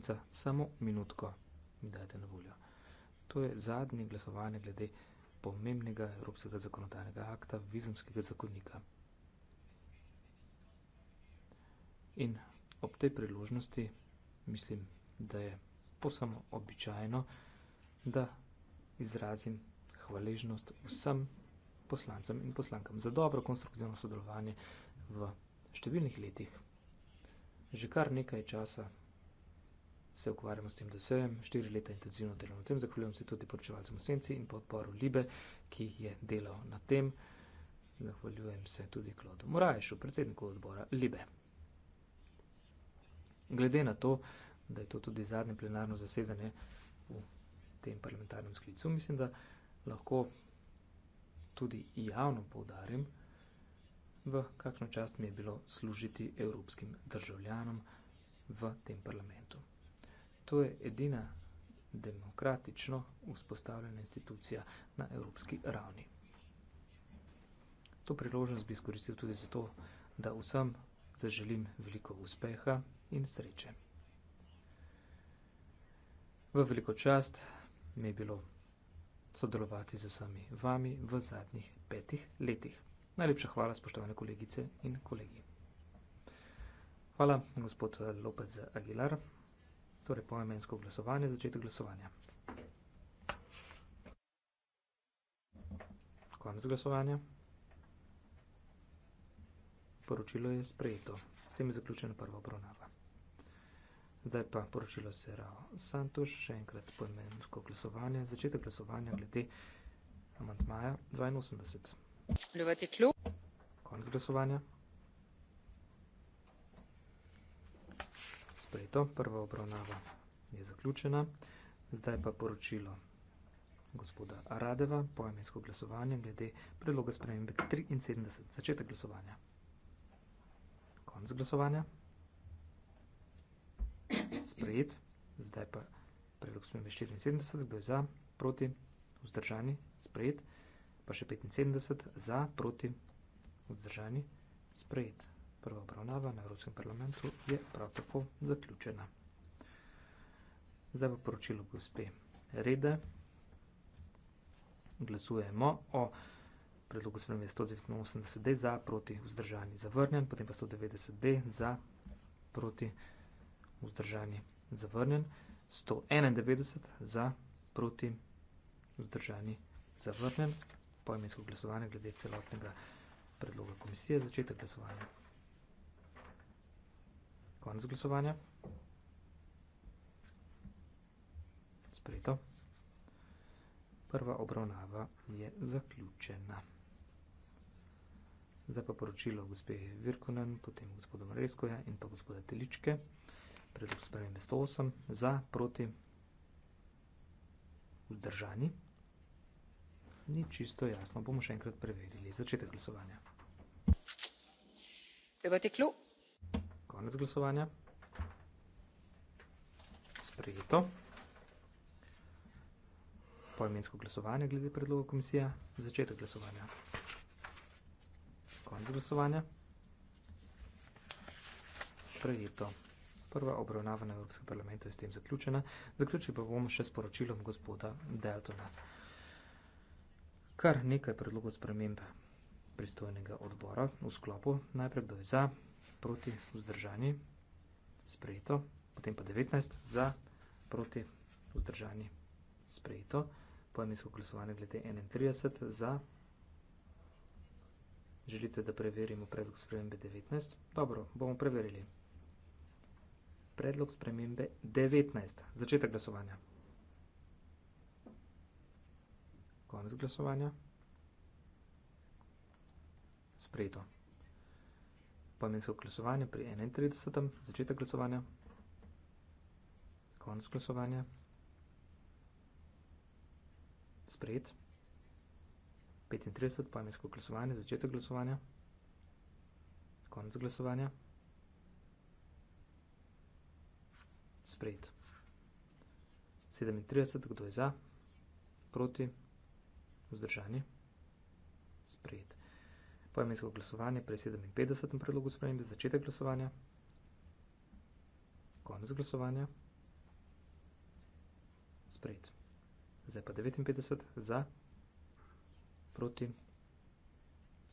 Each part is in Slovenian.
glasovnica, samo minutko mi dajte na voljo. To je zadnje glasovanje glede pomembnega evropskega zakonodajnega akta, vizumskega zakonika. In ob tej priložnosti mislim, da je posamo običajno, da izrazim hvaležnost vsem poslancem in poslankam za dobro konstruktivno sodelovanje v številnih letih. Že kar nekaj časa se ukvarjamo s tem DSE-jem, štiri leta intenzivno delamo na tem, zahvaljujem se tudi poročevalcem Senci in podporu Libe, ki je delal na tem. Zahvaljujem se tudi Klodu Morajšu, predsedniku odbora Libe. Glede na to, da je to tudi zadnje plenarno zasedanje v tem parlamentarnem sklicu, mislim, da lahko tudi javno povdarim, v kakšno čast mi je bilo služiti evropskim državljanom v tem parlamentu. To je edina demokratično vzpostavljena institucija na evropski ravni. To priložnost bi izkoristil tudi zato, da vsem zaželim veliko uspeha in sreče. V veliko čast mi je bilo sodelovati z vsemi vami v zadnjih petih letih. Najlepša hvala, spoštovane kolegice in kolegi. Hvala, gospod Lopez Aguilar. Torej, poemensko glasovanje, začetek glasovanja. Konec glasovanja. Poročilo je sprejeto. S tem je zaključena prva obravnava. Zdaj pa poročilo se Rao Santoš, še enkrat poemensko glasovanje, začetek glasovanja glede amantmaja 82. Konec glasovanja. sprejeto, prva obravnava je zaključena, zdaj pa poročilo gospoda Aradeva, poemensko glasovanje glede predloga spremembe 73, začetek glasovanja. Konc glasovanja. Sprejet, zdaj pa predlog spremembe 74, kdo je za, proti, vzdržani, sprejet, pa še 75, za, proti, vzdržani, sprejet prva obravnava na Evropskem parlamentu je prav tako zaključena. Zdaj bo poročilo gospe Rede. Glasujemo o predlogu spremembe 189D za proti vzdržanji zavrnjen, potem pa 190D za proti vzdržanji zavrnjen, 191 za proti vzdržanji zavrnjen, poimensko glasovanje glede celotnega predloga komisije, začetek glasovanja. Konec glasovanja. Sprejeto. Prva obravnava je zaključena. Zdaj pa poročilo gospe Virkonen, potem gospoda Mreskoja in pa gospoda Teličke. Predlog spremem je 108. Za, proti, vzdržani. Ni čisto jasno. Bomo še enkrat preverili začetek glasovanja. Prebate klub. Konec glasovanja. Sprejeto. Poimensko glasovanje glede predloga komisije. Začetek glasovanja. Konec glasovanja. Sprejeto. Prva obravnava na Evropskem parlamentu je s tem zaključena. Zaključili pa bomo še s poročilom gospoda Deltona. Kar nekaj predlogov spremembe pristojnega odbora v sklopu. Najprej kdo je za, proti vzdržani, sprejeto, potem pa 19 za proti vzdržani, sprejeto, poemensko glasovanje glede 31 za. Želite, da preverimo predlog spremembe 19? Dobro, bomo preverili. Predlog spremembe 19. Začetek glasovanja. Konec glasovanja. Sprejeto poemensko glasovanje pri 31. začetek glasovanja, konc glasovanja, spred, 35. poemensko glasovanje, začetek glasovanja, konc glasovanja, spred, 37. kdo je za, proti, vzdržani, spred poemensko glasovanje pri 57. predlogu spremembe, začetek glasovanja, konec glasovanja, sprejet. Zdaj pa 59 za, proti,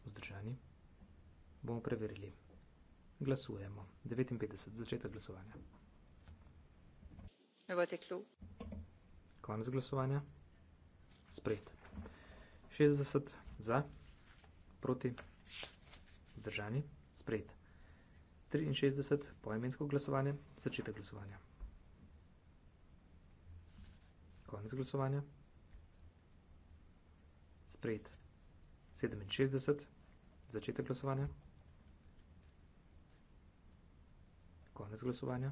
vzdržani. Bomo preverili. Glasujemo. 59, začetek glasovanja. Konec glasovanja. Sprejet. 60 za proti, vzdržani, sprejet. 63, poemensko glasovanje, začetek glasovanja. Konec glasovanja. Sprejet. 67, začetek glasovanja. Konec glasovanja.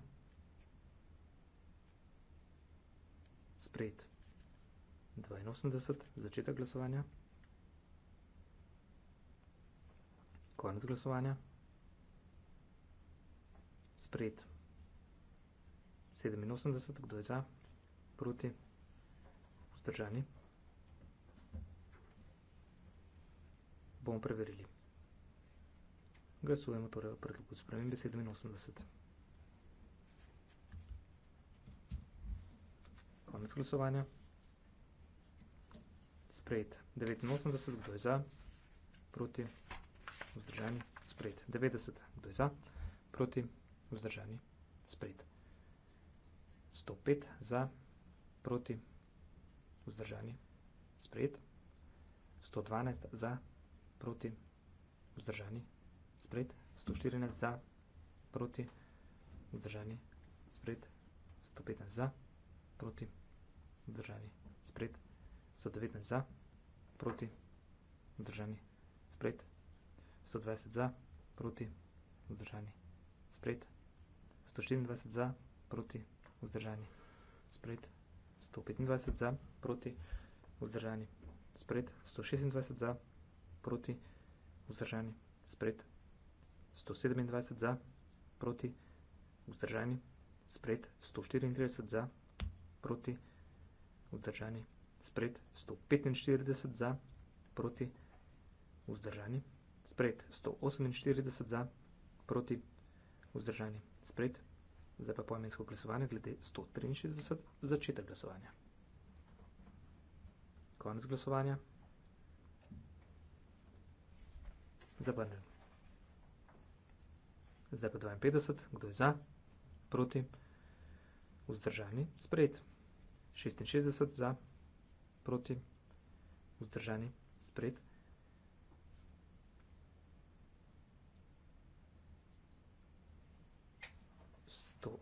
Sprejet. 82, začetek glasovanja. Konec glasovanja. Sprejet. 87, kdo je za? Proti. Vzdržani. Bomo preverili. Glasujemo torej o predlogu spremembe 87. Konec glasovanja. Sprejet. 89, kdo je za? Proti vzdržani, spred. 90 bi za, proti, vzdržani, spred. 105 za, proti, vzdržani, spred. 112 za, proti, vzdržani, spred. 114 za, proti, vzdržani, spred. 115 za, proti, vzdržani, spred. 119 za, proti, vzdržani, spred. 120 za, proti, vzdržani, sprejet. 124 za, proti, vzdržani, sprejet. 125 za, proti, vzdržani, sprejet. 126 za, proti, vzdržani, sprejet. 127 za, proti, vzdržani, sprejet. 134 za, proti, vzdržani, sprejet. 145 za, proti, vzdržani, sprejet. Spred 148 za, proti vzdržanje. Spred, zdaj pa pojmensko glasovanje glede 163 začetek glasovanja. Konec glasovanja. Zabrnem. Zdaj pa 52, kdo je za, proti, vzdržani, spred. 66 za, proti, vzdržani, spred.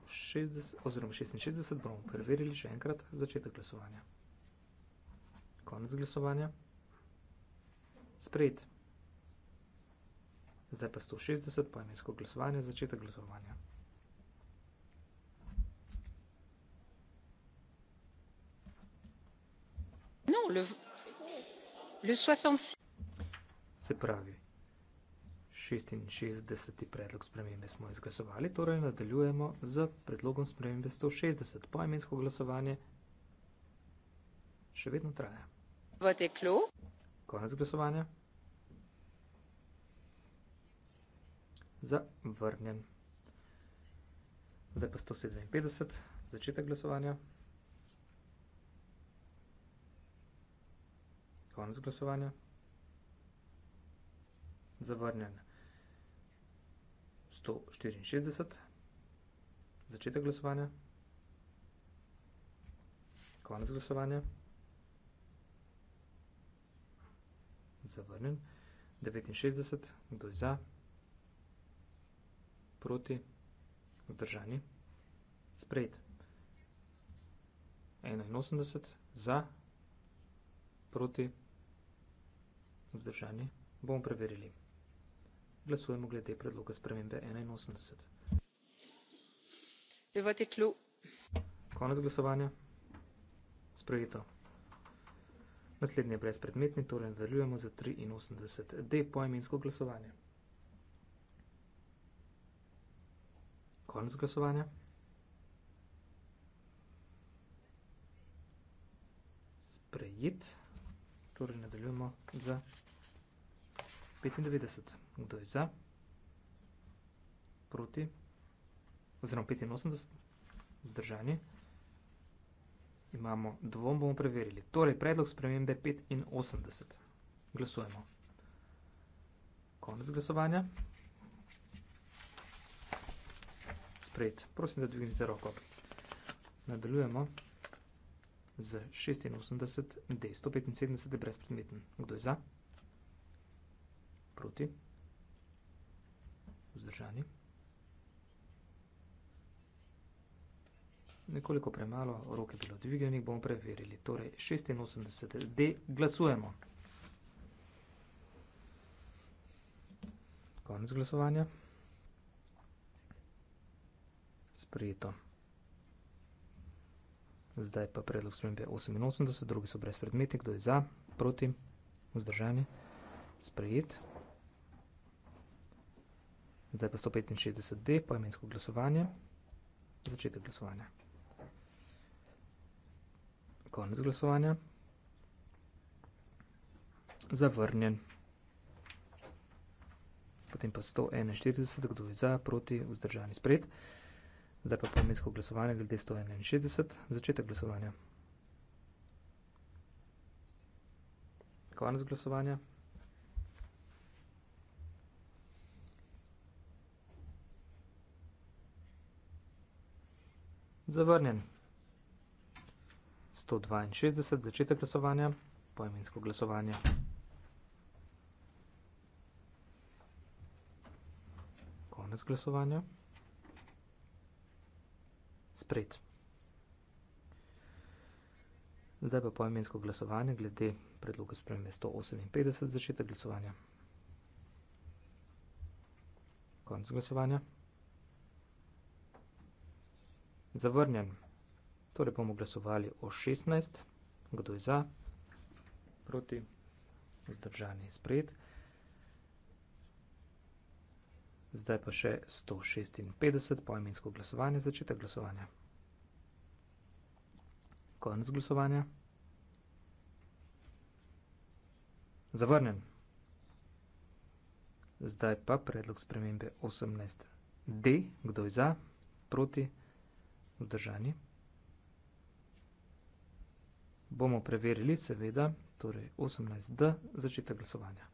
160 oziroma 66 bomo preverili še enkrat začetek glasovanja. Konec glasovanja. Sprejet. Zdaj pa 160 poemensko glasovanje, začetek glasovanja. Non, le, le 66. Se pravi, 66. predlog spremembe smo izglasovali, torej nadaljujemo z predlogom spremembe 160. Poimensko glasovanje še vedno traja. V teklu. Konec glasovanja. Zavrnjen. Zdaj pa 152. Začetek glasovanja. Konec glasovanja zavrnjen 164, začetek glasovanja, konec glasovanja, zavrnjen 69, kdo je za, proti, vzdržani, sprejet 81, za, proti, vzdržani, bomo preverili glasujemo glede predloga spremembe 81. Konec glasovanja. Sprejeto. Naslednji je brezpredmetni, torej nadaljujemo za 83. D poemensko glasovanje. Konec glasovanja. Sprejet. Torej nadaljujemo za 95. Kdo je za? Proti. Oziroma 85, vzdržani. Imamo dvom, bomo preverili. Torej, predlog spremembe 85. Glasujemo. Konec glasovanja. Sprejet. Prosim, da dvignite roko. Nadaljujemo z 86, D, 175 je brezpredmeten. Kdo je za? Proti vzdržani. Nekoliko premalo, roke bilo dvigenih, bomo preverili. Torej, 86D, glasujemo. Konec glasovanja. Sprejeto. Zdaj pa predlog spremembe 88, drugi so brez predmeti, kdo je za, proti, vzdržani, sprejeto. Zdaj pa 165D, poimensko glasovanje, začetek glasovanja. Konec glasovanja. Zavrnjen. Potem pa 141, kdo je za, proti, vzdržani spred. Zdaj pa poimensko glasovanje glede 161, začetek glasovanja. Konec glasovanja. Zavrnjen. 162, začetek glasovanja, poimensko glasovanje. Konec glasovanja. Spred. Zdaj pa poimensko glasovanje glede predloga spremembe 158, začetek glasovanja. Konec glasovanja zavrnjen. Torej bomo glasovali o 16, kdo je za, proti, vzdržani, spred. Zdaj pa še 156, poimensko glasovanje, začetek glasovanja. Konec glasovanja. Zavrnjen. Zdaj pa predlog spremembe 18d, kdo je za, proti, vzdržani, spred vdržani. Bomo preverili seveda, torej 18D, začetek glasovanja.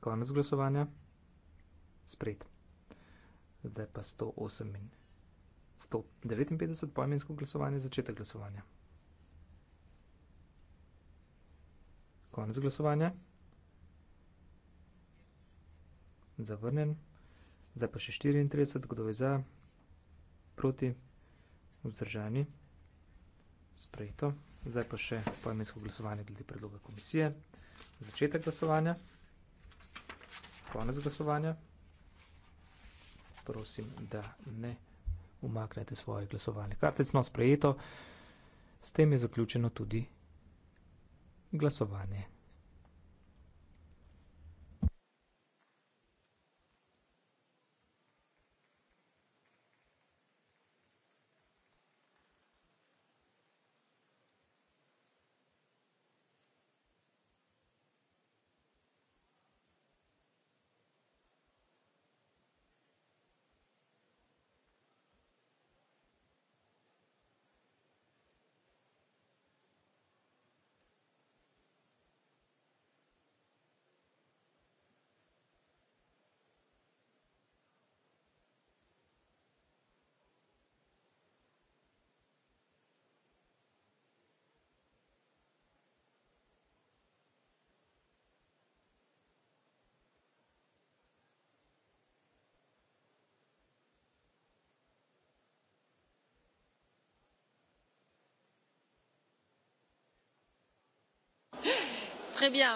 Konec glasovanja. Spred. Zdaj pa 108 in 159 pojmensko glasovanje, začetek glasovanja. Konec glasovanja zavrnjen. Zdaj pa še 34, kdo je za, proti, vzdržani, sprejeto. Zdaj pa še poimensko glasovanje glede predloga komisije. Začetek glasovanja, konec glasovanja. Prosim, da ne umaknete svoje glasovalne kartec, no sprejeto. S tem je zaključeno tudi glasovanje. très bien.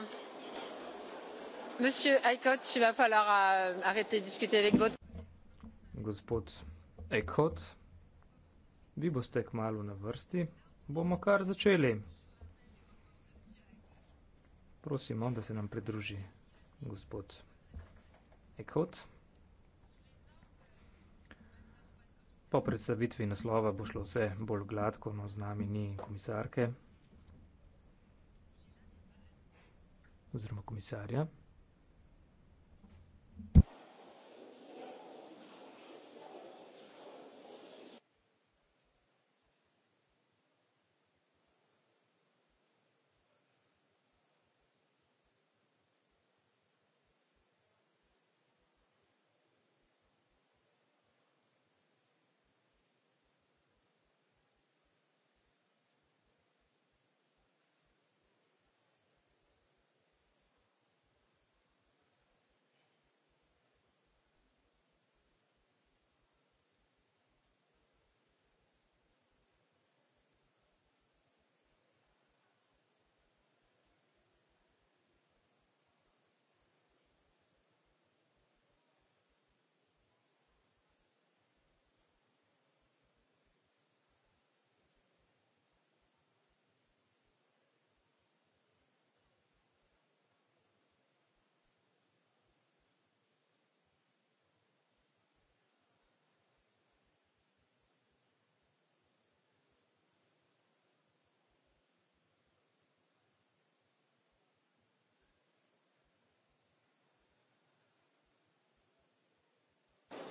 Monsieur Aykot, il va falloir euh, arrêter de discuter avec votre. Gospod Aykot, vi boste kmalu na vrsti. Bomo kar začeli. Prosimo, da se nam pridruži gospod Ekot. Po predstavitvi naslova bo šlo vse bolj gladko, no z nami ni komisarke, oziroma komisarja.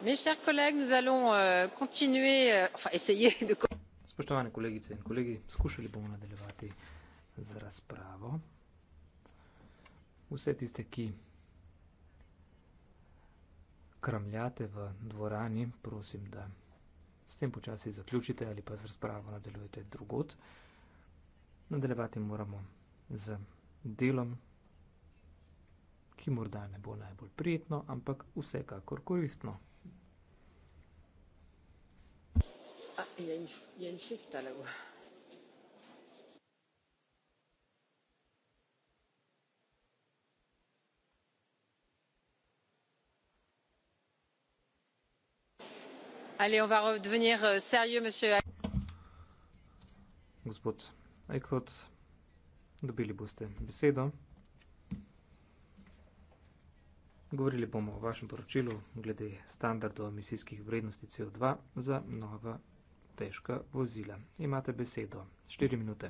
Euh, euh, Spoštovane kolegice in kolegi, skušali bomo nadaljevati z razpravo. Vse tiste, ki kramljate v dvorani, prosim, da s tem počasi zaključite ali pa z razpravo nadaljujete drugot. Nadaljevati moramo z delom, ki morda ne bo najbolj prijetno, ampak vsekakor koristno. Ah, il y, y a une fiesta là-haut. Allez, on va redevenir euh, sérieux, monsieur. Gospod Eichhardt, dobili boste besedo. Govorili bomo o vašem poročilu glede standardov emisijskih vrednosti CO2 za nova težka vozila. Imate besedo. Štiri minute.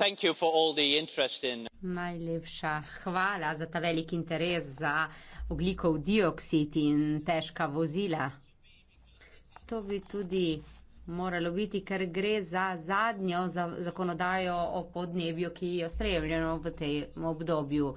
Najlepša hvala za ta velik interes za oglikov dioksid in težka vozila. To bi tudi moralo biti, ker gre za zadnjo za zakonodajo o podnebju, ki jo sprejemljeno v tem obdobju.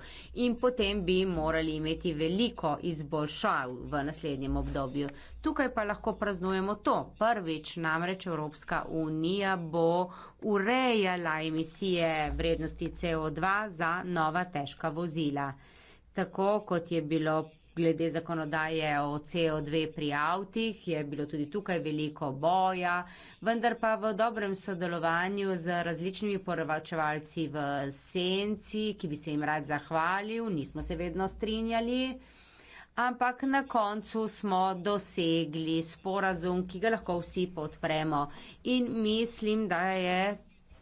In potem bi morali imeti veliko izboljšav v naslednjem obdobju. Tukaj pa lahko praznujemo to. Prvič namreč Evropska unija bo urejala emisije vrednosti CO2 za nova težka vozila. Tako kot je bilo glede zakonodaje o CO2 pri avtih, je bilo tudi tukaj veliko boja, vendar pa v dobrem sodelovanju z različnimi poravčevalci v senci, ki bi se jim rad zahvalil, nismo se vedno strinjali. Ampak na koncu smo dosegli sporazum, ki ga lahko vsi podpremo. In mislim, da je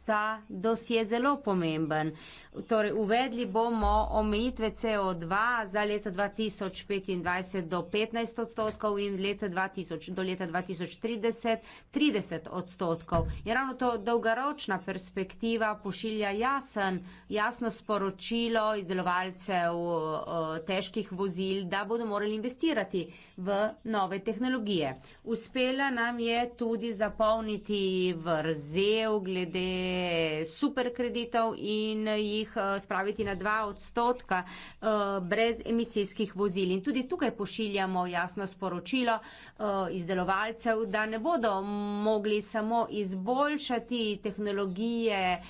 ta dosje zelo pomemben. Torej, uvedli bomo omejitve CO2 za leto 2025 do 15 odstotkov in leta 2000, do leta 2030 30 odstotkov. In ravno to dolgoročna perspektiva pošilja jasen, jasno sporočilo izdelovalcev težkih vozil, da bodo morali investirati v nove tehnologije. Uspela nam je tudi zapolniti vrzel glede super kreditov in jih eh, spraviti na dva odstotka eh, brez emisijskih vozil. In tudi tukaj pošiljamo jasno sporočilo eh, izdelovalcev, da ne bodo mogli samo izboljšati tehnologije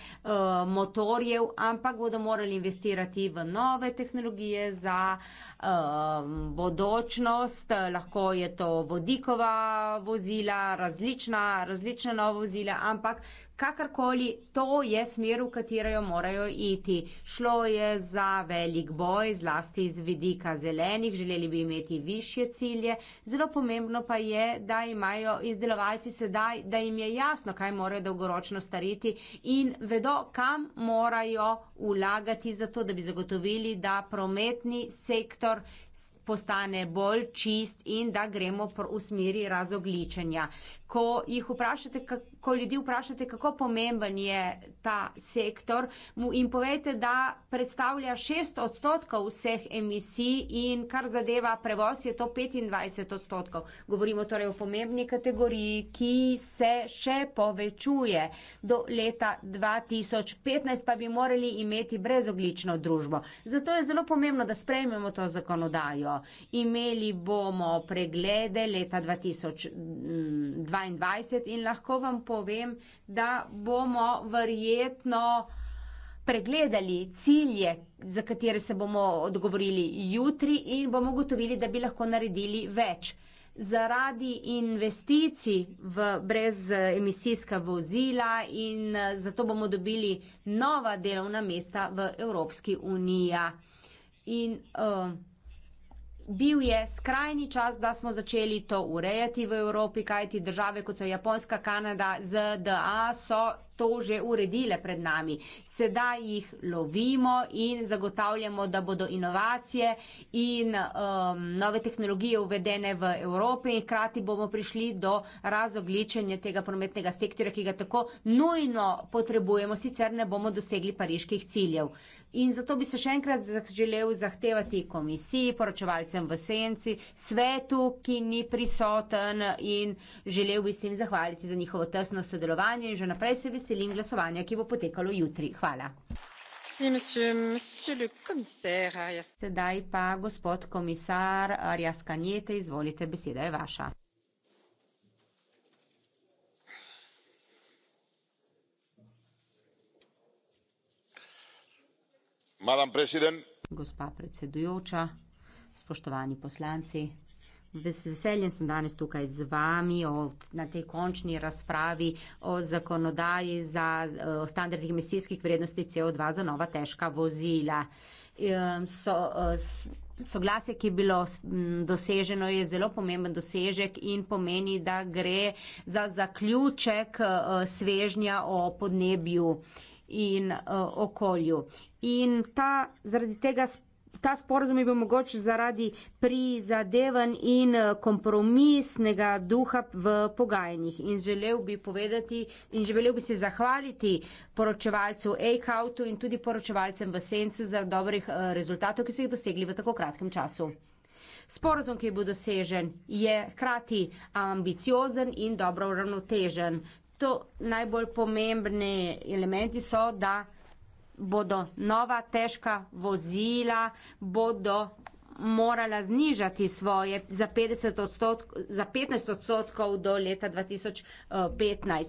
motorjev, ampak bodo morali investirati v nove tehnologije za bodočnost. Lahko je to vodikova vozila, različna, različna nova vozila, ampak Kakorkoli, to je smer, v katero morajo iti. Šlo je za velik boj, zlasti iz vidika zelenih, želeli bi imeti više cilje. Zelo pomembno pa je, da imajo izdelovalci sedaj, da jim je jasno, kaj morajo dolgoročno stariti in vedo, kam morajo vlagati za to, da bi zagotovili, da prometni sektor postane bolj čist in da gremo v smeri razogličenja. Ko jih vprašate, kako ko ljudi vprašate, kako pomemben je ta sektor, mu jim povete, da predstavlja 6 odstotkov vseh emisij in kar zadeva prevoz je to 25 odstotkov. Govorimo torej o pomembni kategoriji, ki se še povečuje. Do leta 2015 pa bi morali imeti brezoglično družbo. Zato je zelo pomembno, da sprejmemo to zakonodajo. Imeli bomo preglede leta 2022 in lahko vam povem, povem, da bomo verjetno pregledali cilje, za katere se bomo odgovorili jutri in bomo gotovili, da bi lahko naredili več. Zaradi investicij v brezemisijska vozila in eh, zato bomo dobili nova delovna mesta v Evropski uniji. In uh, bil je skrajni čas, da smo začeli to urejati v Evropi, kajti države kot so Japonska, Kanada, ZDA so to že uredile pred nami. Sedaj jih lovimo in zagotavljamo, da bodo inovacije in um, nove tehnologije uvedene v Evropi in hkrati bomo prišli do razogličenja tega prometnega sektora, ki ga tako nujno potrebujemo, sicer ne bomo dosegli pariških ciljev. In zato bi se še enkrat želel zahtevati komisiji, poročevalcem v senci, svetu, ki ni prisoten in želel bi se jim zahvaliti za njihovo tesno sodelovanje in že naprej se veselim veselim glasovanja, ki bo potekalo jutri. Hvala. Sedaj pa gospod komisar Arias Kanjete, izvolite, beseda je vaša. Gospa predsedujoča, spoštovani poslanci z veseljem sem danes tukaj z vami o, na tej končni razpravi o zakonodaji za o standardih emisijskih vrednosti CO2 za nova težka vozila. Ehm, so, soglasje, ki je bilo doseženo, je zelo pomemben dosežek in pomeni, da gre za zaključek e, svežnja o podnebju in e, okolju. In ta, zaradi tega ta sporozum je bil mogoče zaradi prizadevan in eh, kompromisnega duha v pogajanjih. In želel bi povedati in želel bi se zahvaliti poročevalcu Eikautu in tudi poročevalcem v Sencu za dobrih eh, rezultatov, ki so jih dosegli v tako kratkem času. Sporozum, ki je bil dosežen, je hkrati ambiciozen in dobro uravnotežen. To najbolj pomembne elementi so, da bodo nova težka vozila, bodo morala znižati svoje za, 50 odstotk, za 15 odstotkov do leta 2015. Eh,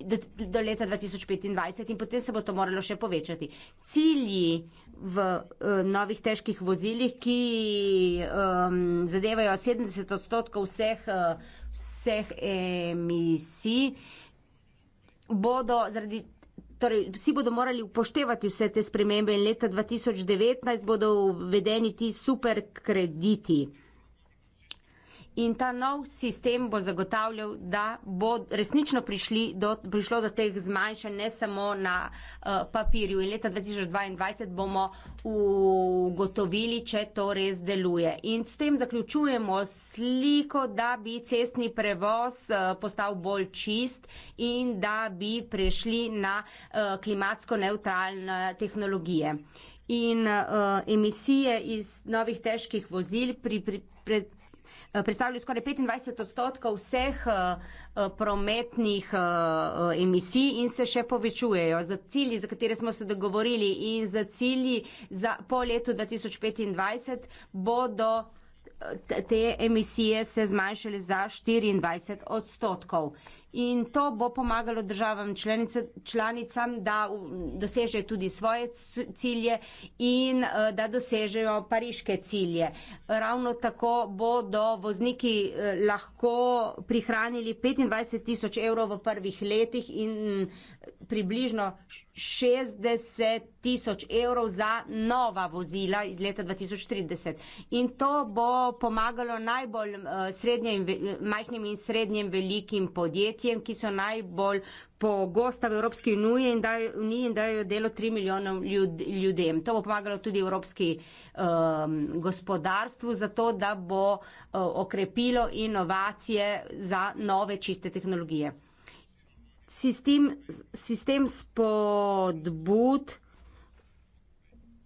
do, do leta 2025 in potem se bo to moralo še povečati. Cilji v uh, novih težkih vozilih, ki um, zadevajo 70 odstotkov vseh, uh, vseh emisij, bodo zaradi torej, vsi bodo morali upoštevati vse te spremembe in leta 2019 bodo uvedeni ti superkrediti in ta nov sistem bo zagotavljal, da bo resnično do, prišlo do teh zmanjšanj, ne samo na uh, papirju. In leta 2022 bomo ugotovili, če to res deluje. In s tem zaključujemo sliko, da bi cestni prevoz uh, postal bolj čist in da bi prešli na uh, klimatsko neutralne tehnologije. In uh, emisije iz novih težkih vozil pri, pri, pri Eh, predstavljajo skoraj 25 odstotkov vseh eh, eh, prometnih emisij in se še povečujejo. Za cilji, za katere smo se dogovorili in za cilji za po letu 2025 bodo te emisije se zmanjšale za 24 odstotkov in to bo pomagalo državam članice, članicam, da dosežejo tudi svoje cilje in eh, da dosežejo pariške cilje. Ravno tako bodo vozniki eh, lahko prihranili 25 tisoč evrov v prvih letih in približno 60 tisoč evrov za nova vozila iz leta 2030. In to bo pomagalo najbolj eh, srednjim, majhnim in srednjim velikim podjetjem, ki so najbolj pogosta v Evropski uniji in dajo, uniji in dajo delo 3 milijonom ljud, ljudem. To bo pomagalo tudi Evropski um, gospodarstvu za to, da bo uh, okrepilo inovacije za nove čiste tehnologije sistem, sistem spodbud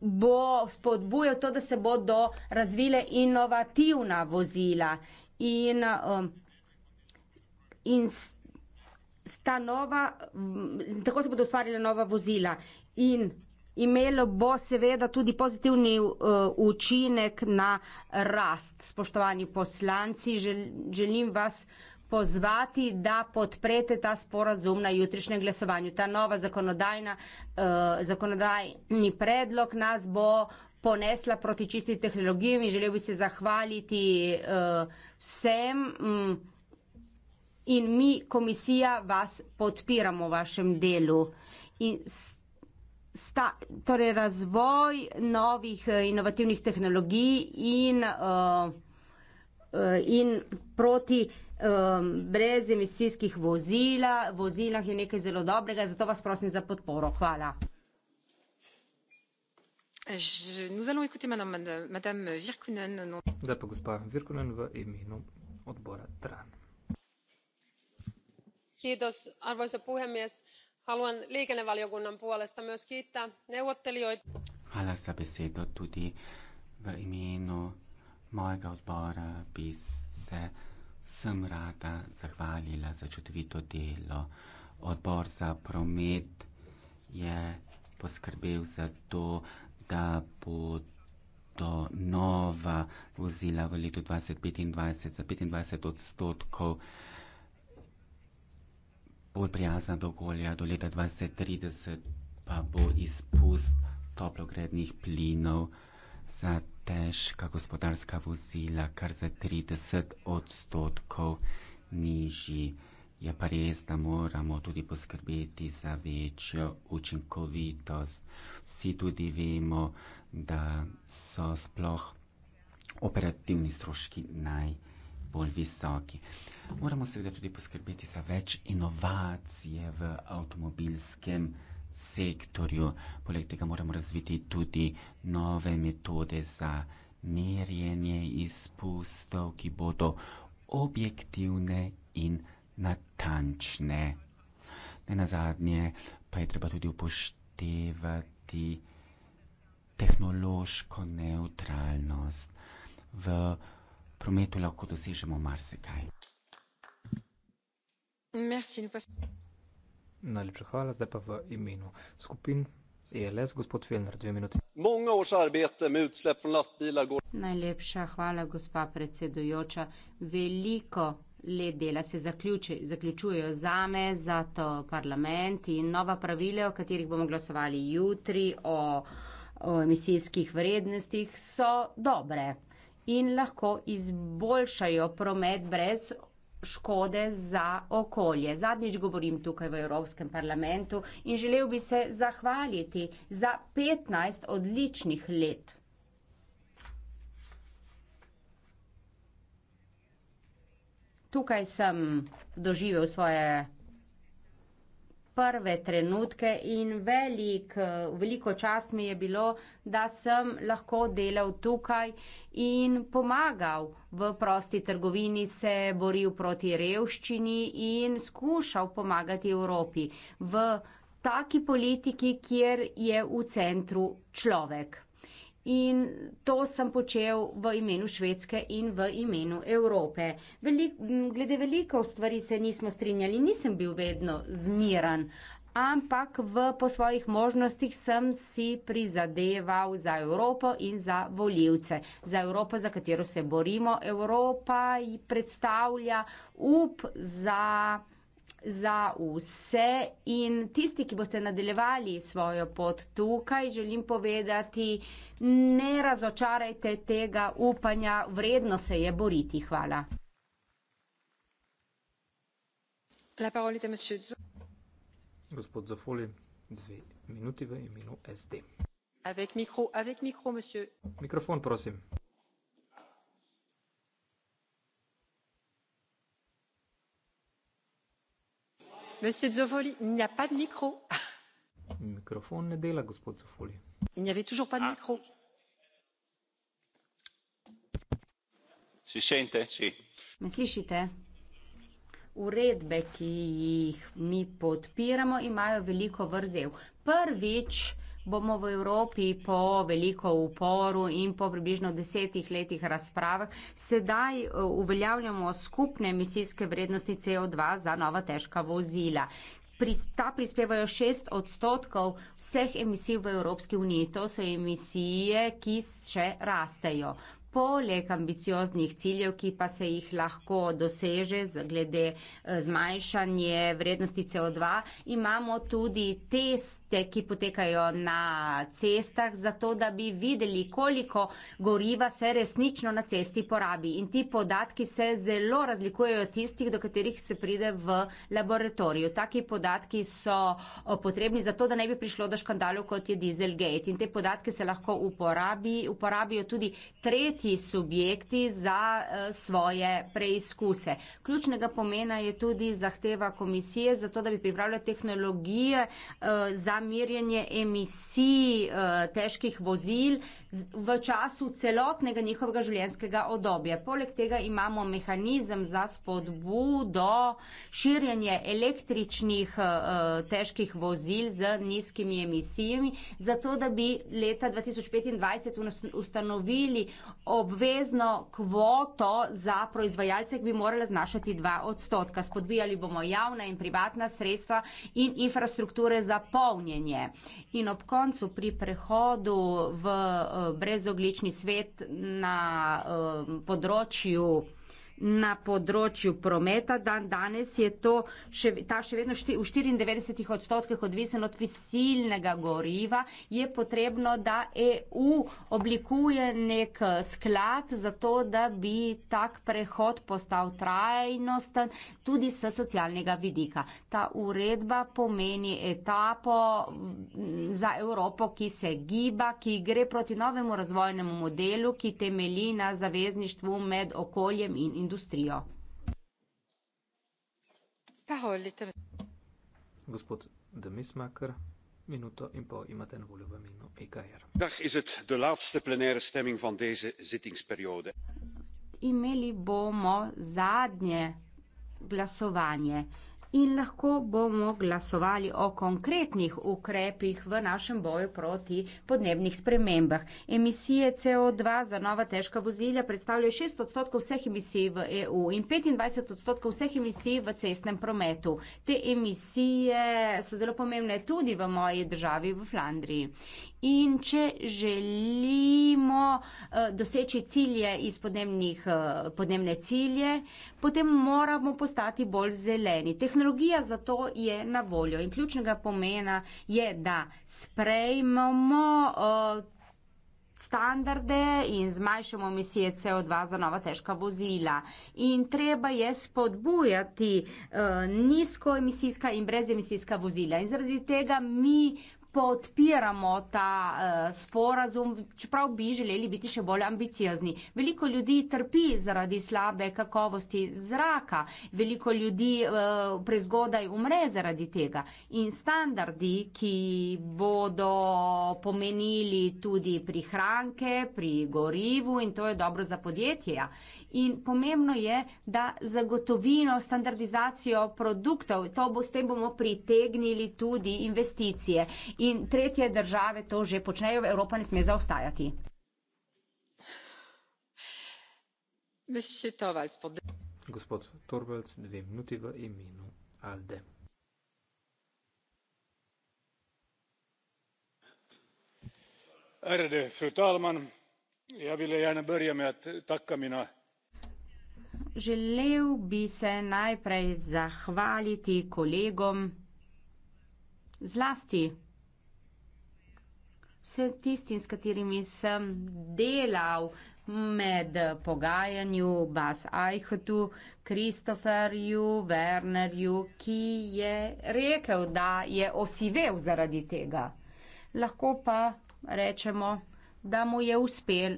bo spodbujal to, da se bodo razvile inovativna vozila in, um, in sta nova, tako se bodo ustvarjala nova vozila in imelo bo seveda tudi pozitivni uh, učinek na rast. Spoštovani poslanci, žel, želim vas uh, pozvati, da podprete ta sporazum na jutrišnjem glasovanju. Ta nova zakonodajna, uh, zakonodajni predlog nas bo ponesla proti čisti tehnologiji in želel bi se zahvaliti uh, vsem. Um, In mi, komisija, vas podpiramo v vašem delu. Sta, torej razvoj novih eh, inovativnih tehnologij in, uh, uh, in proti uh, um, brezemisijskih vozila, vozilah je nekaj zelo dobrega, zato vas prosim za podporo. Hvala. Zdaj pa gospa Virkunen v imenu odbora TRAN. Kiitos, arvoisa puhemies. Haluan liikennevaliokunnan puolesta myös kiittää neuvottelijoita. Hala sa tudi v imenu mojega odbora bis se sem rada zahvalila za čudovito delo. Odbor za promet je poskrbel za to, da bodo nova vozila v letu 2025 za 25 odstotkov bolj prijazna do okolja, do leta 2030 pa bo izpust toplogrednih plinov za težka gospodarska vozila, kar za 30 odstotkov nižji. Je pa res, da moramo tudi poskrbeti za večjo učinkovitost. Vsi tudi vemo, da so sploh operativni stroški najbolj visoki. Moramo seveda tudi poskrbeti za več inovacije v avtomobilskem sistemu sektorju. Poleg tega moramo razviti tudi nove metode za merjenje izpustov, ki bodo objektivne in natančne. Ne na zadnje pa je treba tudi upoštevati tehnološko neutralnost. V prometu lahko dosežemo marsikaj. Merci, nous passons. Najlepša hvala, zdaj pa v imenu skupin ELS, gospod Filner, dve minuti. Najlepša hvala, gospa predsedujoča. Veliko let dela se zaključi, zaključujejo za me, za to parlament in nova pravila, o katerih bomo glasovali jutri, o, o emisijskih vrednostih, so dobre in lahko izboljšajo promet brez škode za okolje. Zadnjič govorim tukaj v Evropskem parlamentu in želel bi se zahvaliti za 15 odličnih let. Tukaj sem doživel svoje prve trenutke in velik, veliko čast mi je bilo, da sem lahko delal tukaj in pomagal v prosti trgovini, se boril proti revščini in skušal pomagati Evropi v taki politiki, kjer je v centru človek. In to sem počel v imenu Švedske in v imenu Evrope. Velik, glede veliko stvari se nismo strinjali, nisem bil vedno zmiren, ampak v, po svojih možnostih sem si prizadeval za Evropo in za voljivce, za Evropo, za katero se borimo. Evropa predstavlja up za za vse in tisti, ki boste nadaljevali svojo pot tukaj, želim povedati, ne razočarajte tega upanja, vredno se je boriti. Hvala. Gospod Zafoli, dve minuti v imenu SD. Avec micro, avec micro, monsieur. Mikrofon, prosim. Monsieur Zoffoli, il n'y a pas de micro. Microphone ne dela, gospod Zoffoli. Il n'y avait toujours pas de ah. micro. Si sente? Si. Me slišite? Uredbe, ki jih mi podpiramo, imajo veliko vrzel. Prvič, bomo v Evropi po veliko uporu in po približno desetih letih razprave sedaj eh, uveljavljamo skupne emisijske vrednosti CO2 za nova težka vozila. Ta prispevajo šest odstotkov vseh emisij v Evropski uniji. To so emisije, ki še rastejo. Poleg ambicioznih ciljev, ki pa se jih lahko doseže z glede eh, zmanjšanje vrednosti CO2, imamo tudi test projekte, ki potekajo na cestah, zato da bi videli, koliko goriva se resnično na cesti porabi. In ti podatki se zelo razlikujejo od tistih, do katerih se pride v laboratoriju. Taki podatki so potrebni zato, da ne bi prišlo do škandalov, kot je Dieselgate. In te podatke se lahko uporabi, uporabijo tudi tretji subjekti za e, svoje preizkuse. Ključnega pomena je tudi zahteva komisije, zato da bi pripravljali tehnologije e, za merjenje emisij eh, težkih vozil v času celotnega njihovega življenjskega odobja. Poleg tega imamo mehanizem za spodbudo širjenje električnih eh, težkih vozil z nizkimi emisijami, zato da bi leta 2025 ustanovili obvezno kvoto za proizvajalce, ki bi morala znašati 2 odstotka. Spodbijali bomo javna in privatna sredstva in infrastrukture za polnje hranjenje. In ob koncu pri prehodu v eh, brezoglični svet na eh, področju na področju prometa. Dan danes je to še, ta še vedno šti, v 94 odstotkih odvisen od fisilnega goriva. Je potrebno, da EU oblikuje nek sklad za to, da bi tak prehod postal trajnosten tudi s socialnega vidika. Ta uredba pomeni etapo za Evropo, ki se giba, ki gre proti novemu razvojnemu modelu, ki temelji na zavezništvu med okoljem in industrijo industrijo. E Dag, is het de laatste plenaire stemming van deze zittingsperiode? Imeli bomo zadnje glasovanje in lahko bomo glasovali o konkretnih ukrepih v našem boju proti podnebnih spremembah. Emisije CO2 za nova težka vozilja predstavljajo 6 odstotkov vseh emisij v EU in 25 odstotkov vseh emisij v cestnem prometu. Te emisije so zelo pomembne tudi v moji državi, v Flandriji. In če želimo eh, doseči cilje iz podnebnih, eh, podnebne cilje, potem moramo postati bolj zeleni. Tehnologija za to je na voljo in ključnega pomena je, da sprejmemo eh, standarde in zmanjšamo emisije CO2 za nova težka vozila. In treba je spodbujati uh, nizkoemisijska in brezemisijska vozila. In zaradi tega mi podpiramo ta uh, sporazum, čeprav bi želeli biti še bolj ambiciozni. Veliko ljudi trpi zaradi slabe kakovosti zraka, veliko ljudi uh, prezgodaj umre zaradi tega in standardi, ki bodo pomenili tudi prihranke, pri gorivu in to je dobro za podjetja. In pomembno je, da zagotovimo standardizacijo produktov, to bo s tem bomo pritegnili tudi investicije in tretje države to že počnejo, Evropa ne sme zaostajati. Gospod Torvalds, dve minuti v imenu Alde. Ärade fru talman, jag ville gärna börja med att tacka mina Želel bi se najprej zahvaliti kolegom, zlasti vse tisti, s katerimi sem delal med pogajanju, Bas Ajhotu, Kristoferju, Wernerju, ki je rekel, da je osivel zaradi tega. Lahko pa rečemo, da mu je uspel,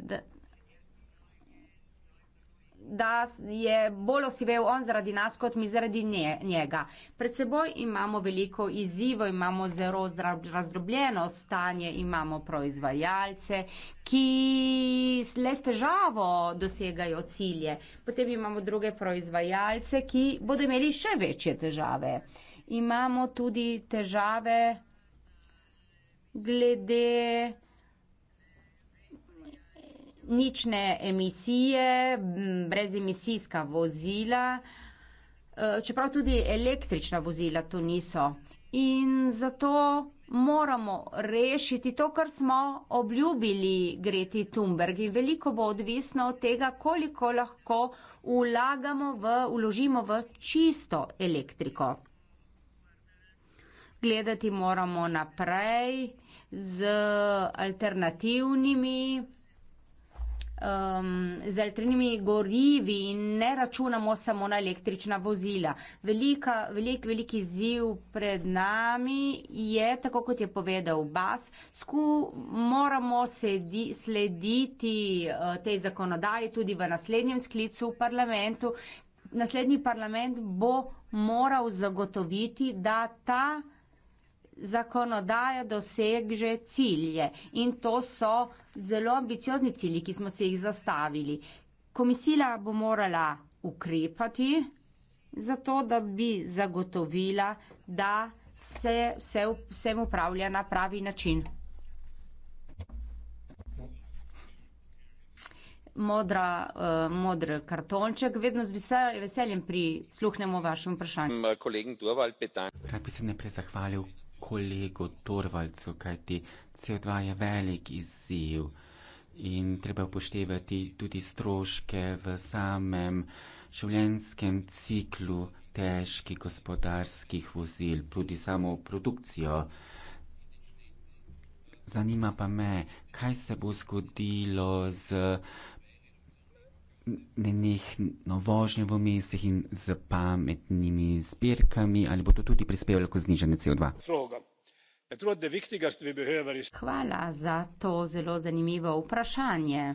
da je bolj osivel on zaradi nas, kot mi zaradi nje, njega. Pred seboj imamo veliko izzivo, imamo zelo razdrobljeno stanje, imamo proizvajalce, ki le s težavo dosegajo cilje. Potem imamo druge proizvajalce, ki bodo imeli še večje težave. Imamo tudi težave glede nične emisije, brez emisijska vozila, e, čeprav tudi električna vozila to niso. In zato moramo rešiti to, kar smo obljubili Greti Thunberg. In veliko bo odvisno od tega, koliko lahko vlagamo v, uložimo v čisto elektriko. Gledati moramo naprej z alternativnimi um, z elektrinimi gorivi in ne računamo samo na električna vozila. Velika, velik, veliki ziv pred nami je, tako kot je povedal Bas, sku moramo sedi, slediti uh, tej zakonodaji tudi v naslednjem sklicu v parlamentu. Naslednji parlament bo moral zagotoviti, da ta zakonodaja doseže cilje in to so zelo ambiciozni cilji, ki smo se jih zastavili. Komisija bo morala ukrepati zato, da bi zagotovila, da se vse, vsem upravlja na pravi način. Modra, uh, modr kartonček, vedno z veseljem prisluhnemo vašem vprašanju. Rad bi se najprej zahvalil kolegu Torvaldcu, kajti CO2 je velik izziv in treba upoštevati tudi stroške v samem življenjskem ciklu težkih gospodarskih vozil, tudi samo produkcijo. Zanima pa me, kaj se bo zgodilo z nenehno vožnjo v mestih in z pametnimi zbirkami, ali bo to tudi prispevalo k znižanju CO2? Hvala za to zelo zanimivo vprašanje.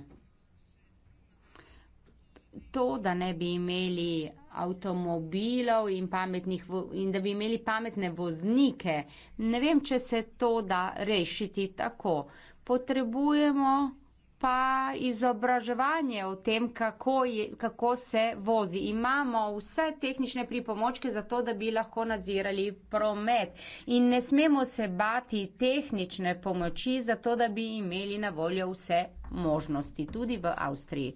To, da ne bi imeli avtomobilov in, pametnih, in da bi imeli pametne voznike, ne vem, če se to da rešiti tako. Potrebujemo pa izobraževanje o tem, kako, je, kako se vozi. Imamo vse tehnične pripomočke za to, da bi lahko nadzirali promet in ne smemo se bati tehnične pomoči za to, da bi imeli na voljo vse možnosti, tudi v Avstriji.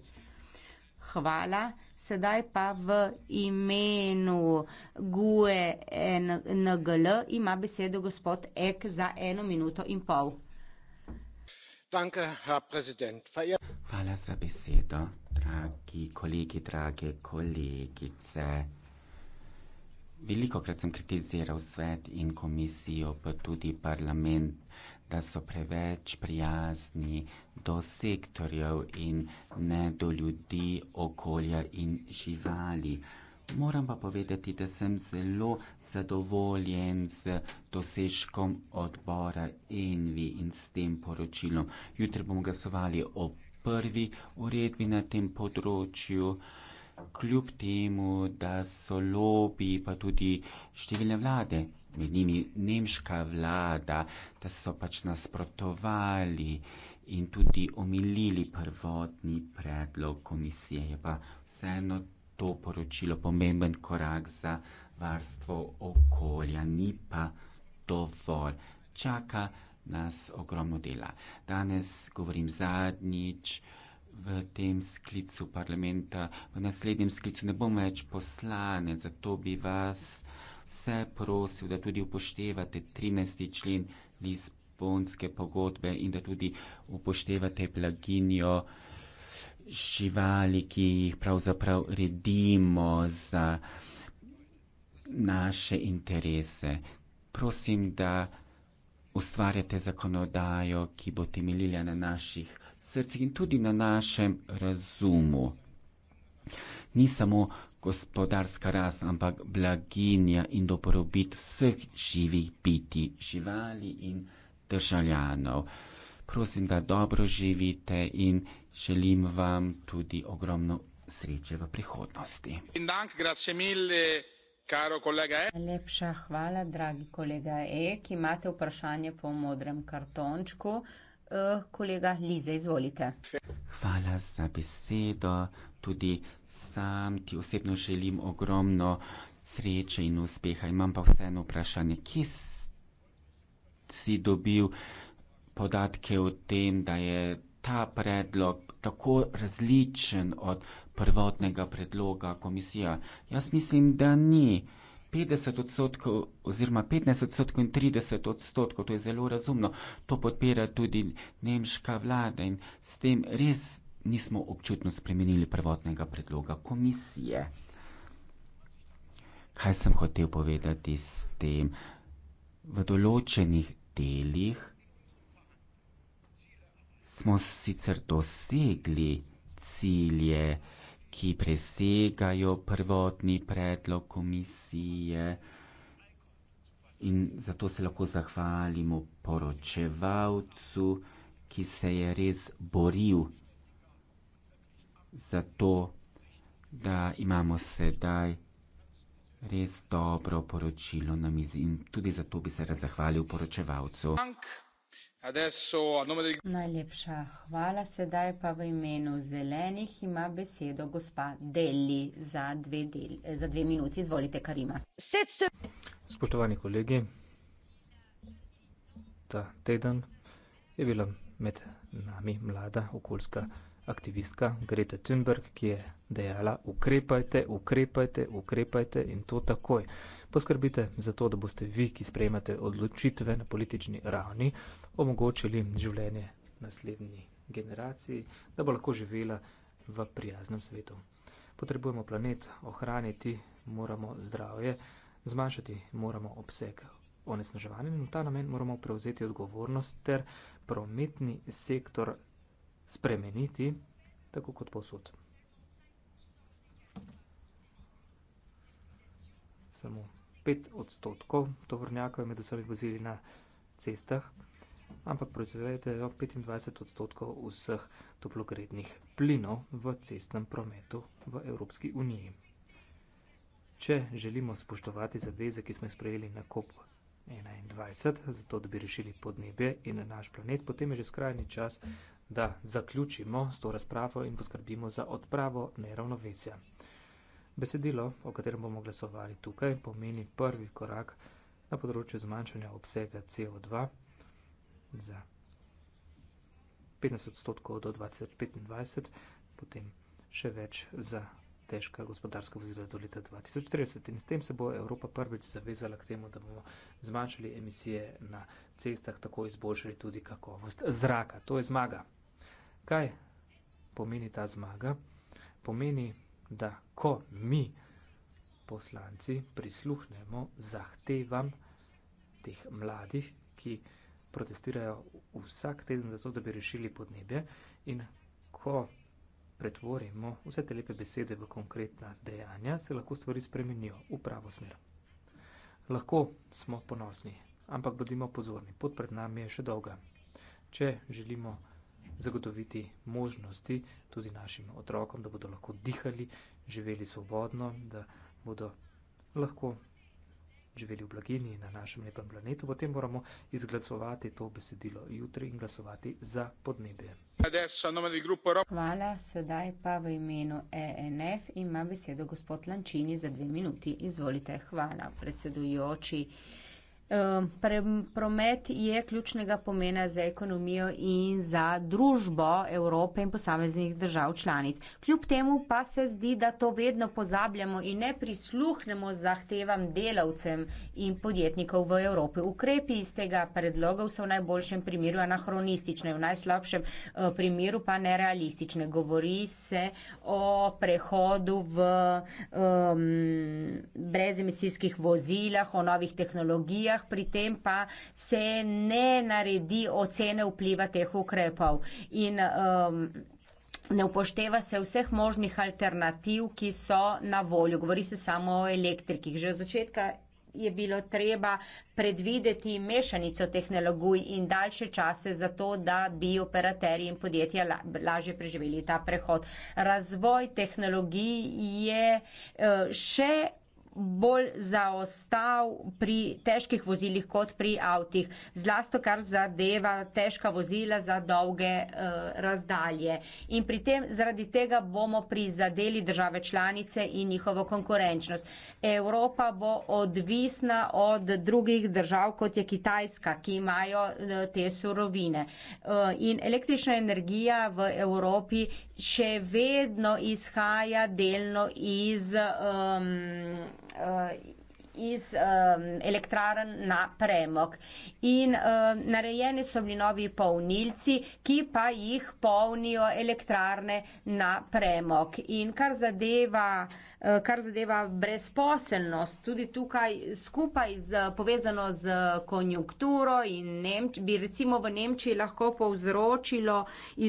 Hvala. Sedaj pa v imenu GUE NGL ima besedo gospod Ek za eno minuto in pol. Hvala za besedo. Dragi kolegi, drage kolegice. Veliko krat sem kritiziral svet in komisijo, pa tudi parlament, da so preveč prijazni do sektorjev in ne do ljudi, okolja in živali. Moram pa povedati, da sem zelo zadovoljen z dosežkom odbora Envi in s tem poročilom. Jutri bomo glasovali o prvi uredbi na tem področju. Kljub temu, da so lobi, pa tudi številne vlade, med njimi nemška vlada, da so pač nasprotovali in tudi omilili prvotni predlog komisije, je pa vseeno to poročilo pomemben korak za varstvo okolja, ni pa dovolj. Čaka nas ogromno dela. Danes govorim zadnjič v tem sklicu parlamenta, v naslednjem sklicu ne bom več poslanec, zato bi vas vse prosil, da tudi upoštevate 13. člen Lizbonske pogodbe in da tudi upoštevate blaginjo živali, ki jih pravzaprav redimo za naše interese. Prosim, da ustvarjate zakonodajo, ki bo temeljila na naših srcih in tudi na našem razumu. Ni samo gospodarska rast, ampak blaginja in dobrobit vseh živih biti, živali in državljanov. Prosim, da dobro živite in želim vam tudi ogromno sreče v prihodnosti. E. Najlepša hvala, dragi kolega E, ki imate vprašanje po modrem kartončku. Eh, kolega Lize, izvolite. Hvala za besedo. Tudi sam ti osebno želim ogromno sreče in uspeha. Imam pa vseeno vprašanje, kje si dobil podatke o tem, da je ta predlog tako različen od prvotnega predloga komisije? Jaz mislim, da ni. 50 odstotkov oziroma 15 odstotkov in 30 odstotkov, to je zelo razumno, to podpira tudi nemška vlada in s tem res nismo občutno spremenili prvotnega predloga komisije. Kaj sem hotel povedati s tem? V določenih delih smo sicer dosegli cilje, ki presegajo prvotni predlog komisije in zato se lahko zahvalimo poročevalcu, ki se je res boril za to, da imamo sedaj res dobro poročilo na mizi in tudi zato bi se rad zahvalil poročevalcu. Dank. Najlepša hvala. Sedaj pa v imenu zelenih ima besedo gospa Deli za dve, del, za dve minuti. Izvolite, Karima. Spoštovani kolegi, ta teden je bila med nami mlada okoljska aktivistka Greta Thunberg, ki je dejala, ukrepajte, ukrepajte, ukrepajte in to takoj poskrbite za to, da boste vi, ki sprejmete odločitve na politični ravni, omogočili življenje naslednji generaciji, da bo lahko živela v prijaznem svetu. Potrebujemo planet, ohraniti moramo zdravje, zmanjšati moramo obseg onesnaževanja in v ta namen moramo prevzeti odgovornost ter prometni sektor spremeniti, tako kot posod. Samo 5 odstotkov tovornjakov je med vsemi vozili na cestah, ampak proizvedejo 25 odstotkov vseh toplogrednih plinov v cestnem prometu v Evropski uniji. Če želimo spoštovati zaveze, ki smo jih sprejeli na COP21, zato da bi rešili podnebje in naš planet, potem je že skrajni čas, da zaključimo s to razpravo in poskrbimo za odpravo neravnovesja. Besedilo, o katerem bomo glasovali tukaj, pomeni prvi korak na področju zmanjšanja obsega CO2 za 15 odstotkov do 2025, potem še več za težka gospodarska vozila do leta 2030. In s tem se bo Evropa prvič zavezala k temu, da bomo zmanjšali emisije na cestah, tako izboljšali tudi kakovost zraka. To je zmaga. Kaj pomeni ta zmaga? Pomeni da ko mi poslanci prisluhnemo zahtevam teh mladih, ki protestirajo vsak teden za to, da bi rešili podnebje in ko pretvorimo vse te lepe besede v konkretna dejanja, se lahko stvari spremenijo v pravo smer. Lahko smo ponosni, ampak bodimo pozorni, pot pred nami je še dolga. Če želimo zagotoviti možnosti tudi našim otrokom, da bodo lahko dihali, živeli svobodno, da bodo lahko živeli v blagini na našem lepem planetu, potem moramo izglasovati to besedilo jutri in glasovati za podnebje. Hvala, sedaj pa v imenu ENF ima besedo gospod Lančini za dve minuti. Izvolite, hvala, predsedujoči. Pre, promet je ključnega pomena za ekonomijo in za družbo Evrope in posameznih držav članic. Kljub temu pa se zdi, da to vedno pozabljamo in ne prisluhnemo zahtevam delavcem in podjetnikov v Evropi. Ukrepi iz tega predloga so v najboljšem primeru anahronistične, v najslabšem eh, primeru pa nerealistične. Govori se o prehodu v um, brezemisijskih vozilah, o novih tehnologijah, vseh, pri tem pa se ne naredi ocene vpliva teh ukrepov. In, um, Ne upošteva se vseh možnih alternativ, ki so na voljo. Govori se samo o elektrikih. Že od začetka je bilo treba predvideti mešanico tehnologij in daljše čase za to, da bi operaterji in podjetja la, lažje preživeli ta prehod. Razvoj tehnologij je eh, še bolj zaostal pri težkih vozilih kot pri avtih. Zlasto kar zadeva težka vozila za dolge e, razdalje. In pri tem zaradi tega bomo prizadeli države članice in njihovo konkurenčnost. Evropa bo odvisna od drugih držav, kot je Kitajska, ki imajo eh, te surovine. E, in električna energija v Evropi še vedno izhaja delno iz, um, uh, iz um, elektraren na premog. In um, narejeni so bili novi polnilci, ki pa jih polnijo elektrarne na premog. In kar zadeva uh, Eh, kar zadeva brezposelnost, tudi tukaj skupaj z, povezano z konjunkturo in Nemč bi recimo v Nemčiji lahko povzročilo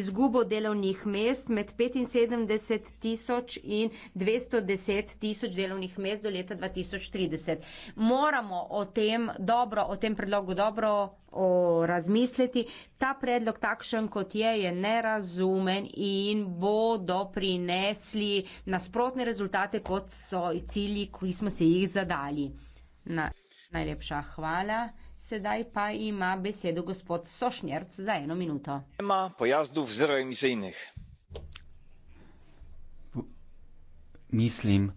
izgubo delovnih mest med 75 tisoč in 210 tisoč delovnih mest do leta 2030. Moramo o tem dobro, o tem predlogu dobro o razmisliti. Ta predlog takšen, kot je, je nerazumen in bodo prinesli nasprotne rezultate, kot so cilji, ki smo se jih zadali. Na, najlepša hvala. Sedaj pa ima besedo gospod Sošnjerc za eno minuto. Ima pojazdu v zero emisijnih. Mislim,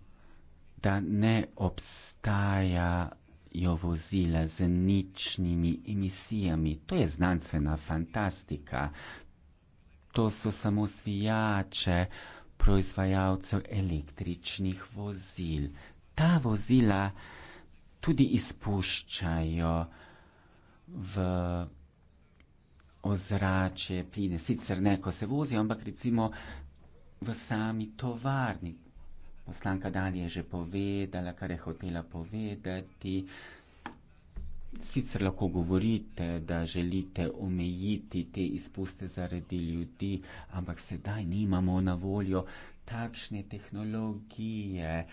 da ne obstaja jo vozila z ničnimi emisijami. To je znanstvena fantastika. To so samo zvijače proizvajalcev električnih vozil. Ta vozila tudi izpuščajo v ozračje pline. Sicer ne, ko se vozijo, ampak recimo v sami tovarni poslanka Dani je že povedala, kar je hotela povedati. Sicer lahko govorite, da želite omejiti te izpuste zaradi ljudi, ampak sedaj nimamo na voljo takšne tehnologije.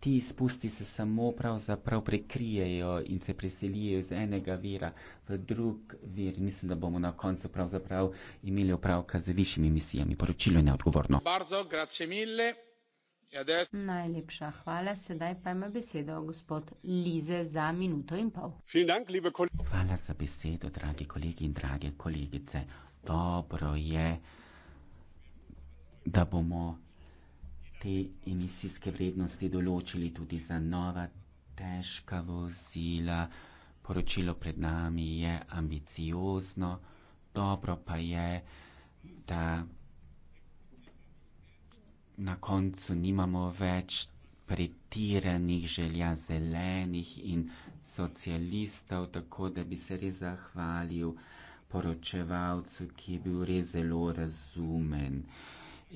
Ti izpusti se samo pravzaprav prekrijejo in se preselijo iz enega vira v drug vir. Mislim, da bomo na koncu pravzaprav imeli opravka z višjimi misijami. Poročilo je neodgovorno. Barzo, Ja, Najlepša hvala, sedaj pa ima besedo gospod Lize za minuto in pol. Hvala za besedo, dragi kolegi in drage kolegice. Dobro je, da bomo te emisijske vrednosti določili tudi za nova težka vozila. Poročilo pred nami je ambiciozno, dobro pa je, da na koncu nimamo več pretiranih želja zelenih in socialistov, tako da bi se res zahvalil poročevalcu, ki je bil res zelo razumen.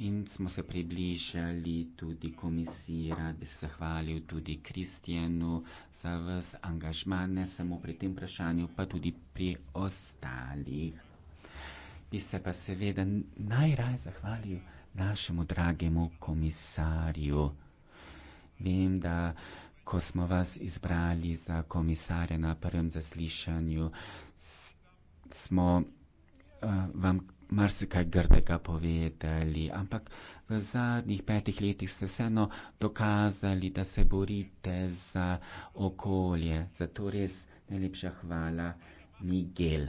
In smo se približali tudi komisiji, rad bi se zahvalil tudi Kristjanu za vse angažma, ne samo pri tem vprašanju, pa tudi pri ostalih. Bi se pa seveda najraje zahvalil našemu dragemu komisarju. Vem, da ko smo vas izbrali za komisarja na prvem zaslišanju, smo uh, vam marsikaj grdega povedali, ampak v zadnjih petih letih ste vseeno dokazali, da se borite za okolje. Zato res najlepša hvala, Miguel.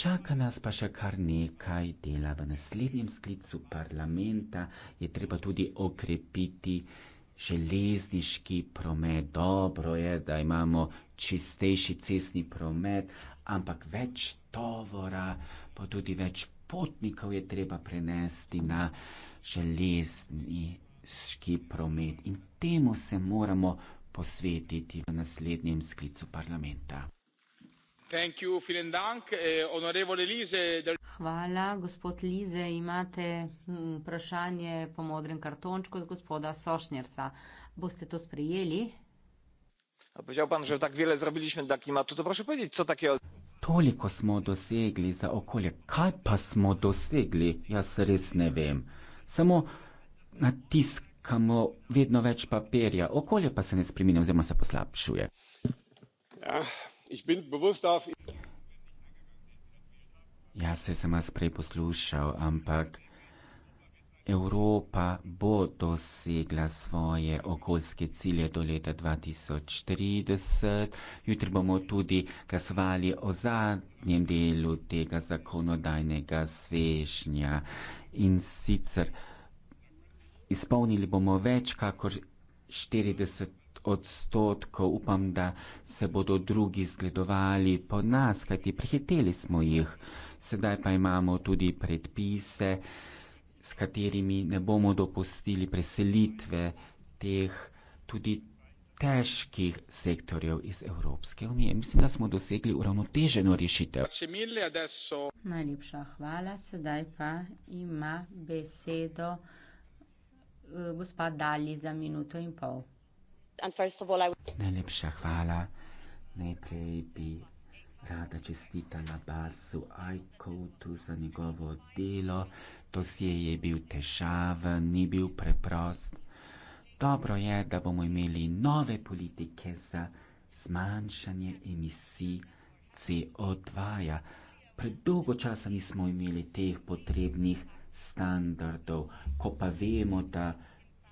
Čaka nas pa še kar nekaj dela v naslednjem sklicu parlamenta, je treba tudi okrepiti železniški promet. Dobro je, da imamo čistejši cestni promet, ampak več tovora, pa tudi več potnikov je treba prenesti na železniški promet in temu se moramo posvetiti v naslednjem sklicu parlamenta. Eh, Hvala, gospod Lize, imate hm, vprašanje po modrem kartončku z gospoda Sošnjerca. Boste to sprejeli? Toliko smo dosegli za okolje, kaj pa smo dosegli, jaz res ne vem. Samo natiskamo vedno več papirja, okolje pa se ne spremeni oziroma se poslabšuje. Ja, Jaz se sem vas prej poslušal, ampak Evropa bo dosegla svoje okoljske cilje do leta 2030. Jutri bomo tudi glasovali o zadnjem delu tega zakonodajnega svežnja in sicer izpolnili bomo več kakor 40 odstotkov, upam, da se bodo drugi zgledovali po nas, kajti prihiteli smo jih. Sedaj pa imamo tudi predpise, s katerimi ne bomo dopustili preselitve teh tudi težkih sektorjev iz Evropske unije. Mislim, da smo dosegli uravnoteženo rešitev. Najlepša hvala. Sedaj pa ima besedo eh, gospod Dali za minuto in pol. Najlepša hvala. Najprej bi rada čestitala Basu Aikotu za njegovo delo. Dosje je bil težaven, ni bil preprost. Dobro je, da bomo imeli nove politike za zmanjšanje emisij CO2. -ja. Predolgo časa nismo imeli teh potrebnih standardov, ko pa vemo, da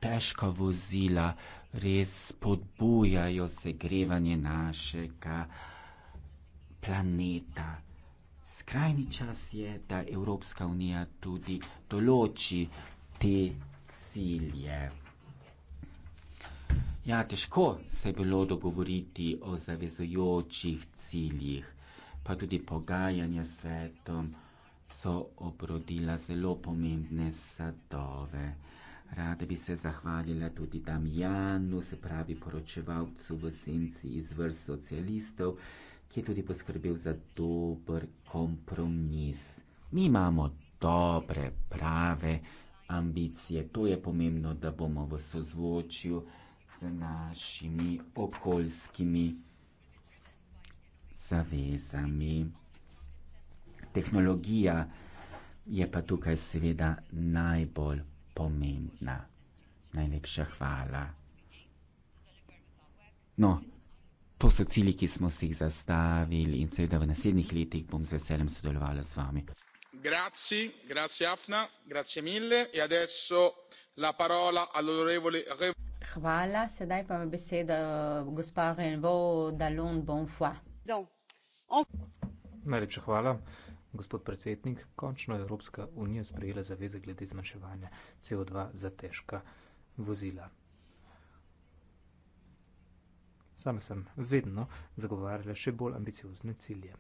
težka vozila res spodbujajo segrevanje našega planeta. Skrajni čas je, da Evropska unija tudi določi te cilje. Ja, težko se je bilo dogovoriti o zavezujočih ciljih, pa tudi pogajanja s svetom so obrodila zelo pomembne sadove. Rada bi se zahvalila tudi Damjanu, se pravi poročevalcu v senci iz vrst socialistov, ki je tudi poskrbel za dober kompromis. Mi imamo dobre, prave ambicije. To je pomembno, da bomo v sozvočju z našimi okoljskimi zavezami. Tehnologija je pa tukaj seveda najbolj pomembna. Najlepša hvala. No, to so cilji, ki smo si jih zastavili in seveda v naslednjih letih bom z veseljem sodelovala z vami. Grazie, grazie Afna, grazie mille. E adesso la parola all'onorevole Hvala, sedaj pa mi beseda gospa Renvo Dalon Bonfoy. Najlepša hvala. Gospod predsednik, končno je Evropska unija sprejela zaveze glede zmanjševanja CO2 za težka vozila. Sam sem vedno zagovarjala še bolj ambiciozne cilje.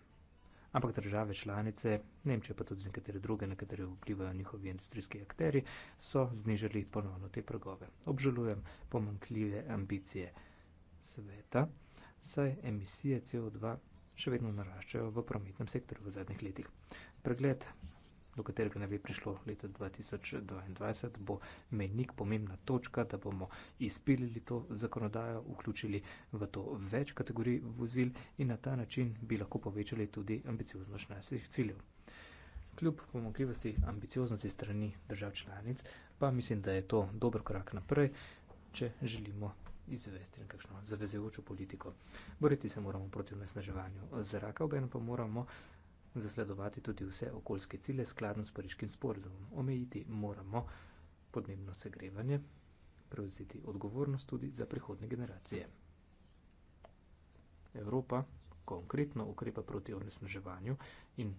Ampak države članice, Nemčija pa tudi nekatere druge, na katere vplivajo njihovi industrijski akteri, so znižali ponovno te pragove. Obžalujem pomankljive ambicije sveta, saj emisije CO2 še vedno naraščajo v prometnem sektorju v zadnjih letih. Pregled, do katerega ne bi prišlo leta 2022, bo menik pomembna točka, da bomo izpilili to zakonodajo, vključili v to več kategorij vozil in na ta način bi lahko povečali tudi ambicioznost naših ciljev. Kljub pomankljivosti ambicioznosti strani držav članic, pa mislim, da je to dober korak naprej, če želimo izvesti nekakšno zavezujočo politiko. Boriti se moramo proti onesnaževanju zraka, obenem pa moramo zasledovati tudi vse okoljske cilje skladno s pariškim sporazumom. Omejiti moramo podnebno segrevanje, prevzeti odgovornost tudi za prihodne generacije. Evropa konkretno ukrepa proti onesnaževanju in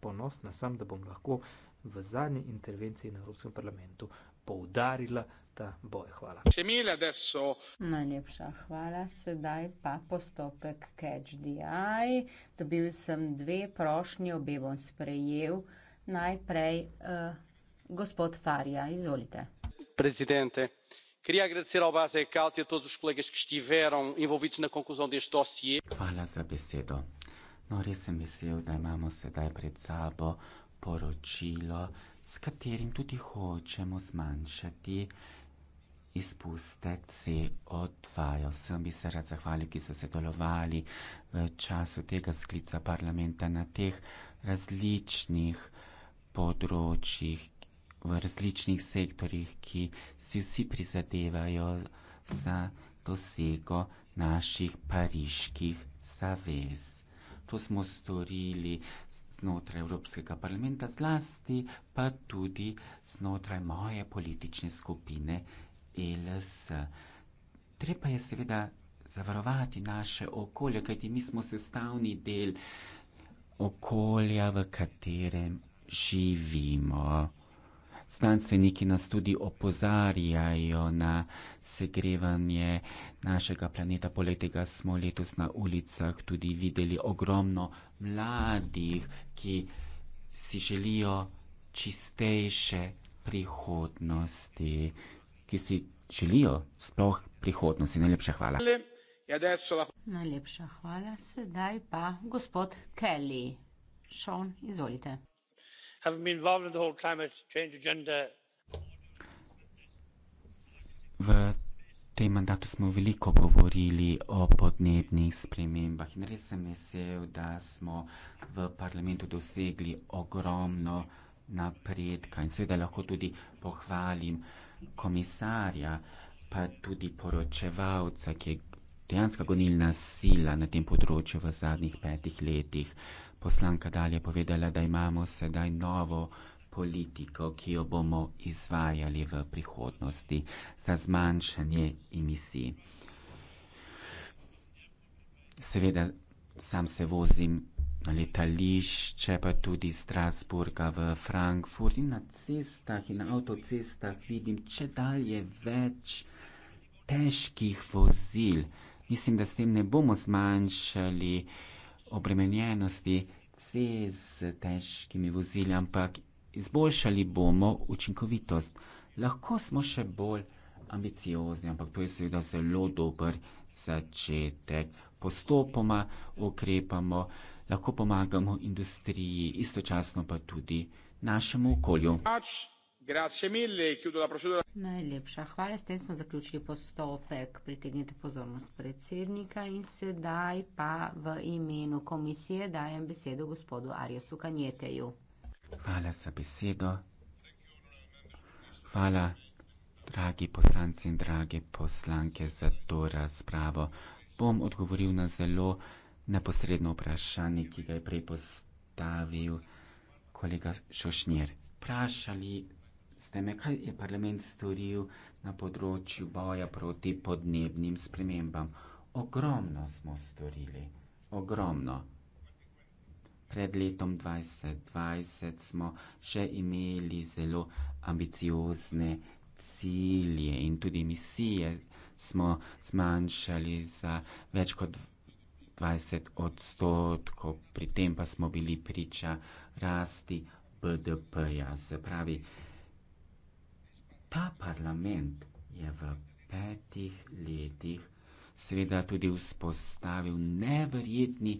ponosna sem, da bom lahko v zadnji intervenciji na Evropskem parlamentu poudarila ta boj. Hvala. Najlepša hvala. Sedaj pa postopek CatchDI. Dobil sem dve prošnji, obe bom sprejel. Najprej uh, gospod Farja, izvolite. Presidente. Queria agradecer ao Base Ecalt e a todos os colegas que estiveram envolvidos na conclusão deste dossiê. Fala-se a besedo. Não recebeu da mamãe se dá pred sabo sporočilo, s katerim tudi hočemo zmanjšati izpuste CO2. Ja, vsem bi se rad zahvalil, ki so se dolovali v času tega sklica parlamenta na teh različnih področjih, v različnih sektorjih, ki si vsi prizadevajo za dosego naših pariških zavez. To smo storili znotraj Evropskega parlamenta zlasti, pa tudi znotraj moje politične skupine LS. Treba je seveda zavarovati naše okolje, kajti mi smo sestavni del okolja, v katerem živimo znanstveniki nas tudi opozarjajo na segrevanje našega planeta. Poleg tega smo letos na ulicah tudi videli ogromno mladih, ki si želijo čistejše prihodnosti, ki si želijo sploh prihodnosti. Najlepša hvala. Ja, Najlepša hvala. Sedaj pa gospod Kelly. Sean, izvolite having been involved in the whole climate change agenda v tem mandatu smo veliko govorili o podnebnih spremembah in res sem vesel, da smo v parlamentu dosegli ogromno napredka in seveda lahko tudi pohvalim komisarja, pa tudi poročevalca, ki je dejanska gonilna sila na tem področju v zadnjih petih letih poslanka dalje povedala, da imamo sedaj novo politiko, ki jo bomo izvajali v prihodnosti za zmanjšanje emisij. Seveda, sam se vozim na letališče, pa tudi iz Strasburga v Frankfurt in na cestah in avtocestah vidim, če dalje več težkih vozil. Mislim, da s tem ne bomo zmanjšali uh, obremenjenosti z težkimi vozili, ampak izboljšali bomo učinkovitost. Lahko smo še bolj ambiciozni, ampak to je seveda zelo dober začetek. Postopoma ukrepamo, lahko pomagamo industriji, istočasno pa tudi našemu okolju. Ač. Grazie mille, chiudo la procedura. Najlepša hvala, s tem smo zaključili postopek. Pritegnite pozornost predsednika in sedaj pa v imenu komisije dajem besedo gospodu Arjasu Kanjeteju. Hvala za besedo. Hvala, dragi poslanci in drage poslanke, za to razpravo. Bom odgovoril na zelo neposredno vprašanje, ki ga je prej postavil kolega Šošnir. Vprašali s tem, kaj je parlament storil na področju boja proti podnebnim spremembam. Ogromno smo storili, ogromno. Pred letom 2020 smo še imeli zelo ambiciozne cilje in tudi misije smo zmanjšali za več kot 20 odstotkov, pri tem pa smo bili priča rasti BDP-ja, se pravi, ta parlament je v petih letih seveda tudi vzpostavil neverjetni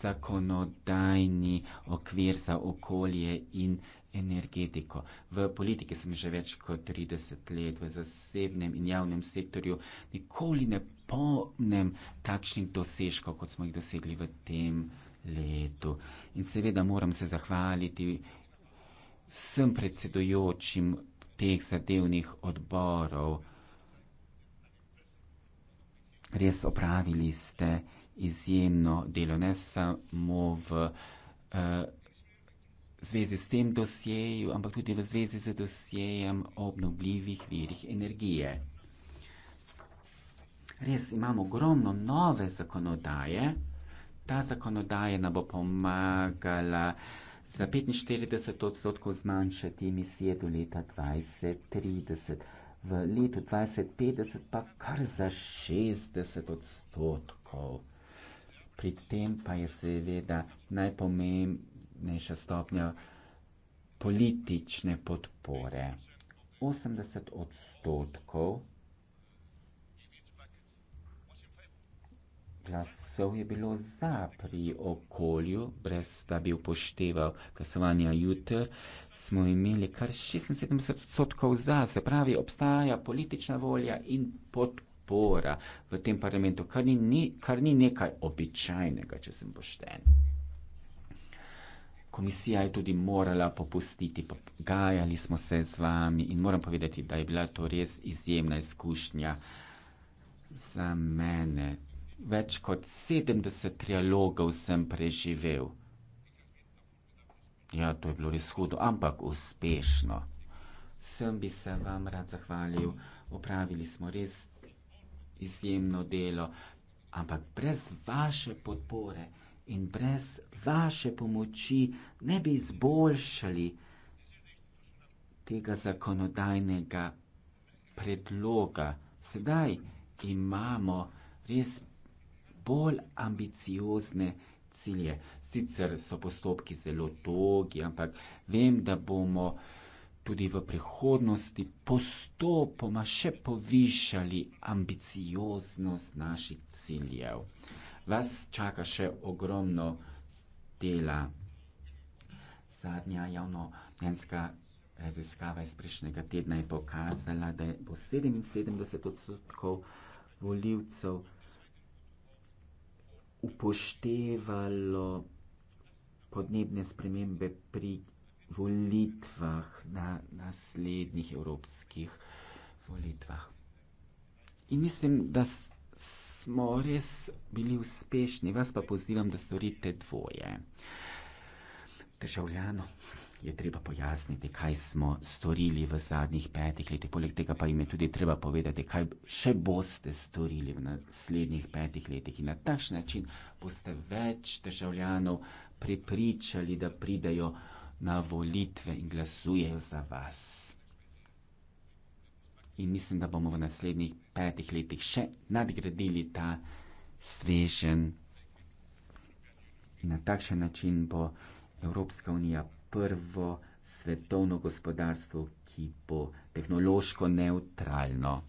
zakonodajni okvir za okolje in energetiko. V politiki sem že več kot 30 let, v zasebnem in javnem sektorju nikoli ne pomnem takšnih dosežkov, kot smo jih dosegli v tem letu. In seveda moram se zahvaliti vsem predsedujočim teh zadevnih odborov. Res opravili ste izjemno delo, ne samo v eh, zvezi s tem dosjeju, ampak tudi v zvezi z dosjejem obnobljivih virih energije. Res imamo ogromno nove zakonodaje, ta zakonodaja nam bo pomagala eh, za 45 odstotkov zmanjšati emisije do leta 2030, v letu 2050 pa kar za 60 odstotkov. Pri tem pa je seveda najpomembnejša stopnja politične podpore. 80 odstotkov glasov je bilo za pri okolju, brez da bi upošteval glasovanja jutr, smo imeli kar 76 odstotkov za, se pravi, obstaja politična volja in podpora v tem parlamentu, kar ni, ni, kar ni nekaj običajnega, če sem pošten. Komisija je tudi morala popustiti, pogajali smo se z vami in moram povedati, da je bila to res izjemna izkušnja za mene več kot 70 trialogov sem preživel. Ja, to je bilo res hudo, ampak uspešno. Sem bi se vam rad zahvalil, opravili smo res izjemno delo, ampak brez vaše podpore in brez vaše pomoči ne bi izboljšali tega zakonodajnega predloga. Sedaj imamo res bolj ambiciozne cilje. Sicer so postopki zelo dolgi, ampak vem, da bomo tudi v prihodnosti postopoma še povišali ambicioznost naših ciljev. Vas čaka še ogromno dela. Zadnja javno-mnenjska raziskava iz prejšnjega tedna je pokazala, da bo 77 odstotkov volivcev upoštevalo podnebne spremembe pri volitvah na naslednjih evropskih volitvah. In mislim, da smo res bili uspešni. Vas pa pozivam, da storite dvoje. Državljano je treba pojasniti, kaj smo storili v zadnjih petih letih. Poleg tega pa jim je tudi treba povedati, kaj še boste storili v naslednjih petih letih. In na takšen način boste več državljanov prepričali, da pridajo na volitve in glasujejo za vas. In mislim, da bomo v naslednjih petih letih še nadgradili ta svežen. In na takšen način bo Evropska unija prvo svetovno gospodarstvo, ki bo tehnološko neutralno.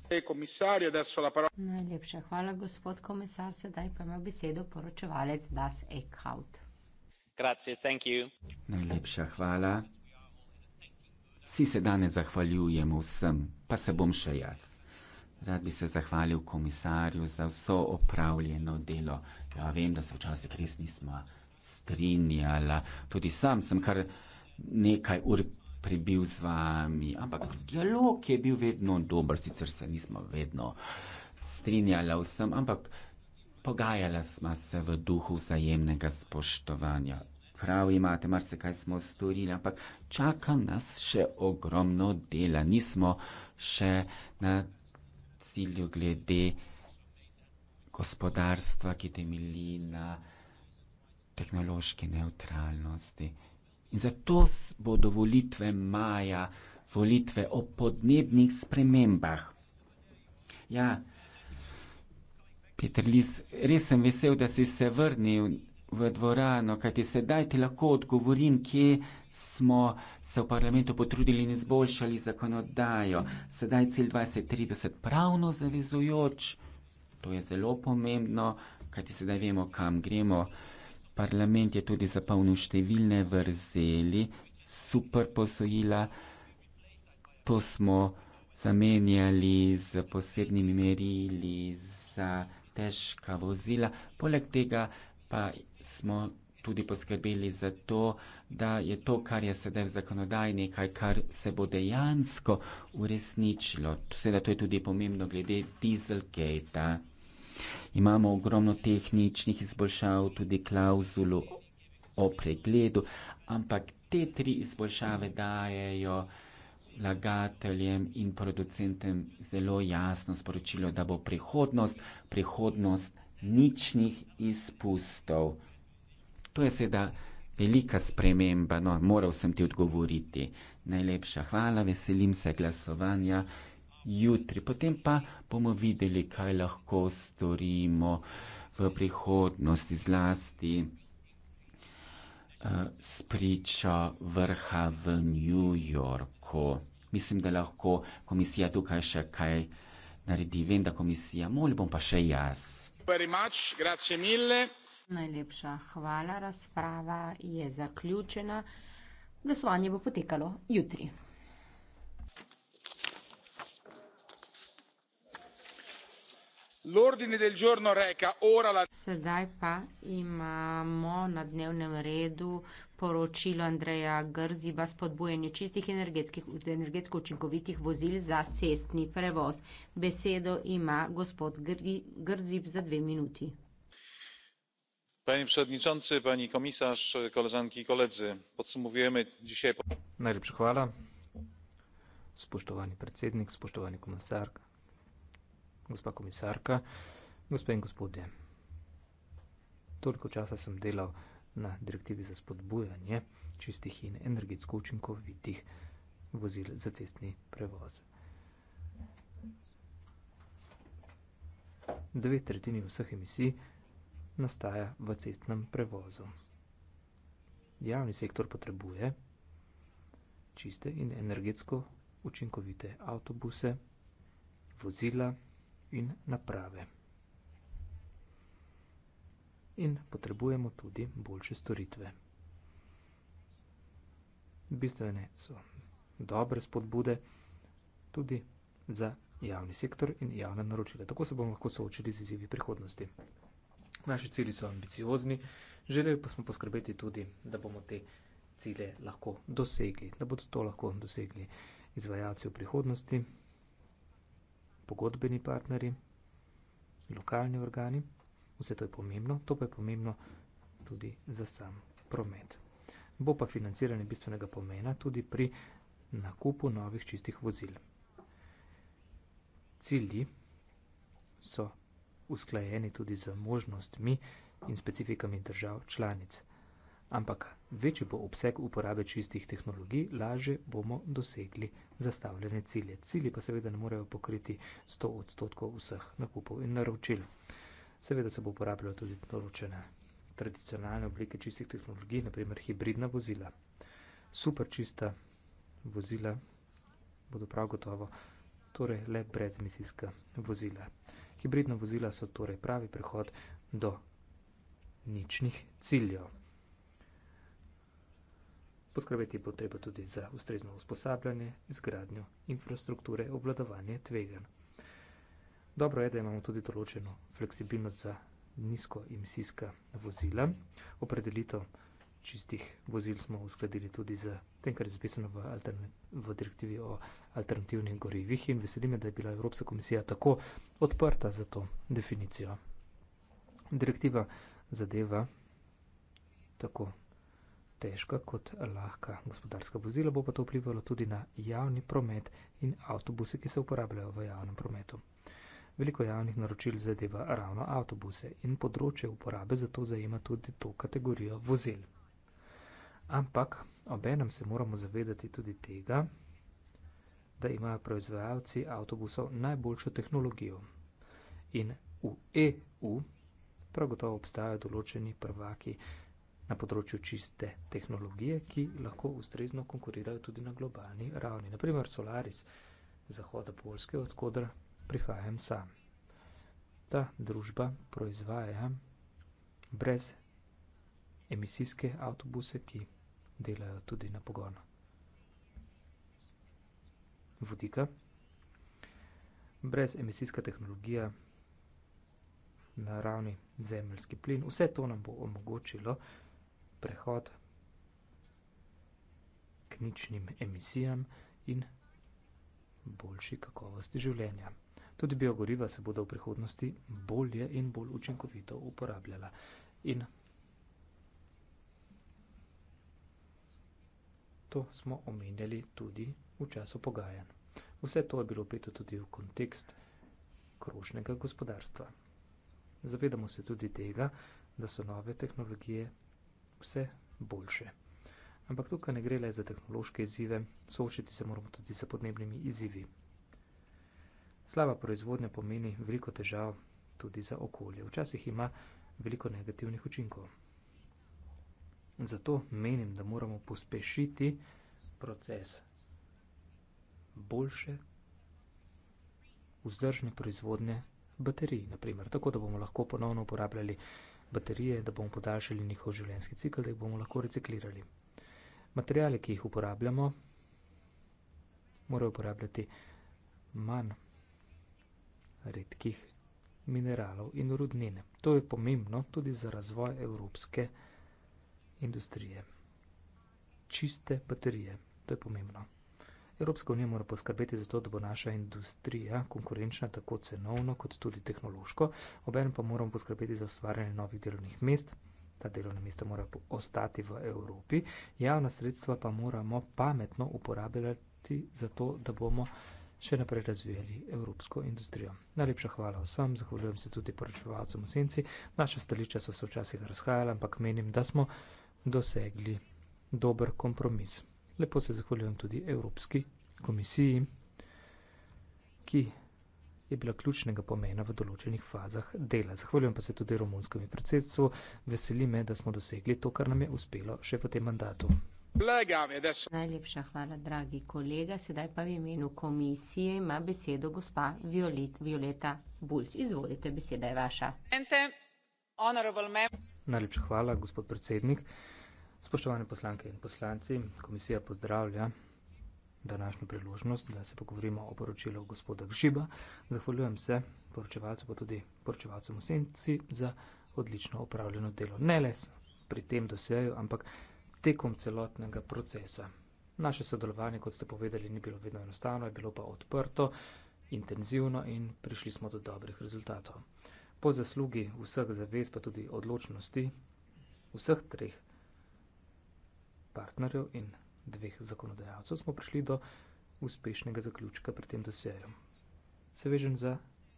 Najlepša hvala, gospod komisar. Sedaj pa ima besedo poročevalec Das Eckhout. Najlepša hvala. Vsi se danes zahvaljujemo vsem, pa se bom še jaz. Rad bi se zahvalil komisarju za vso opravljeno delo. Ja, vem, da se včasih res nismo strinjala. Tudi sam sem kar nekaj ur prebil z vami, ampak dialog je bil vedno dober, sicer se nismo vedno strinjali vsem, ampak pogajala sva se v duhu vzajemnega spoštovanja. Prav imate, mar se kaj smo storili, ampak čaka nas še ogromno dela. Nismo še na cilju glede gospodarstva, ki temelji na tehnološki neutralnosti. In zato bodo volitve maja, volitve o podnebnih spremembah. Ja, Peter Lis, res sem vesel, da si se vrnil v dvorano, kajti sedaj ti lahko odgovorim, kje smo se v parlamentu potrudili in izboljšali zakonodajo. Sedaj cilj 2030 pravno zavezujoč, to je zelo pomembno, kajti sedaj vemo, kam gremo parlament je tudi zapolnil številne vrzeli, super posojila, to smo zamenjali z posebnimi merili za težka vozila. Poleg tega pa smo tudi poskrbeli za to, da je to, kar je sedaj v zakonodaji, nekaj, kar se bo dejansko uresničilo. Seveda to je tudi pomembno glede Dieselgate. -a imamo ogromno tehničnih izboljšav, tudi klauzulo o pregledu, ampak te tri izboljšave dajejo vlagateljem in producentem zelo jasno sporočilo, da bo prihodnost, prihodnost ničnih izpustov. To je seveda velika sprememba, no, moral sem ti odgovoriti. Najlepša hvala, veselim se glasovanja jutri, potem pa bomo videli, kaj lahko storimo v prihodnosti, zlasti uh, s pričo vrha v New Yorku. Mislim, da lahko komisija tukaj še kaj naredi. Vem, da komisija, molim, bom pa še jaz. Najlepša hvala, razprava je zaključena. Glasovanje bo potekalo jutri. L'ordine del giorno reca ora la. Sedaj pa imamo na dnevnem redu poročilo Andreja Grziba spodbujanje čistih energetsko učinkovitih vozil za cestni prevoz. Besedo ima gospod Grzib za dve minuti. Panie przewodniczący, pani komisarz, koleżanki i koledzy, podsumowujemy dzisiaj. Najlepsza chwała. Spuszczowani przewodnik, spuszczowani komisarz, gospa komisarka, gospe in gospodje. Toliko časa sem delal na direktivi za spodbujanje čistih in energetsko učinkovitih vozil za cestni prevoz. Dve tretjini vseh emisij nastaja v cestnem prevozu. Javni sektor potrebuje čiste in energetsko učinkovite avtobuse, vozila, in naprave. In potrebujemo tudi boljše storitve. Bistvene so dobre spodbude tudi za javni sektor in javna naročila. Tako se bomo lahko soočili z izzivi prihodnosti. Naši cilji so ambiciozni, želeli pa smo poskrbeti tudi, da bomo te cilje lahko dosegli, da bodo to lahko dosegli izvajalci v prihodnosti pogodbeni partnerji, lokalni organi, vse to je pomembno, to pa je pomembno tudi za sam promet. Bo pa financiranje bistvenega pomena tudi pri nakupu novih čistih vozil. Cilji so usklajeni tudi z možnostmi in specifikami držav članic ampak večji bo obseg uporabe čistih tehnologij, laže bomo dosegli zastavljene cilje. Cilji pa seveda ne morejo pokriti 100 odstotkov vseh nakupov in naročil. Seveda se bo uporabljalo tudi naročene tradicionalne oblike čistih tehnologij, naprimer hibridna vozila. Super čista vozila bodo prav gotovo, torej le brezemisijska vozila. Hibridna vozila so torej pravi prehod do ničnih ciljev. Poskrbeti bo treba tudi za ustrezno usposabljanje, izgradnjo infrastrukture, obladovanje tvegan. Dobro je, da imamo tudi določeno fleksibilnost za nizko emisijska vozila. Opredelitev čistih vozil smo uskladili tudi z tem, kar je zapisano v, v direktivi o alternativnih gorivih in veseli me, da je bila Evropska komisija tako odprta za to definicijo. Direktiva zadeva tako težka kot lahka gospodarska vozila, bo pa to vplivalo tudi na javni promet in avtobuse, ki se uporabljajo v javnem prometu. Veliko javnih naročil zadeva ravno avtobuse in področje uporabe zato zajema tudi to kategorijo vozil. Ampak obenem se moramo zavedati tudi tega, da imajo proizvajalci avtobusov najboljšo tehnologijo. In v EU prav gotovo obstajajo določeni prvaki na področju čiste tehnologije, ki lahko ustrezno konkurirajo tudi na globalni ravni. Naprimer Solaris z zahoda Polske, odkudar prihajam sam. Ta družba proizvaja brez emisijske avtobuse, ki delajo tudi na pogon vodika. Brez emisijska tehnologija na ravni zemljski plin. Vse to nam bo omogočilo, da prehod k ničnim emisijam in boljši kakovosti življenja. Tudi biogoriva se bodo v prihodnosti bolje in bolj učinkovito uporabljala. In to smo omenjali tudi v času pogajanj. Vse to je bilo peto tudi v kontekst krožnega gospodarstva. Zavedamo se tudi tega, da so nove tehnologije vse boljše. Ampak tukaj ne gre le za tehnološke izzive, soočiti se moramo tudi s podnebnimi izzivi. Slaba proizvodnja pomeni veliko težav tudi za okolje. Včasih ima veliko negativnih učinkov. Zato menim, da moramo pospešiti proces boljše vzdržne proizvodnje baterij, naprimer, tako da bomo lahko ponovno uporabljali baterije, da bomo podaljšali njihov življenjski cikl, da jih bomo lahko reciklirali. Materijale, ki jih uporabljamo, morajo uporabljati manj redkih mineralov in rudnine. To je pomembno tudi za razvoj evropske industrije. Čiste baterije, to je pomembno. Evropska unija mora poskrbeti za to, da bo naša industrija konkurenčna tako cenovno kot tudi tehnološko, obenem pa moramo poskrbeti za ustvarjanje novih delovnih mest. Ta delovna mesta mora ostati v Evropi, javna sredstva pa moramo pametno uporabljati za to, da bomo še naprej razvijali evropsko industrijo. Najlepša hvala vsem, zahvaljujem se tudi poročevalcem v senci. Naša stališča so se včasih razhajala, ampak menim, da smo dosegli dober kompromis. Lepo se zahvaljujem tudi Evropski komisiji, ki je bila ključnega pomena v določenih fazah dela. Zahvaljujem pa se tudi romunskemu predsedstvu. Veseli me, da smo dosegli to, kar nam je uspelo še v tem mandatu. Najlepša hvala, dragi kolega. Sedaj pa v imenu komisije ima besedo gospa Violet, Violeta Bulc. Izvolite, beseda je vaša. Najlepša hvala, gospod predsednik. Spoštovane poslanke in poslanci, komisija pozdravlja današnjo priložnost, da se pogovorimo o poročilu gospoda Gžiba. Zahvaljujem se poročevalcu, pa tudi poročevalcem v senci za odlično upravljeno delo. Ne le pri tem dosejo, ampak tekom celotnega procesa. Naše sodelovanje, kot ste povedali, ni bilo vedno enostavno, je bilo pa odprto, intenzivno in prišli smo do dobrih rezultatov. Po zaslugi vseh zavez, pa tudi odločnosti vseh treh partnerjev in dveh zakonodajalcev smo prišli do uspešnega zaključka pred tem dosjejem. Se vežem za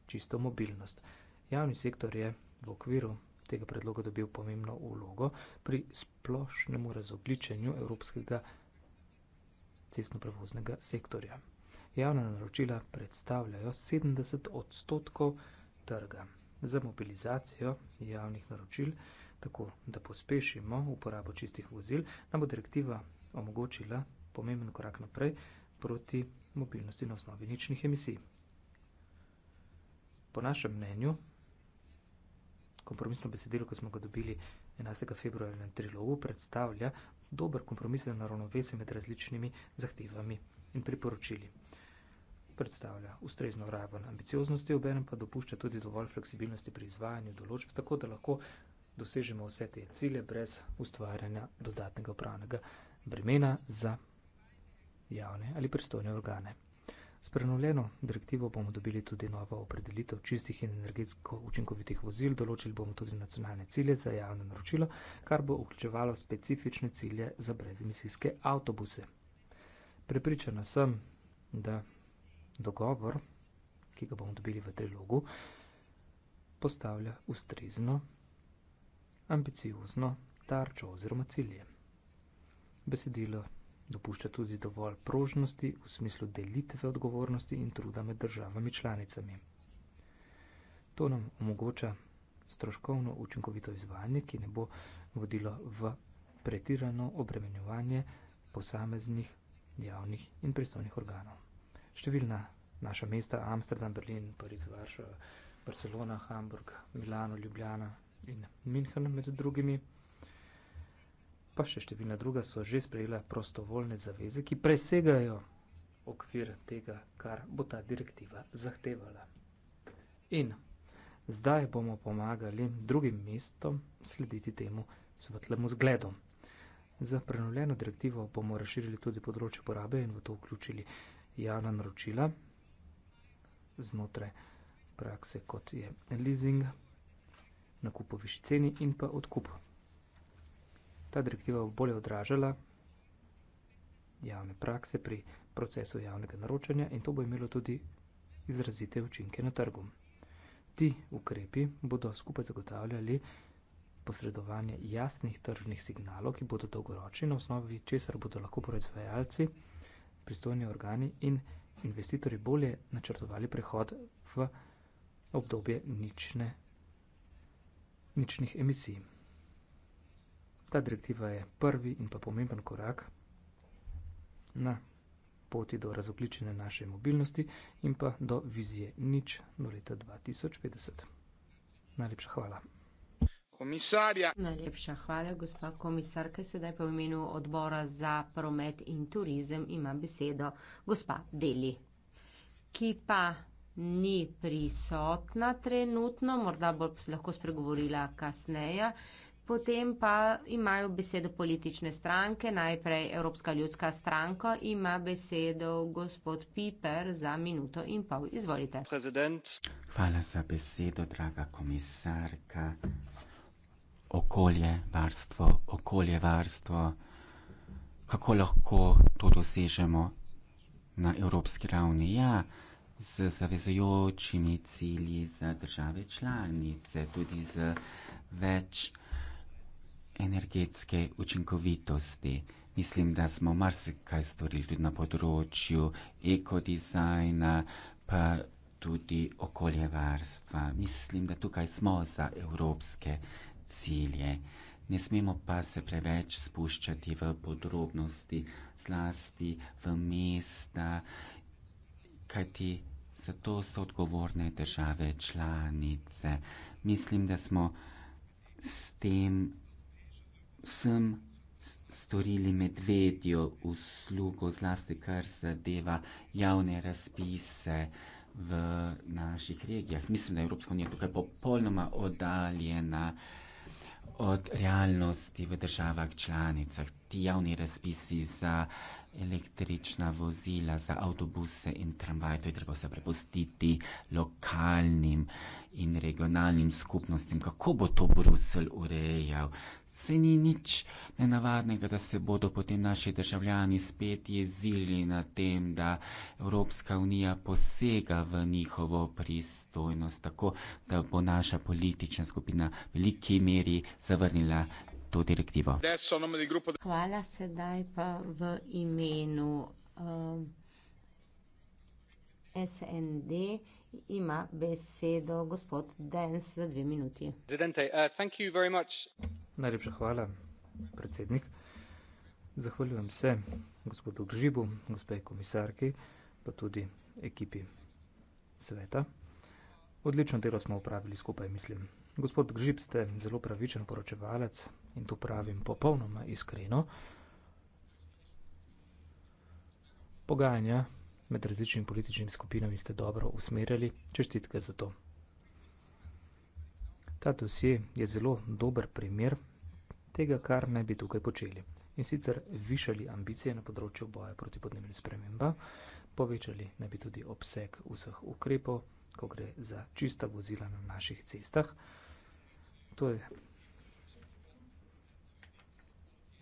čisto mobilnost. Javni sektor je v okviru tega predloga dobil pomembno ulogo pri splošnemu razogličenju evropskega cestno-prevoznega sektorja. Javna naročila predstavljajo 70 odstotkov trga. Za mobilizacijo javnih naročil Tako da pospešimo uporabo čistih vozil, nam bo direktiva omogočila pomemben korak naprej proti mobilnosti na osnovi ničnih emisij. Po našem mnenju, kompromisno besedilo, ko smo ga dobili 11. februarja na trilogu, predstavlja dober kompromis na ravnovesje med različnimi zahtevami in priporočili. Predstavlja ustrezno raven ambicioznosti, obenem pa dopušča tudi dovolj fleksibilnosti pri izvajanju določb, tako da lahko dosežemo vse te cilje brez ustvarjanja dodatnega upravnega bremena za javne ali pristojne organe. S prenovljeno direktivo bomo dobili tudi novo opredelitev čistih in energetsko učinkovitih vozil, določili bomo tudi nacionalne cilje za javno naročilo, kar bo vključevalo specifične cilje za brezemisijske avtobuse. Prepričana sem, da dogovor, ki ga bomo dobili v trilogu, postavlja ustrezno ambiciozno tarčo oziroma cilje. Besedilo dopušča tudi dovolj prožnosti v smislu delitve odgovornosti in truda med državami članicami. To nam omogoča stroškovno učinkovito izvajanje, ki ne bo vodilo v pretirano obremenjevanje posameznih javnih in pristojnih organov. Številna naša mesta, Amsterdam, Berlin, Pariz, Varšava, Barcelona, Hamburg, Milano, Ljubljana, in München med drugimi. Pa še številna druga so že sprejela prostovoljne zaveze, ki presegajo okvir tega, kar bo ta direktiva zahtevala. In zdaj bomo pomagali drugim mestom slediti temu svetlemu zgledu. Za prenovljeno direktivo bomo razširili tudi področje porabe in v to vključili javna naročila znotraj prakse, kot je leasing, nakup po višji ceni in pa odkup. Ta direktiva bo bolje odražala javne prakse pri procesu javnega naročanja in to bo imelo tudi izrazite učinke na trgu. Ti ukrepi bodo skupaj zagotavljali posredovanje jasnih tržnih signalov, ki bodo dolgoročni na osnovi česar bodo lahko proizvajalci, pristojni organi in investitorji bolje načrtovali prehod v obdobje nične ničnih emisij. Ta direktiva je prvi in pa pomemben korak na poti do razogličene naše mobilnosti in pa do vizije nič do leta 2050. Najlepša hvala. Komisarja. Najlepša hvala, gospa komisarka. Sedaj pa v imenu odbora za promet in turizem ima besedo gospa Deli, ki pa ni prisotna trenutno, morda bo lahko spregovorila kasneje. Potem pa imajo besedo politične stranke, najprej Evropska ljudska stranka ima besedo gospod Piper za minuto in pol. Izvolite. President. Hvala za besedo, draga komisarka. Okolje, varstvo, okolje, varstvo. Kako lahko to dosežemo na evropski ravni? Ja, z zavezujočimi cilji za države članice, tudi z več energetske učinkovitosti. Mislim, da smo marsikaj storili tudi na področju ekodizajna, pa tudi okoljevarstva. Mislim, da tukaj smo za evropske cilje. Ne smemo pa se preveč spuščati v podrobnosti, zlasti v mesta, kajti za to so odgovorne države članice. Mislim, da smo s tem vsem storili medvedjo uslugo, zlasti kar zadeva javne razpise v naših regijah. Mislim, da je Evropska unija tukaj popolnoma oddaljena od realnosti v državah članicah. Ti javni razpisi za električna vozila za avtobuse in tramvaje, to je treba se prepustiti lokalnim in regionalnim skupnostim, kako bo to Brusel urejal. Se ni nič nenavadnega, da se bodo potem naši državljani spet jezili na tem, da Evropska unija posega v njihovo pristojnost, tako da bo naša politična skupina v veliki meri zavrnila to direktivo. Hvala sedaj pa v imenu uh, eh, SND. Ima besedo gospod Dens za dve minuti. Uh, Najlepša hvala, predsednik. Zahvaljujem se gospodu Gržibu, gospej komisarki, pa tudi ekipi sveta. Odlično delo smo upravili skupaj, mislim, Gospod Gžib, ste zelo pravičen poročevalec in to pravim popolnoma iskreno. Pogajanja med različnimi političnimi skupinami ste dobro usmerjali, čestitke za to. Ta dosje je zelo dober primer tega, kar naj bi tukaj počeli. In sicer višali ambicije na področju boja proti podnebnim spremembam, povečali naj bi tudi obseg vseh ukrepov, ko gre za čista vozila na naših cestah je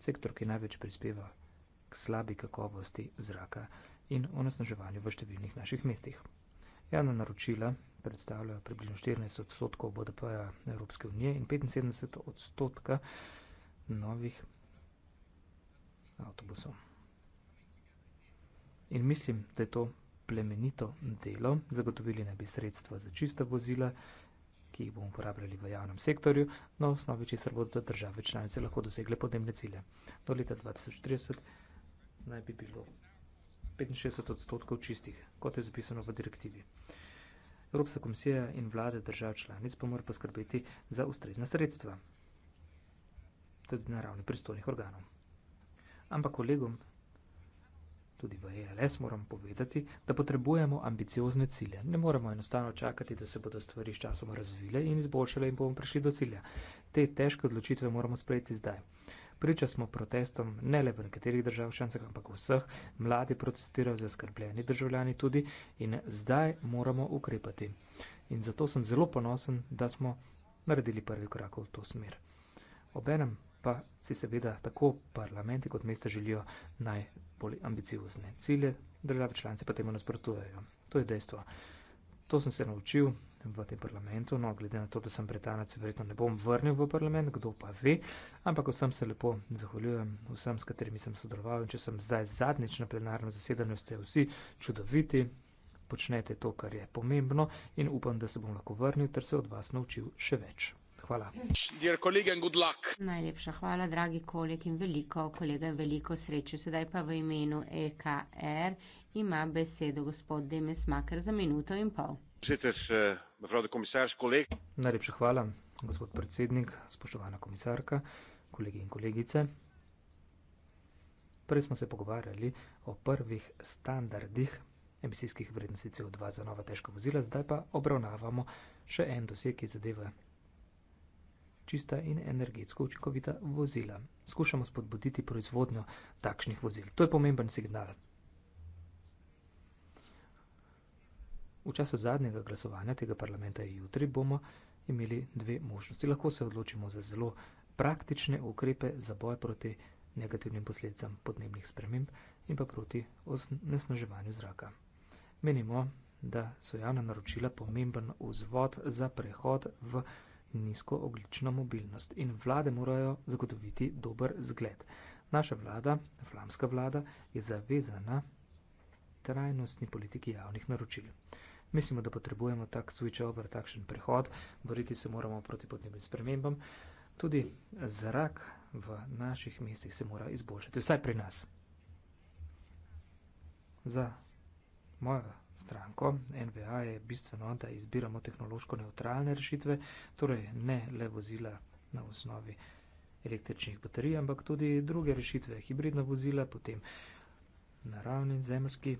sektor, ki največ prispeva k slabi kakovosti zraka in onesnaževanju v številnih naših mestih. Javna naročila predstavljajo približno 14 odstotkov BDP-ja Evropske unije in 75 odstotka novih avtobusov. In mislim, da je to plemenito delo, zagotovili naj bi sredstva za čista vozila ki jih bomo uporabljali v javnem sektorju, na osnovi česar bodo države članice lahko dosegle podnebne cilje. Do leta 2030 naj bi bilo 65 odstotkov čistih, kot je zapisano v direktivi. Evropska komisija in vlade držav članic pa mora poskrbeti za ustrezna sredstva, tudi na ravni pristojnih organov. Ampak kolegom Tudi v ELS moramo povedati, da potrebujemo ambiciozne cilje. Ne moremo enostavno čakati, da se bodo stvari s časom razvile in izboljšale in bomo prišli do cilja. Te težke odločitve moramo sprejeti zdaj. Priča smo protestom ne le v nekaterih državah šancah, ampak vseh. Mladi protestirajo, zaskrbljeni državljani tudi in zdaj moramo ukrepati. In zato sem zelo ponosen, da smo naredili prvi korak v to smer. Obenem pa si seveda tako parlamenti kot mesta želijo najbolj ambiciozne cilje, države članice pa temu nasprotujejo. To je dejstvo. To sem se naučil v tem parlamentu, no glede na to, da sem Britanac, verjetno ne bom vrnil v parlament, kdo pa ve, ampak vsem se lepo zahvaljujem, vsem, s katerimi sem sodeloval in če sem zdaj zadnjič na plenarnem zasedanju, ste vsi čudoviti, počnete to, kar je pomembno in upam, da se bom lahko vrnil, ter se od vas naučil še več hvala. Najlepša hvala, dragi kolegi in veliko, kolega in veliko sreče. Sedaj pa v imenu EKR ima besedo gospod Demes Maker za minuto in pol. Eh, Najlepša hvala, gospod predsednik, spoštovana komisarka, kolegi in kolegice. Prej smo se pogovarjali o prvih standardih emisijskih vrednosti CO2 za nova težka vozila, zdaj pa obravnavamo še en dosek, ki zadeva čista in energetsko učinkovita vozila. Skušamo spodbuditi proizvodnjo takšnih vozil. To je pomemben signal. V času zadnjega glasovanja tega parlamenta jutri bomo imeli dve možnosti. Lahko se odločimo za zelo praktične ukrepe za boj proti negativnim posledicam podnebnih sprememb in pa proti osneženju zraka. Menimo, da so javna naročila pomemben vzvod za prehod v prihodnost nizkooglično mobilnost in vlade morajo zagotoviti dober zgled. Naša vlada, flamska vlada, je zavezana trajnostni politiki javnih naročil. Mislimo, da potrebujemo tak switch-over, takšen prehod, boriti se moramo proti podnebnim spremembam. Tudi zrak v naših mestih se mora izboljšati, vsaj pri nas. Za mojega stranko. NVA je bistveno, da izbiramo tehnološko neutralne rešitve, torej ne le vozila na osnovi električnih baterij, ampak tudi druge rešitve, hibridna vozila, potem naravni zemljski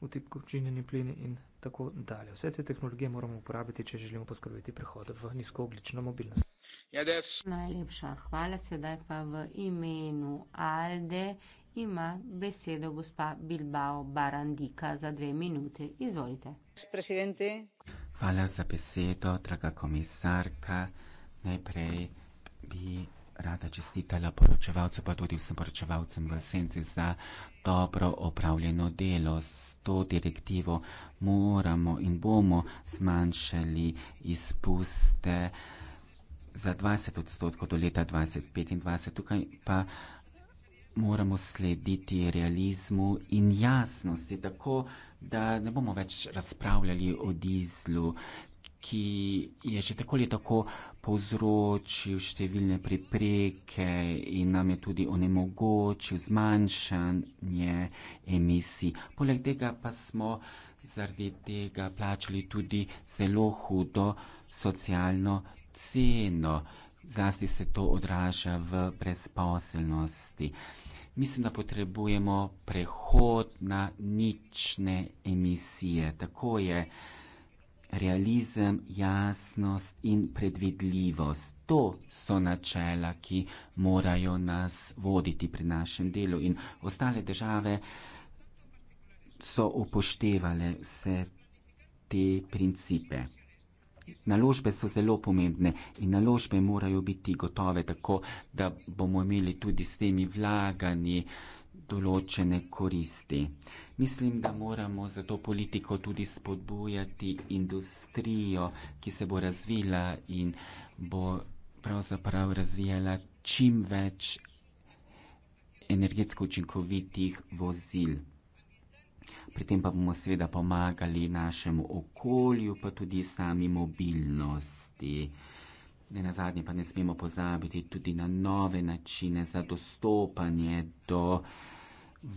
utipkočinjeni plini in tako dalje. Vse te tehnologije moramo uporabiti, če želimo poskrbeti prehod v nizkooglično mobilnost. Ja, Najlepša hvala, sedaj pa v imenu Alde ima besedo gospa Bilbao Barandika za dve minute. Izvolite. Presidente. Hvala za besedo, draga komisarka. Najprej bi rada čestitala poročevalcu, pa tudi vsem poročevalcem v senci za dobro opravljeno delo. S to direktivo moramo in bomo zmanjšali izpuste za 20 odstotkov do leta 2025. Tukaj pa moramo slediti realizmu in jasnosti, tako da ne bomo več razpravljali o dizlu, ki je že tako ali tako povzročil številne prepreke in nam je tudi onemogočil zmanjšanje emisij. Poleg tega pa smo zaradi tega plačali tudi zelo hudo socialno ceno zlasti se to odraža v brezposelnosti. Mislim, da potrebujemo prehod na nične emisije. Tako je realizem, jasnost in predvidljivost. To so načela, ki morajo nas voditi pri našem delu in ostale države so upoštevale vse te principe. Naložbe so zelo pomembne in naložbe morajo biti gotove, tako da bomo imeli tudi s temi vlaganji določene koristi. Mislim, da moramo za to politiko tudi spodbujati industrijo, ki se bo razvila in bo pravzaprav razvijala čim več energetsko učinkovitih vozil pri tem pa bomo seveda pomagali našemu okolju, pa tudi sami mobilnosti. Ne na zadnje pa ne smemo pozabiti tudi na nove načine za dostopanje do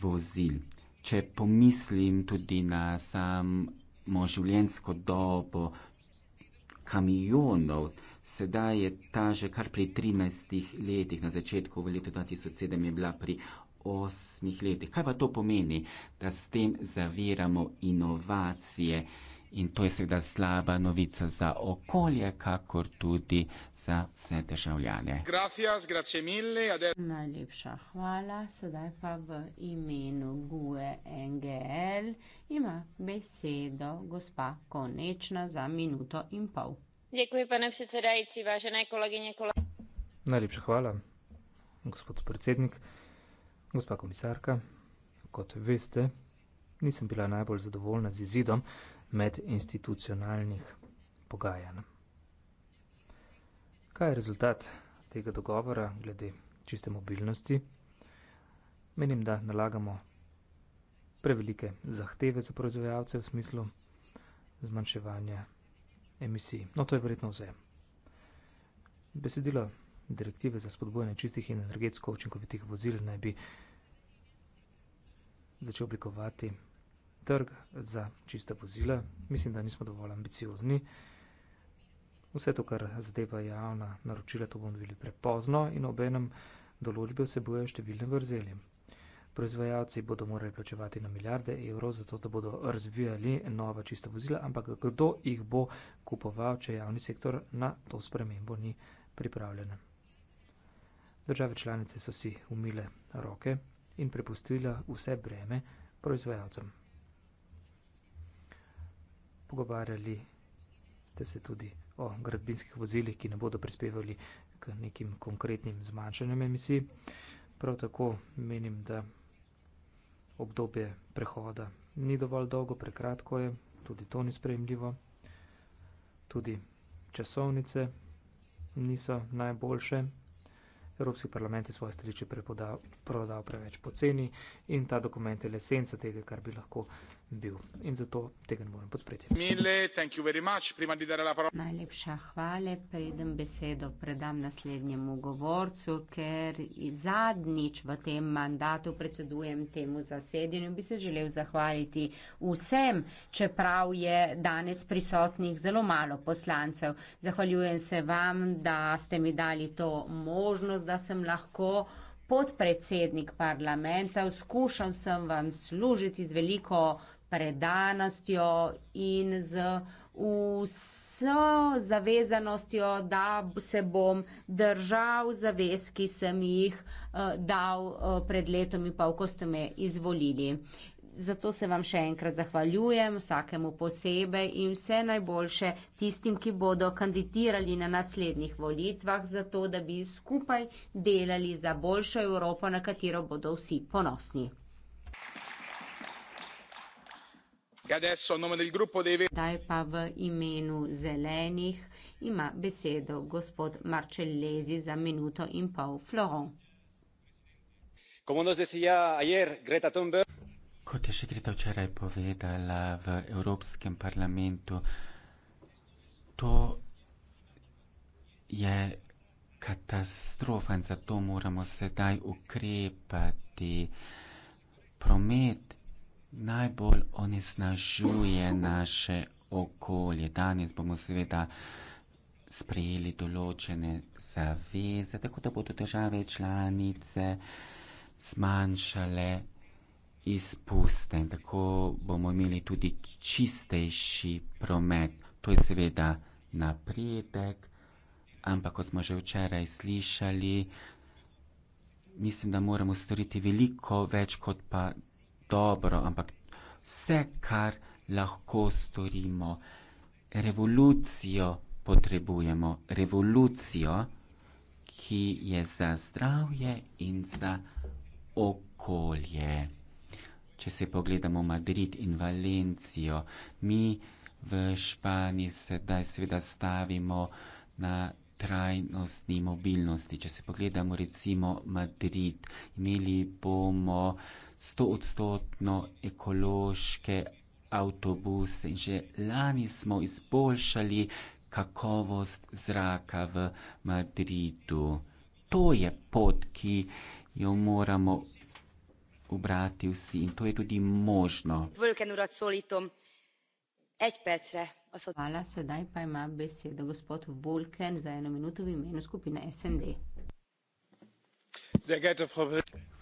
vozil. Če pomislim tudi na samo življenjsko dobo kamionov, sedaj je ta že kar pri 13 letih, na začetku v letu 2007 je bila pri osmih letih. Kaj pa to pomeni, da s tem zaviramo inovacije in to je seveda slaba novica za okolje, kakor tudi za vse državljane. Gracias, grazie mille. Najlepša hvala, sedaj pa v imenu GUE NGL ima besedo gospa Konečna za minuto in pol. Děkuji, pane předsedající, vážené kolegyně, kolegy. Najlepša hvala, gospod predsednik. Gospa komisarka, kot veste, nisem bila najbolj zadovoljna z izidom medinstitucionalnih pogajanj. Kaj je rezultat tega dogovora glede čiste mobilnosti? Menim, da nalagamo prevelike zahteve za proizvajalce v smislu zmanjševanja emisij. No, to je verjetno vse. Besedilo direktive za spodbojanje čistih in energetsko učinkovitih vozil naj bi začel oblikovati trg za čista vozila. Mislim, da nismo dovolj ambiciozni. Vse to, kar zadeva javna naročila, to bomo dobili prepozno in obenem določbe vsebujejo številne vrzeli. Proizvajalci bodo morali plačevati na milijarde evrov za to, da bodo razvijali nova čista vozila, ampak kdo jih bo kupoval, če javni sektor na to spremembo ni pripravljen. Države članice so si umile roke in prepustile vse breme proizvajalcem. Pogovarjali ste se tudi o gradbinskih vozilih, ki ne bodo prispevali k nekim konkretnim zmanjšanjem emisij. Prav tako menim, da obdobje prehoda ni dovolj dolgo, prekratko je, tudi to ni sprejemljivo. Tudi časovnice niso najboljše. Evropski parlament je svoje stališče prodal preveč poceni in ta dokument je le senca tega, kar bi lahko bil. In zato tega ne morem podpreti. Mile, much, Najlepša hvala, predem besedo predam naslednjemu govorcu, ker zadnjič v tem mandatu predsedujem temu zasedenju. Bi se želel zahvaliti vsem, čeprav je danes prisotnih zelo malo poslancev. Zahvaljujem se vam, da ste mi dali to možnost priložnost, da sem lahko podpredsednik parlamenta. Skušal sem vam služiti z veliko predanostjo in z vso zavezanostjo, da se bom držal zavez, ki sem jih uh, dal uh, pred letom in pol, ko ste me izvolili. Uh, Zato se vam še enkrat zahvaljujem, vsakemu posebej in vse najboljše tistim, ki bodo kandidirali na naslednjih volitvah, zato da bi skupaj delali za boljšo Evropo, na katero bodo vsi ponosni. E Zdaj pa v imenu zelenih ima besedo gospod Marcel Lezi za minuto in pol. Florent. Kot je še Greta včeraj povedala v Evropskem parlamentu, to je katastrofa in zato moramo sedaj ukrepati. Promet najbolj onesnažuje naše okolje. Danes bomo seveda sprejeli določene zaveze, tako da bodo države članice zmanjšale izpuste. Tako bomo imeli tudi čistejši promet. To je seveda napredek, ampak kot smo že včeraj slišali, mislim, da moramo storiti veliko več kot pa dobro, ampak vse, kar lahko storimo, revolucijo potrebujemo, revolucijo, ki je za zdravje in za okolje. Če si pogledamo Madrid in Valencijo, mi v Španiji sedaj seveda stavimo na trajnostni mobilnosti. Če si pogledamo recimo Madrid, imeli bomo stoodstotno ekološke avtobuse in že lani smo izboljšali kakovost zraka v Madridu. To je pot, ki jo moramo ubrati vsi in to je tudi možno. Hvala, sedaj pa ima besedo gospod Volken za eno minuto v imenu skupine SND.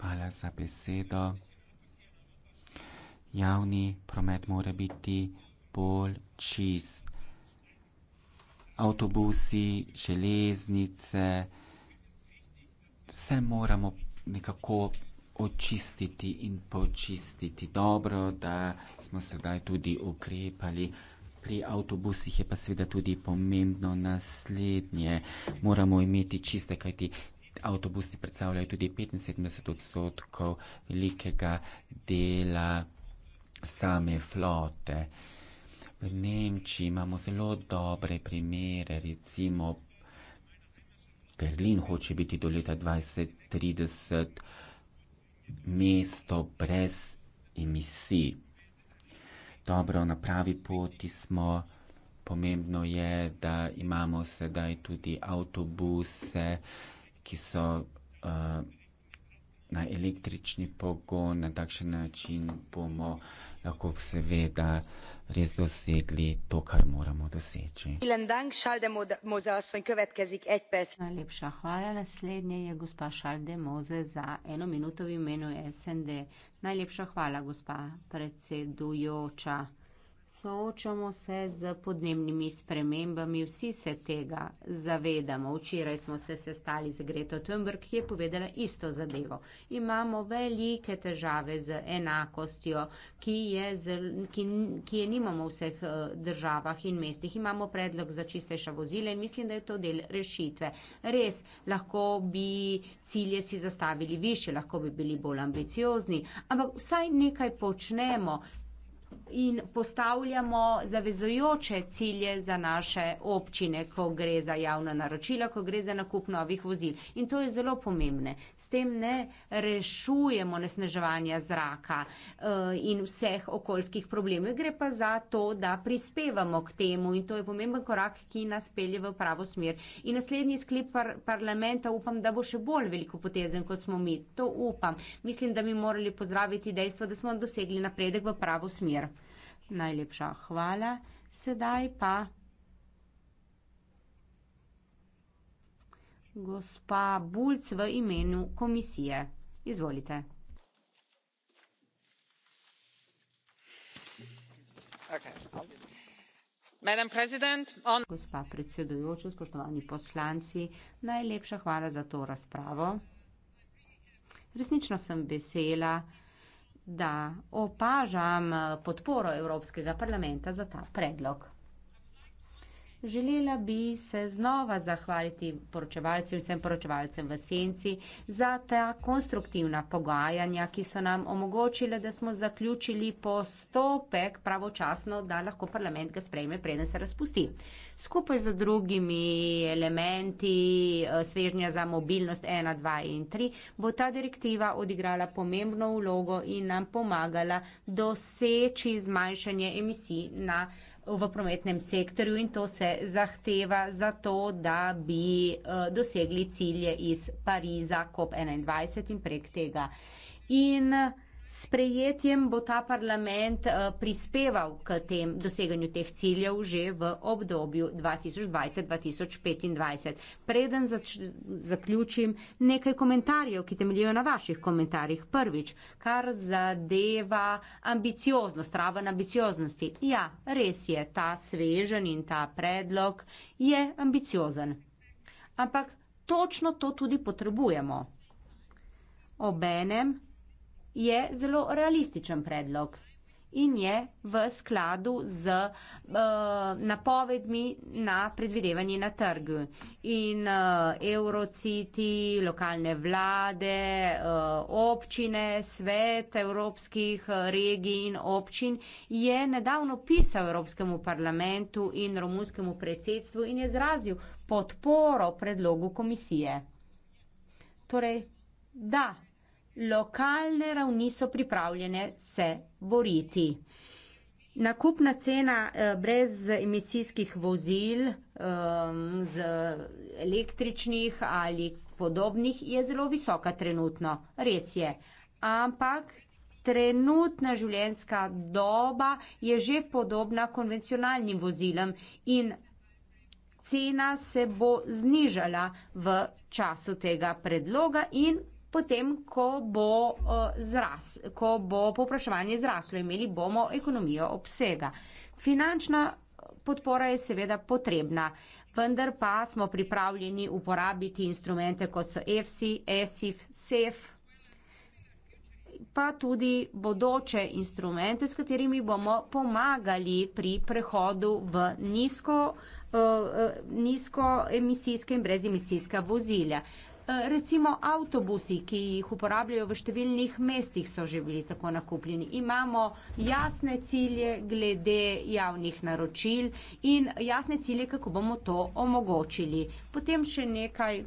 Hvala za besedo. Javni promet mora biti bolj čist. Avtobusi, železnice, vse moramo nekako očistiti in počistiti. Dobro, da smo sedaj tudi ukrepali. Pri avtobusih je pa seveda tudi pomembno naslednje. Moramo imeti čiste, kajti avtobusi predstavljajo tudi 75 odstotkov velikega dela same flote. V Nemčiji imamo zelo dobre primere, recimo Berlin hoče biti do leta 2030 mesto brez emisij. Dobro, na pravi poti smo, pomembno je, da imamo sedaj tudi avtobuse, ki so. Uh, na električni pogon, na takšen način bomo lahko seveda res dosegli to, kar moramo doseči. Najlepša hvala. Naslednje je gospa Šalde Moze za eno minuto v imenu SND. Najlepša hvala, gospa predsedujoča. Soočamo se z podnebnimi spremembami, vsi se tega zavedamo. Včeraj smo se sestali z Greto Thunberg, ki je povedala isto zadevo. Imamo velike težave z enakostjo, ki je, z, ki, ki je nimamo v vseh eh, državah in mestih. Imamo predlog za čisteša vozila in mislim, da je to del rešitve. Res, lahko bi cilje si zastavili više, lahko bi bili bolj ambiciozni, ampak vsaj nekaj počnemo, in postavljamo zavezojoče cilje za naše občine, ko gre za javna naročila, ko gre za nakup novih vozil. In to je zelo pomembne. S tem ne rešujemo nesneževanja zraka eh, in vseh okoljskih problemov. Gre pa za to, da prispevamo k temu in to je pomemben korak, ki nas pelje v pravo smer. In naslednji sklip par parlamenta upam, da bo še bolj veliko potezen, kot smo mi. To upam. Mislim, da bi morali pozdraviti dejstvo, da smo dosegli napredek v pravo smer. Najlepša hvala. Sedaj pa gospa Bulc v imenu komisije. Izvolite. Gospa predsedujoča, spoštovani poslanci, najlepša hvala za to razpravo. Resnično sem vesela, da opažam eh, podporo Evropskega parlamenta za ta predlog. Želela bi se znova zahvaliti poročevalcem, vsem poročevalcem v Senci za ta konstruktivna pogajanja, ki so nam omogočile, da smo zaključili postopek pravočasno, da lahko parlament ga sprejme, preden se razpusti. Skupaj z drugimi elementi eh, svežnja za mobilnost 1, 2 in 3 bo ta direktiva odigrala pomembno vlogo in nam pomagala doseči zmanjšanje emisij na v prometnem sektorju in to se zahteva za to, da bi eh, dosegli cilje iz Pariza COP21 in prek tega. In sprejetjem bo ta parlament eh, prispeval k tem doseganju teh ciljev že v obdobju 2020-2025. Preden zač, zaključim nekaj komentarjev, ki temeljijo na vaših komentarjih. Prvič, kar zadeva ambicioznost, raven ambicioznosti. Ja, res je, ta svežen in ta predlog je ambiciozen. Ampak točno to tudi potrebujemo. Obenem je zelo realističen predlog in je v skladu z uh, napovedmi na predvidevanje na trgu. In uh, eh, Eurociti, lokalne vlade, uh, občine, svet evropskih regij in občin je nedavno pisal Evropskemu parlamentu in romunskemu predsedstvu in je izrazil podporo predlogu komisije. Torej, da, lokalne ravni so pripravljene se boriti. Nakupna cena eh, brez emisijskih vozil, ehm, z električnih ali podobnih je zelo visoka trenutno. Res je. Ampak trenutna življenjska doba je že podobna konvencionalnim vozilom in cena se bo znižala v času tega predloga in potem, ko bo, eh, zras, ko bo popraševanje zraslo, imeli bomo ekonomijo obsega. Finančna eh, podpora je seveda potrebna, vendar pa smo pripravljeni uporabiti instrumente, kot so EFSI, ESIF, SEF, pa tudi bodoče instrumente, s katerimi bomo pomagali pri prehodu v nizko, eh, nizko emisijske in brezemisijske vozilja. Eh, recimo avtobusi, ki jih uporabljajo v številnih mestih, so že bili tako nakupljeni. Imamo jasne cilje glede javnih naročil in jasne cilje, kako bomo to omogočili. Potem še nekaj.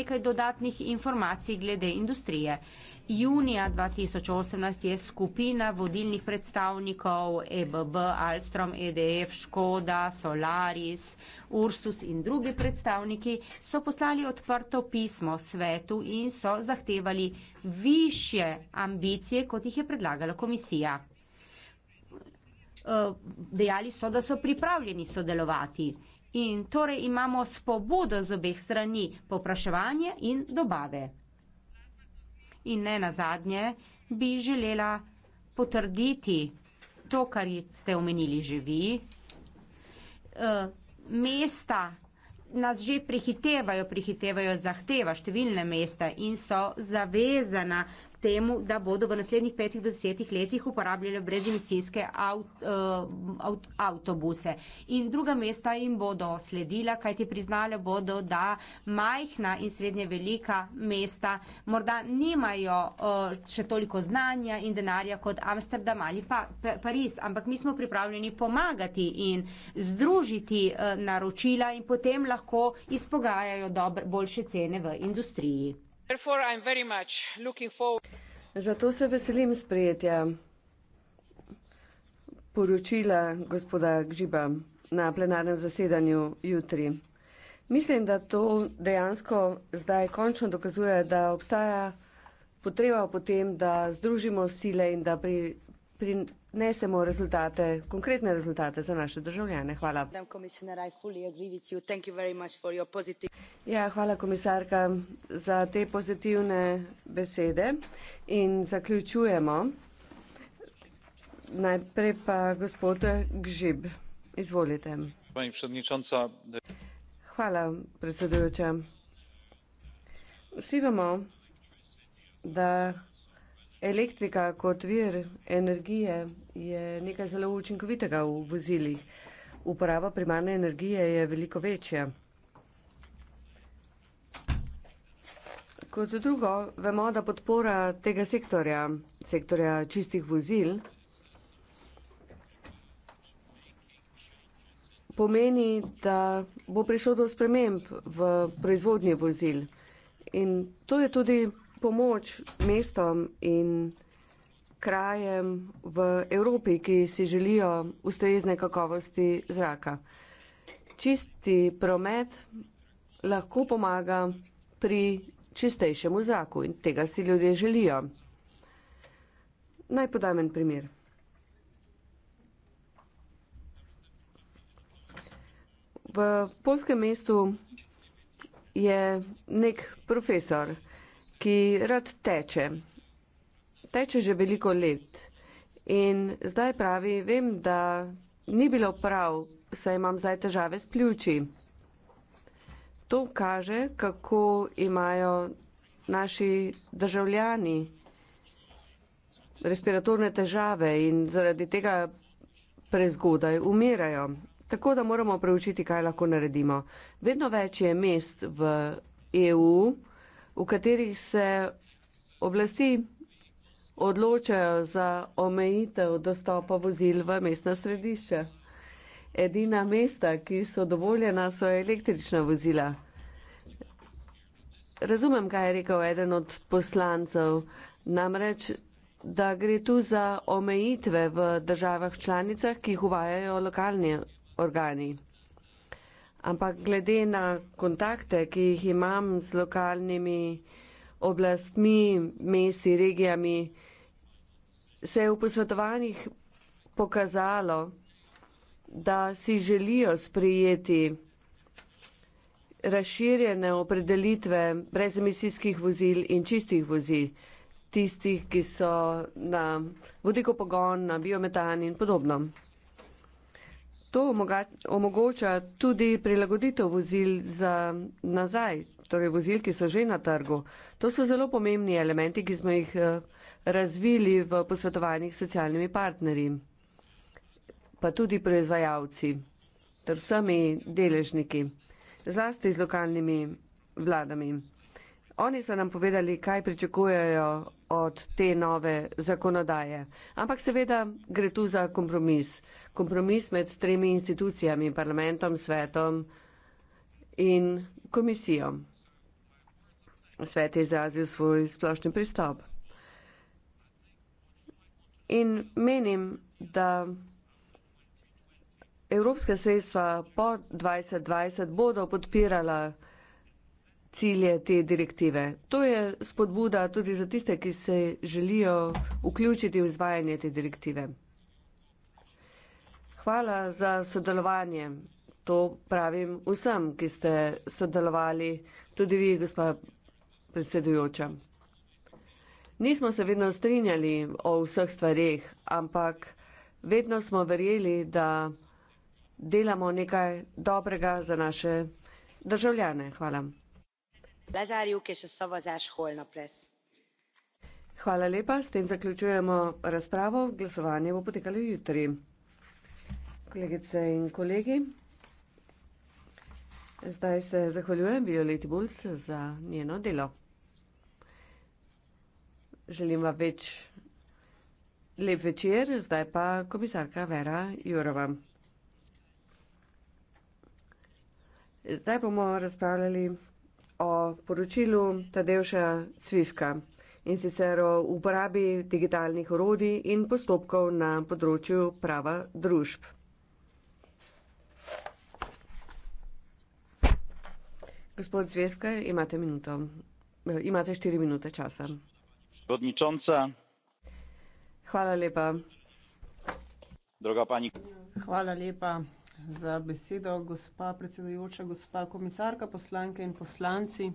Nekaj dodatnih informacij glede industrije. Uh, Junija 2018 je skupina vodilnih predstavnikov EBB, Alstrom, EDF, Škoda, Solaris, Ursus in drugi predstavniki so poslali odprto pismo svetu in so zahtevali više ambicije, kot jih je predlagala komisija. Eh, dejali so, da so pripravljeni sodelovati. In torej imamo spobodo z obeh strani, popraševanje in dobave. In ne na zadnje, bi želela potrditi to, kar ste omenili že vi. E, mesta nas že prihitevajo, prihitevajo zahteva, številne mesta in so zavezana temu, da bodo v naslednjih petih do desetih letih uporabljali brezemisijske eh, avtobuse. In druga mesta jim bodo sledila, kaj ti priznale bodo, da majhna in srednje velika mesta morda nimajo eh, še toliko znanja in denarja kot Amsterdam ali pa Pariz, ampak mi smo pripravljeni pomagati in združiti eh, naročila in potem lahko izpogajajo dobre, boljše cene v industriji. Zato se veselim sprejetja poročila gospoda Gžiba na plenarnem zasedanju jutri. Mislim, da to dejansko zdaj končno dokazuje, da obstaja potreba potem, da združimo sile in da pri, pri, ne samo rezultate, konkretne rezultate za naše državljane. Hvala. Ja, hvala komisarka za te pozitivne besede in zaključujemo. Najprej pa gospod Gžib. Izvolite. Hvala, predsedujoča. Vsi vemo, da Elektrika kot vir energije je nekaj zelo učinkovitega v vozilih. Uporaba primarne energije je veliko večja. Kot drugo, vemo, da podpora tega sektorja, sektorja čistih vozil, pomeni, da bo prišlo do sprememb v proizvodnje vozil. In to je tudi pomoč mestom in krajem v Evropi, ki si želijo ustrezne kakovosti zraka. Čisti promet lahko pomaga pri čistejšemu zraku in tega si ljudje želijo. Naj podam en primer. V polskem mestu je nek profesor, ki rad teče. Teče že veliko let. In zdaj pravi, vem, da ni bilo prav, saj imam zdaj težave s pljuči. To kaže, kako imajo naši državljani respiratorne težave in zaradi tega prezgodaj umirajo. Tako da moramo preučiti, kaj lahko naredimo. Vedno več je mest v EU, v katerih se oblasti odločajo za omejitev dostopa vozil v mestno središče. Edina mesta, ki so dovoljena, so električna vozila. Razumem, kaj je rekel eden od poslancev, namreč, da gre tu za omejitve v državah članicah, ki jih uvajajo lokalni organi. Ampak glede na kontakte, ki jih imam z lokalnimi oblastmi, mesti, regijami, se je v posvetovanjih pokazalo, da si želijo sprijeti razširjene opredelitve brezemisijskih vozil in čistih vozil, tistih, ki so na vodikopogon, na biometan in podobno. To omogoča tudi prilagoditev vozil za nazaj, torej vozil, ki so že na trgu. To so zelo pomembni elementi, ki smo jih eh, razvili v posvetovanjih s socialnimi partnerji, pa tudi proizvajalci, ter vsemi deležniki, zlasti z lokalnimi vladami. Oni so nam povedali, kaj pričakujejo od te nove zakonodaje. Ampak seveda gre tu za kompromis kompromis med tremi institucijami, parlamentom, svetom in komisijo. Svet je izrazil svoj splošni pristop. In menim, da evropska sredstva po 2020 bodo podpirala cilje te direktive. To je spodbuda tudi za tiste, ki se želijo vključiti v izvajanje te direktive. Hvala za sodelovanje. To pravim vsem, ki ste sodelovali, tudi vi, gospa predsedujoča. Nismo se vedno strinjali o vseh stvarih, ampak vedno smo verjeli, da delamo nekaj dobrega za naše državljane. Hvala. Hvala lepa, s tem zaključujemo razpravo. Glasovanje bo potekalo jutri kolegice in kolegi. Zdaj se zahvaljujem Violeti Bulc za njeno delo. Želim vam več lep večer, zdaj pa komisarka Vera Jurova. Zdaj bomo razpravljali o poročilu Tadeuša Cviska in sicer o uporabi digitalnih orodij in postopkov na področju prava družb. Gospod Zvezka, imate minuto. Eh, imate štiri minute časa. Podničonca. Hvala lepa. Droga pani. Hvala lepa za besedo, gospa predsedujoča, gospa komisarka, poslanke in poslanci.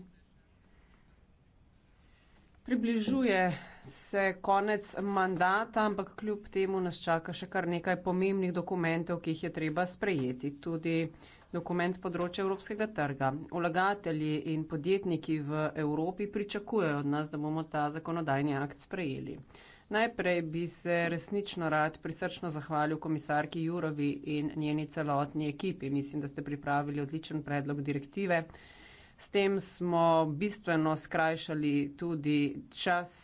Približuje se konec mandata, ampak kljub temu nas čaka še kar nekaj pomembnih dokumentov, ki jih je treba sprejeti. Tudi dokument z področja evropskega trga. Vlagatelji in podjetniki v Evropi pričakujejo od nas, da bomo ta zakonodajni akt sprejeli. Najprej bi se resnično rad prisrčno zahvalil komisarki Jurovi in njeni celotni ekipi. Mislim, da ste pripravili odličen predlog direktive. S tem smo bistveno skrajšali tudi čas,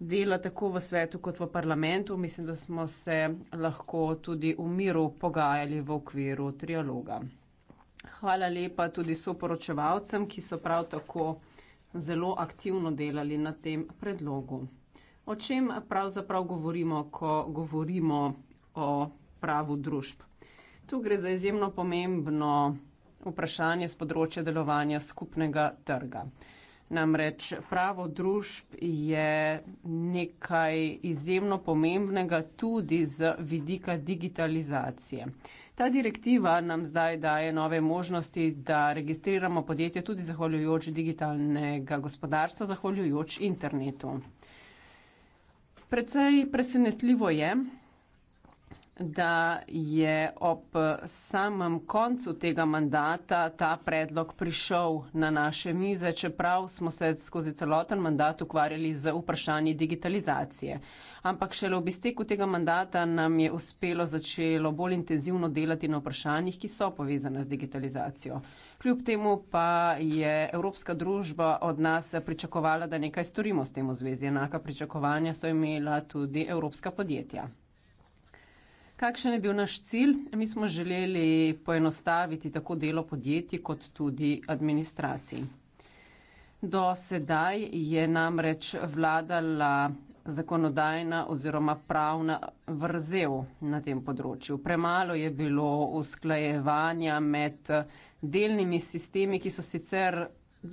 dela tako v svetu kot v parlamentu. Mislim, da smo se lahko tudi v miru pogajali v okviru trialoga. Hvala lepa tudi soporočevalcem, ki so prav tako zelo aktivno delali na tem predlogu. O čem pravzaprav govorimo, ko govorimo o pravu družb? Tu gre za izjemno pomembno vprašanje z področja delovanja skupnega trga. Namreč pravo družb je nekaj izjemno pomembnega tudi z vidika digitalizacije. Ta direktiva nam zdaj daje nove možnosti, da registriramo podjetje tudi zahvaljujoč digitalnega gospodarstva, zahvaljujoč internetu. Predvsej presenetljivo je, da je ob samem koncu tega mandata ta predlog prišel na naše mize, čeprav smo se skozi celoten mandat ukvarjali z vprašanji digitalizacije. Ampak šele ob izteku tega mandata nam je uspelo začelo bolj intenzivno delati na vprašanjih, ki so povezane z digitalizacijo. Kljub temu pa je Evropska družba od nas pričakovala, da nekaj storimo s tem v zvezi. Enaka pričakovanja so imela tudi evropska podjetja. Kakšen je bil naš cilj? Mi smo želeli poenostaviti tako delo podjetij kot tudi administraciji. Do sedaj je namreč vladala zakonodajna oziroma pravna vrzel na tem področju. Premalo je bilo usklajevanja med delnimi sistemi, ki so sicer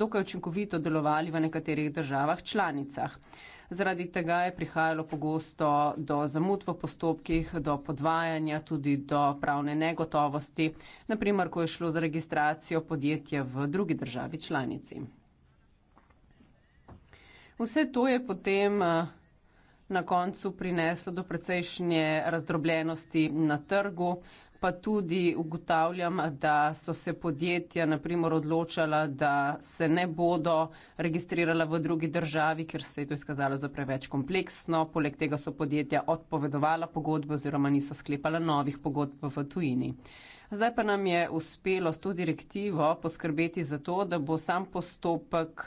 dokaj učinkovito delovali v nekaterih državah članicah. Zaradi tega je prihajalo pogosto do zamud v postopkih, do podvajanja, tudi do pravne negotovosti, naprimer, ko je šlo za registracijo podjetja v drugi državi članici. Vse to je potem eh, na koncu prineslo do precejšnje razdrobljenosti na trgu pa tudi ugotavljam, da so se podjetja naprimer odločala, da se ne bodo registrirala v drugi državi, ker se je to izkazalo za preveč kompleksno. Poleg tega so podjetja odpovedovala pogodbe oziroma niso sklepala novih pogodb v tujini. Zdaj pa nam je uspelo s to direktivo poskrbeti za to, da bo sam postopek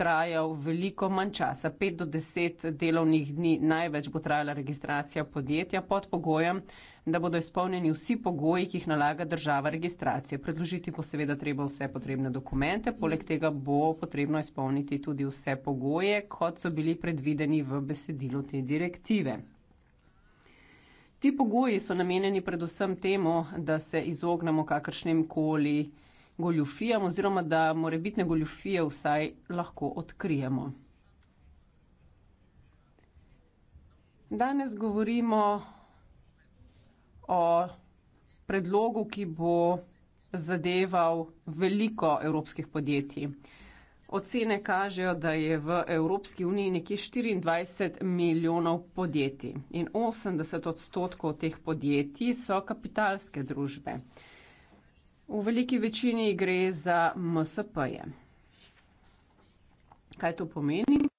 trajal veliko manj časa. 5 do 10 delovnih dni največ bo trajala registracija podjetja pod pogojem, da bodo izpolnjeni vsi pogoji, ki jih nalaga država registracije. Predložiti bo seveda treba vse potrebne dokumente, poleg tega bo potrebno izpolniti tudi vse pogoje, kot so bili predvideni v besedilu te direktive. Ti pogoji so namenjeni predvsem temu, da se izognemo kakršnim koli goljufijam oziroma da morebitne goljufije vsaj lahko odkrijemo. Danes govorimo o predlogu, ki bo zadeval veliko evropskih podjetij. Ocene kažejo, da je v Evropski uniji nekje 24 milijonov podjetij in 80 odstotkov teh podjetij so kapitalske družbe. V veliki večini gre za MSP-je. Kaj to pomeni?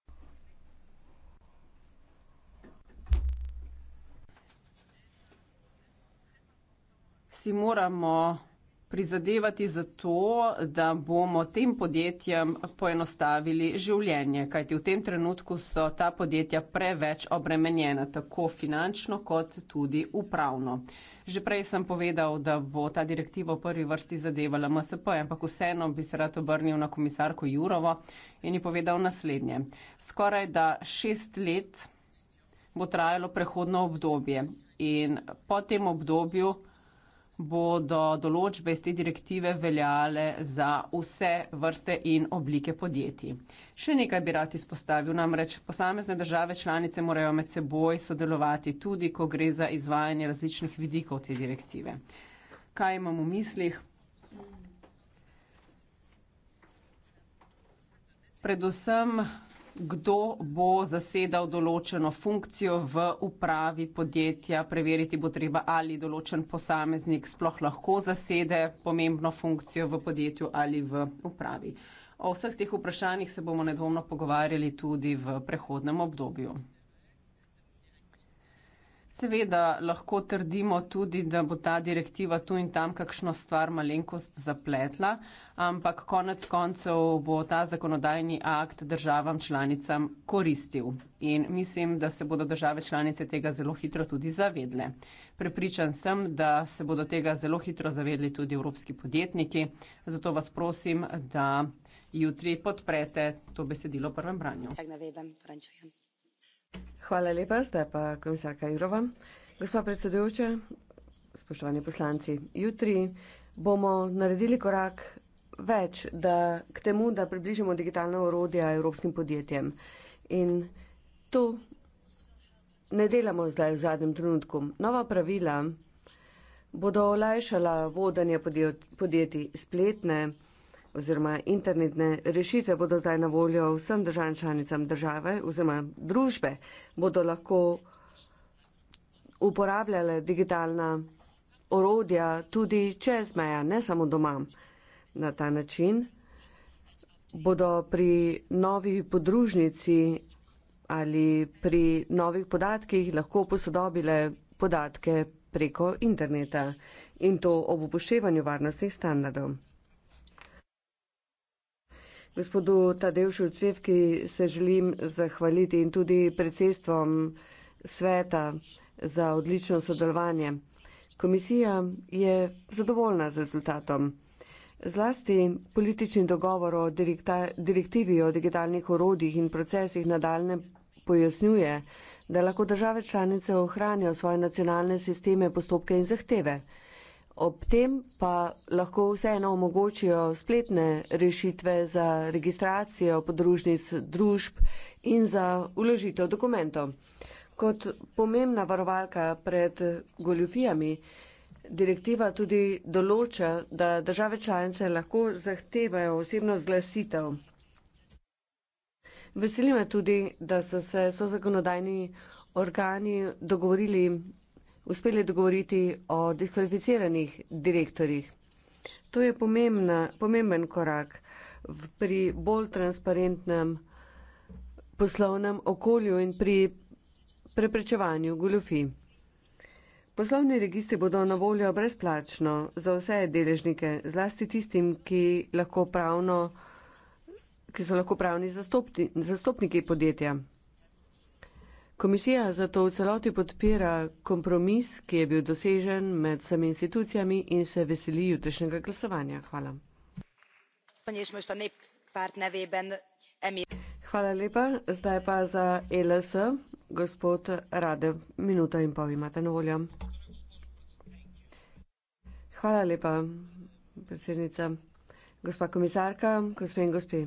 si moramo prizadevati za to, da bomo tem podjetjem poenostavili življenje, kajti v tem trenutku so ta podjetja preveč obremenjena, tako finančno kot tudi upravno. Že prej sem povedal, da bo ta direktiva v prvi vrsti zadevala MSP, ampak vseeno bi se rad obrnil na komisarko Jurovo in ji povedal naslednje. Skoraj da šest let bo trajalo prehodno obdobje in po tem obdobju bodo določbe iz te direktive veljale za vse vrste in oblike podjetij. Še nekaj bi rad izpostavil, namreč posamezne države članice morajo med seboj sodelovati tudi, ko gre za izvajanje različnih vidikov te direktive. Kaj imamo v mislih? Predvsem kdo bo zasedal določeno funkcijo v upravi podjetja, preveriti bo treba, ali določen posameznik sploh lahko zasede pomembno funkcijo v podjetju ali v upravi. O vseh teh vprašanjih se bomo nedvomno pogovarjali tudi v prehodnem obdobju. Seveda lahko trdimo tudi, da bo ta direktiva tu in tam kakšno stvar malenkost zapletla, ampak konec koncev bo ta zakonodajni akt državam članicam koristil. In mislim, da se bodo države članice tega zelo hitro tudi zavedle. Prepričan sem, da se bodo tega zelo hitro zavedli tudi evropski podjetniki, zato vas prosim, da jutri podprete to besedilo v prvem branju. Hvala lepa, zdaj pa komisarka Jurova. Gospa predsedujoča, spoštovani poslanci, jutri bomo naredili korak več da, k temu, da približamo digitalna urodja evropskim podjetjem. In tu ne delamo zdaj v zadnjem trenutku. Nova pravila bodo olajšala vodanje podjetij spletne oziroma internetne rešitve bodo zdaj na voljo vsem državam članicam države oziroma družbe bodo lahko uporabljale digitalna orodja tudi čez meja, ne samo doma na ta način, bodo pri novi podružnici ali pri novih podatkih lahko posodobile podatke preko interneta in to ob upoštevanju varnostnih standardov. Gospodu Tadevšu Cvetki se želim zahvaliti in tudi predsedstvom sveta za odlično sodelovanje. Komisija je zadovoljna z rezultatom. Zlasti politični dogovor o direktivi o digitalnih orodjih in procesih nadaljne pojasnjuje, da lahko države članice ohranijo svoje nacionalne sisteme, postopke in zahteve. Ob tem pa lahko vseeno omogočijo spletne rešitve za registracijo podružnic družb in za uložitev dokumentov. Kot pomembna varovalka pred goljufijami direktiva tudi določa, da države članice lahko zahtevajo osebno zglasitev. Veseli me tudi, da so se so zakonodajni organi dogovorili, uspeli dogovoriti o diskvalificiranih direktorjih. To je pomembna, pomemben korak v, pri bolj transparentnem poslovnem okolju in pri preprečevanju goljofij. Poslovni registri bodo na voljo brezplačno za vse deležnike, zlasti tistim, ki, pravno, ki so lahko pravni zastopni, zastopniki podjetja. Komisija zato v celoti podpira kompromis, ki je bil dosežen med vsemi institucijami in se veseli jutrišnjega glasovanja. Hvala. Hvala lepa. Zdaj pa za LSE. Gospod Rade, minuta in pol imate na voljo. Hvala lepa, predsednica. Gospa komisarka, gospe in gospe,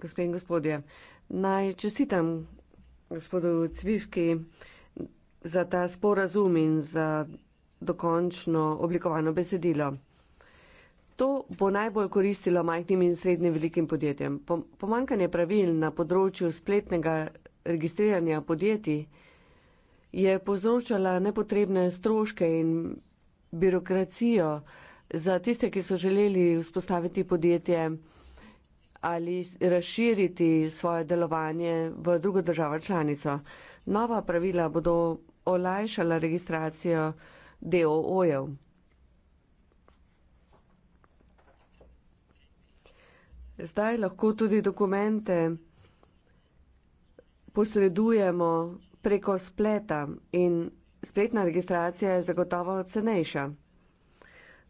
gospe in gospodje, naj čestitam gospodu Cviški za ta sporazum in za dokončno oblikovano besedilo. To bo najbolj koristilo majhnim in srednjim velikim podjetjem. Pomankanje pravil na področju spletnega registriranja podjetij, je povzročala nepotrebne stroške in birokracijo za tiste, ki so želeli vzpostaviti podjetje ali razširiti svoje delovanje v drugo državo članico. Nova pravila bodo olajšala registracijo DOO-jev. Zdaj lahko tudi dokumente posredujemo preko spleta in spletna registracija je zagotovo cenejša.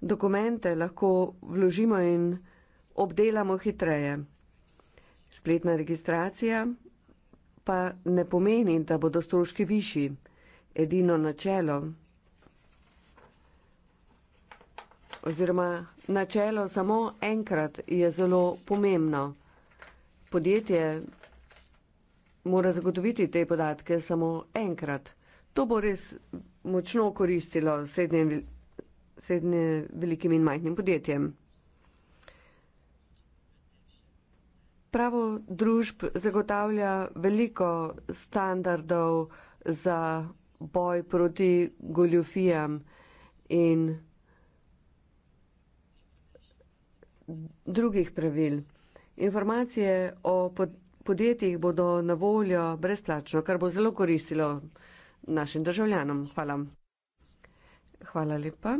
Dokumente lahko vložimo in obdelamo hitreje. Spletna registracija pa ne pomeni, da bodo stroški višji. Edino načelo oziroma načelo samo enkrat je zelo pomembno. Podjetje mora zagotoviti te podatke samo enkrat. To bo res močno koristilo srednjim srednje velikim in majhnim podjetjem. Pravo družb zagotavlja veliko standardov za boj proti goljofijam in drugih pravil. Informacije o podjetju podjetjih bodo na voljo brezplačno, kar bo zelo koristilo našim državljanom. Hvala. Hvala lepa.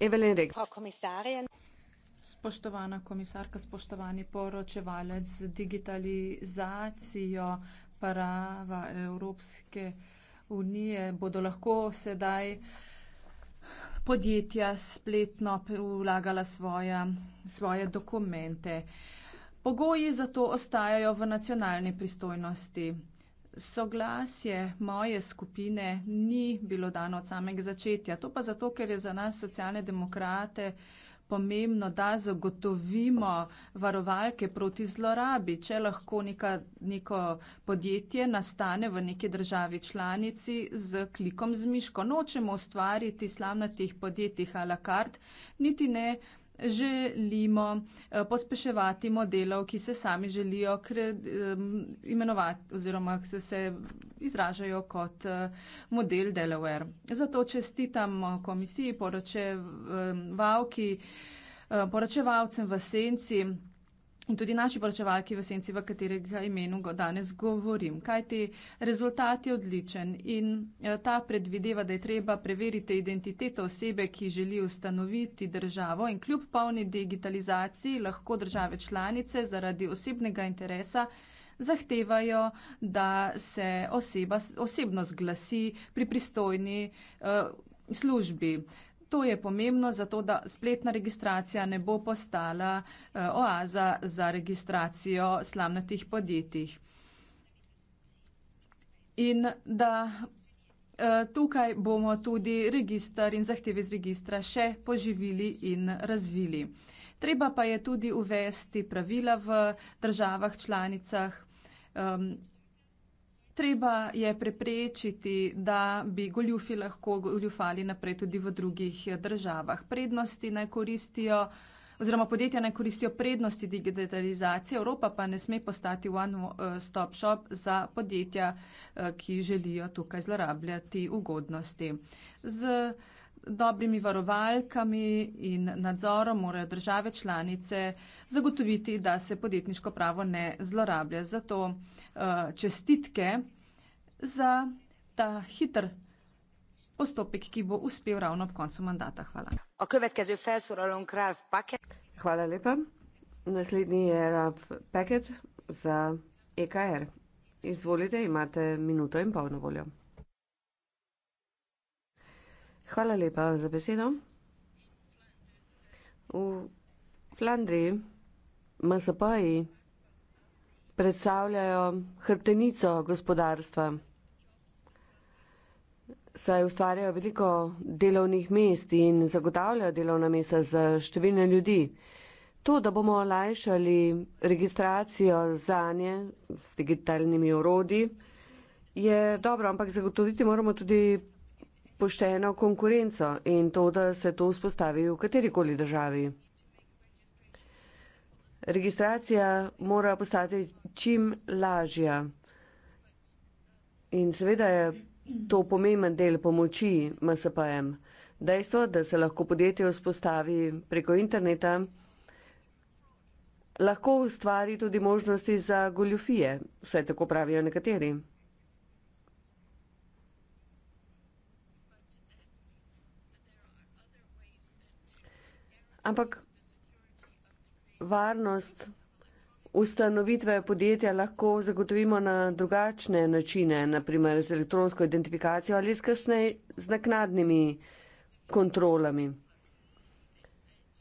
Evelyn Rek. Spoštovana komisarka, spoštovani poročevalec z digitalizacijo prava Evropske unije, bodo lahko sedaj podjetja spletno vlagala svoje, svoje dokumente. Pogoji za to ostajajo v nacionalni pristojnosti. Soglasje moje skupine ni bilo dano od samega začetja. To pa zato, ker je za nas socialne demokrate pomembno, da zagotovimo varovalke proti zlorabi. Če lahko neka, neko podjetje nastane v neki državi članici z klikom z miško, nočemo ustvariti slavnatih podjetjih a la carte, niti ne želimo eh, pospeševati modelov, ki se sami želijo imenovati oziroma se, se izražajo kot eh, model Delaware. Zato čestitam komisiji, poročevalki, eh, poročevalcem v senci in tudi naši poročevalki v senci, v katerega imenu go danes govorim. Kaj ti rezultat je odličen in eh, ta predvideva, da je treba preveriti identiteto osebe, ki želi ustanoviti državo in kljub polni digitalizaciji lahko države članice zaradi osebnega interesa zahtevajo, da se oseba osebno zglasi pri pristojni uh, službi. Uh, To je pomembno zato, da spletna registracija ne bo postala eh, oaza za registracijo slamnatih podjetij. In da eh, tukaj bomo tudi registar in zahteve z registra še poživili in razvili. Treba pa je tudi uvesti pravila v državah, članicah, ehm, Treba je preprečiti, da bi goljufi lahko goljufali naprej tudi v drugih državah. Prednosti naj koristijo, oziroma podjetja naj koristijo prednosti digitalizacije, Evropa pa ne sme postati one-stop eh, shop za podjetja, eh, ki želijo tukaj zlorabljati ugodnosti. Z dobrimi varovalkami in nadzorom morajo države članice zagotoviti, da se podjetniško pravo ne zlorablja. Zato Eh, čestitke za ta hiter postopek, ki bo uspel ravno ob koncu mandata. Hvala. Hvala lepa. Naslednji je Ralf Packet za EKR. Izvolite, imate minuto in pol na voljo. Hvala lepa za besedo. V Flandriji, MSP-ji predstavljajo hrbtenico gospodarstva, saj ustvarjajo veliko delovnih mest in zagotavljajo delovna mesta za številne ljudi. To, da bomo olajšali registracijo za nje s digitalnimi orodi, je dobro, ampak zagotoviti moramo tudi pošteno konkurenco in to, da se to vzpostavi v katerikoli državi registracija mora postati čim lažja. In seveda je to pomemben del pomoči MSP-jem. Dejstvo, da se lahko podjetje vzpostavi preko interneta, lahko ustvari tudi možnosti za goljufije, vse tako pravijo nekateri. Ampak varnost ustanovitve podjetja lahko zagotovimo na drugačne načine, naprimer z elektronsko identifikacijo ali s kakšne z naknadnimi kontrolami.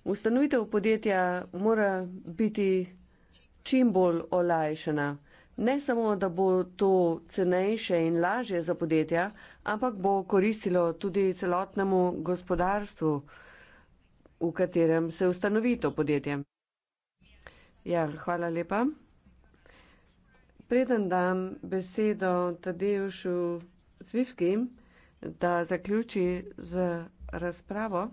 Ustanovitev podjetja mora biti čim bolj olajšana. Ne samo, da bo to cenejše in lažje za podjetja, ampak bo koristilo tudi celotnemu gospodarstvu, v katerem se ustanovi to podjetje. Ja, hvala lepa. Preden dam besedo Tadejušu Zvivki, da zaključi z razpravo,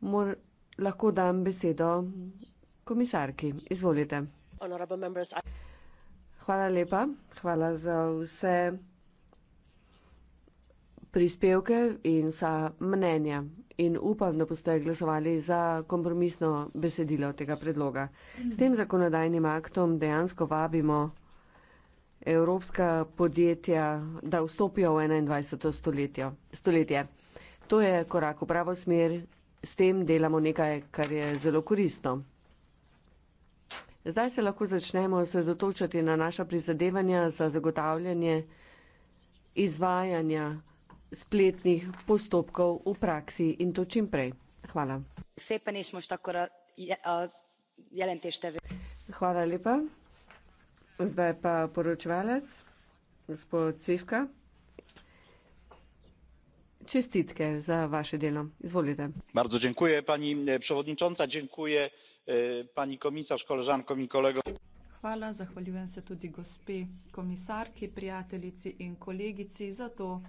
mor, lahko dam besedo komisarki. Izvolite. Hvala lepa. Hvala za vse prispevke in vsa mnenja. In upam, da boste glasovali za kompromisno besedilo tega predloga. S tem zakonodajnim aktom dejansko vabimo evropska podjetja, da vstopijo v 21. Stoletjo. stoletje. To je korak v pravo smer, s tem delamo nekaj, kar je zelo koristno. Zdaj se lahko začnemo osredotočati na naša prizadevanja za zagotavljanje izvajanja spletnih postopkov v praksi in to čim prej. Hvala. Szépen és most akkor a jelentéstevő. Hvala lepa. Zdaj pa poročevalec, gospod Ciska. Čestitke za vaše delo. Izvolite. Bardzo dziękuję pani e, przewodnicząca, dziękuję e, pani komisarz, koleżankom i kolegom. Hvala, zahvaljujem se tudi gospe komisarki, prijateljici in kolegici za to,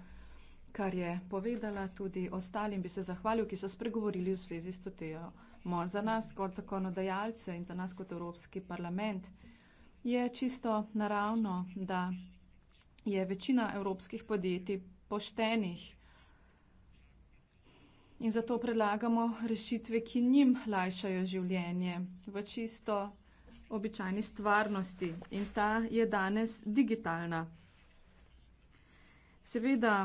kar je povedala, tudi ostalim bi se zahvalil, ki so spregovorili v zvezi s to temo. Za nas kot zakonodajalce in za nas kot Evropski parlament je čisto naravno, da je večina evropskih podjetij poštenih in zato predlagamo rešitve, ki njim lajšajo življenje v čisto običajni stvarnosti in ta je danes digitalna. Seveda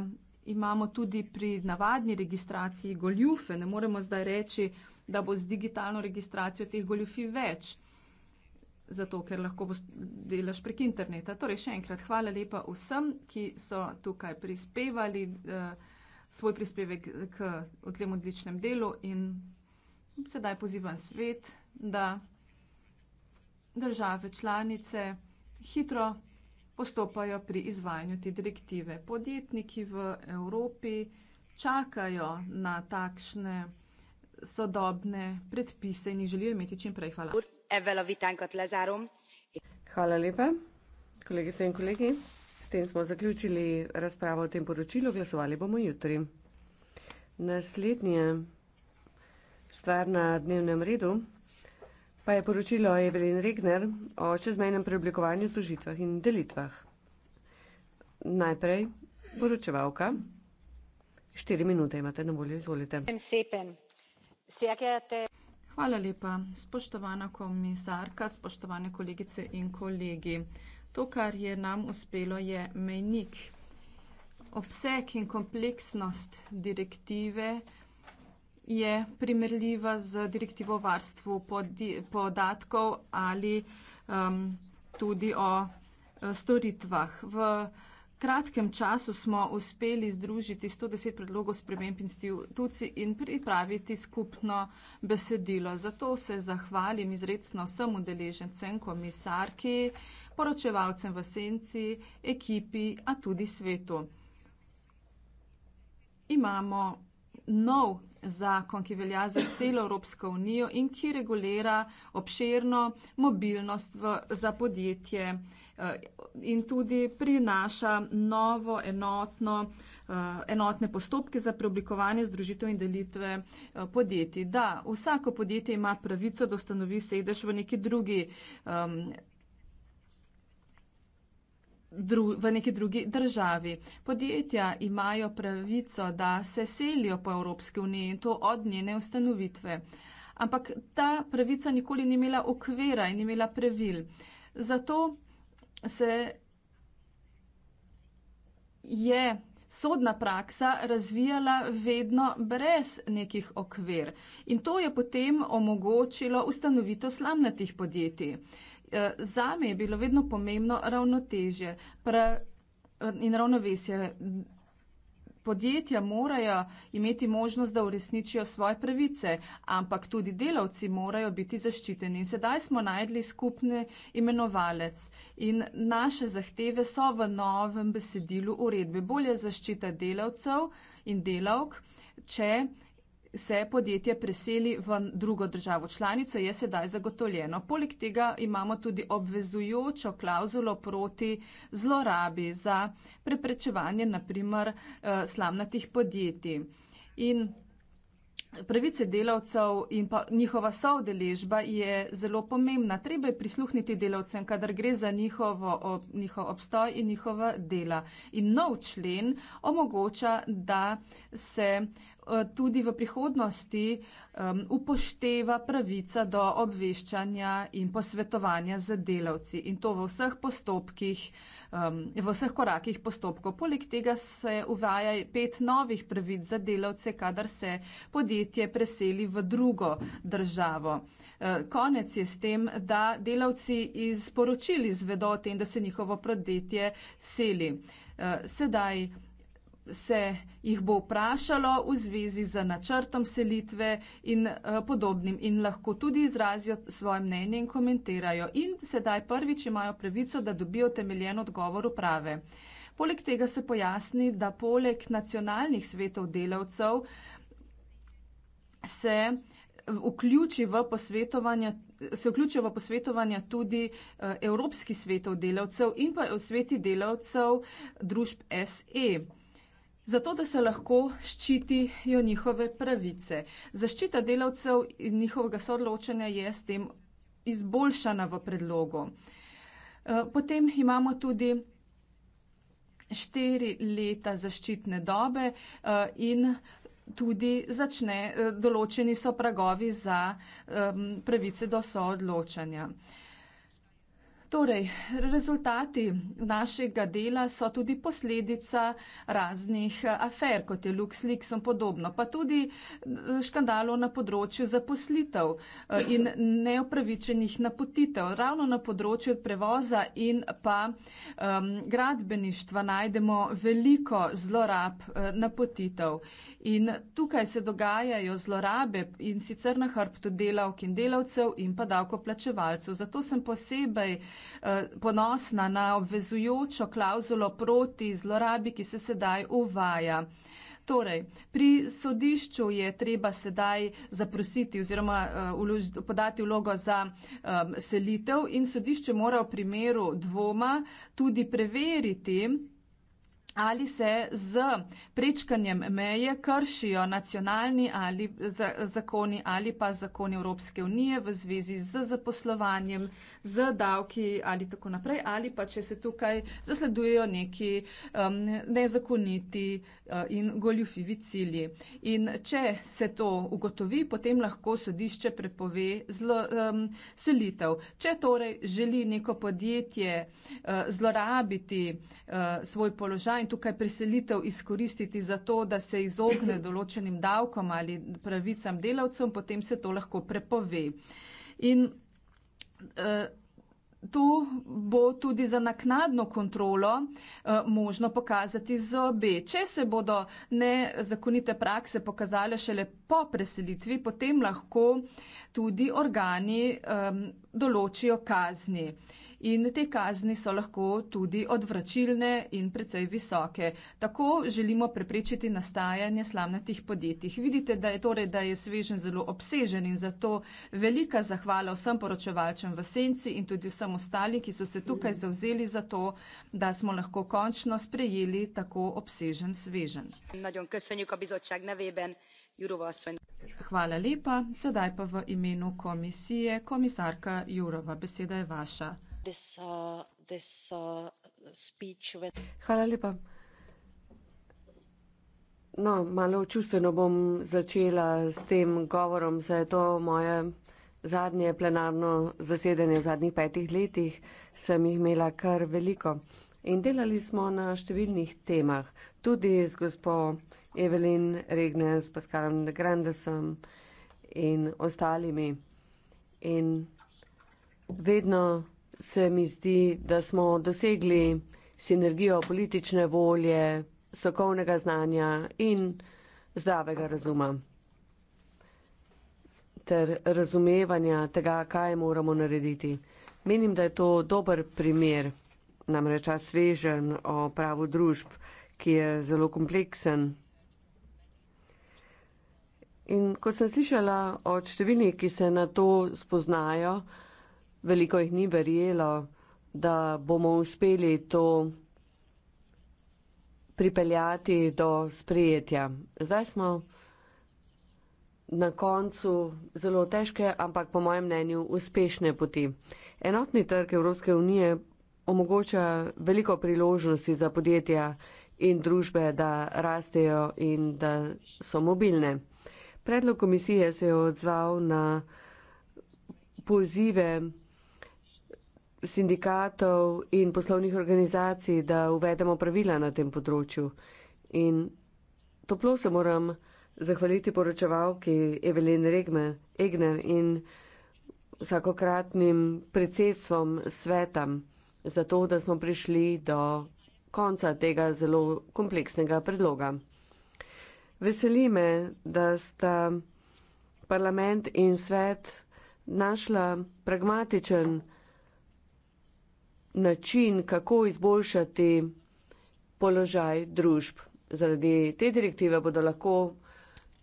imamo tudi pri navadni registraciji goljufe. Ne moremo zdaj reči, da bo z digitalno registracijo teh goljufi več, zato ker lahko delaš prek interneta. Torej, še enkrat hvala lepa vsem, ki so tukaj prispevali eh, svoj prispevek k tem odličnem delu in sedaj pozivam svet, da države članice hitro postopajo pri izvajanju te direktive. Podjetniki v Evropi čakajo na takšne sodobne predpise in jih želijo imeti čim prej. Hvala. Hvala lepa, kolegice in kolegi. S tem smo zaključili razpravo o tem poročilu, glasovali bomo jutri. Naslednje stvar na dnevnem redu pa je poročilo Evelin Regner o čezmejnem preoblikovanju, združitvah in delitvah. Najprej poročevalka. Štiri minute imate na voljo, izvolite. Hvala lepa, spoštovana komisarka, spoštovane kolegice in kolegi. To, kar je nam uspelo, je mejnik. Obseg in kompleksnost direktive je primerljiva z direktivo o varstvu podatkov ali um, tudi o eh, storitvah. V kratkem času smo uspeli združiti 110 predlogov sprememb institucij in pripraviti skupno besedilo. Zato se zahvalim izredno vsem udeležencem, komisarki, poročevalcem v senci, ekipi, a tudi svetu. Imamo nov zakon, ki velja za celo Evropsko unijo in ki regulira obširno mobilnost v, za podjetje eh, in tudi prinaša novo enotno, eh, enotne postopke za preoblikovanje združitev in delitve eh, podjetij. Da, vsako podjetje ima pravico, da ustanovi sedež v neki drugi um, dru, v neki drugi državi. Podjetja imajo pravico, da se selijo po Evropski uniji in to od njene ustanovitve. Ampak ta pravica nikoli ni imela okvira in ni imela pravil. Zato se je sodna praksa razvijala vedno brez nekih okvir. In to je potem omogočilo ustanovitev slamnatih podjetij. Uh, Eh, za me je bilo vedno pomembno ravnotežje pra, eh, in ravnovesje. Podjetja morajo imeti možnost, da uresničijo svoje pravice, ampak tudi delavci morajo biti zaščiteni. In sedaj smo najdli skupni imenovalec in naše zahteve so v novem besedilu uredbe. Bolje zaščita delavcev in delavk, če uh, se podjetje preseli v drugo državo članico, je sedaj zagotovljeno. Poleg tega imamo tudi obvezujočo klauzulo proti zlorabi za preprečevanje naprimer eh, slamnatih podjetij. In Pravice delavcev in pa njihova soodeležba je zelo pomembna. Treba je prisluhniti delavcem, kadar gre za njihovo, njihov obstoj in njihova dela. In nov člen omogoča, da se uh, Eh, tudi v prihodnosti um, upošteva pravica do obveščanja in posvetovanja z delavci in to v vseh postopkih, um, v vseh korakih postopkov. Poleg tega se uvaja pet novih pravic za delavce, kadar se podjetje preseli v drugo državo. E, konec je s tem, da delavci iz poročili zvedo o tem, da se njihovo podjetje seli. E, sedaj, se jih bo vprašalo v zvezi z načrtom selitve in uh, podobnim in lahko tudi izrazijo svoje mnenje in komentirajo. In sedaj prvič imajo pravico, da dobijo temeljen odgovor uprave. Poleg tega se pojasni, da poleg nacionalnih svetov delavcev se eh, vključi v posvetovanja. Se vključijo v posvetovanja tudi eh, Evropski svetov delavcev in pa sveti delavcev družb SE zato da se lahko ščitijo njihove pravice. Zaščita delavcev in njihovega sodločanja je s tem izboljšana v predlogu. Eh, potem imamo tudi štiri leta zaščitne dobe eh, in tudi začne, eh, določeni so pragovi za ehm, pravice do soodločanja. Torej, rezultati našega dela so tudi posledica raznih eh, afer, kot je LuxLeaks in podobno, pa tudi eh, škandalov na področju zaposlitev eh, in neopravičenih napotitev. Ravno na področju prevoza in pa um, gradbeništva najdemo veliko zlorab napotitev. In tukaj se dogajajo zlorabe in sicer na hrbtu delavk in delavcev in pa davkoplačevalcev. Zato sem posebej eh, ponosna na obvezujočo klauzulo proti zlorabi, ki se sedaj uvaja. Torej, pri sodišču je treba sedaj zaprositi oziroma uh, vlož, podati vlogo za um, selitev in sodišče mora v primeru dvoma tudi preveriti, ali se z prečkanjem meje kršijo nacionalni ali zakoni ali pa zakoni Evropske unije v zvezi z zaposlovanjem, z davki ali tako naprej, ali pa če se tukaj zasledujejo neki um, nezakoniti uh, in goljufivi cilji. In če se to ugotovi, potem lahko sodišče prepove zlo, um, selitev. Če torej želi neko podjetje uh, zlorabiti uh, svoj položaj in tukaj preselitev izkoristiti za to, da se izogne določenim davkom ali pravicam delavcem, potem se to lahko prepove. In Eh, to bo tudi za naknadno kontrolo eh, možno pokazati z obe. Če se bodo nezakonite prakse pokazale šele po preselitvi, potem lahko tudi organi eh, določijo kazni in te kazni so lahko tudi odvračilne in precej visoke. Tako želimo preprečiti nastajanje slamnatih podjetij. Vidite, da je, torej, da je svežen zelo obsežen in zato velika zahvala vsem poročevalčem v Senci in tudi vsem ostali, ki so se tukaj zauzeli za to, da smo lahko končno sprejeli tako obsežen svežen. Hvala lepa. Sedaj pa v imenu komisije komisarka Jurova. Beseda je vaša. Uh, uh, Hvala lepa. No, malo čustveno bom začela s tem govorom, saj je to moje zadnje plenarno zasedanje v zadnjih petih letih, sem jih imela kar veliko. In delali smo na številnih temah, tudi z gospo Evelin Regne, s Paskalom de Grandesom in ostalimi. In vedno se mi zdi, da smo dosegli sinergijo politične volje, strokovnega znanja in zdravega razuma ter razumevanja tega, kaj moramo narediti. Menim, da je to dober primer, namreč svežen o pravu družb, ki je zelo kompleksen. In kot sem slišala od številnih, ki se na to spoznajo, veliko jih ni verjelo, da bomo uspeli to pripeljati do sprejetja. Zdaj smo na koncu zelo težke, ampak po mojem mnenju uspešne poti. Enotni trg Evropske unije omogoča veliko priložnosti za podjetja in družbe, da rastejo in da so mobilne. Predlog komisije se je odzval na pozive sindikatov in poslovnih organizacij, da uvedemo pravila na tem področju. In toplo se moram zahvaliti poročevalki Evelin Regmer, Egner in vsakokratnim predsedstvom sveta za to, da smo prišli do konca tega zelo kompleksnega predloga. Veseli me, da sta parlament in svet našla pragmatičen način, kako izboljšati položaj družb. Zaradi te direktive bodo lahko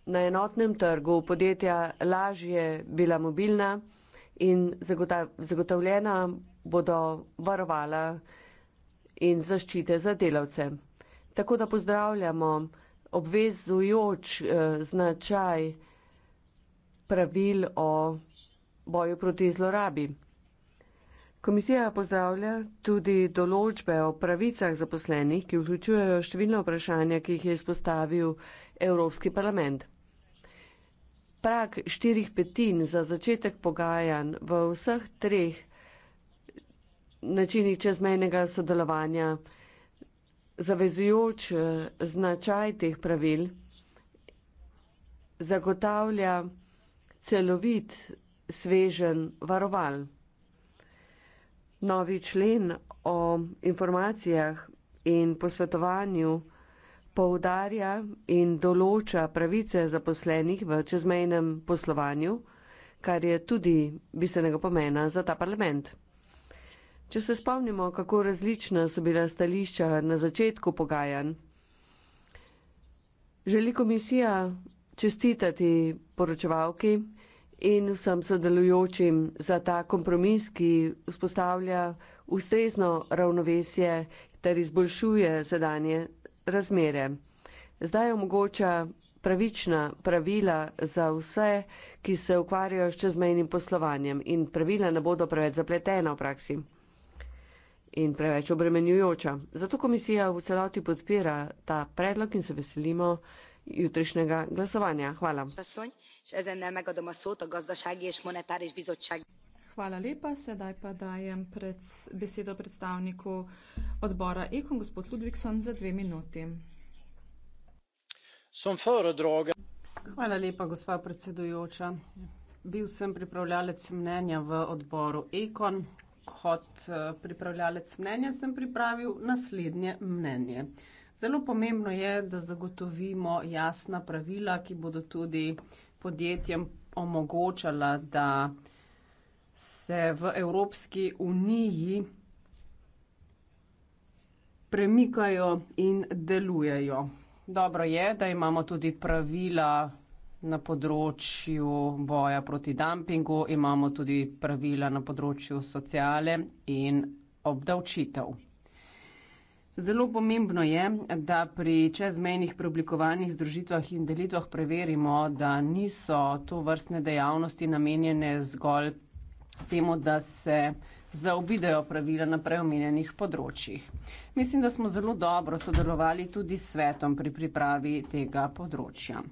na enotnem trgu podjetja lažje bila mobilna in zagotovljena bodo varovala in zaščite za delavce. Tako da pozdravljamo obvezujoč eh, značaj pravil o boju proti zlorabi. Komisija pozdravlja tudi določbe o pravicah zaposlenih, ki vključujejo številne vprašanja, ki jih je izpostavil Evropski parlament. Prak štirih petin za začetek pogajanj v vseh treh načinih čezmejnega sodelovanja, zavezujoč eh, značaj teh pravil, zagotavlja celovit svežen varoval novi člen o informacijah in posvetovanju poudarja in določa pravice zaposlenih v čezmejnem poslovanju, kar je tudi bistvenega pomena za ta parlament. Če se spomnimo, kako različna so bila stališča na začetku pogajanj, želi komisija čestitati poročevalki, in vsem sodelujočim za ta kompromis, ki vzpostavlja ustrezno ravnovesje ter izboljšuje sedanje razmere. Zdaj omogoča pravična pravila za vse, ki se ukvarjajo s čezmejnim poslovanjem in pravila ne bodo preveč zapletena v praksi in preveč obremenjujoča. Zato komisija v celoti podpira ta predlog in se veselimo jutrišnjega glasovanja. Hvala. Pasonj ezennel megadom a szót a gazdasági és monetáris bizottság. Hvala lepa. Sedaj pa dajem pred, besedo predstavniku odbora Ekon, gospod Ludvikson, za dve minuti. Hvala lepa, gospa predsedujoča. Bil sem pripravljalec mnenja v odboru Ekon. Kot eh, pripravljalec mnenja sem pripravil naslednje mnenje. Zelo pomembno je, da zagotovimo jasna pravila, ki bodo tudi uh, podjetjem omogočala, da se v Evropski uniji premikajo in delujejo. Dobro je, da imamo tudi pravila na področju boja proti dumpingu, imamo tudi pravila na področju sociale in obdavčitev. Zelo pomembno je, da pri čezmejnih preoblikovanjih združitvah in delitvah preverimo, da niso to vrstne dejavnosti namenjene zgolj temu, da se zaobidejo pravila na preomenjenih področjih. Mislim, da smo zelo dobro sodelovali tudi s svetom pri pripravi tega področja.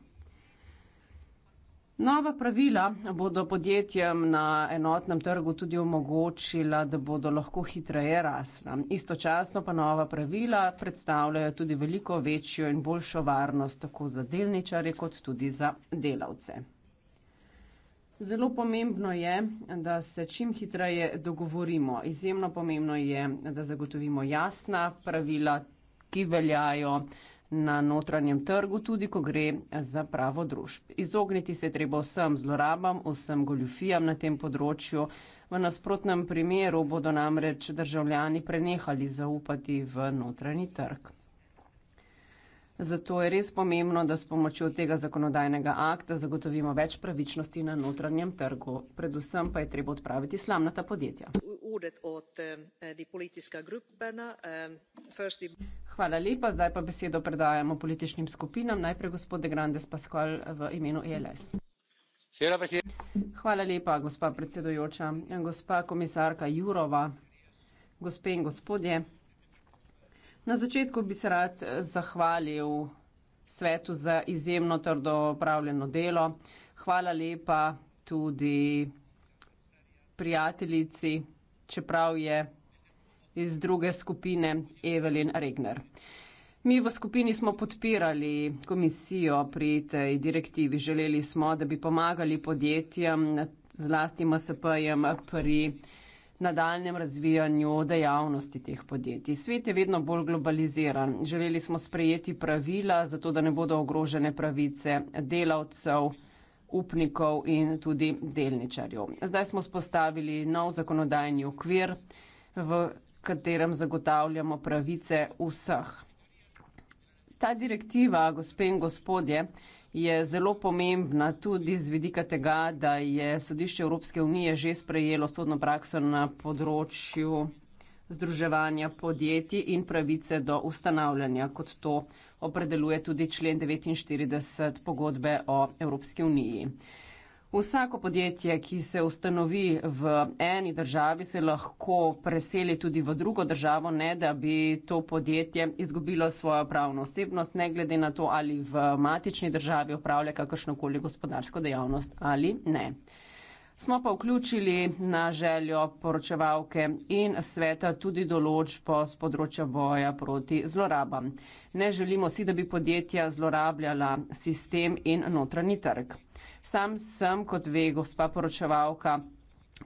Nova pravila bodo podjetjem na enotnem trgu tudi omogočila, da bodo lahko hitreje rasla. Istočasno pa nova pravila predstavljajo tudi veliko večjo in boljšo varnost tako za delničare kot tudi za delavce. Zelo pomembno je, da se čim hitreje dogovorimo. Izjemno pomembno je, da zagotovimo jasna pravila, ki veljajo na notranjem trgu, tudi ko gre za pravo družb. Izogniti se je treba vsem zlorabam, vsem goljufijam na tem področju. V nasprotnem primeru bodo namreč državljani prenehali zaupati v notranji trg. Zato je res pomembno, da s pomočjo tega zakonodajnega akta zagotovimo več pravičnosti na notranjem trgu. Predvsem pa je treba odpraviti slamnata podjetja. Eh, eh, Hvala lepa. Zdaj pa besedo predajamo političnim skupinam. Najprej gospod De Grandes Pascual eh, v imenu ELS. Hvala lepa, gospa predsedujoča. Gospa komisarka Jurova, gospe in gospodje. Na začetku bi se rad eh, zahvalil svetu za izjemno trdo opravljeno delo. Hvala lepa tudi prijateljici, čeprav je iz druge skupine Evelin Regner. Mi v skupini smo podpirali komisijo pri tej direktivi. Želeli smo, da bi pomagali podjetjem, zlasti MSP-jem pri nadaljem razvijanju dejavnosti teh podjetij. Svet je vedno bolj globaliziran. Želeli smo sprejeti pravila, zato da ne bodo ogrožene pravice delavcev, upnikov in tudi delničarjev. Zdaj smo spostavili nov zakonodajni okvir, v katerem zagotavljamo pravice vseh. Ta direktiva, gospe in gospodje, je zelo pomembna tudi z vidika tega, da je sodišče Evropske unije že sprejelo sodno prakso na področju združevanja podjetij in pravice do ustanavljanja, kot to opredeluje tudi člen 49 pogodbe o Evropski uniji. Vsako podjetje, ki se ustanovi v eni državi, se lahko preseli tudi v drugo državo, ne da bi to podjetje izgubilo svojo pravno osebnost, ne glede na to, ali v matični državi upravlja kakršnokoli gospodarsko dejavnost ali ne. Smo pa vključili na željo poročevalke in sveta tudi določbo z področja boja proti zlorabam. Ne želimo si, da bi podjetja zlorabljala sistem in notranji trg. Sam sem, kot ve gospa poročevalka,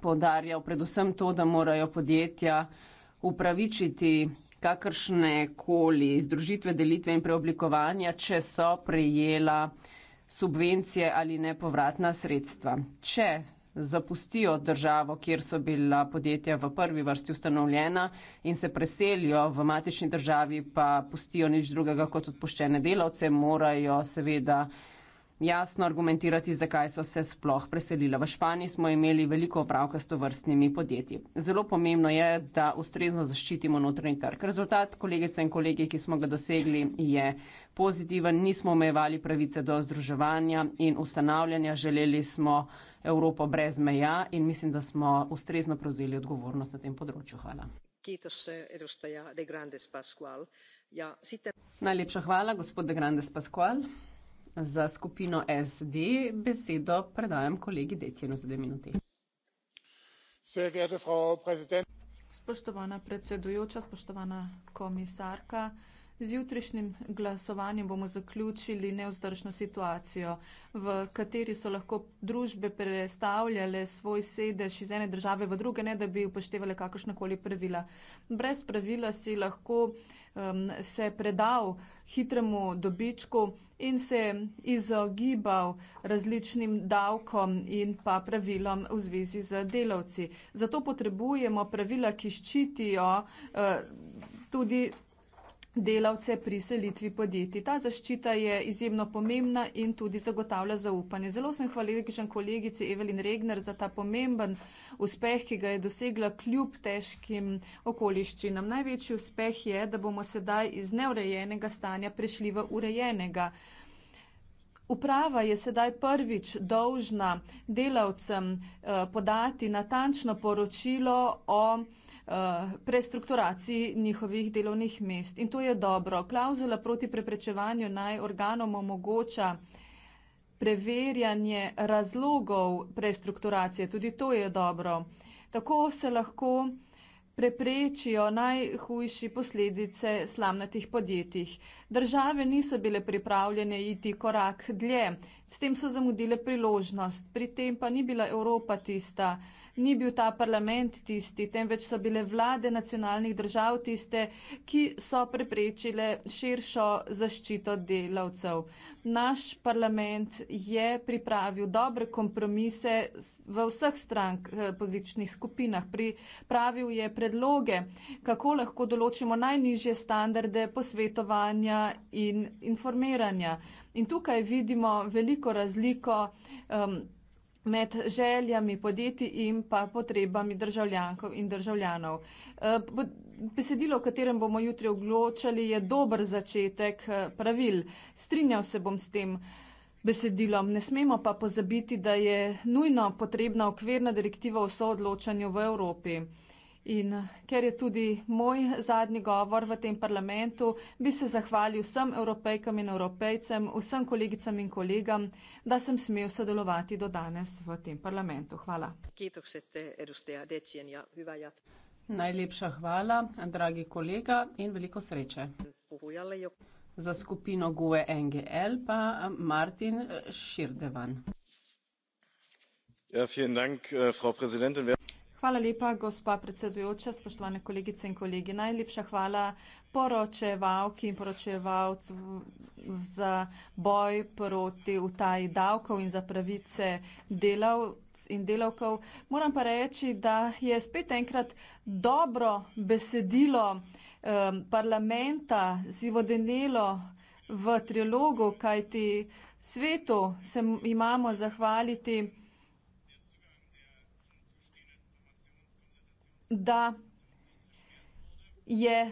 podarjal predvsem to, da morajo podjetja upravičiti kakršne koli združitve, delitve in preoblikovanja, če so prejela subvencije ali nepovratna sredstva. Če zapustijo državo, kjer so bila podjetja v prvi vrsti ustanovljena in se preselijo v matični državi, pa pustijo nič drugega kot odpoščene delavce, morajo seveda jasno argumentirati, zakaj so se sploh preselila. V Španiji smo imeli veliko opravka s tovrstnimi podjetji. Zelo pomembno je, da ustrezno zaščitimo notranji trg. Rezultat, kolegice in kolegi, ki smo ga dosegli, je pozitiven. Nismo omejevali pravice do združevanja in ustanavljanja. Želeli smo Evropo brez meja in mislim, da smo ustrezno prevzeli odgovornost na tem področju. Hvala. Ja, Najlepša hvala, gospod De Grandes Pasqual. Za skupino SD besedo predajam kolegi Detjenu za dve minuti. Spoštovana predsedujoča, spoštovana komisarka, z jutrišnjim glasovanjem bomo zaključili neozdržno situacijo, v kateri so lahko družbe prestavljale svoj sedež iz ene države v druge, ne da bi upoštevale kakršnakoli pravila. Brez pravila si lahko um, se predal uh, hitremu dobičku in se je izogibal različnim davkom in pa pravilom v zvezi z delavci. Zato potrebujemo pravila, ki ščitijo eh, tudi delavce pri selitvi podjetij. Ta zaščita je izjemno pomembna in tudi zagotavlja zaupanje. Zelo sem hvaležen kolegici Evelin Regner za ta pomemben uspeh, ki ga je dosegla kljub težkim okoliščinam. Največji uspeh je, da bomo sedaj iz neurejenega stanja prišli v urejenega. Uprava je sedaj prvič dolžna delavcem eh, podati natančno poročilo o Eh, prestrukturaciji njihovih delovnih mest. In to je dobro. Klauzula proti preprečevanju naj organom omogoča preverjanje razlogov prestrukturacije. Tudi to je dobro. Tako se lahko preprečijo najhujši posledice slamnatih podjetjih. Države niso bile pripravljene iti korak dlje, s tem so zamudile priložnost, pri tem pa ni bila Evropa tista, ni bil ta parlament tisti, temveč so bile vlade nacionalnih držav tiste, ki so preprečile širšo zaščito delavcev. Naš parlament je pripravil dobre kompromise v vseh strank, eh, pozičnih skupinah. Pripravil je predloge, kako lahko določimo najnižje standarde posvetovanja in informiranja. In tukaj vidimo veliko razliko. Um, med željami podjetij in pa potrebami državljankov in državljanov. E, besedilo, o katerem bomo jutri odločali, je dober začetek e, pravil. Strinjal se bom s tem. Besedilom. Ne smemo pa pozabiti, da je nujno potrebna okvirna direktiva o soodločanju v Evropi. In eh, ker je tudi moj zadnji govor v tem parlamentu, bi se zahvalil vsem evropejkam in evropejcem, vsem kolegicam in kolegam, da sem smel sodelovati do danes v tem parlamentu. Hvala. Eh, ja, Najlepša hvala, dragi kolega, in veliko sreče. Za skupino GUE NGL pa eh, Martin Širdevan. Ja, Hvala lepa, gospa predsedujoča, spoštovane kolegice in kolegi. Najlepša hvala poročevalki in poročevalcu za boj proti utaji davkov in za pravice delavc in delavkov. Moram pa reči, da je spet enkrat dobro besedilo um, parlamenta zivodenelo v trilogu, kajti svetu se imamo zahvaliti. da je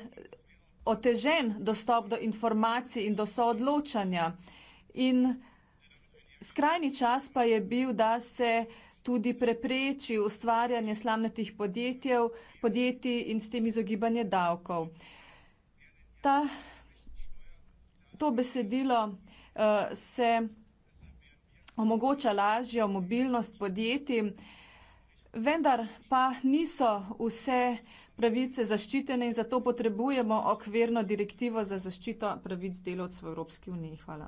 otežen dostop do informacij in do soodločanja. In skrajni čas pa je bil, da se tudi prepreči ustvarjanje slamnetih podjetij in s tem izogibanje davkov. Ta, to besedilo uh, se omogoča lažjo mobilnost podjetij. Uh, Vendar pa niso vse pravice zaščitene in zato potrebujemo okvirno direktivo za zaščito pravic delovcev v Evropski uniji. Hvala.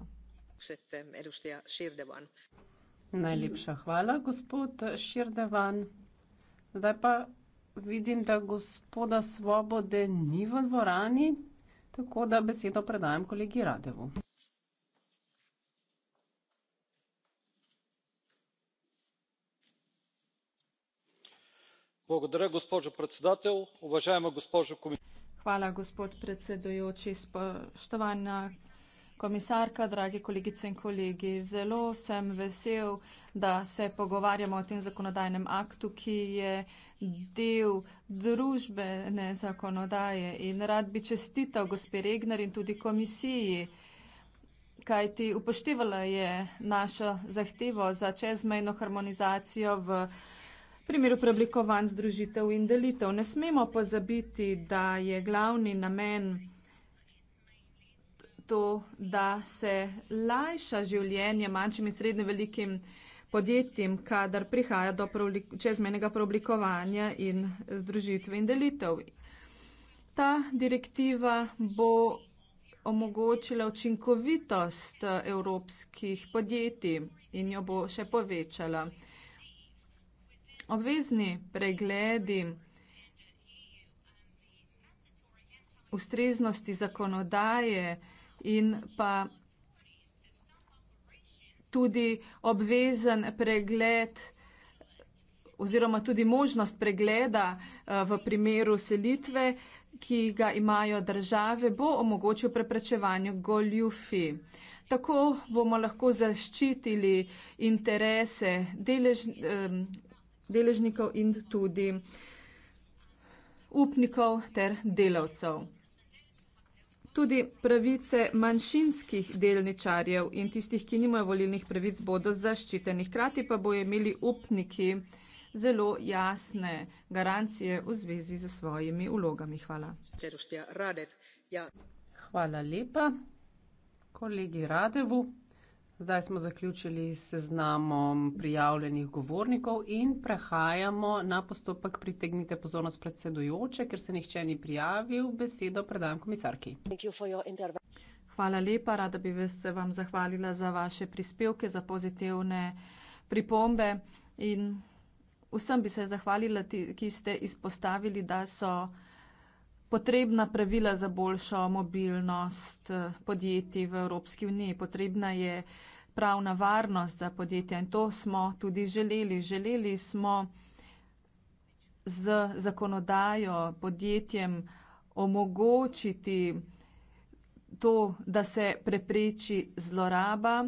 Najlepša hvala, gospod Širdevan. Zdaj pa vidim, da gospoda Svobode ni v dvorani, tako da besedo predajam kolegi Radevu. hvala gospod predsedujoči spoštovana komisarka dragi kolegice in kolegi zelo sem vesel da se pogovarjamo o tem zakonodajnem aktu ki je del družbene zakonodaje in rad bi čestital gospe regner in tudi komisiji kajti upoštevala je našo zahtevo za čezmejno harmonizacijo v V primeru preoblikovanj, združitev in delitev ne smemo pozabiti, da je glavni namen to, da se lajša življenje manjšim in srednje velikim podjetjem, kadar prihaja do čezmenega preoblikovanja in združitve in delitev. Ta direktiva bo omogočila učinkovitost evropskih podjetij in jo bo še povečala obvezni pregledi ustreznosti zakonodaje in pa tudi obvezen pregled oziroma tudi možnost pregleda eh, v primeru selitve, ki ga imajo države, bo omogočil preprečevanju goljufi. Tako bomo lahko zaščitili interese delež, um, deležnikov in tudi upnikov ter delavcev. Tudi pravice manjšinskih delničarjev in tistih, ki nimajo volilnih pravic, bodo zaščiteni. Hkrati pa bo imeli upniki zelo jasne garancije v zvezi z svojimi vlogami. Hvala. Hvala lepa kolegi Radevu. Zdaj smo zaključili s seznamom prijavljenih govornikov in prehajamo na postopek pritegnite pozornost predsedujoče, ker se nihče ni prijavil. Besedo predam komisarki. Hvala lepa, rada bi se vam zahvalila za vaše prispevke, za pozitivne pripombe in vsem bi se zahvalila, ti, ki ste izpostavili, da so potrebna pravila za boljšo mobilnost eh, podjetij v Evropski uniji, potrebna je pravna varnost za podjetja in to smo tudi želeli. Želeli smo z zakonodajo podjetjem omogočiti to, da se prepreči zloraba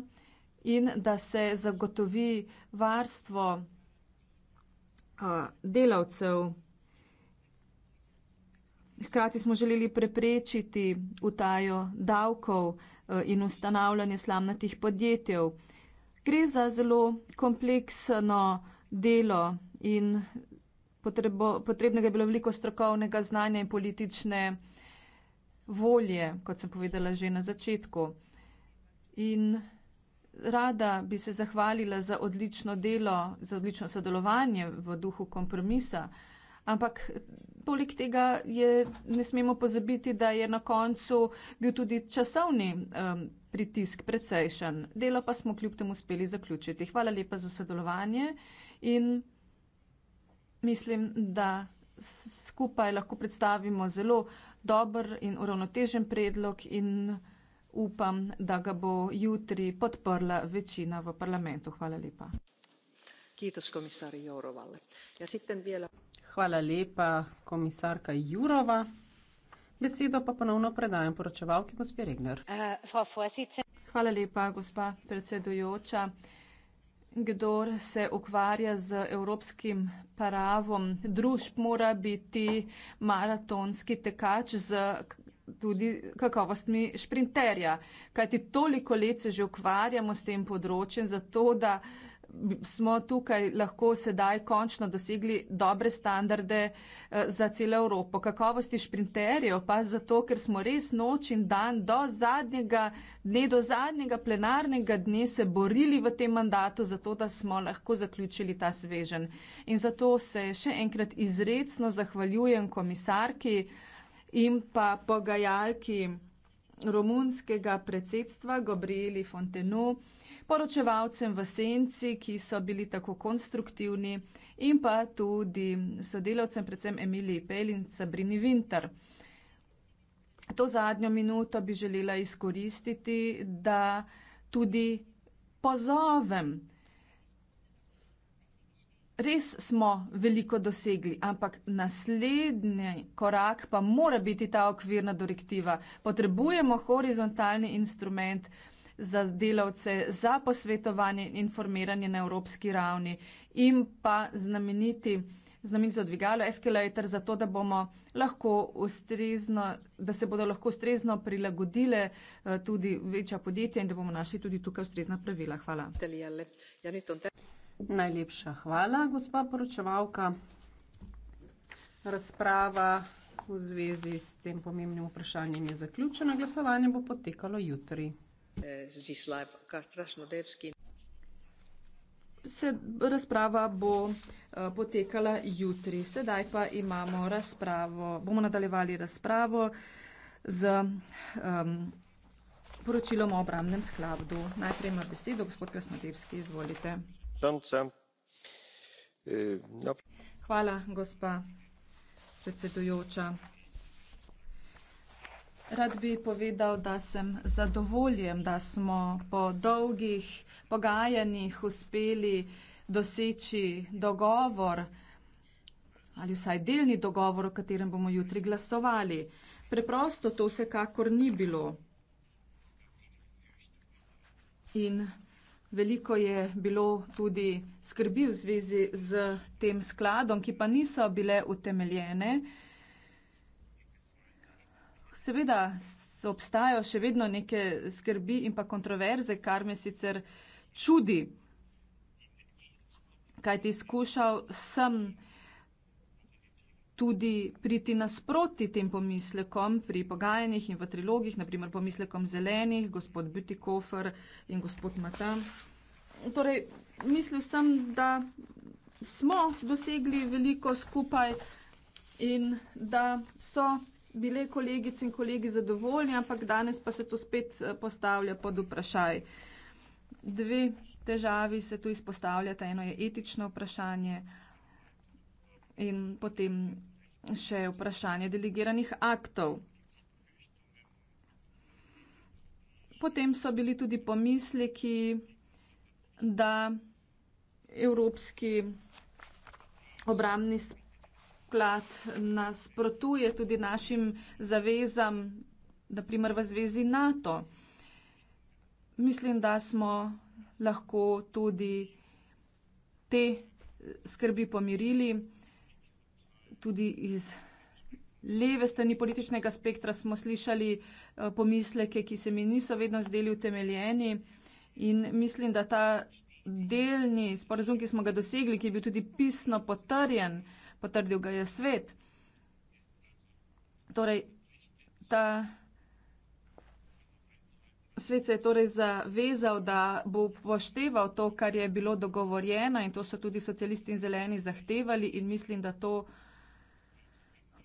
in da se zagotovi varstvo eh, delavcev Hkrati smo želeli preprečiti utajo davkov eh, in ustanavljanje slamnatih podjetij. Gre za zelo kompleksno delo in potrebo, potrebnega je bilo veliko strokovnega znanja in politične volje, kot sem povedala že na začetku. In rada bi se zahvalila za odlično delo, za odlično sodelovanje v duhu kompromisa, ampak poleg tega je, ne smemo pozabiti, da je na koncu bil tudi časovni um, pritisk precejšen. Delo pa smo kljub temu uspeli zaključiti. Hvala lepa za sodelovanje in mislim, da skupaj lahko predstavimo zelo dober in uravnotežen predlog in upam, da ga bo jutri podprla večina v parlamentu. Hvala lepa. Kiitos komissaari Jourovalle. Ja sitten vielä Hvala lepa, komisarka Jurova. Besedo pa ponovno predajam poročevalki, gospe Regner. Eh, Hvala lepa, gospa predsedujoča. Kdor se ukvarja z evropskim pravom, družb mora biti maratonski tekač z tudi kakovostmi šprinterja. Kajti toliko let se že ukvarjamo s tem področjem, zato da uh, smo tukaj lahko sedaj končno dosegli dobre standarde eh, za celo Evropo. Kakovosti šprinterjev pa zato, ker smo res noč in dan do zadnjega dne, do zadnjega plenarnega dne se borili v tem mandatu, zato da smo lahko zaključili ta svežen. In zato se še enkrat izredno zahvaljujem komisarki in pa pogajalki romunskega predsedstva Gabrieli Fontenot poročevalcem v senci, ki so bili tako konstruktivni, in pa tudi sodelavcem, predvsem Emiliji Pel in Sabrini Vinter. To zadnjo minuto bi želela izkoristiti, da tudi pozovem. Res smo veliko dosegli, ampak naslednji korak pa mora biti ta okvirna direktiva. Potrebujemo horizontalni instrument, za delavce, za posvetovanje in informiranje na evropski ravni in pa znameniti, znamenito dvigalo Escalator za to, da, da se bodo lahko ustrezno prilagodile eh, tudi večja podjetja in da bomo našli tudi tukaj ustrezna pravila. Hvala. Najlepša hvala, gospa poročevalka. Razprava v zvezi s tem pomembnim vprašanjem je zaključena. Glasovanje bo potekalo jutri. Eh, razprava bo, eh, potekala jutri. Sedaj pa imamo razpravo, bomo nadaljevali razpravo z, poročilom o obramnem skladu. Najprej ima besedo gospod Krasnodebski, izvolite. Eh, no. Hvala, gospa predsedujoča. Rad bi povedal, da sem zadovoljen, da smo po dolgih pogajanjih uspeli doseči dogovor ali vsaj delni dogovor, o katerem bomo jutri glasovali. Preprosto to vsekakor ni bilo. In veliko je bilo tudi skrbi v zvezi z tem skladom, ki pa niso bile utemeljene. Seveda obstajajo še vedno neke skrbi in pa kontroverze, kar me sicer čudi, kaj ti skušal sem tudi priti nasproti tem pomislekom pri pogajanjih in v trilogih, naprimer pomislekom zelenih, gospod Butikofer in gospod Mata. Torej, mislil sem, da smo dosegli veliko skupaj in da so bile kolegice in kolegi zadovoljni, ampak danes pa se to spet eh, postavlja pod vprašaj. Dve težavi se tu izpostavljata. Eno je etično vprašanje in potem še vprašanje delegiranih aktov. Potem so bili tudi pomisleki, da evropski obramni spremljajo vklad nasprotuje tudi našim zavezam, naprimer v zvezi NATO. Mislim, da smo lahko tudi te skrbi pomirili, tudi iz leve strani političnega spektra smo slišali eh, pomisleke, ki se mi niso vedno zdeli utemeljeni in mislim, da ta delni sporazum, ki smo ga dosegli, ki je bil tudi pisno potrjen, potrdil ga je svet. Torej, ta svet se je torej zavezal, da bo pošteval to, kar je bilo dogovorjeno in to so tudi socialisti in zeleni zahtevali in mislim, da to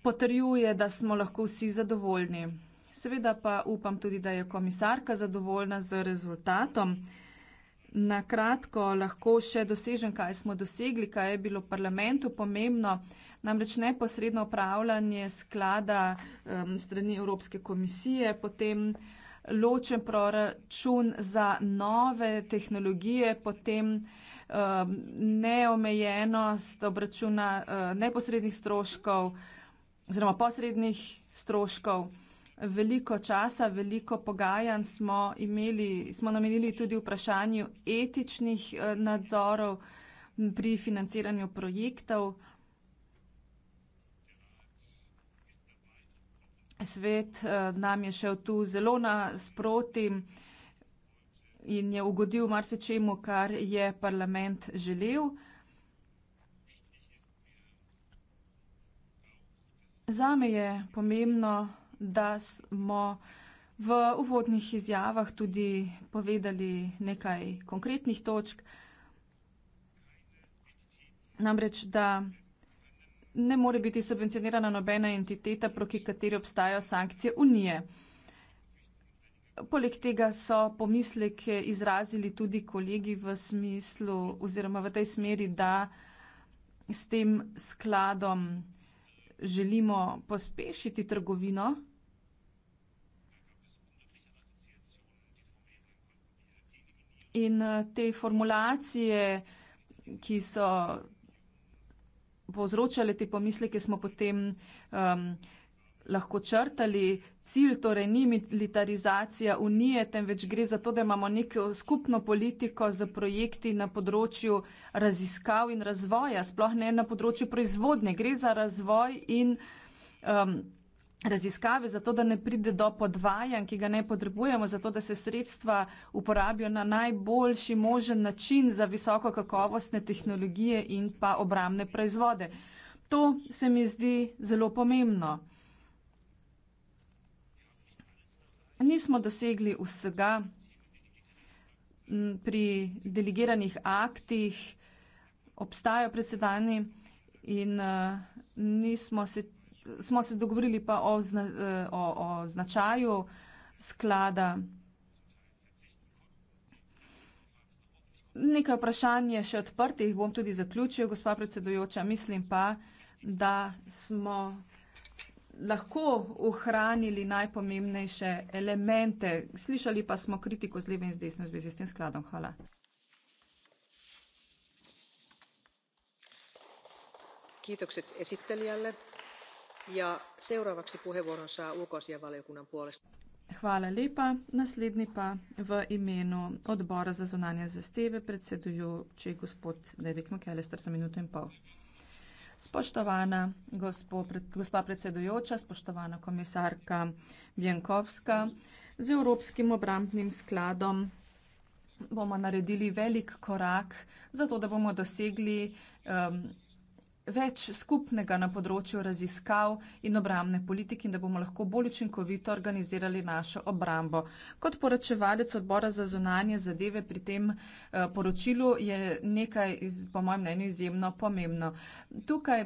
potrjuje, da smo lahko vsi zadovoljni. Seveda pa upam tudi, da je komisarka zadovoljna z rezultatom na kratko lahko še dosežen, kaj smo dosegli, kaj je bilo v parlamentu pomembno. Namreč neposredno upravljanje sklada um, strani Evropske komisije, potem ločen proračun za nove tehnologije, potem um, neomejenost obračuna uh, neposrednih stroškov oziroma posrednih stroškov veliko časa, veliko pogajanj smo imeli, smo namenili tudi vprašanju etičnih eh, nadzorov pri financiranju projektov. Svet eh, nam je šel tu zelo nasproti in je ugodil marsičemu, kar je parlament želel. Zame je pomembno, da smo v uvodnih izjavah tudi povedali nekaj konkretnih točk. Namreč, da ne more biti subvencionirana nobena entiteta, proti kateri obstajajo sankcije Unije. Poleg tega so pomisleke izrazili tudi kolegi v smislu oziroma v tej smeri, da s tem skladom želimo pospešiti trgovino. In eh, te formulacije, ki so povzročale te pomisleke, smo potem um, lahko črtali. Cilj torej ni militarizacija unije, temveč gre za to, da imamo neko skupno politiko za projekti na področju raziskav in razvoja, sploh ne na področju proizvodnje. Gre za razvoj in. Um, raziskave, zato da ne pride do podvajanj, ki ga ne potrebujemo, zato da se sredstva uporabijo na najboljši možen način za visoko kakovostne tehnologije in pa obramne proizvode. To se mi zdi zelo pomembno. Nismo dosegli vsega pri delegiranih aktih, obstajajo predsedani in uh, nismo se smo se dogovorili pa o, zna, eh, o, o značaju sklada. Nekaj vprašanj je še odprtih, bom tudi zaključil, gospa predsedujoča. Mislim pa, da smo lahko ohranili najpomembnejše elemente. Slišali pa smo kritiko z leve in z desne v zvezi s tem skladom. Hvala. Kitokset esitteljale. Ja Hvala lepa. Naslednji pa v imenu odbora za zunanje zasteve predsedujoči gospod David McAllister za minuto in pol. Spoštovana gospa predsedujoča, spoštovana komisarka Bjankovska, z Evropskim obrambnim skladom bomo naredili velik korak za to, da bomo dosegli um, več skupnega na področju raziskav in obramne politike in da bomo lahko bolj učinkovito organizirali našo obrambo. Kot poročevalec odbora za zunanje zadeve pri tem eh, poročilu je nekaj, iz, po mojem mnenju, izjemno pomembno. Tukaj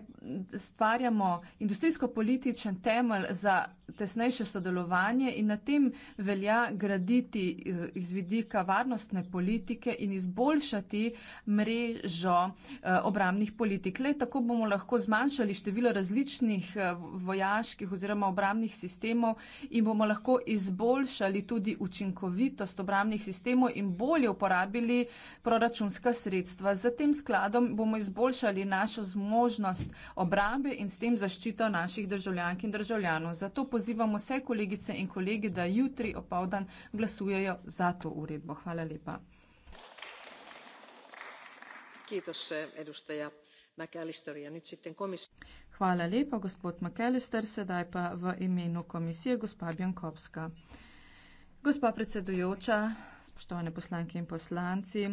stvarjamo industrijsko-političen temelj za tesnejše sodelovanje in na tem velja graditi eh, iz vidika varnostne politike in izboljšati mrežo eh, obramnih politik. Le, bomo lahko zmanjšali število različnih eh, vojaških oziroma obramnih sistemov in bomo lahko izboljšali tudi učinkovitost obramnih sistemov in bolje uporabili proračunska sredstva. Z tem skladom bomo izboljšali našo zmožnost obrambe in s tem zaščito naših državljank in državljanov. Zato pozivamo vse kolegice in kolege, da jutri opovdan glasujejo za to uredbo. Hvala lepa. Kiitos edustaja. McAllister je nič sitten komisija. Hvala lepa, gospod McAllister, sedaj pa v imenu komisije gospa Bjankovska. Gospa predsedujoča, spoštovane poslanke in poslanci,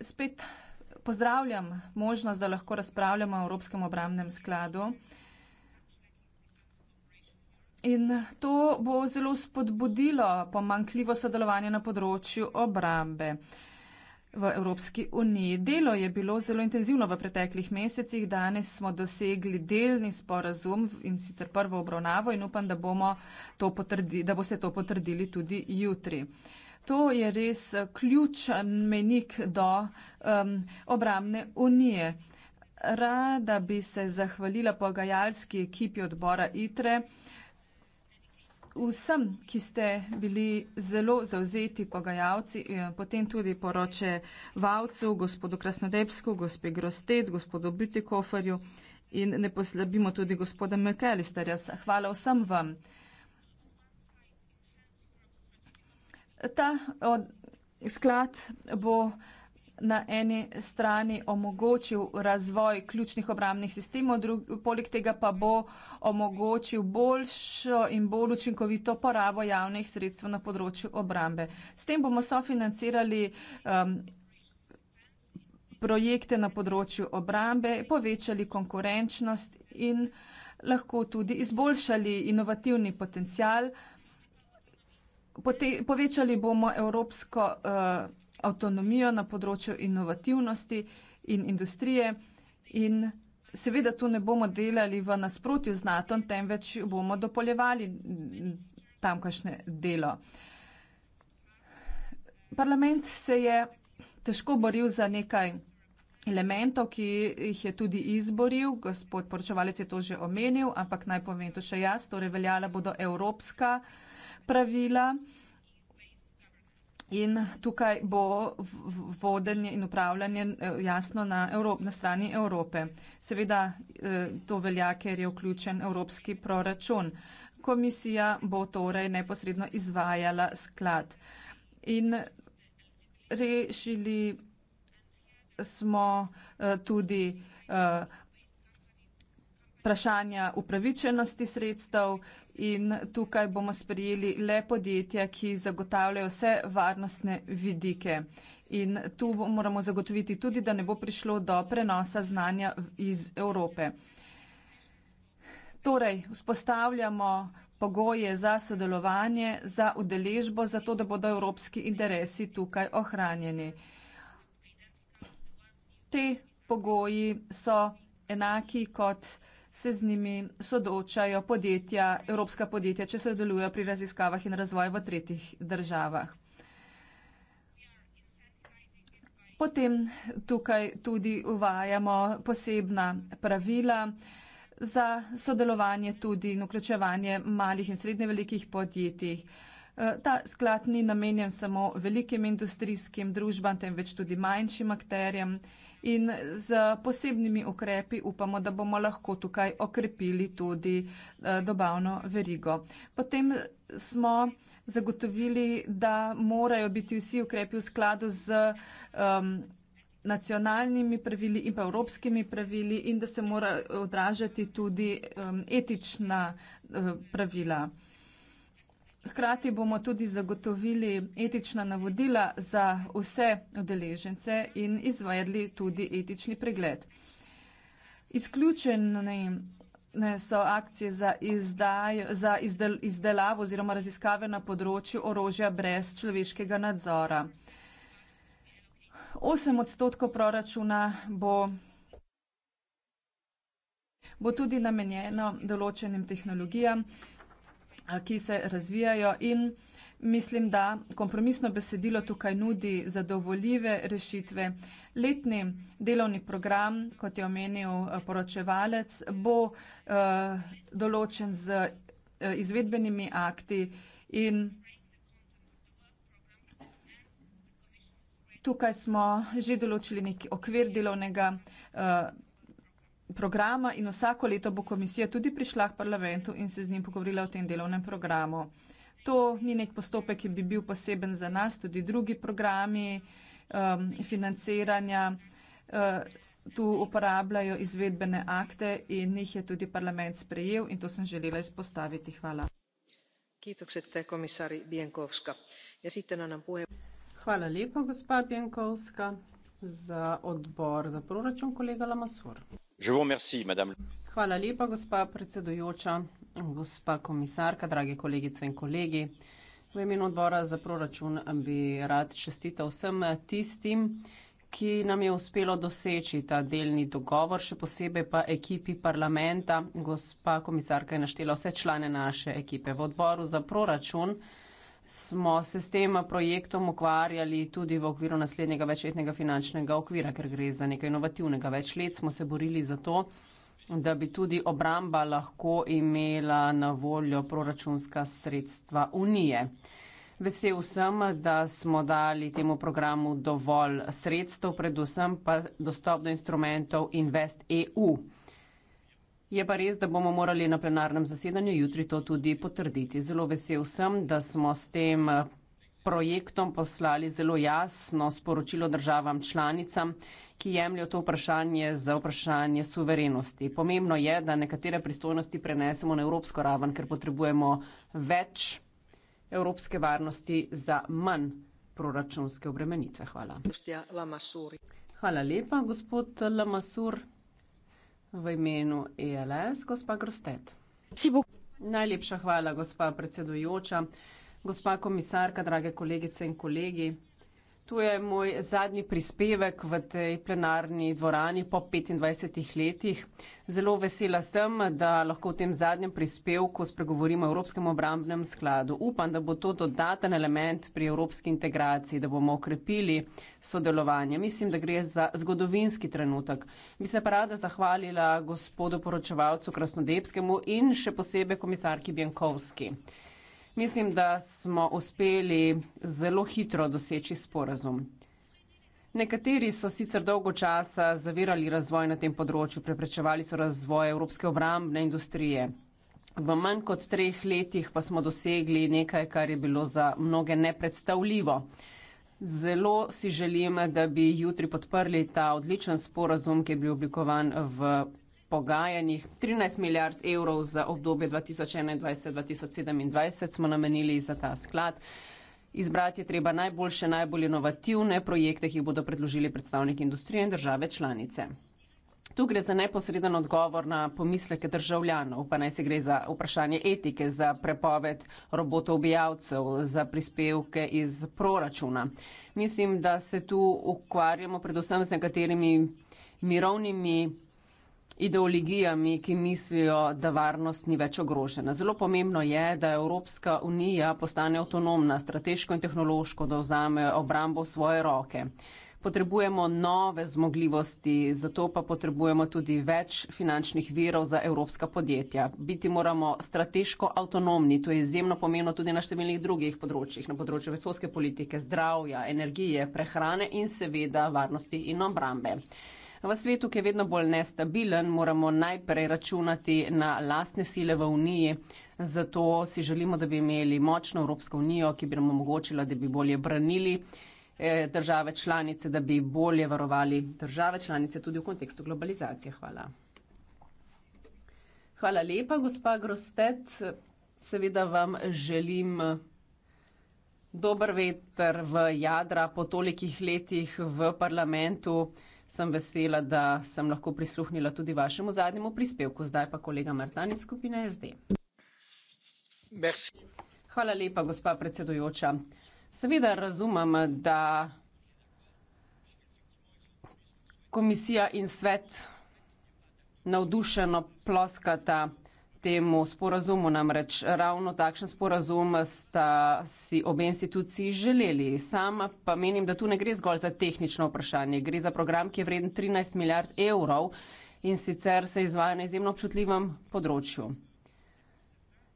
spet pozdravljam možnost, da lahko razpravljamo o Evropskem obramnem skladu. In to bo zelo spodbudilo pomankljivo sodelovanje na področju obrambe v Evropski uniji. Delo je bilo zelo intenzivno v preteklih mesecih. Danes smo dosegli delni sporazum in sicer prvo obravnavo in upam, da, potrdi, da bo se to potrdili tudi jutri. To je res ključen menik do um, obramne unije. Rada bi se zahvalila pogajalski ekipi odbora ITRE. Uh, vsem, ki ste bili zelo zavzeti pogajalci, eh, potem tudi poroče Valcu, gospodu Krasnodebsku, gospe Grosted, gospodu Bütikoferju in ne poslabimo tudi gospoda Mekelisterja. Hvala vsem vam. Ta od, sklad bo na eni strani omogočil razvoj ključnih obramnih sistemov, drug, poleg tega pa bo omogočil boljšo in bolj učinkovito porabo javnih sredstev na področju obrambe. S tem bomo sofinancirali um, projekte na področju obrambe, povečali konkurenčnost in lahko tudi izboljšali inovativni potencial. Pote, povečali bomo evropsko uh, avtonomijo na področju inovativnosti in industrije. In seveda tu ne bomo delali v nasprotju z NATO, temveč bomo dopoljevali tamkajšnje delo. Parlament se je težko boril za nekaj elementov, ki jih je tudi izboril. Gospod poročevalec je to že omenil, ampak naj povem to še jaz. Torej veljala bodo evropska pravila. In tukaj bo vodenje in upravljanje eh, jasno na, Evrop, na strani Evrope. Seveda eh, to velja, ker je vključen evropski proračun. Komisija bo torej neposredno izvajala sklad. In rešili smo eh, tudi vprašanja upravičenosti sredstev in tukaj bomo sprejeli le podjetja, ki zagotavljajo vse varnostne vidike. In tu moramo zagotoviti tudi, da ne bo prišlo do prenosa znanja iz Evrope. Torej, vzpostavljamo pogoje za sodelovanje, za udeležbo, zato da bodo evropski interesi tukaj ohranjeni. Te pogoji so enaki kot vsega, se z njimi sodočajo podjetja, evropska podjetja, če se delujejo pri raziskavah in razvoju v tretjih državah. Potem tukaj tudi uvajamo posebna pravila za sodelovanje tudi in vključevanje malih in srednje velikih podjetij. Eh, ta sklad ni namenjen samo velikim industrijskim družbam, temveč tudi manjšim akterjem in z posebnimi ukrepi upamo, da bomo lahko tukaj okrepili tudi eh, dobavno verigo. Potem smo zagotovili, da morajo biti vsi ukrepi v skladu z. Um, nacionalnimi pravili in pa evropskimi pravili in da se mora odražati tudi um, etična uh, pravila. Hkrati bomo tudi zagotovili etična navodila za vse udeležence in izvedli tudi etični pregled. Izključene so akcije za, izdaj, za izdel, izdelavo oziroma raziskave na področju orožja brez človeškega nadzora. 8 odstotkov proračuna bo, bo tudi namenjeno določenim tehnologijam ki se razvijajo in mislim, da kompromisno besedilo tukaj nudi zadovoljive rešitve. Letni delovni program, kot je omenil poročevalec, bo določen z izvedbenimi akti in tukaj smo že določili nek okvir delovnega programa programa in vsako leto bo komisija tudi prišla k parlamentu in se z njim pogovorila o tem delovnem programu. To ni nek postopek, ki bi bil poseben za nas, tudi drugi programi um, financiranja uh, tu uporabljajo izvedbene akte in jih je tudi parlament sprejel in to sem želela izpostaviti. Hvala. Ja, Hvala lepa, gospa Bjankovska za odbor za proračun, kolega Lamasur. Hvala lepa, gospa predsedujoča, gospa komisarka, dragi kolegice in kolegi. V imenu odbora za proračun bi rad čestital vsem tistim, ki nam je uspelo doseči ta delni dogovor, še posebej pa ekipi parlamenta. Gospa komisarka je naštela vse člane naše ekipe v odboru za proračun smo se s tem projektom ukvarjali tudi v okviru naslednjega večletnega finančnega okvira, ker gre za nekaj inovativnega. Več let smo se borili za to, da bi tudi obramba lahko imela na voljo proračunska sredstva Unije. Vesel sem, da smo dali temu programu dovolj sredstev, predvsem pa dostop do instrumentov InvestEU. Je pa res, da bomo morali na plenarnem zasedanju jutri to tudi potrditi. Zelo vesel sem, da smo s tem eh, projektom poslali zelo jasno sporočilo državam članicam, ki jemljajo to vprašanje za vprašanje suverenosti. Pomembno je, da nekatere pristojnosti prenesemo na evropsko raven, ker potrebujemo več evropske varnosti za manj proračunske obremenitve. Hvala. Hvala lepa, gospod Lamasur v imenu ELS, gospa Grostet. Najlepša hvala, gospa predsedujoča, gospa komisarka, drage kolegice in kolegi. To je moj zadnji prispevek v tej plenarni dvorani po 25 letih. Zelo vesela sem, da lahko v tem zadnjem prispevku spregovorimo o Evropskem obrambnem skladu. Upam, da bo to dodaten element pri evropski integraciji, da bomo okrepili sodelovanje. Mislim, da gre za zgodovinski trenutek. Bi se pa rada zahvalila gospodu poročevalcu Krasnodebskemu in še posebej komisarki Bjankovski. Mislim, da smo uspeli zelo hitro doseči sporazum. Nekateri so sicer dolgo časa zavirali razvoj na tem področju, preprečevali so razvoj evropske obrambne industrije. V manj kot treh letih pa smo dosegli nekaj, kar je bilo za mnoge nepredstavljivo. Zelo si želim, da bi jutri podprli ta odličen sporazum, ki je bil oblikovan v pogajanjih. 13 milijard evrov za obdobje 2021-2027 smo namenili za ta sklad. Izbrati je treba najboljše, najbolj inovativne projekte, ki jih bodo predložili predstavniki industrije in države članice. Tu gre za neposreden odgovor na pomisleke državljanov, pa naj se gre za vprašanje etike, za prepoved robotov objavcev, za prispevke iz proračuna. Mislim, da se tu ukvarjamo predvsem z nekaterimi mirovnimi ideologijami, ki mislijo, da varnost ni več ogrožena. Zelo pomembno je, da Evropska unija postane avtonomna, strateško in tehnološko, da vzame obrambo v svoje roke. Potrebujemo nove zmogljivosti, zato pa potrebujemo tudi več finančnih virov za evropska podjetja. Biti moramo strateško avtonomni, to je izjemno pomembno tudi na številnih drugih področjih, na področju vesolske politike, zdravja, energije, prehrane in seveda varnosti in obrambe. V svetu, ki je vedno bolj nestabilen, moramo najprej računati na lastne sile v Uniji. Zato si želimo, da bi imeli močno Evropsko unijo, ki bi nam omogočila, da bi bolje branili eh, države članice, da bi bolje varovali države članice tudi v kontekstu globalizacije. Hvala. Hvala lepa, gospa Grostet. Seveda vam želim dober veter v jadra po tolikih letih v parlamentu sem vesela, da sem lahko prisluhnila tudi vašemu zadnjemu prispevku. Zdaj pa kolega Martan iz skupine SD. Merci. Hvala lepa, gospa predsedujoča. Seveda razumem, da komisija in svet navdušeno ploskata temu sporazumu. Namreč ravno takšen sporazum sta si obe instituciji želeli. Sama pa menim, da tu ne gre zgolj za tehnično vprašanje. Gre za program, ki je vreden 13 milijard evrov in sicer se izvaja na izjemno občutljivem področju.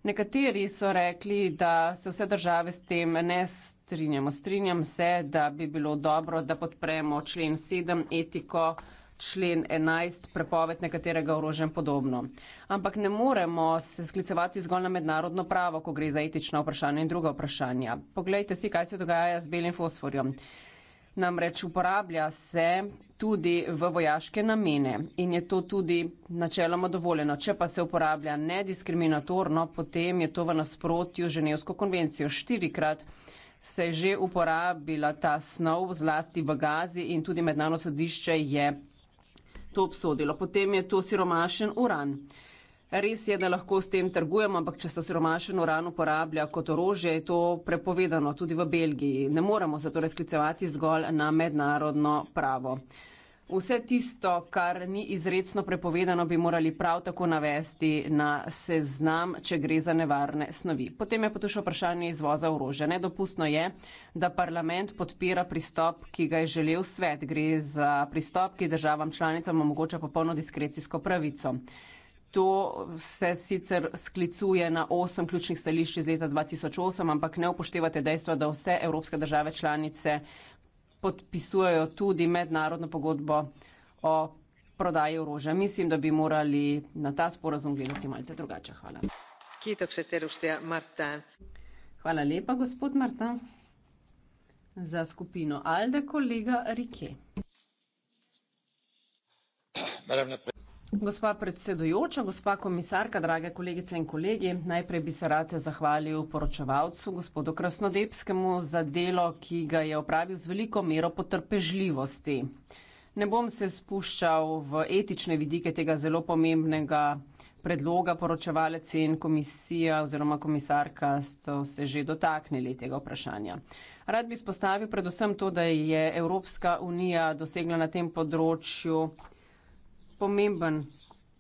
Nekateri so rekli, da se vse države s tem ne strinjamo. Strinjam se, da bi bilo dobro, da podpremo člen 7 etiko člen 11, prepoved nekaterega orožja in podobno. Ampak ne moremo se sklicevati zgolj na mednarodno pravo, ko gre za etična vprašanja in druga vprašanja. Poglejte si, kaj se dogaja z belim fosforjem. Namreč uporablja se tudi v vojaške namene in je to tudi načeloma dovoljeno. Če pa se uporablja nediskriminatorno, potem je to v nasprotju z Ženevsko konvencijo. Štirikrat se je že uporabila ta snov, zlasti v Gazi in tudi mednarodno sodišče je to obsodilo. Potem je to siromašen uran. Res je, da lahko s tem trgujemo, ampak če se siromašen uran uporablja kot orožje, je to prepovedano tudi v Belgiji. Ne moremo se torej sklicevati zgolj na mednarodno pravo. Vse tisto, kar ni izredno prepovedano, bi morali prav tako navesti na seznam, če gre za nevarne snovi. Potem je pa tu še vprašanje izvoza orožja. Nedopustno je, da parlament podpira pristop, ki ga je želel svet. Gre za pristop, ki državam članicam omogoča popolno diskrecijsko pravico. To se sicer sklicuje na osem ključnih stališč iz leta 2008, ampak ne upoštevate dejstva, da vse evropske države članice podpisujejo tudi mednarodno pogodbo o prodaji orožja. Mislim, da bi morali na ta sporazum gledati malce drugače. Hvala. Hvala lepa, gospod Marta, za skupino Alde, kolega Rike. Madame la Gospa predsedujoča, gospa komisarka, drage kolegice in kolegi, najprej bi se rad zahvalil poročevalcu, gospodu Krasnodebskemu, za delo, ki ga je opravil z veliko mero potrpežljivosti. Ne bom se spuščal v etične vidike tega zelo pomembnega predloga, poročevalec in komisija oziroma komisarka so se že dotaknili tega vprašanja. Rad bi spostavil predvsem to, da je Evropska unija dosegla na tem področju pomemben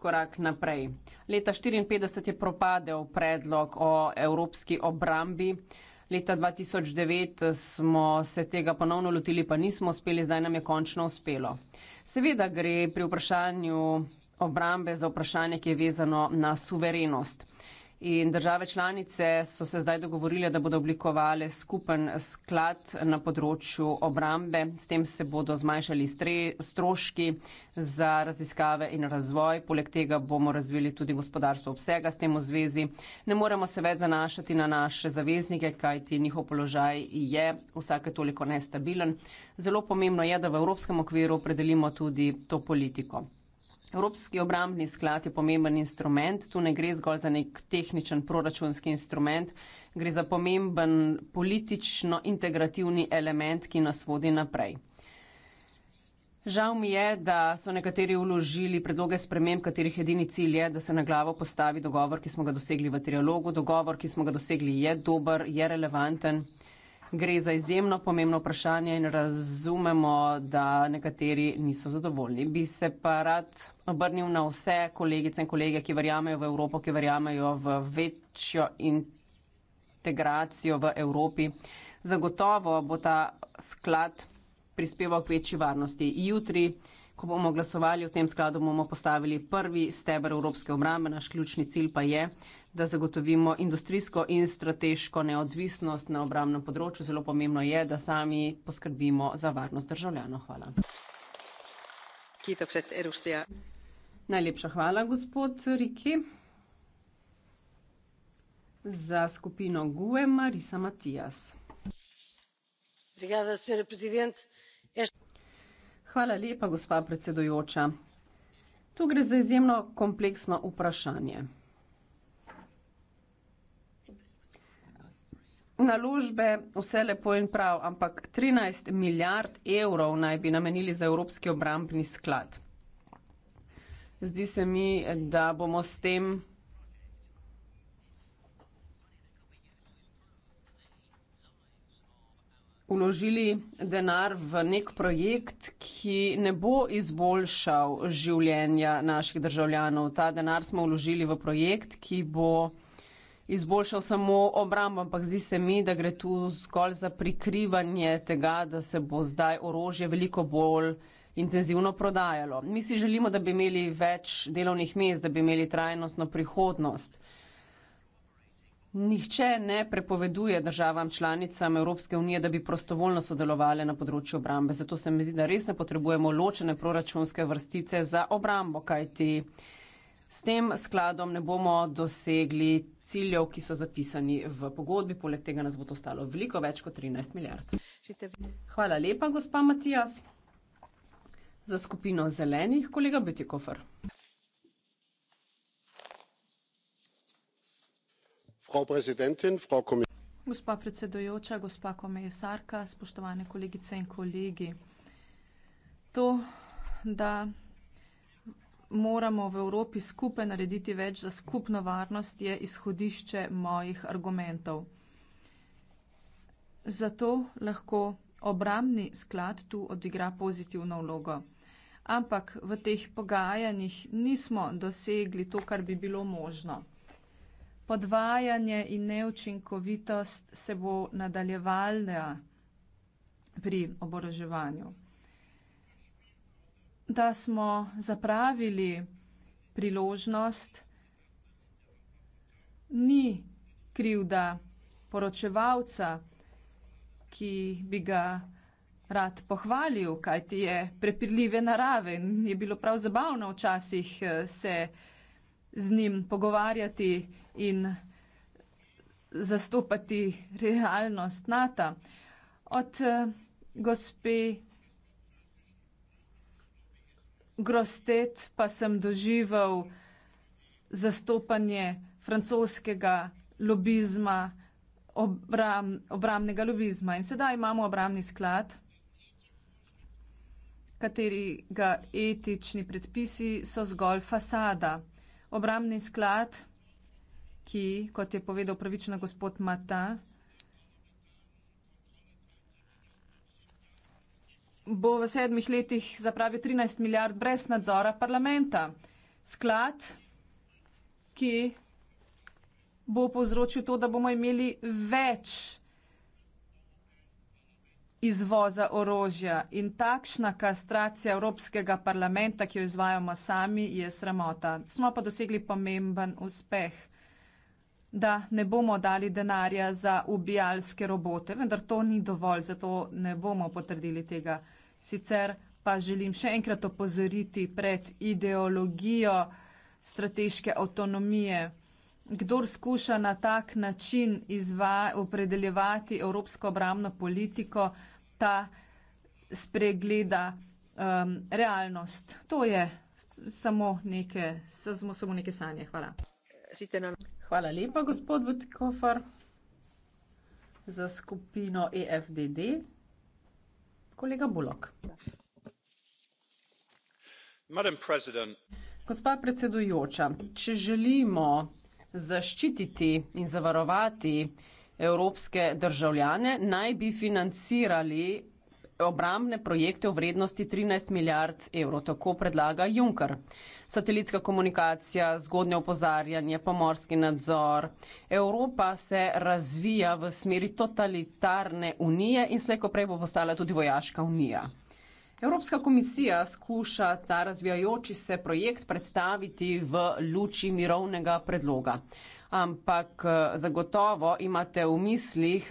korak naprej. Leta 1954 je propadel predlog o evropski obrambi, leta 2009 smo se tega ponovno lotili, pa nismo uspeli, zdaj nam je končno uspelo. Seveda gre pri vprašanju obrambe za vprašanje, ki je vezano na suverenost. In države članice so se zdaj dogovorile, da bodo oblikovali skupen sklad na področju obrambe. S tem se bodo zmanjšali stroški za raziskave in razvoj. Poleg tega bomo razvili tudi gospodarstvo obsega s tem v zvezi. Ne moremo se več zanašati na naše zaveznike, kajti njihov položaj je vsake toliko nestabilen. Zelo pomembno je, da v evropskem okviru opredelimo tudi to politiko. Evropski obrambni sklad je pomemben instrument, tu ne gre zgolj za nek tehničen proračunski instrument, gre za pomemben politično integrativni element, ki nas vodi naprej. Žal mi je, da so nekateri uložili predloge spremem, katerih edini cilj je, da se na glavo postavi dogovor, ki smo ga dosegli v trialogu. Dogovor, ki smo ga dosegli, je dober, je relevanten gre za izjemno pomembno vprašanje in razumemo, da nekateri niso zadovoljni. Bi se pa rad obrnil na vse kolegice in kolege, ki verjamejo v Evropo, ki verjamejo v večjo integracijo v Evropi. Zagotovo bo ta sklad prispeval k večji varnosti. Jutri, ko bomo glasovali o tem skladu, bomo postavili prvi steber Evropske obrambe, naš ključni cilj pa je, da zagotovimo industrijsko in strateško neodvisnost na obramnem področju. Zelo pomembno je, da sami poskrbimo za varnost državljanov. Hvala. Najlepša hvala, gospod Riki. Za skupino GUE Marisa Matijas. Hvala lepa, gospa predsedujoča. Tu gre za izjemno kompleksno vprašanje. naložbe, vse lepo in prav, ampak 13 milijard evrov naj bi namenili za Evropski obrambni sklad. Zdi se mi, da bomo s tem. Uložili denar v nek projekt, ki ne bo izboljšal življenja naših državljanov. Ta denar smo uložili v projekt, ki bo izboljšal samo obramb, ampak zdi se mi, da gre tu zgolj za prikrivanje tega, da se bo zdaj orožje veliko bolj intenzivno prodajalo. Mi si želimo, da bi imeli več delovnih mest, da bi imeli trajnostno prihodnost. Nihče ne prepoveduje državam članicam Evropske unije, da bi prostovoljno sodelovali na področju obrambe. Zato se mi zdi, da res ne potrebujemo ločene proračunske vrstice za obrambo, kajti S tem skladom ne bomo dosegli ciljev, ki so zapisani v pogodbi, poleg tega nas bo to stalo veliko več kot 13 milijard. Hvala lepa, gospa Matijas. Za skupino zelenih, kolega Betikofer. Gospa predsedojoča, gospa komisarka, spoštovane kolegice in kolegi. To, da moramo v Evropi skupaj narediti več za skupno varnost, je izhodišče mojih argumentov. Zato lahko obramni sklad tu odigra pozitivno vlogo. Ampak v teh pogajanjih nismo dosegli to, kar bi bilo možno. Podvajanje in neučinkovitost se bo nadaljevalna pri oboroževanju da smo zapravili priložnost, ni krivda poročevalca, ki bi ga rad pohvalil, kaj ti je prepirljive narave in je bilo prav zabavno včasih eh, se z njim pogovarjati in zastopati realnost Nata. Od eh, gospe Grostet pa sem doživel zastopanje francoskega lobizma, obram, obramnega lobizma. In sedaj imamo obramni sklad, katerega etični predpisi so zgolj fasada. Obramni sklad, ki, kot je povedal pravično gospod Mata, bo v sedmih letih zapravil 13 milijard brez nadzora parlamenta. Sklad, ki bo povzročil to, da bomo imeli več izvoza orožja in takšna kastracija Evropskega parlamenta, ki jo izvajamo sami, je sramota. Smo pa dosegli pomemben uspeh, da ne bomo dali denarja za ubijalske robote, vendar to ni dovolj, zato ne bomo potrdili tega. Sicer pa želim še enkrat opozoriti pred ideologijo strateške avtonomije. Kdor skuša na tak način opredeljevati evropsko obramno politiko, ta spregleda um, realnost. To je samo neke, samo, samo neke sanje. Hvala. Hvala lepa, gospod Butikofar, za skupino EFDD. Gospa predsedujoča, če želimo zaščititi in zavarovati evropske državljane, naj bi financirali obrambne projekte v vrednosti 13 milijard evrov, tako predlaga Juncker. Satelitska komunikacija, zgodnje opozarjanje, pomorski nadzor. Evropa se razvija v smeri totalitarne unije in slejko prej bo postala tudi vojaška unija. Evropska komisija skuša ta razvijajoči se projekt predstaviti v luči mirovnega predloga. Ampak eh, zagotovo imate v mislih,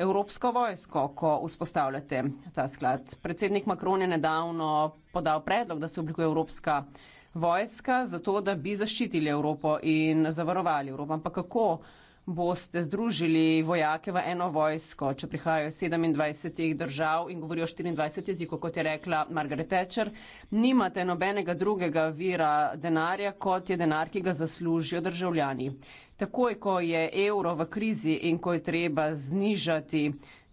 evropsko vojsko, ko vzpostavljate ta sklad. Predsednik Makron je nedavno podal predlog, da se oblikuje evropska vojska, zato da bi zaščitili Evropo in zavarovali Evropo. Ampak kako? boste združili vojake v eno vojsko, če prihajajo 27 držav in govorijo 24 jezikov, kot je rekla Margaret Thatcher, nimate nobenega drugega vira denarja, kot je denar, ki ga zaslužijo državljani. Takoj, ko je evro v krizi in ko je treba znižati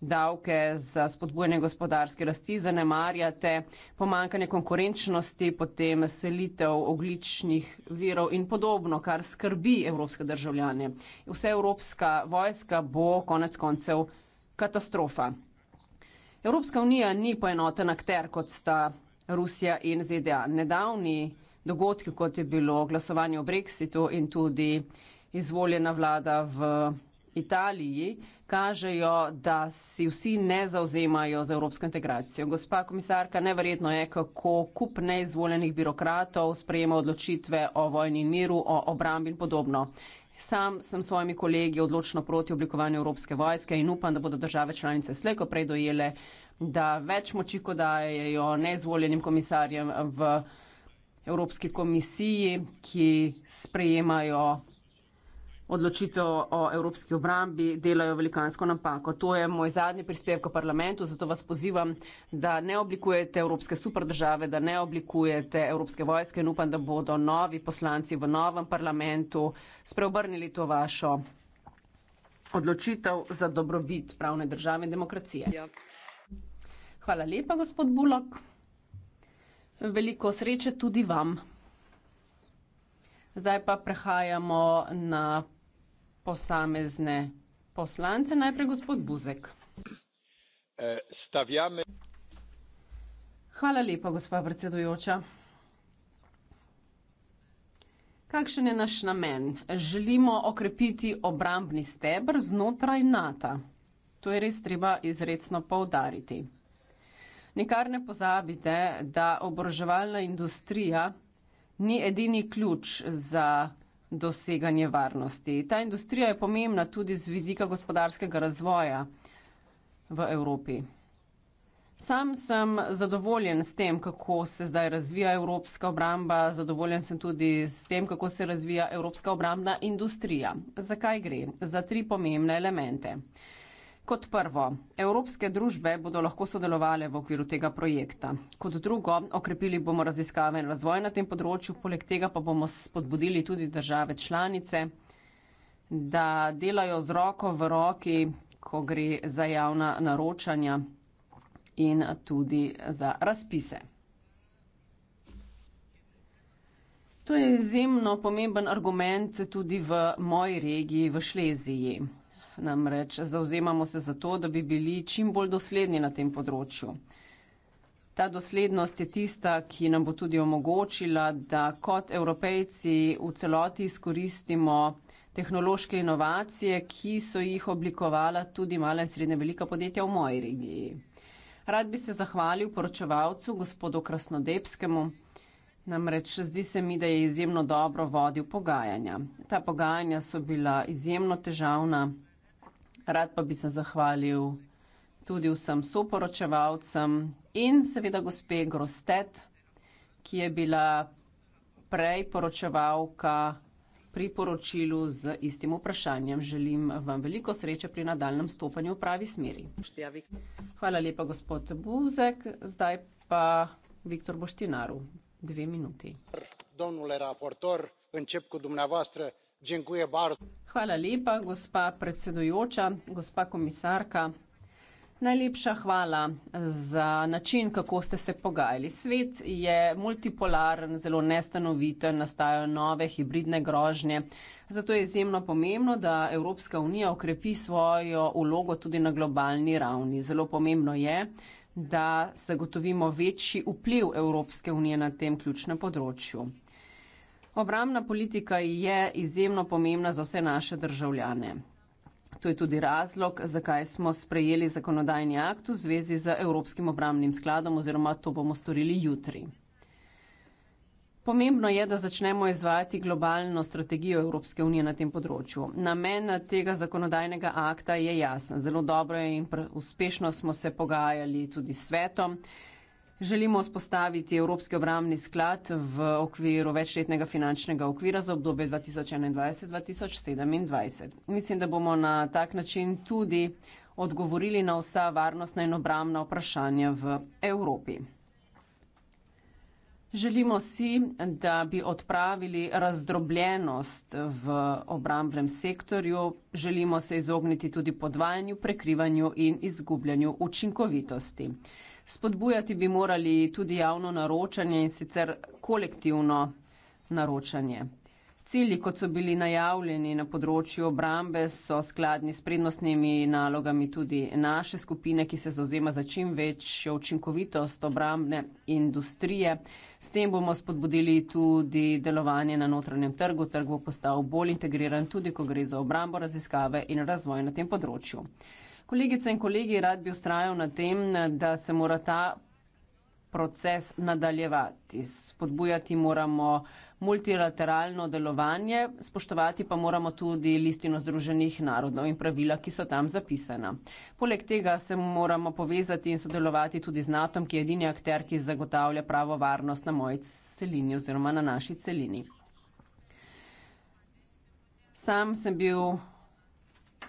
davke, za spodbujanje gospodarske rasti, zanemarjate pomankanje konkurenčnosti, potem selitev ogličnih virov in podobno, kar skrbi evropske državljane. Vse evropska vojska bo konec koncev katastrofa. Evropska unija ni poenoten akter, kot sta Rusija in ZDA. Nedavni dogodki, kot je bilo glasovanje o Brexitu in tudi izvoljena vlada v Italiji, kažejo, da si vsi ne zauzemajo za evropsko integracijo. Gospa komisarka, neverjetno je, kako kup neizvoljenih birokratov sprejema odločitve o vojni in miru, o obrambi in podobno. Sam sem s svojimi kolegi odločno proti oblikovanju Evropske vojske in upam, da bodo države članice slejko prej dojele, da več moči, ko dajejo neizvoljenim komisarjem v Evropski komisiji, ki sprejemajo odločitev o evropski obrambi delajo velikansko napako. To je moj zadnji prispevek v parlamentu, zato vas pozivam, da ne oblikujete evropske superdržave, da ne oblikujete evropske vojske in upam, da bodo novi poslanci v novem parlamentu spreobrnili to vašo odločitev za dobrobit pravne države in demokracije. Ja. Hvala lepa, gospod Bulok. Veliko sreče tudi vam. Zdaj pa prehajamo na posamezne poslance. Najprej gospod Buzek. Stavljame. Hvala lepa, gospa predsedujoča. Kakšen je naš namen? Želimo okrepiti obrambni stebr znotraj NATO. To je res treba izredno poudariti. Nikar ne pozabite, da oboroževalna industrija ni edini ključ za doseganje varnosti. Ta industrija je pomembna tudi z vidika gospodarskega razvoja v Evropi. Sam sem zadovoljen s tem, kako se zdaj razvija evropska obramba, zadovoljen sem tudi s tem, kako se razvija evropska obrambna industrija. Zakaj gre? Za tri pomembne elemente. Kot prvo, evropske družbe bodo lahko sodelovale v okviru tega projekta. Kot drugo, okrepili bomo raziskave in razvoj na tem področju, poleg tega pa bomo spodbudili tudi države članice, da delajo z roko v roki, ko gre za javna naročanja in tudi za razpise. To je izjemno pomemben argument tudi v moji regiji, v Šleziji namreč zauzemamo se za to, da bi bili čim bolj dosledni na tem področju. Ta doslednost je tista, ki nam bo tudi omogočila, da kot evropejci v celoti izkoristimo tehnološke inovacije, ki so jih oblikovala tudi mala in srednja velika podjetja v moji regiji. Rad bi se zahvalil poročevalcu, gospodu Krasnodebskemu, namreč zdi se mi, da je izjemno dobro vodil pogajanja. Ta pogajanja so bila izjemno težavna. Rad pa bi se zahvalil tudi vsem soporočevalcem in seveda gospe Grostet, ki je bila prej poročevalka pri poročilu z istim vprašanjem. Želim vam veliko sreče pri nadaljem stopanju v pravi smeri. Hvala lepa, gospod Buzek. Zdaj pa Viktor Boštinaru. Dve minuti. Donule raportor, začnem kot dumneavoastră. Hvala lepa, gospa predsedujoča, gospa komisarka. Najlepša hvala za način, kako ste se pogajali. Svet je multipolaren, zelo nestanoviten, nastajajo nove hibridne grožnje. Zato je izjemno pomembno, da Evropska unija okrepi svojo ulogo tudi na globalni ravni. Zelo pomembno je, da zagotovimo večji vpliv Evropske unije na tem ključnem področju. Obramna politika je izjemno pomembna za vse naše državljane. To je tudi razlog, zakaj smo sprejeli zakonodajni akt v zvezi z Evropskim obramnim skladom oziroma to bomo storili jutri. Pomembno je, da začnemo izvajati globalno strategijo Evropske unije na tem področju. Namen tega zakonodajnega akta je jasen. Zelo dobro je in uspešno smo se pogajali tudi s svetom. Želimo vzpostaviti Evropski obramni sklad v okviru večletnega finančnega okvira za obdobje 2021-2027. Mislim, da bomo na tak način tudi odgovorili na vsa varnostna in obramna vprašanja v Evropi. Želimo si, da bi odpravili razdrobljenost v obrambnem sektorju, želimo se izogniti tudi podvajanju, prekrivanju in izgubljanju učinkovitosti. Spodbujati bi morali tudi javno naročanje in sicer kolektivno naročanje. Cilji, kot so bili najavljeni na področju obrambe, so skladni s prednostnimi nalogami tudi naše skupine, ki se zauzema za čim večjo učinkovitost obrambne industrije. S tem bomo spodbudili tudi delovanje na notranjem trgu. Trg bo postal bolj integriran, tudi ko gre za obrambo, raziskave in razvoj na tem področju. Kolegice in kolegi, rad bi ustrajal na tem, da se mora ta proces nadaljevati. Spodbujati moramo multilateralno delovanje, spoštovati pa moramo tudi listino Združenih narodov in pravila, ki so tam zapisana. Poleg tega se moramo povezati in sodelovati tudi z NATO, ki je edini akter, ki zagotavlja pravo varnost na moji celini oziroma na naši celini. Sam sem bil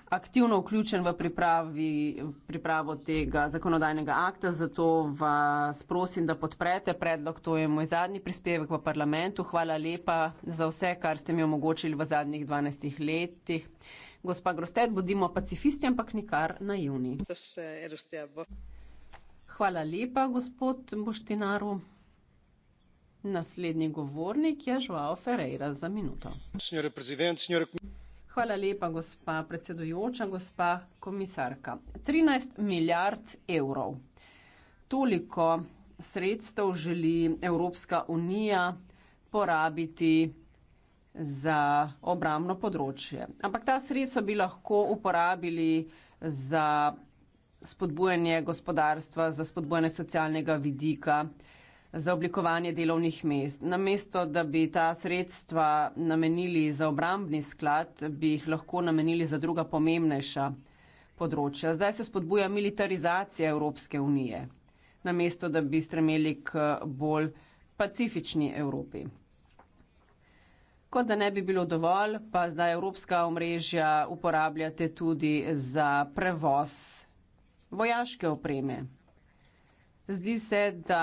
aktivno vključen v pripravi, pripravo tega zakonodajnega akta, zato vas prosim, da podprete predlog. To je moj zadnji prispevek v parlamentu. Hvala lepa za vse, kar ste mi omogočili v zadnjih 12 letih. Gospa Grosted, bodimo pacifisti, ampak nikar naivni. Hvala lepa, gospod Boštinaru. Naslednji govornik je Žuao Ferreira za minuto. Senjore prezident, senjore komisar. Hvala lepa, gospa predsedujoča, gospa komisarka. 13 milijard evrov. Toliko sredstev želi Evropska unija porabiti za obramno področje. Ampak ta sredstva bi lahko uporabili za spodbujanje gospodarstva, za spodbujanje socialnega vidika, za oblikovanje delovnih mest. Namesto, da bi ta sredstva namenili za obrambni sklad, bi jih lahko namenili za druga pomembnejša področja. Zdaj se spodbuja militarizacija Evropske unije, namesto, da bi stremeli k bolj pacifični Evropi. Kot da ne bi bilo dovolj, pa zdaj evropska omrežja uporabljate tudi za prevoz vojaške opreme. Zdi se, da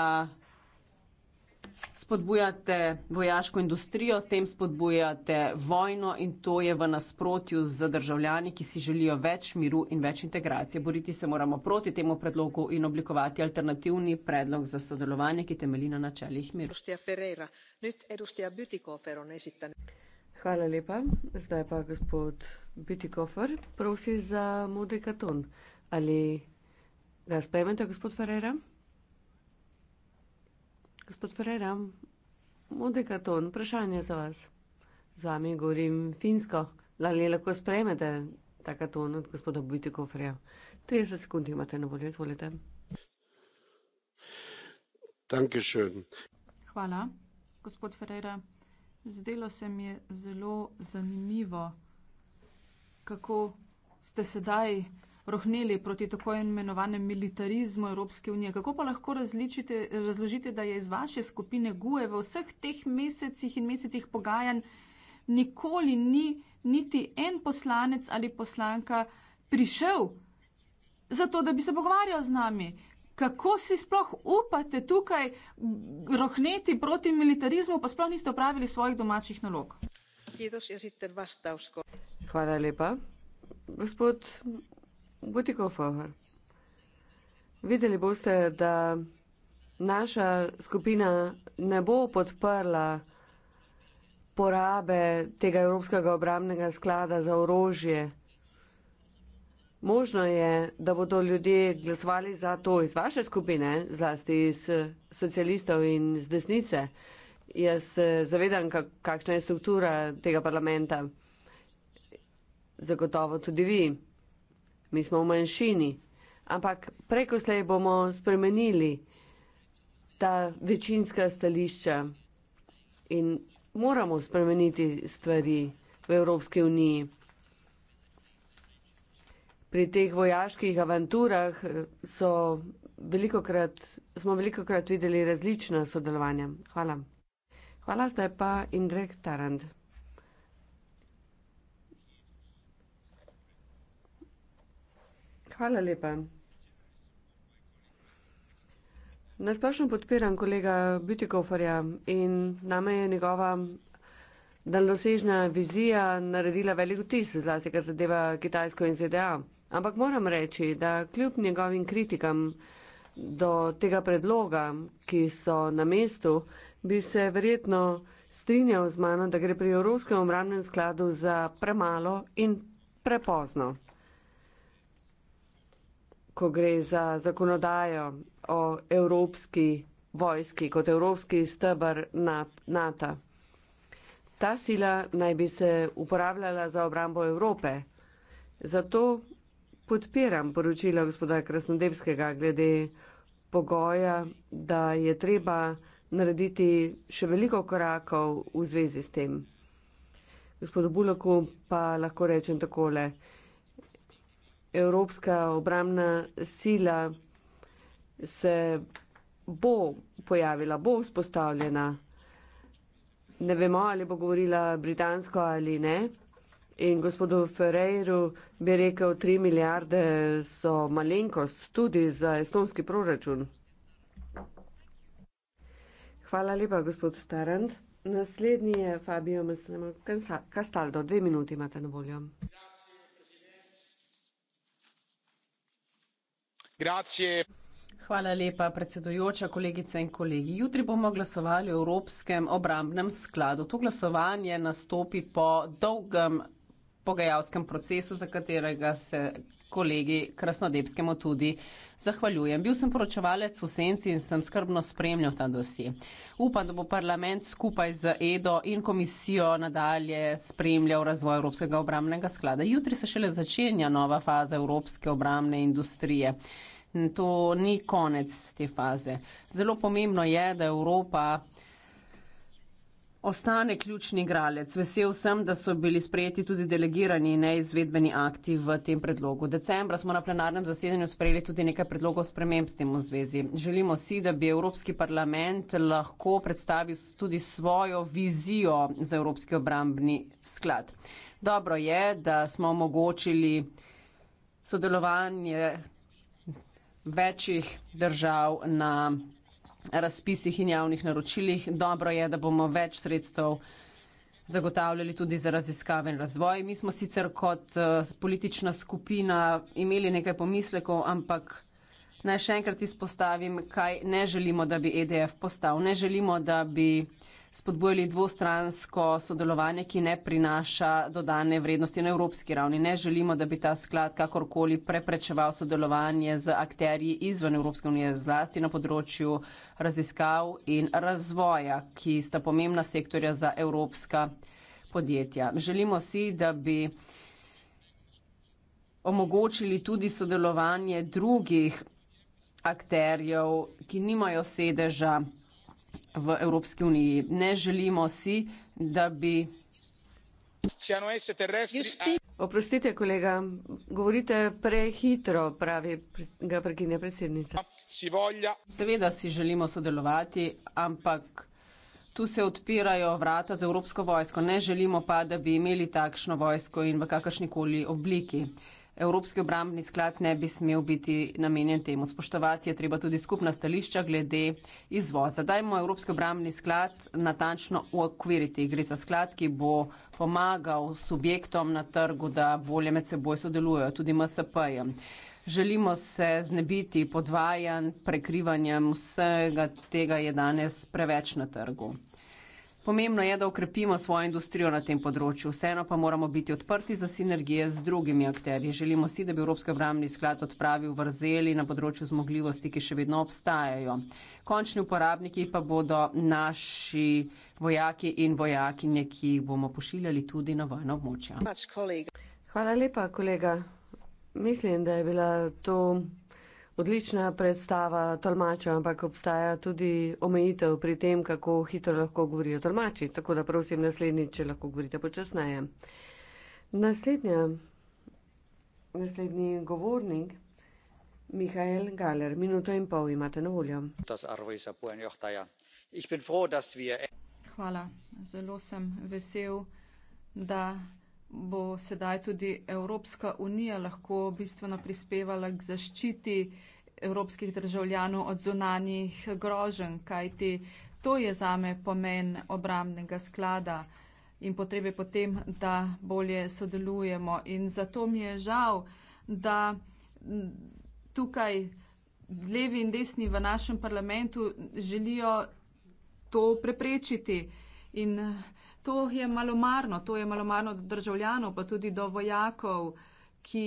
spodbujate vojaško industrijo, s tem spodbujate vojno in to je v nasprotju z državljani, ki si želijo več miru in več integracije. Boriti se moramo proti temu predlogu in oblikovati alternativni predlog za sodelovanje, ki temelji na načelih miru. Hvala lepa. Zdaj pa gospod Bütikofer prosi za modri karton. Ali ga sprejmete, gospod Ferreira? Gospod Ferreira, Monte Carton, vprašanje za vas. Z vami govorim finsko. Ali lahko sprejmete ta karton od gospoda Bujtikofreja? 30 sekund imate na voljo, izvolite. Dankeschön. Hvala, gospod Ferreira. Zdelo se mi je zelo zanimivo, kako ste sedaj rohneli proti tako imenovanem militarizmu Evropske unije. Kako pa lahko razložite, da je iz vaše skupine GUE v vseh teh mesecih in mesecih pogajanj nikoli ni niti en poslanec ali poslanka prišel zato, da bi se pogovarjal z nami? Kako si sploh upate tukaj rohneti proti militarizmu, pa sploh niste opravili svojih domačih nalog? Ja Hvala lepa. Gospod Butiko Fohr. Videli boste, da naša skupina ne bo podprla porabe tega Evropskega obramnega sklada za orožje. Možno je, da bodo ljudje glasovali za to iz vaše skupine, zlasti iz socialistov in z desnice. Jaz zavedam, kakšna je struktura tega parlamenta. Zagotovo tudi vi mi smo v manjšini, ampak preko slej bomo spremenili ta večinska stališča in moramo spremeniti stvari v Evropski uniji. Pri teh vojaških avanturah eh, so veliko krat, smo veliko krat videli različna sodelovanja. Hvala. Hvala zdaj pa Indrek Tarand. Hvala lepa. Nasplošno podpiram kolega Bütikoferja in nama je njegova daljnosežna vizija naredila velik vtis, zlasti kar zadeva Kitajsko in ZDA. Ampak moram reči, da kljub njegovim kritikam do tega predloga, ki so na mestu, bi se verjetno strinjal z mano, da gre pri Evropskem obramnem skladu za premalo in prepozno ko gre za zakonodajo o evropski vojski kot evropski stebr NATO. Ta sila naj bi se uporabljala za obrambo Evrope. Zato podpiram poročila gospoda Krasnodebskega glede pogoja, da je treba narediti še veliko korakov v zvezi s tem. Gospodu Buloku pa lahko rečem takole evropska obramna sila se bo pojavila, bo vzpostavljena. Ne vemo, ali bo govorila britansko ali ne. In gospodu Ferreiru bi rekel, 3 milijarde so malenkost tudi za estonski proračun. Hvala lepa, gospod Tarant. Naslednji je Fabio Maslimo Kastaldo. Dve minuti imate na voljo. Ja. Hvala lepa, predsedujoča, kolegice in kolegi. Jutri bomo glasovali o Evropskem obrambnem skladu. To glasovanje nastopi po dolgem pogajalskem procesu, za katerega se kolegi Krasnodebskemu tudi zahvaljujem. Bil sem poročevalec v Senci in sem skrbno spremljal ta dosje. Upam, da bo parlament skupaj z Edo in komisijo nadalje spremljal razvoj Evropskega obramnega sklada. Jutri se šele začenja nova faza Evropske obramne industrije. To ni konec te faze. Zelo pomembno je, da Evropa ostane ključni igralec. Vesel sem, da so bili sprejeti tudi delegirani neizvedbeni akti v tem predlogu. Decembra smo na plenarnem zasedanju sprejeli tudi nekaj predlogov sprememb s tem v zvezi. Želimo si, da bi Evropski parlament lahko predstavil tudi svojo vizijo za Evropski obrambni sklad. Dobro je, da smo omogočili sodelovanje večjih držav na razpisih in javnih naročilih. Dobro je, da bomo več sredstev zagotavljali tudi za raziskave in razvoj. Mi smo sicer kot uh, politična skupina imeli nekaj pomislekov, ampak naj še enkrat izpostavim, kaj ne želimo, da bi EDF postal. Ne želimo, da bi spodbojali dvostransko sodelovanje, ki ne prinaša dodane vrednosti na evropski ravni. Ne želimo, da bi ta sklad kakorkoli preprečeval sodelovanje z akterji izven Evropske unije, zlasti na področju raziskav in razvoja, ki sta pomembna sektorja za evropska podjetja. Želimo si, da bi omogočili tudi sodelovanje drugih akterjev, ki nimajo sedeža v Evropski uniji. Ne želimo si, da bi. Oprostite, kolega, govorite prehitro, pravi ga prekinja predsednica. Seveda si želimo sodelovati, ampak tu se odpirajo vrata za Evropsko vojsko. Ne želimo pa, da bi imeli takšno vojsko in v kakršnikoli obliki. Evropski obrambni sklad ne bi smel biti namenjen temu. Spoštovati je treba tudi skupna stališča glede izvoza. Dajmo Evropski obrambni sklad natančno uokviriti. Gre za sklad, ki bo pomagal subjektom na trgu, da bolje med seboj sodelujejo, tudi MSP-jem. Želimo se znebiti podvajanj, prekrivanjem vsega tega je danes preveč na trgu. Pomembno je, da ukrepimo svojo industrijo na tem področju. Vseeno pa moramo biti odprti za sinergije z drugimi akterji. Želimo si, da bi Evropski obramni sklad odpravil vrzeli na področju zmogljivosti, ki še vedno obstajajo. Končni uporabniki pa bodo naši vojaki in vojakinje, ki jih bomo pošiljali tudi na vojno območje. Hvala lepa, kolega. Mislim, da je bila to odlična predstava tolmačev, ampak obstaja tudi omejitev pri tem, kako hitro lahko govorijo tolmači. Tako da prosim naslednjič, če lahko govorite počasneje. Naslednja, naslednji govornik. Michael Galler, minuto in pol imate na voljo. Hvala. Zelo sem vesel, da bo sedaj tudi Evropska unija lahko bistveno prispevala k zaščiti evropskih državljanov od zunanjih groženj, kajti to je zame pomen obramnega sklada in potrebe potem, da bolje sodelujemo. In zato mi je žal, da tukaj levi in desni v našem parlamentu želijo to preprečiti. In to je malomarno, to je malomarno do državljanov, pa tudi do vojakov, ki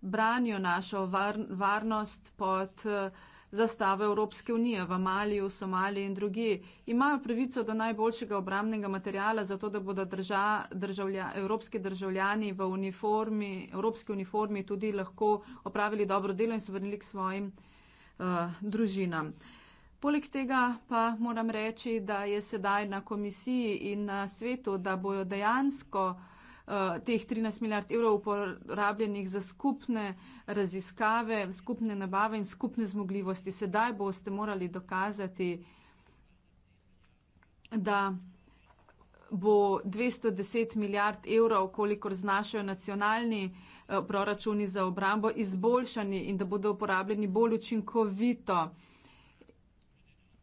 branijo našo var, varnost pod zastave Evropske unije v Maliju, Somaliji in drugi. Imajo pravico do najboljšega obramnega materijala, zato da bodo drža, državlja, evropski državljani v uniformi, evropski uniformi tudi lahko opravili dobro delo in se vrnili k svojim uh, družinam. Uh, Poleg tega pa moram reči, da je sedaj na komisiji in na svetu, da bojo dejansko eh, teh 13 milijard evrov uporabljenih za skupne raziskave, skupne nabave in skupne zmogljivosti. Sedaj boste morali dokazati, da bo 210 milijard evrov, kolikor znašajo nacionalni eh, proračuni za obrambo, izboljšani in da bodo uporabljeni bolj učinkovito.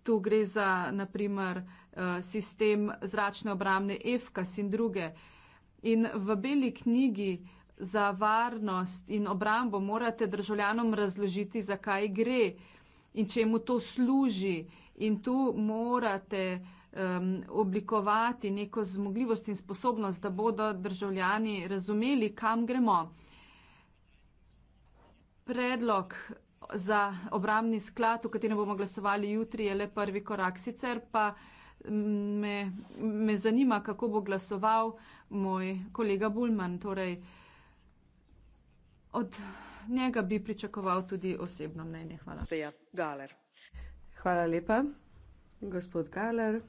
Tu gre za, naprimer, eh, sistem zračne obramne EFKAS in druge. In v beli knjigi za varnost in obrambo morate državljanom razložiti, zakaj gre in čemu to služi. In tu morate um, oblikovati neko zmogljivost in sposobnost, da bodo državljani razumeli, kam gremo. Predlog za obramni sklad, v katerem bomo glasovali jutri, je le prvi korak. Sicer pa me, me zanima, kako bo glasoval moj kolega Bulman. Torej, od njega bi pričakoval tudi osebno mnenje. Hvala. Hvala lepa, gospod Galer.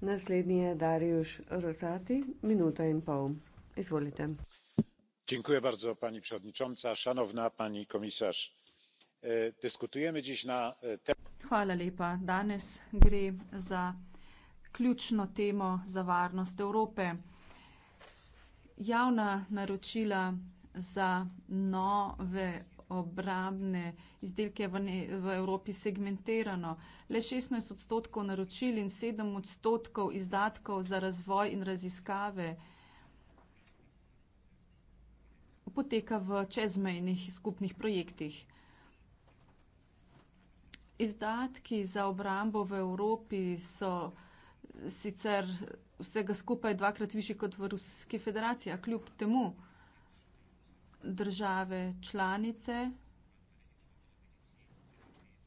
Naslednji je Darius Rosati, minuta in pol. Izvolite. Dziękuję bardzo, pani przewodnicząca, szanowna pani komisarz. E, e, Hvala lepa. Danes gre za ključno temo za varnost Evrope. Javna naročila za nove obrambne izdelke v, ne, v Evropi segmentirano. Le 16 odstotkov naročil in 7 odstotkov izdatkov za razvoj in raziskave poteka v čezmejnih skupnih projektih. Izdatki za obrambo v Evropi so sicer vsega skupaj dvakrat višji kot v Ruski federaciji, a kljub temu države članice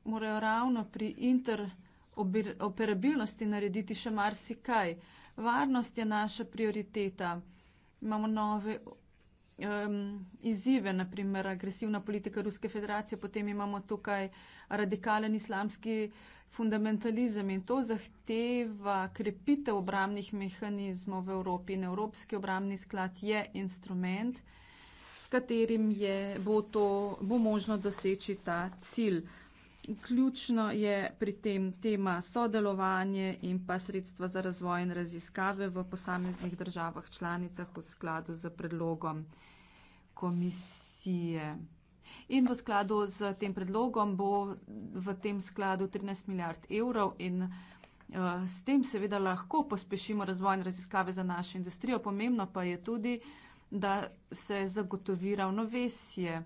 morajo ravno pri interoperabilnosti narediti še marsikaj. Varnost je naša prioriteta. Imamo nove um, izzive, naprimer agresivna politika Ruske federacije, potem imamo tukaj radikalen islamski fundamentalizem in to zahteva krepitev obramnih mehanizmov v Evropi in Evropski obramni sklad je instrument, s katerim je, bo, to, bo možno doseči ta cilj. Ključno je pri tem tema sodelovanje in pa sredstva za razvoj in raziskave v posameznih državah članicah v skladu z predlogom komisije. In v skladu z tem predlogom bo v tem skladu 13 milijard evrov in eh, s tem seveda lahko pospešimo razvoj in raziskave za našo industrijo. Pomembno pa je tudi, da se zagotovi ravnovesje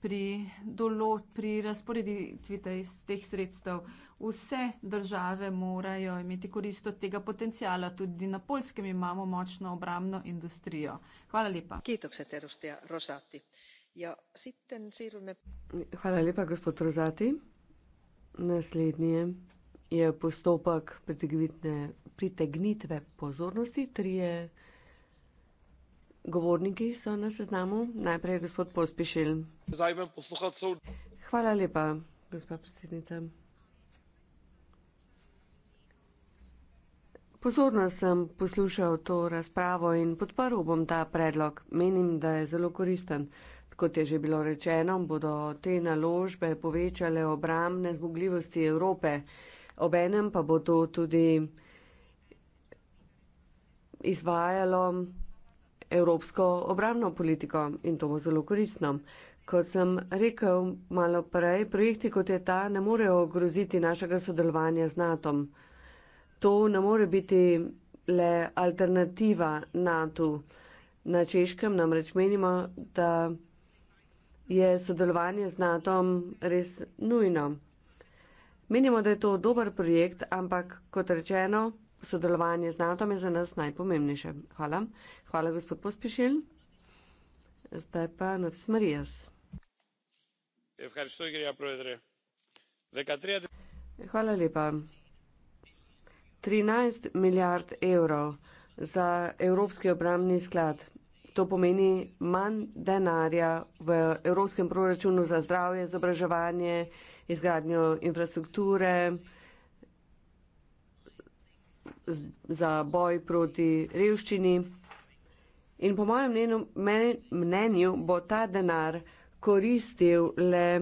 pri, dolo, pri razporeditvi teh sredstev. Vse države morajo imeti korist od tega potencijala. Tudi na polskem imamo močno obramno industrijo. Hvala lepa. Kitokset, Rostja, Rosati. Ja, sitten, sirume... Hvala lepa, gospod Rozati. Naslednje je postopek pritegnitve pozornosti. Trije govorniki so na seznamu. Najprej je gospod Pospišil. Zajmem poslušati sov. Hvala lepa, gospa predsednica. Pozorno sem poslušal to razpravo in podporil bom ta predlog. Menim, da je zelo koristen. Kot je že bilo rečeno, bodo te naložbe povečale obramne zmogljivosti Evrope. Obenem pa bo to tudi izvajalo evropsko obramno politiko in to bo zelo koristno. Kot sem rekel malo prej, projekti kot je ta ne morejo ogroziti našega sodelovanja z NATO. To ne more biti le alternativa NATO. Na češkem namreč menimo, da je sodelovanje z NATO res nujno. Menimo, da je to dober projekt, ampak kot rečeno, sodelovanje z NATO je za nas najpomembnejše. Hvala. Hvala, gospod Pospišil. Zdaj pa Nats Marijas. Hvala lepa. 13 milijard evrov za Evropski obramni sklad. To pomeni manj denarja v evropskem proračunu za zdravje, izobraževanje, izgradnjo infrastrukture, za boj proti revščini. In po mojem mnenju, men, mnenju bo ta denar koristil le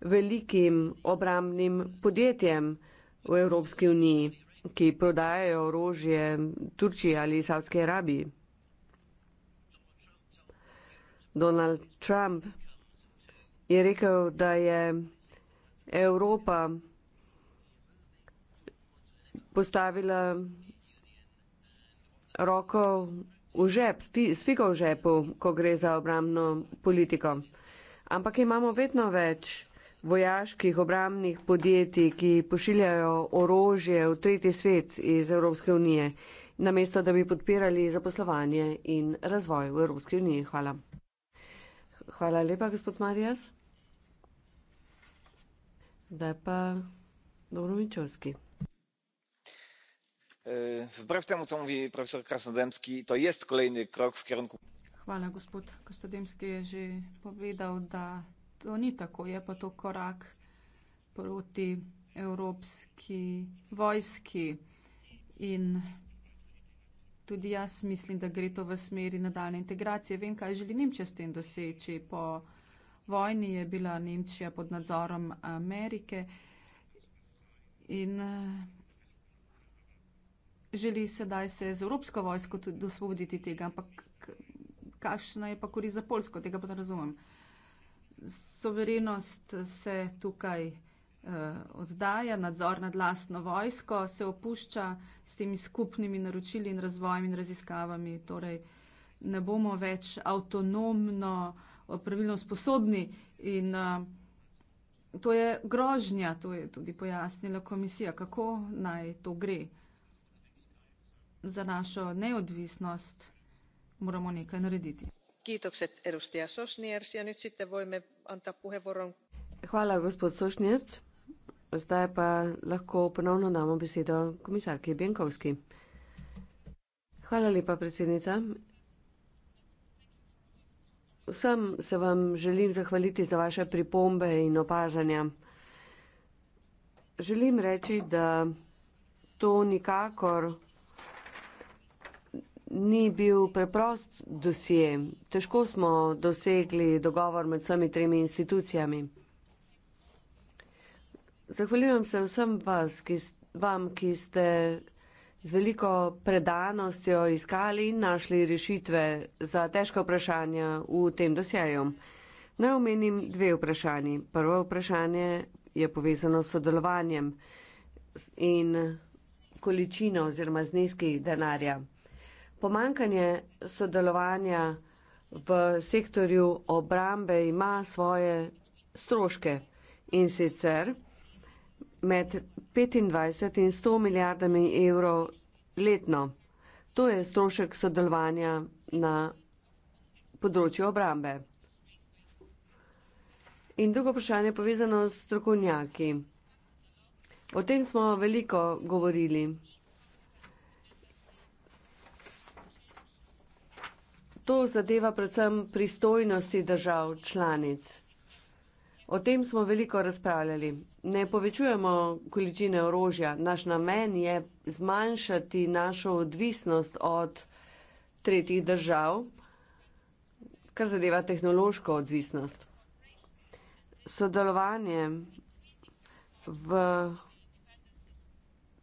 velikim obramnim podjetjem v Evropski uniji, ki prodajajo orožje Turčiji ali Saudski Arabiji. Donald Trump je rekel, da je Evropa postavila roko v žep, s figo v žepu, ko gre za obramno politiko. Ampak imamo vedno več vojaških obramnih podjetij, ki pošiljajo orožje v tretji svet iz Evropske unije, namesto da bi podpirali zaposlovanje in razvoj v Evropski uniji. Hvala. Hvala lepa, gospod Marijas. Da pa Dobro Mičovski. E, wbrew temu co mówi profesor krasnodębski to jest kolejny krok w kierunku. Hvala, gospod Kostodemski je že povedal, da to ni tako, je pa to korak proti evropski vojski in tudi jaz mislim, da gre to v smeri nadaljne integracije. Vem, kaj želi Nemčija s tem doseči. Po vojni je bila Nemčija pod nadzorom Amerike in želi sedaj se z evropsko vojsko tudi osvoboditi tega, ampak kakšna je pa korist za Polsko, tega pa ne razumem. Soverenost se tukaj eh, oddaja, nadzor nad lastno vojsko se opušča s temi skupnimi naročili in razvojem in raziskavami. Torej, ne bomo več avtonomno, eh, pravilno sposobni in eh, to je grožnja, to je tudi pojasnila komisija, kako naj to gre za našo neodvisnost moramo nekaj narediti. Ja Hvala, gospod Sošnjec. Zdaj pa lahko ponovno damo besedo komisarki Benkovski. Hvala lepa, predsednica. Vsem se vam želim zahvaliti za vaše pripombe in opažanja. Želim reči, da to nikakor ni bil preprost dosje. Težko smo dosegli dogovor med vsemi tremi institucijami. Zahvaljujem se vsem vas, ki, vam, ki ste z veliko predanostjo iskali in našli rešitve za težka vprašanja v tem dosjeju. Naj omenim dve vprašanji. Prvo vprašanje je povezano s sodelovanjem in količino oziroma zneski denarja pomankanje sodelovanja v sektorju obrambe ima svoje stroške in sicer med 25 in 100 milijardami evrov letno. To je strošek sodelovanja na področju obrambe. In drugo vprašanje je povezano s strokovnjaki. O tem smo veliko govorili. to zadeva predvsem pristojnosti držav članic. O tem smo veliko razpravljali. Ne povečujemo količine orožja. Naš namen je zmanjšati našo odvisnost od tretjih držav, kar zadeva tehnološko odvisnost. Sodelovanje v,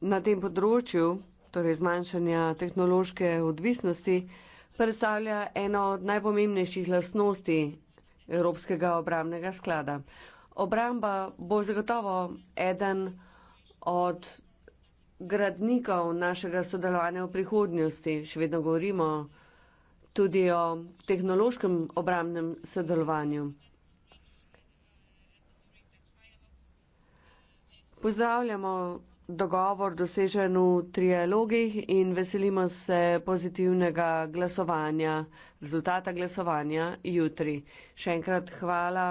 na tem področju, torej zmanjšanja tehnološke odvisnosti, predstavlja eno od najpomembnejših lastnosti Evropskega obramnega sklada. Obramba bo zagotovo eden od gradnikov našega sodelovanja v prihodnosti. Še vedno govorimo tudi o tehnološkem obramnem sodelovanju. Pozdravljamo dogovor dosežen v trialogih in veselimo se pozitivnega glasovanja, rezultata glasovanja jutri. Še enkrat hvala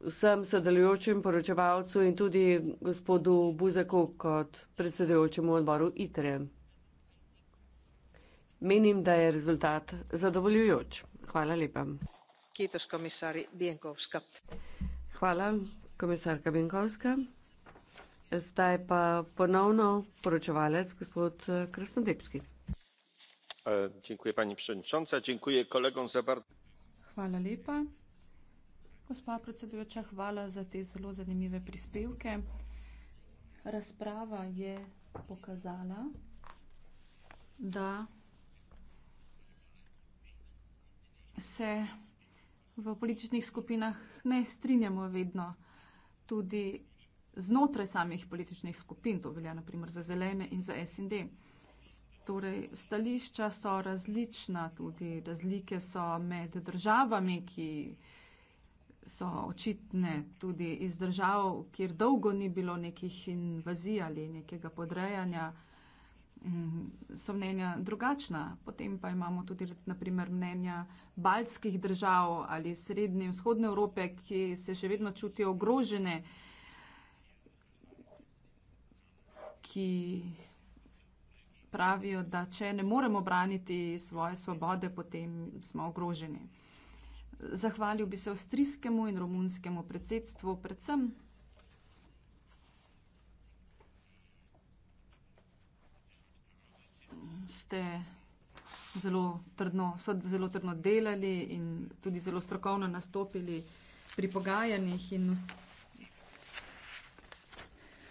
vsem sodelujočim poročevalcu in tudi gospodu Buzeku kot predsedujočemu odboru ITRE. Menim, da je rezultat zadovoljujoč. Hvala lepa. Kitos, komisar Bienkovska. Hvala, komisarka Bienkovska. Zdaj pa ponovno poročevalec, gospod eh, Krasnodebski. E, dziękuję pani przewodnicząca, dziękuję kolegom za bardzo. Hvala lepa. Gospa predsedujoča, hvala za te zelo zanimive prispevke. Razprava je pokazala, da se v političnih skupinah ne strinjamo vedno tudi znotraj samih političnih skupin, to velja naprimer za zelene in za SND. Torej, stališča so različna, tudi razlike so med državami, ki so očitne tudi iz držav, kjer dolgo ni bilo nekih invazij ali nekega podrejanja, mm, so mnenja drugačna. Potem pa imamo tudi naprimer mnenja baltskih držav ali srednje in vzhodne Evrope, ki se še vedno čutijo ogrožene. ki pravijo, da če ne moremo braniti svoje svobode, potem smo ogroženi. Zahvalil bi se avstrijskemu in romunskemu predsedstvu, predvsem. Ste zelo trdno, so zelo trdno delali in tudi zelo strokovno nastopili pri pogajanjih in vse.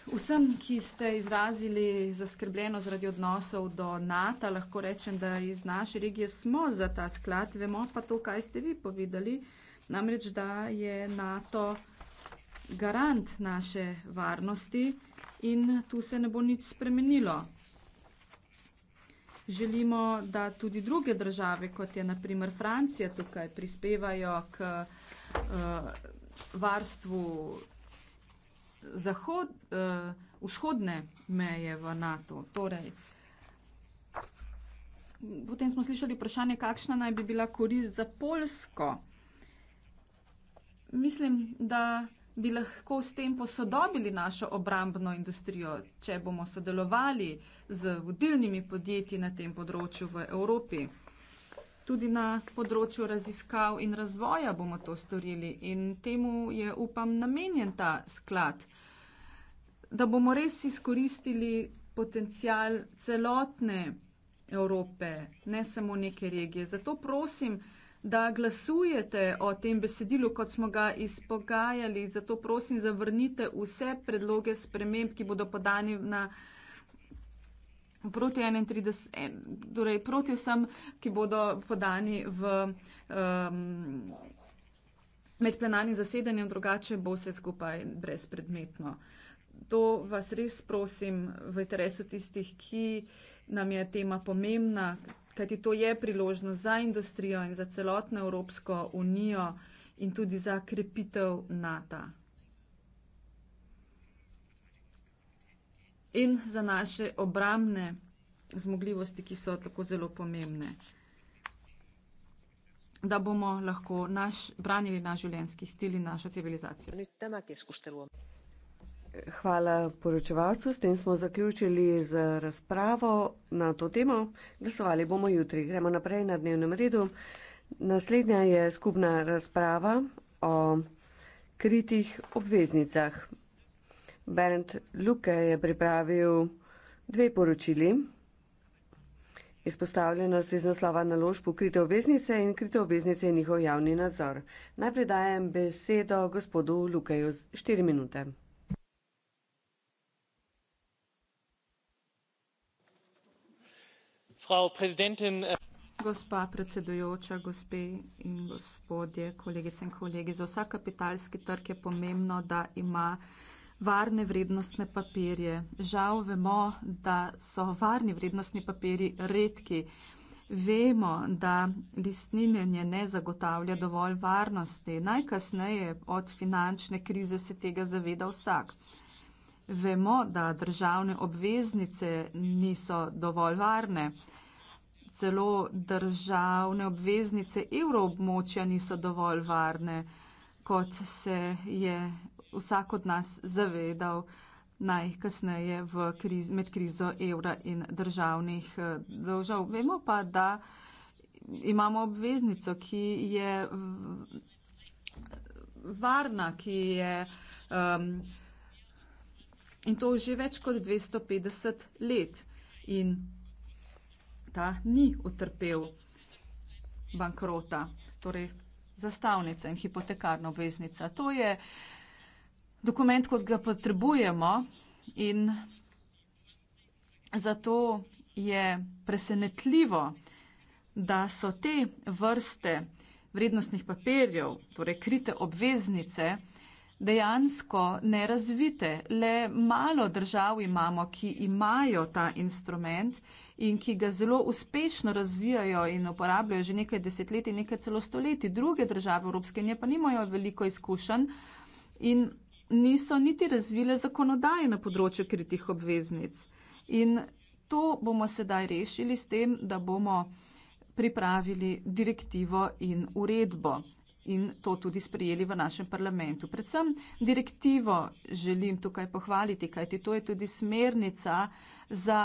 Vsem, ki ste izrazili zaskrbljeno zaradi odnosov do NATO, lahko rečem, da iz naše regije smo za ta sklad, vemo pa to, kaj ste vi povedali, namreč, da je NATO garant naše varnosti in tu se ne bo nič spremenilo. Želimo, da tudi druge države, kot je naprimer Francija, tukaj prispevajo k uh, varstvu zahod, uh, vzhodne meje v NATO. Torej, potem smo slišali vprašanje, kakšna naj bi bila korist za Polsko. Mislim, da bi lahko s tem posodobili našo obrambno industrijo, če bomo sodelovali z vodilnimi podjetji na tem področju v Evropi tudi na področju raziskav in razvoja bomo to storili in temu je, upam, namenjen ta sklad, da bomo res izkoristili potencial celotne Evrope, ne samo neke regije. Zato prosim, da glasujete o tem besedilu, kot smo ga izpogajali. Zato prosim, zavrnite vse predloge sprememb, ki bodo podani na proti 31, en, torej proti vsem, ki bodo podani v. Um, Med plenarnim zasedanjem drugače bo vse skupaj brezpredmetno. To vas res prosim v interesu tistih, ki nam je tema pomembna, kajti to je priložnost za industrijo in za celotno Evropsko unijo in tudi za krepitev NATO. in za naše obramne zmogljivosti, ki so tako zelo pomembne, da bomo lahko naš, branili naš življenjski stil in našo civilizacijo. Hvala poročevalcu, s tem smo zaključili z razpravo na to temo. Glasovali bomo jutri. Gremo naprej na dnevnem redu. Naslednja je skupna razprava o kritih obveznicah. Bernd Luke je pripravil dve poročili. Izpostavljenost iz naslova naložb v krite obveznice in krite obveznice in njihov javni nadzor. Najprej dajem besedo gospodu Lukeju z 4 minute. Äh, Gospa predsedujoča, gospe in gospodje, kolegice in kolegi, za vsak kapitalski trg je pomembno, da ima varne vrednostne papirje. Žal vemo, da so varni vrednostni papirji redki. Vemo, da listninjenje ne zagotavlja dovolj varnosti. Najkasneje od finančne krize se tega zaveda vsak. Vemo, da državne obveznice niso dovolj varne. Celo državne obveznice evroobmočja niso dovolj varne, kot se je vsak od nas zavedal najkasneje v kriz, med krizo evra in državnih eh, dolžav. Vemo pa, da imamo obveznico, ki je varna, ki je um, in to že več kot 250 let in ta ni utrpel bankrota, torej zastavnica in hipotekarna obveznica. To je dokument, kot ga potrebujemo in zato je presenetljivo, da so te vrste vrednostnih papirjev, torej krite obveznice, dejansko nerazvite. Le malo držav imamo, ki imajo ta instrument in ki ga zelo uspešno razvijajo in uporabljajo že nekaj desetletij, nekaj celo stoletij. Druge države Evropske unije pa nimajo veliko izkušenj in niso niti razvile zakonodaje na področju kritih obveznic. In to bomo sedaj rešili s tem, da bomo pripravili direktivo in uredbo in to tudi sprejeli v našem parlamentu. Predvsem direktivo želim tukaj pohvaliti, kajti to je tudi smernica za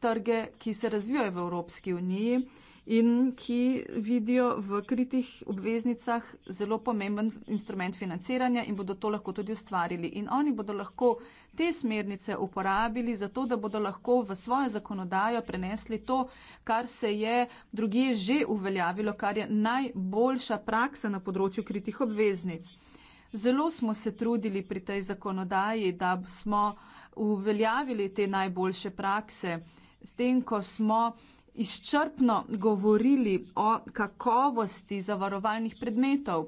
trge, ki se razvijajo v Evropski uniji. Uh, in ki vidijo v kritih obveznicah zelo pomemben instrument financiranja in bodo to lahko tudi ustvarili. In oni bodo lahko te smernice uporabili za to, da bodo lahko v svojo zakonodajo prenesli to, kar se je drugi že uveljavilo, kar je najboljša praksa na področju kritih obveznic. Zelo smo se trudili pri tej zakonodaji, da smo uveljavili te najboljše prakse. S tem, ko smo izčrpno govorili o kakovosti zavarovalnih predmetov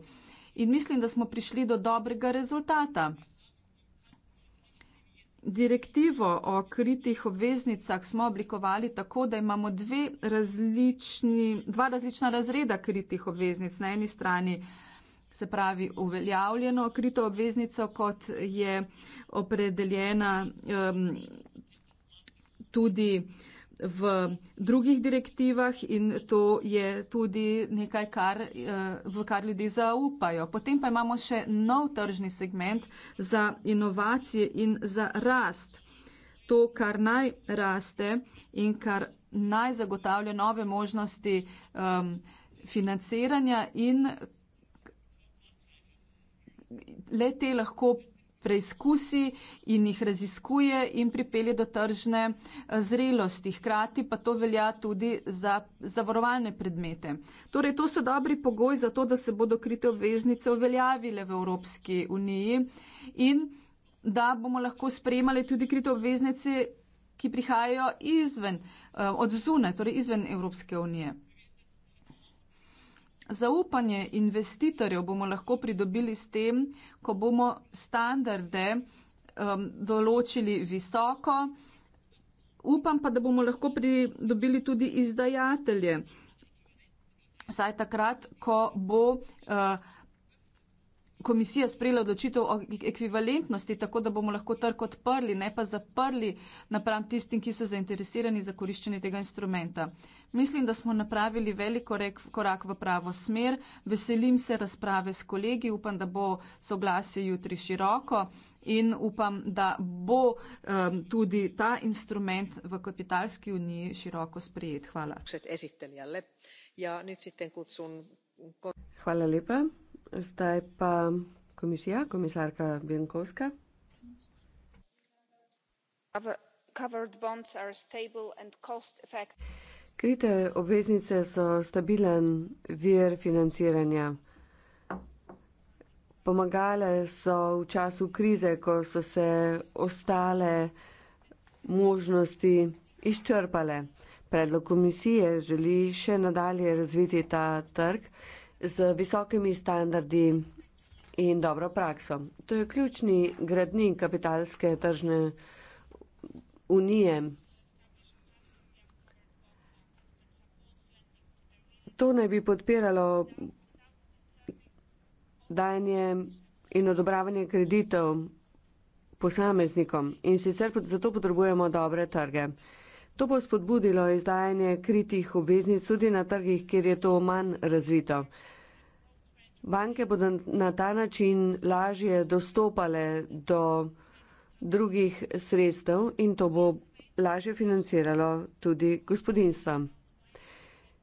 in mislim, da smo prišli do dobrega rezultata. Direktivo o kritih obveznicah smo oblikovali tako, da imamo dve različni, dva različna razreda kritih obveznic. Na eni strani se pravi uveljavljeno krito obveznico, kot je opredeljena um, tudi uh, v drugih direktivah in to je tudi nekaj, kar, eh, v kar ljudi zaupajo. Potem pa imamo še nov tržni segment za inovacije in za rast. To, kar naj raste in kar naj zagotavlja nove možnosti um, financiranja in le te lahko preizkusi in jih raziskuje in pripelje do tržne eh, zrelosti. Hkrati pa to velja tudi za zavarovalne predmete. Torej, to so dobri pogoji za to, da se bodo krite obveznice uveljavile v Evropski uniji in da bomo lahko sprejemali tudi krite obveznice, ki prihajajo izven, eh, od zune, torej izven Evropske unije. Zaupanje investitorjev bomo lahko pridobili s tem, ko bomo standarde um, določili visoko, upam pa, da bomo lahko pridobili tudi izdajatelje. Vsaj takrat, ko bo. Uh, komisija sprejela odločitev o ekvivalentnosti, tako da bomo lahko trg odprli, ne pa zaprli napram tistim, ki so zainteresirani za koriščenje tega instrumenta. Mislim, da smo napravili veliko rek, korak v pravo smer. Veselim se razprave s kolegi, upam, da bo soglasje jutri široko in upam, da bo um, tudi ta instrument v kapitalski uniji široko sprejet. Hvala. Ja, Hvala lepa. Zdaj pa komisija, komisarka Bjankovska. Krite obveznice so stabilen vir financiranja. Pomagale so v času krize, ko so se ostale možnosti izčrpale. Predlog komisije želi še nadalje razviti ta trg z visokimi standardi in dobro prakso. To je ključni gradnik kapitalske tržne unije. To naj bi podpiralo dajanje in odobravanje kreditov posameznikom in sicer zato potrebujemo dobre trge. To bo spodbudilo izdajanje kritih obveznic tudi na trgih, kjer je to manj razvito. Banke bodo na ta način lažje dostopale do drugih sredstev in to bo lažje financiralo tudi gospodinstva.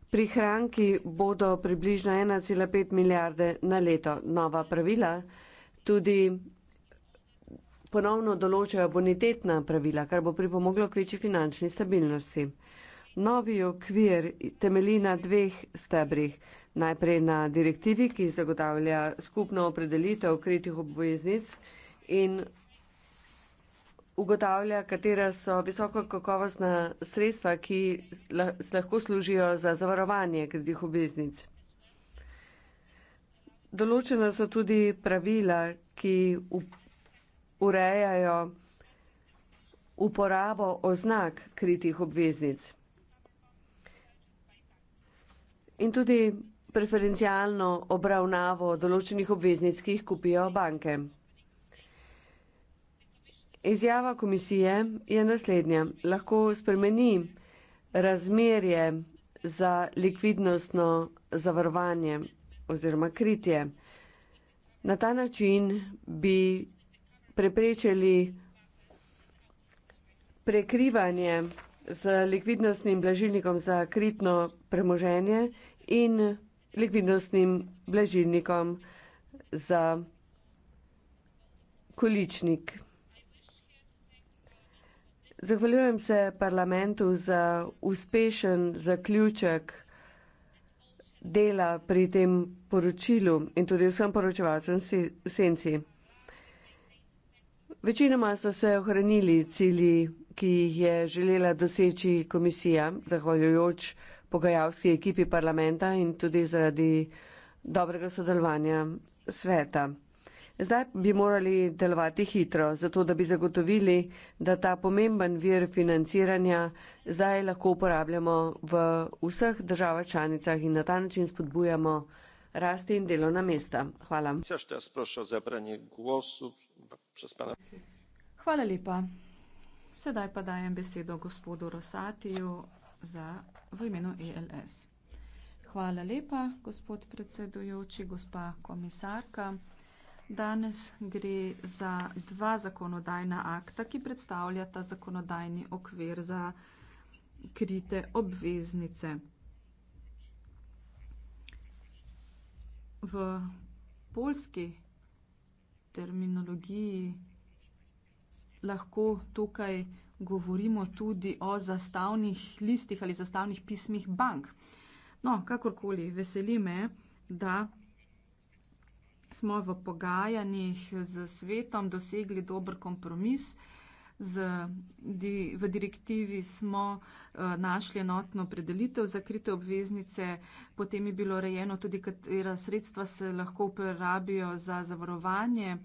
Prihranki bodo približno 1,5 milijarde na leto. Nova pravila tudi ponovno določajo bonitetna pravila, kar bo pripomoglo k večji finančni stabilnosti. Novi okvir temelji na dveh stebrih. Najprej na direktivi, ki zagotavlja skupno opredelitev kritih obveznic in ugotavlja, katera so visoko kakovostna sredstva, ki lahko služijo za zavarovanje kritih obveznic. Določena so tudi pravila, ki upravljajo urejajo uporabo oznak kritih obveznic. In tudi preferencialno obravnavo določenih obveznic, ki jih kupijo banke. Izjava komisije je naslednja. Lahko spremeni razmerje za likvidnostno zavarovanje oziroma kritje. Na ta način bi preprečili prekrivanje z likvidnostnim blažilnikom za kritno premoženje in likvidnostnim blažilnikom za količnik. Zahvaljujem se parlamentu za uspešen zaključek dela pri tem poročilu in tudi vsem poročevalcem v senci. Večinoma so se ohranili cilji, ki jih je želela doseči komisija, zahvaljujoč pogajalski ekipi parlamenta in tudi zaradi dobrega sodelovanja sveta. Zdaj bi morali delovati hitro, zato da bi zagotovili, da ta pomemben vir financiranja zdaj lahko uporabljamo v vseh državah članicah in na ta način spodbujamo rasti in delovna mesta. Hvala. Hvala lepa. Sedaj pa dajem besedo gospodu Rosatiju za v imenu ELS. Hvala lepa, gospod predsedujoči, gospa komisarka. Danes gre za dva zakonodajna akta, ki predstavljata zakonodajni okvir za krite obveznice. v polski terminologiji lahko tukaj govorimo tudi o zastavnih listih ali zastavnih pismih bank. No, kakorkoli, veseli me, da smo v pogajanjih z svetom dosegli dober kompromis z, di, v direktivi smo uh, našli enotno predelitev za krite obveznice, potem je bilo rejeno tudi, katera sredstva se lahko uporabijo za zavarovanje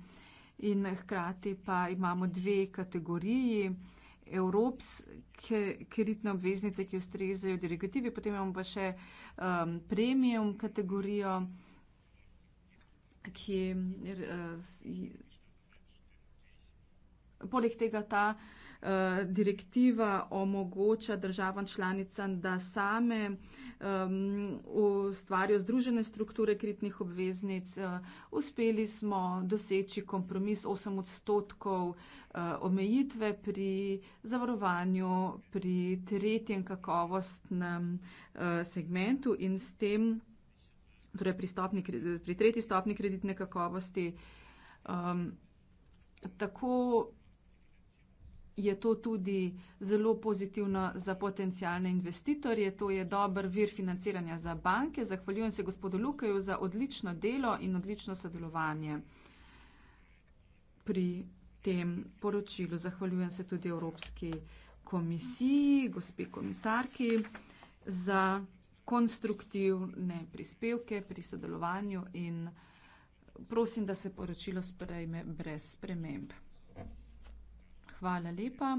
in hkrati pa imamo dve kategoriji. Evropske kreditne obveznice, ki ustrezajo direktivi, potem imamo pa še um, premium kategorijo, ki je. Uh, Poleg tega ta uh, direktiva omogoča državam članicam, da same um, ustvarijo združene strukture kritnih obveznic. Uh, uspeli smo doseči kompromis 8 odstotkov uh, omejitve pri zavarovanju, pri tretjem kakovostnem uh, segmentu in s tem, torej pri, stopni, pri tretji stopni kreditne kakovosti. Um, tako je to tudi zelo pozitivno za potencijalne investitorje. To je dober vir financiranja za banke. Zahvaljujem se gospodu Lukaju za odlično delo in odlično sodelovanje pri tem poročilu. Zahvaljujem se tudi Evropski komisiji, gospe komisarki, za konstruktivne prispevke pri sodelovanju in prosim, da se poročilo sprejme brez sprememb. Hvala lepa.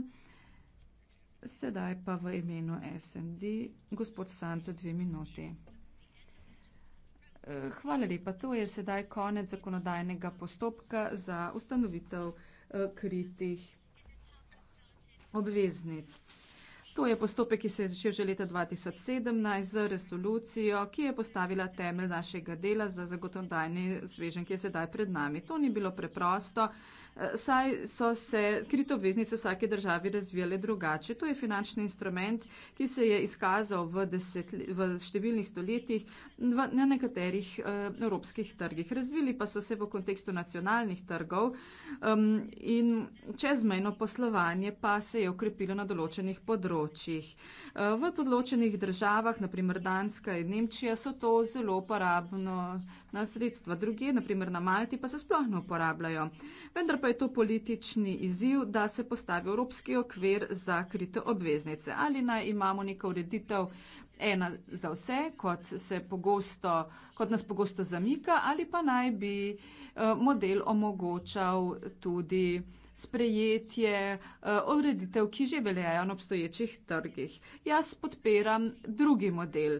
Sedaj pa v imenu SND, gospod Sanc, za dve minuti. Eh, hvala lepa. To je sedaj konec zakonodajnega postopka za ustanovitev eh, kritih obveznic. To je postopek, ki se je začel že leta 2017 z resolucijo, ki je postavila temelj našega dela za zagotovdajni zvežen, ki je sedaj pred nami. To ni bilo preprosto. Eh, saj so se kriptoveznice vsake državi razvijale drugače. To je finančni instrument, ki se je izkazal v, deset, v številnih stoletjih na nekaterih eh, evropskih trgih. Razvili pa so se v kontekstu nacionalnih trgov um, in čezmejno poslovanje pa se je okrepilo na določenih področjih. Eh, v podločenih državah, naprimer Danska in Nemčija, so to zelo uporabno na sredstva druge, naprimer na Malti, pa se sploh ne uporabljajo. Vendar pa je to politični izziv, da se postavi evropski okvir za krite obveznice. Ali naj imamo neko ureditev ena za vse, kot, pogosto, kot nas pogosto zamika, ali pa naj bi eh, model omogočal tudi sprejetje eh, ureditev, ki že veljajo na obstoječih trgih. Jaz podpiram drugi model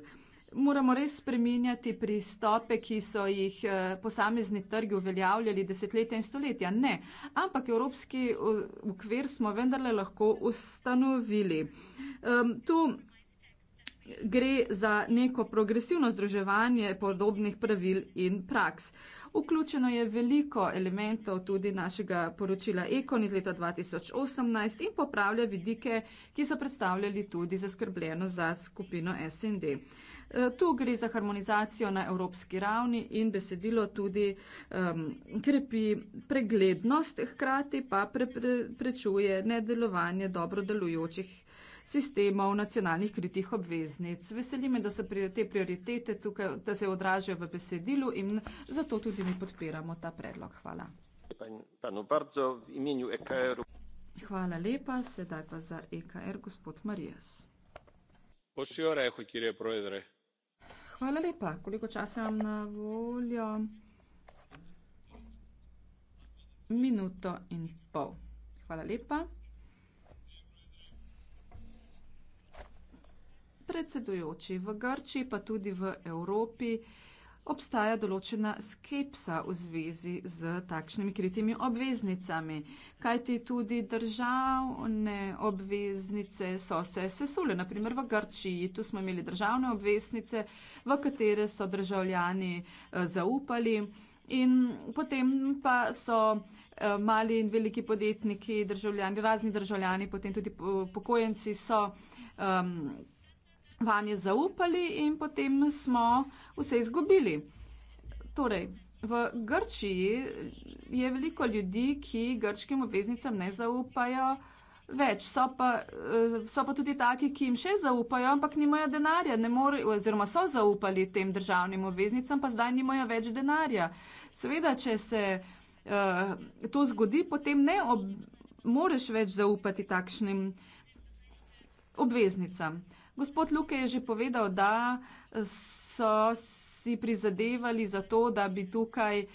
moramo res spremenjati pristope, ki so jih eh, posamezni trgi uveljavljali desetletja in stoletja. Ne, ampak evropski ukvir smo vendarle lahko ustanovili. Um, tu gre za neko progresivno združevanje podobnih pravil in praks. Vključeno je veliko elementov tudi našega poročila Ekon iz leta 2018 in popravlja vidike, ki so predstavljali tudi zaskrbljeno za skupino SND. Uh, Eh, tu gre za harmonizacijo na evropski ravni in besedilo tudi um, krepi preglednost, hkrati pa preprečuje nedelovanje dobro delujočih sistemov nacionalnih kritih obveznic. Veseli me, da se te prioritete tukaj, da se odražajo v besedilu in zato tudi mi podpiramo ta predlog. Hvala. E Hvala lepa, sedaj pa za EKR gospod Marijas. Posljora je, ko kje je projedre. Hvala lepa. Koliko časa imam na voljo? Minuto in pol. Hvala lepa. Predsedujoči, v Grčiji pa tudi v Evropi obstaja določena skepsa v zvezi z takšnimi kritimi obveznicami, kajti tudi državne obveznice so se sesule, naprimer v Grčiji, tu smo imeli državne obveznice, v katere so državljani eh, zaupali in potem pa so eh, mali in veliki podjetniki, državljani, razni državljani, potem tudi pokojenci so. Um, vanje zaupali in potem smo vse izgubili. Torej, v Grčiji je veliko ljudi, ki grčkim obveznicam ne zaupajo več. So pa, eh, so pa tudi taki, ki jim še zaupajo, ampak nimajo denarja, ne morejo, oziroma so zaupali tem državnim obveznicam, pa zdaj nimajo več denarja. Seveda, če se uh, to zgodi, potem ne ob, moreš več zaupati takšnim obveznicam. Gospod Luke je že povedal, da so si prizadevali za to, da bi tukaj eh,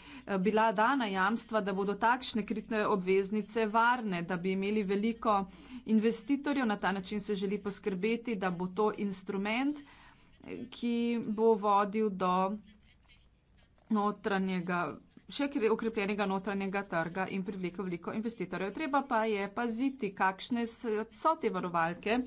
bila dana jamstva, da bodo takšne kritne obveznice varne, da bi imeli veliko investitorjev. Na ta način se želi poskrbeti, da bo to instrument, ki bo vodil do notranjega. Še ukrepljenega notranjega trga in privlekel veliko investitorjev. Treba pa je paziti, kakšne so te varovalke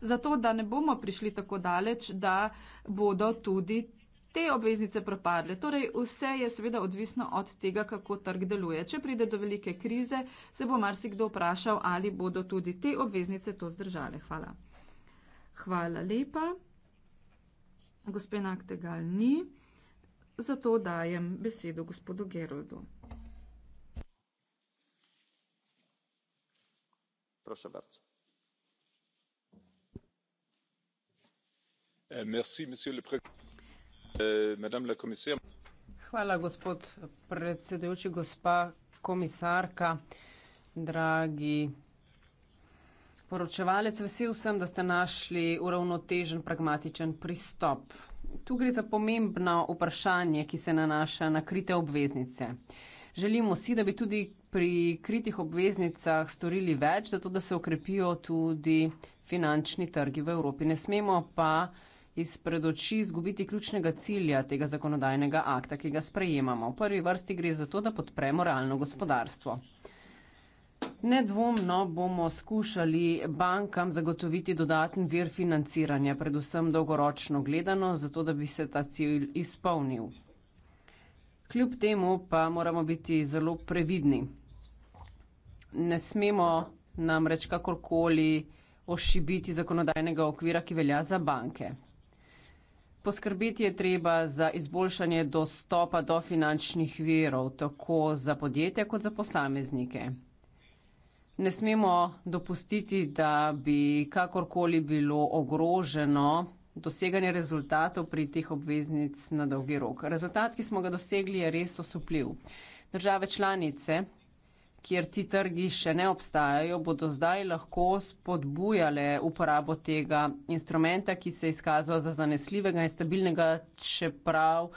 zato da ne bomo prišli tako daleč, da bodo tudi te obveznice propadle. Torej, vse je seveda odvisno od tega, kako trg deluje. Če pride do velike krize, se bo marsikdo vprašal, ali bodo tudi te obveznice to zdržale. Hvala. Hvala lepa. Gospod Naktegal ni, zato dajem besedo gospodu Geroldu. Prosim, Barca. Eh, monsieur le président eh, gospa komisarka dragi poročevalec vesel sem da ste našli uravnotežen pragmatičen pristop. Tu gre za pomembno vprašanje, ki se nanaša na krite obveznice. Želimo si, da bi tudi pri kritih obveznicah storili več, zato da se okrepijo tudi finančni trgi v Evropi. Ne smemo pa izpred oči izgubiti ključnega cilja tega zakonodajnega akta, ki ga sprejemamo. V prvi vrsti gre za to, da podpremo realno gospodarstvo. Nedvomno bomo skušali bankam zagotoviti dodatni vir financiranja, predvsem dolgoročno gledano, zato da bi se ta cilj izpolnil. Kljub temu pa moramo biti zelo previdni. Ne smemo namreč kakorkoli ošibiti zakonodajnega okvira, ki velja za banke. Poskrbeti je treba za izboljšanje dostopa do finančnih verov, tako za podjetje kot za posameznike. Ne smemo dopustiti, da bi kakorkoli bilo ogroženo doseganje rezultatov pri teh obveznic na dolgi rok. Rezultat, ki smo ga dosegli, je res osupljiv. Države članice kjer ti trgi še ne obstajajo, bodo zdaj lahko spodbujale uporabo tega instrumenta, ki se je izkazal za zanesljivega in stabilnega, čeprav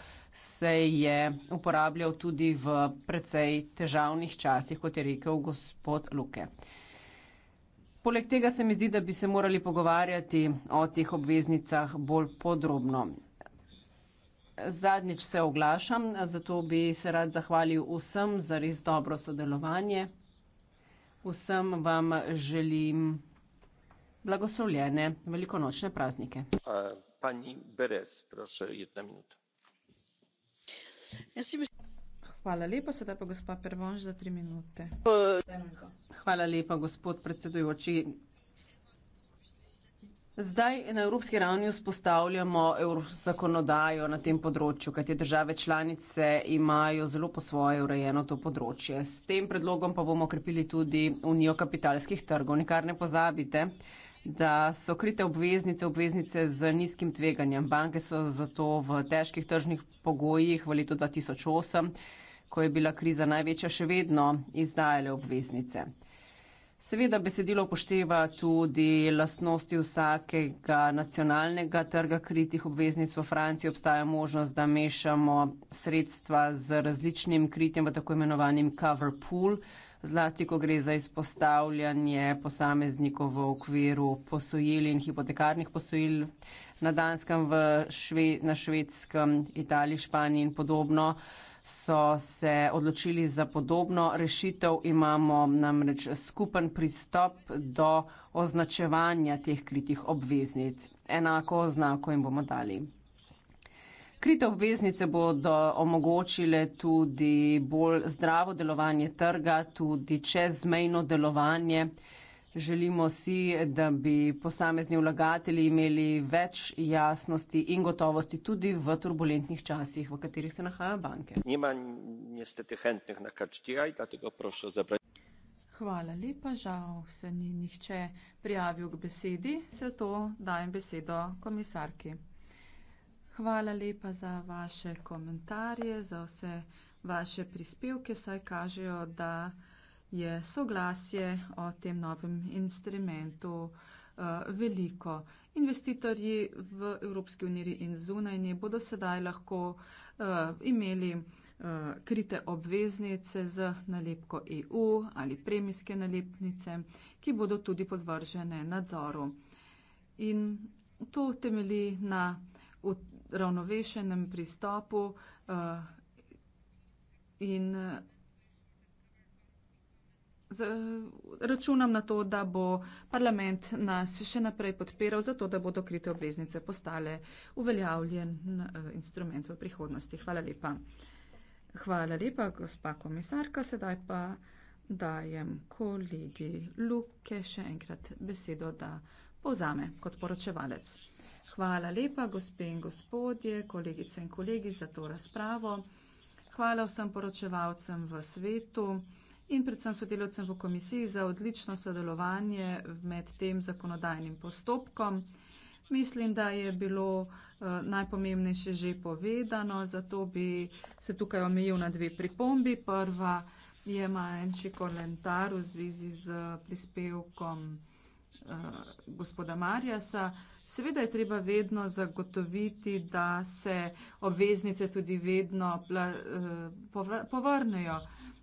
se je uporabljal tudi v precej težavnih časih, kot je rekel gospod Luke. Poleg tega se mi zdi, da bi se morali pogovarjati o teh obveznicah bolj podrobno. Zadnjič se oglašam, zato bi se rad zahvalil vsem za res dobro sodelovanje. Vsem vam želim blagoslovljene velikonočne praznike. Pani Berec, prosim, ena minuta. Hvala lepa, sedaj pa gospa Pervonž za tri minute. Hvala lepa, gospod predsedujoči. Zdaj na evropski ravni vzpostavljamo zakonodajo na tem področju, kajti države članice imajo zelo po svoje urejeno to področje. S tem predlogom pa bomo okrepili tudi unijo kapitalskih trgov. Nikar ne pozabite, da so krite obveznice, obveznice z nizkim tveganjem. Banke so zato v težkih tržnih pogojih v letu 2008, ko je bila kriza največja, še vedno izdajale obveznice. Seveda besedilo pošteva tudi lastnosti vsakega nacionalnega trga kritih obveznic. V Franciji obstaja možnost, da mešamo sredstva z različnim kritjem v tako imenovanem cover pool, zlasti ko gre za izpostavljanje posameznikov v okviru posojil in hipotekarnih posojil na Danskem, šve, na Švedskem, Italiji, Španiji in podobno so se odločili za podobno rešitev. Imamo namreč skupen pristop do označevanja teh kritih obveznic. Enako oznako jim bomo dali. Krite obveznice bodo omogočile tudi bolj zdravo delovanje trga, tudi čezmejno delovanje. Želimo si, da bi posamezni vlagatelji imeli več jasnosti in gotovosti tudi v turbulentnih časih, v katerih se nahajajo banke. Hvala lepa, žal se ni nihče prijavil k besedi, se to dajem besedo komisarki. Hvala lepa za vaše komentarje, za vse vaše prispevke, saj kažejo, da je soglasje o tem novem instrumentu uh, veliko. Investitorji v Evropski uniji in zunajni bodo sedaj lahko uh, imeli uh, krite obveznice z nalepko EU ali premijske nalepnice, ki bodo tudi podvržene nadzoru. In to temeli na uravnovešenem pristopu uh, in uh, računam na to, da bo parlament nas še naprej podpiral, zato da bodo krite obveznice postale uveljavljen eh, instrument v prihodnosti. Hvala lepa. Hvala lepa, gospa komisarka. Sedaj pa dajem kolegi Luke še enkrat besedo, da povzame kot poročevalec. Hvala lepa, gospe in gospodje, kolegice in kolegi, za to razpravo. Hvala vsem poročevalcem v svetu in predvsem sodelovcem v komisiji za odlično sodelovanje med tem zakonodajnim postopkom. Mislim, da je bilo eh, najpomembnejše že povedano, zato bi se tukaj omejil na dve pripombi. Prva je manjši komentar v zvezi z eh, prispevkom eh, gospoda Marjasa. Seveda je treba vedno zagotoviti, da se obveznice tudi vedno povrnejo.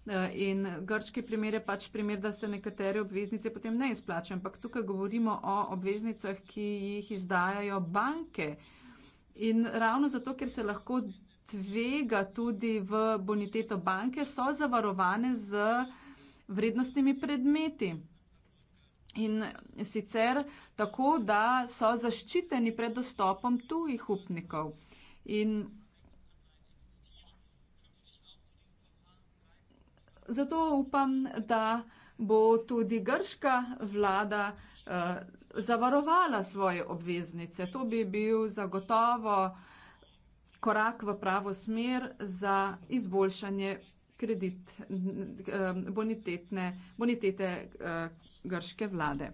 Eh, in grški primer je pač primer, da se nekatere obveznice potem ne izplačajo. Ampak tukaj govorimo o obveznicah, ki jih izdajajo banke. In ravno zato, ker se lahko tvega tudi v boniteto banke, so zavarovane z vrednostnimi predmeti. In sicer tako, da so zaščiteni pred dostopom tujih upnikov. In zato upam, da bo tudi grška vlada uh, zavarovala svoje obveznice. To bi bil zagotovo korak v pravo smer za izboljšanje kredit, eh, bonitete uh, grške vlade.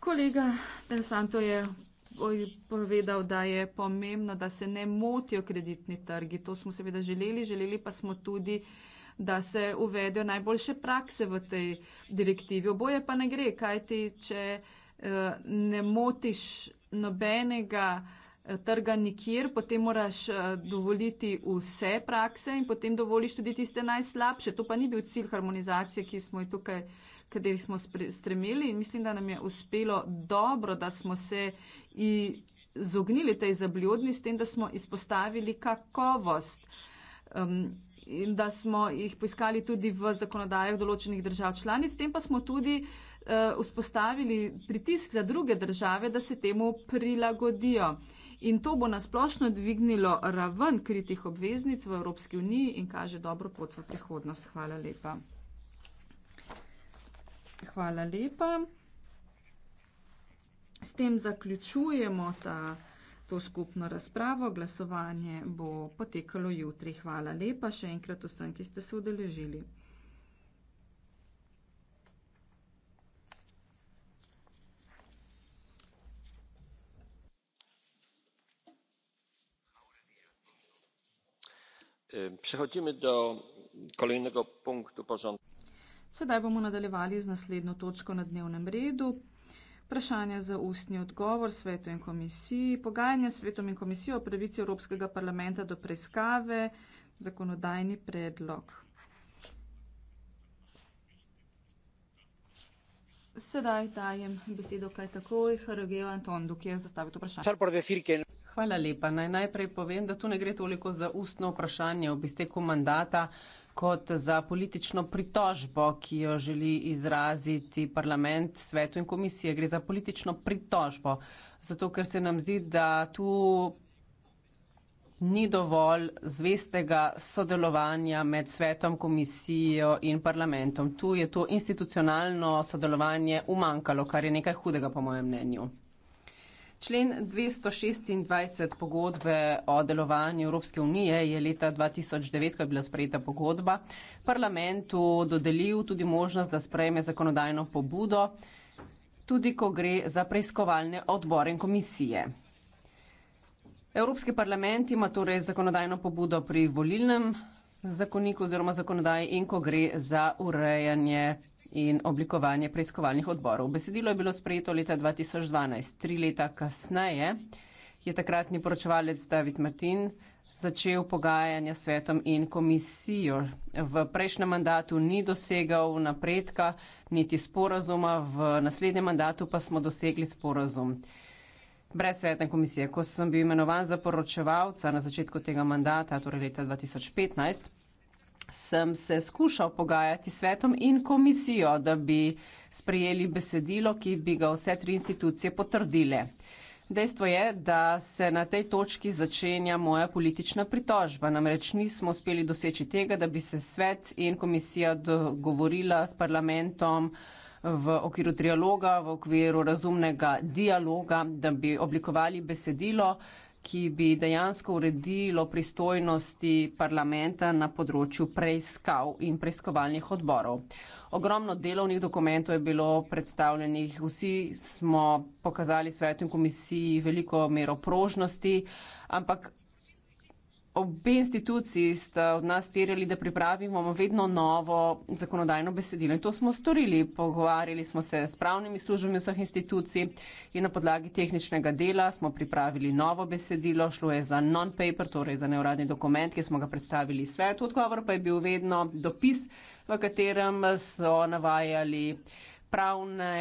Kolega Pensanto je povedal, da je pomembno, da se ne motijo kreditni trgi. To smo seveda želeli, želeli pa smo tudi, da se uvedejo najboljše prakse v tej direktivi. Oboje pa ne gre, kajti če eh, ne motiš nobenega eh, trga nikjer, potem moraš eh, dovoliti vse prakse in potem dovoliš tudi tiste najslabše. To pa ni bil cilj harmonizacije, ki smo jo tukaj katerih smo stremeli in mislim, da nam je uspelo dobro, da smo se izognili tej zabljudni s tem, da smo izpostavili kakovost. Um, In da smo jih poiskali tudi v zakonodajah določenih držav članic, s tem pa smo tudi uh, vzpostavili pritisk za druge države, da se temu prilagodijo. In to bo nasplošno dvignilo raven kritih obveznic v Evropski uniji in kaže dobro pot v prihodnost. Hvala lepa. Hvala lepa. S tem zaključujemo ta, to skupno razpravo. Glasovanje bo potekalo jutri. Hvala lepa še enkrat vsem, ki ste se udeležili. Przechodzimy do kolejnego punktu porządku. Sedaj bomo nadaljevali z naslednjo točko na dnevnem redu. Vprašanje za ustni odgovor svetu in komisiji. Pogajanje svetom in komisijo o pravici Evropskega parlamenta do preiskave. Zakonodajni predlog. Sedaj dajem besedo kaj takoj Hrgeju Antondu, ki je zastavil to vprašanje. No. Hvala lepa. Naj najprej povem, da tu ne gre toliko za ustno vprašanje ob izteku mandata kot za politično pritožbo, ki jo želi izraziti parlament, svetu in komisije. Gre za politično pritožbo, zato ker se nam zdi, da tu ni dovolj zvestega sodelovanja med svetom, komisijo in parlamentom. Tu je to institucionalno sodelovanje umankalo, kar je nekaj hudega po mojem mnenju. Člen 226 pogodbe o delovanju Evropske unije je leta 2009, ko je bila sprejeta pogodba, parlamentu dodelil tudi možnost, da sprejme zakonodajno pobudo, tudi ko gre za preiskovalne odbore in komisije. Evropski parlament ima torej zakonodajno pobudo pri volilnem zakoniku oziroma zakonodaji in ko gre za urejanje in oblikovanje preiskovalnih odborov. Besedilo je bilo sprejeto leta 2012, tri leta kasneje je takratni poročevalec David Martin začel pogajanja s svetom in komisijo. V prejšnjem mandatu ni dosegal napredka, niti sporazuma, v naslednjem mandatu pa smo dosegli sporazum. Brez svetne komisije, ko sem bil imenovan za poročevalca na začetku tega mandata, torej leta 2015, sem se skušal pogajati s svetom in komisijo, da bi sprejeli besedilo, ki bi ga vse tri institucije potrdile. Dejstvo je, da se na tej točki začenja moja politična pritožba. Namreč nismo uspeli doseči tega, da bi se svet in komisija dogovorila s parlamentom v okviru trialoga, v okviru razumnega dialoga, da bi oblikovali besedilo, ki bi dejansko uredilo pristojnosti parlamenta na področju preiskav in preiskovalnih odborov. Ogromno delovnih dokumentov je bilo predstavljenih, vsi smo pokazali svetu in komisiji veliko mero prožnosti, ampak Obe instituciji sta od nas terjali, da pripravimo vedno novo zakonodajno besedilo. In to smo storili. Pogovarjali smo se s pravnimi službami vseh institucij in na podlagi tehničnega dela smo pripravili novo besedilo. Šlo je za non-paper, torej za neuradni dokument, ki smo ga predstavili svetu. Odgovor pa je bil vedno dopis, v katerem so navajali pravne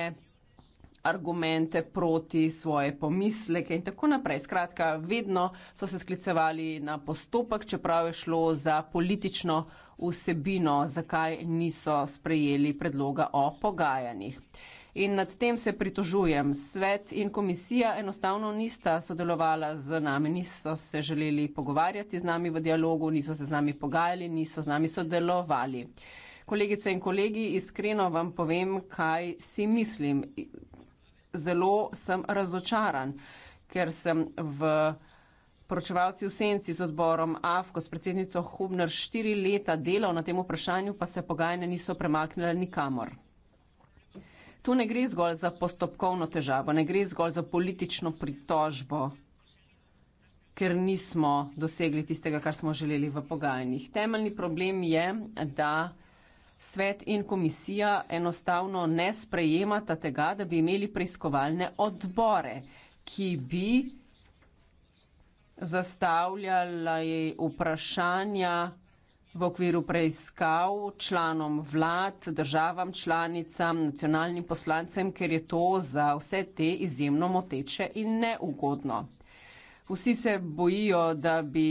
argumente proti, svoje pomisleke in tako naprej. Skratka, vedno so se sklicevali na postopek, čeprav je šlo za politično vsebino, zakaj niso sprejeli predloga o pogajanjih. In nad tem se pritožujem. Svet in komisija enostavno nista sodelovala z nami, niso se želeli pogovarjati z nami v dialogu, niso se z nami pogajali, niso z nami sodelovali. Kolegice in kolegi, iskreno vam povem, kaj si mislim zelo sem razočaran, ker sem v poročevalci v senci z odborom AFKO s predsednico Hubner štiri leta delal na tem vprašanju, pa se pogajanja niso premaknile nikamor. Tu ne gre zgolj za postopkovno težavo, ne gre zgolj za politično pritožbo, ker nismo dosegli tistega, kar smo želeli v pogajanjih. Temeljni problem je, da svet in komisija enostavno ne sprejemata tega, da bi imeli preiskovalne odbore, ki bi zastavljali vprašanja v okviru preiskav članom vlad, državam, članicam, nacionalnim poslancem, ker je to za vse te izjemno moteče in neugodno. Vsi se bojijo, da bi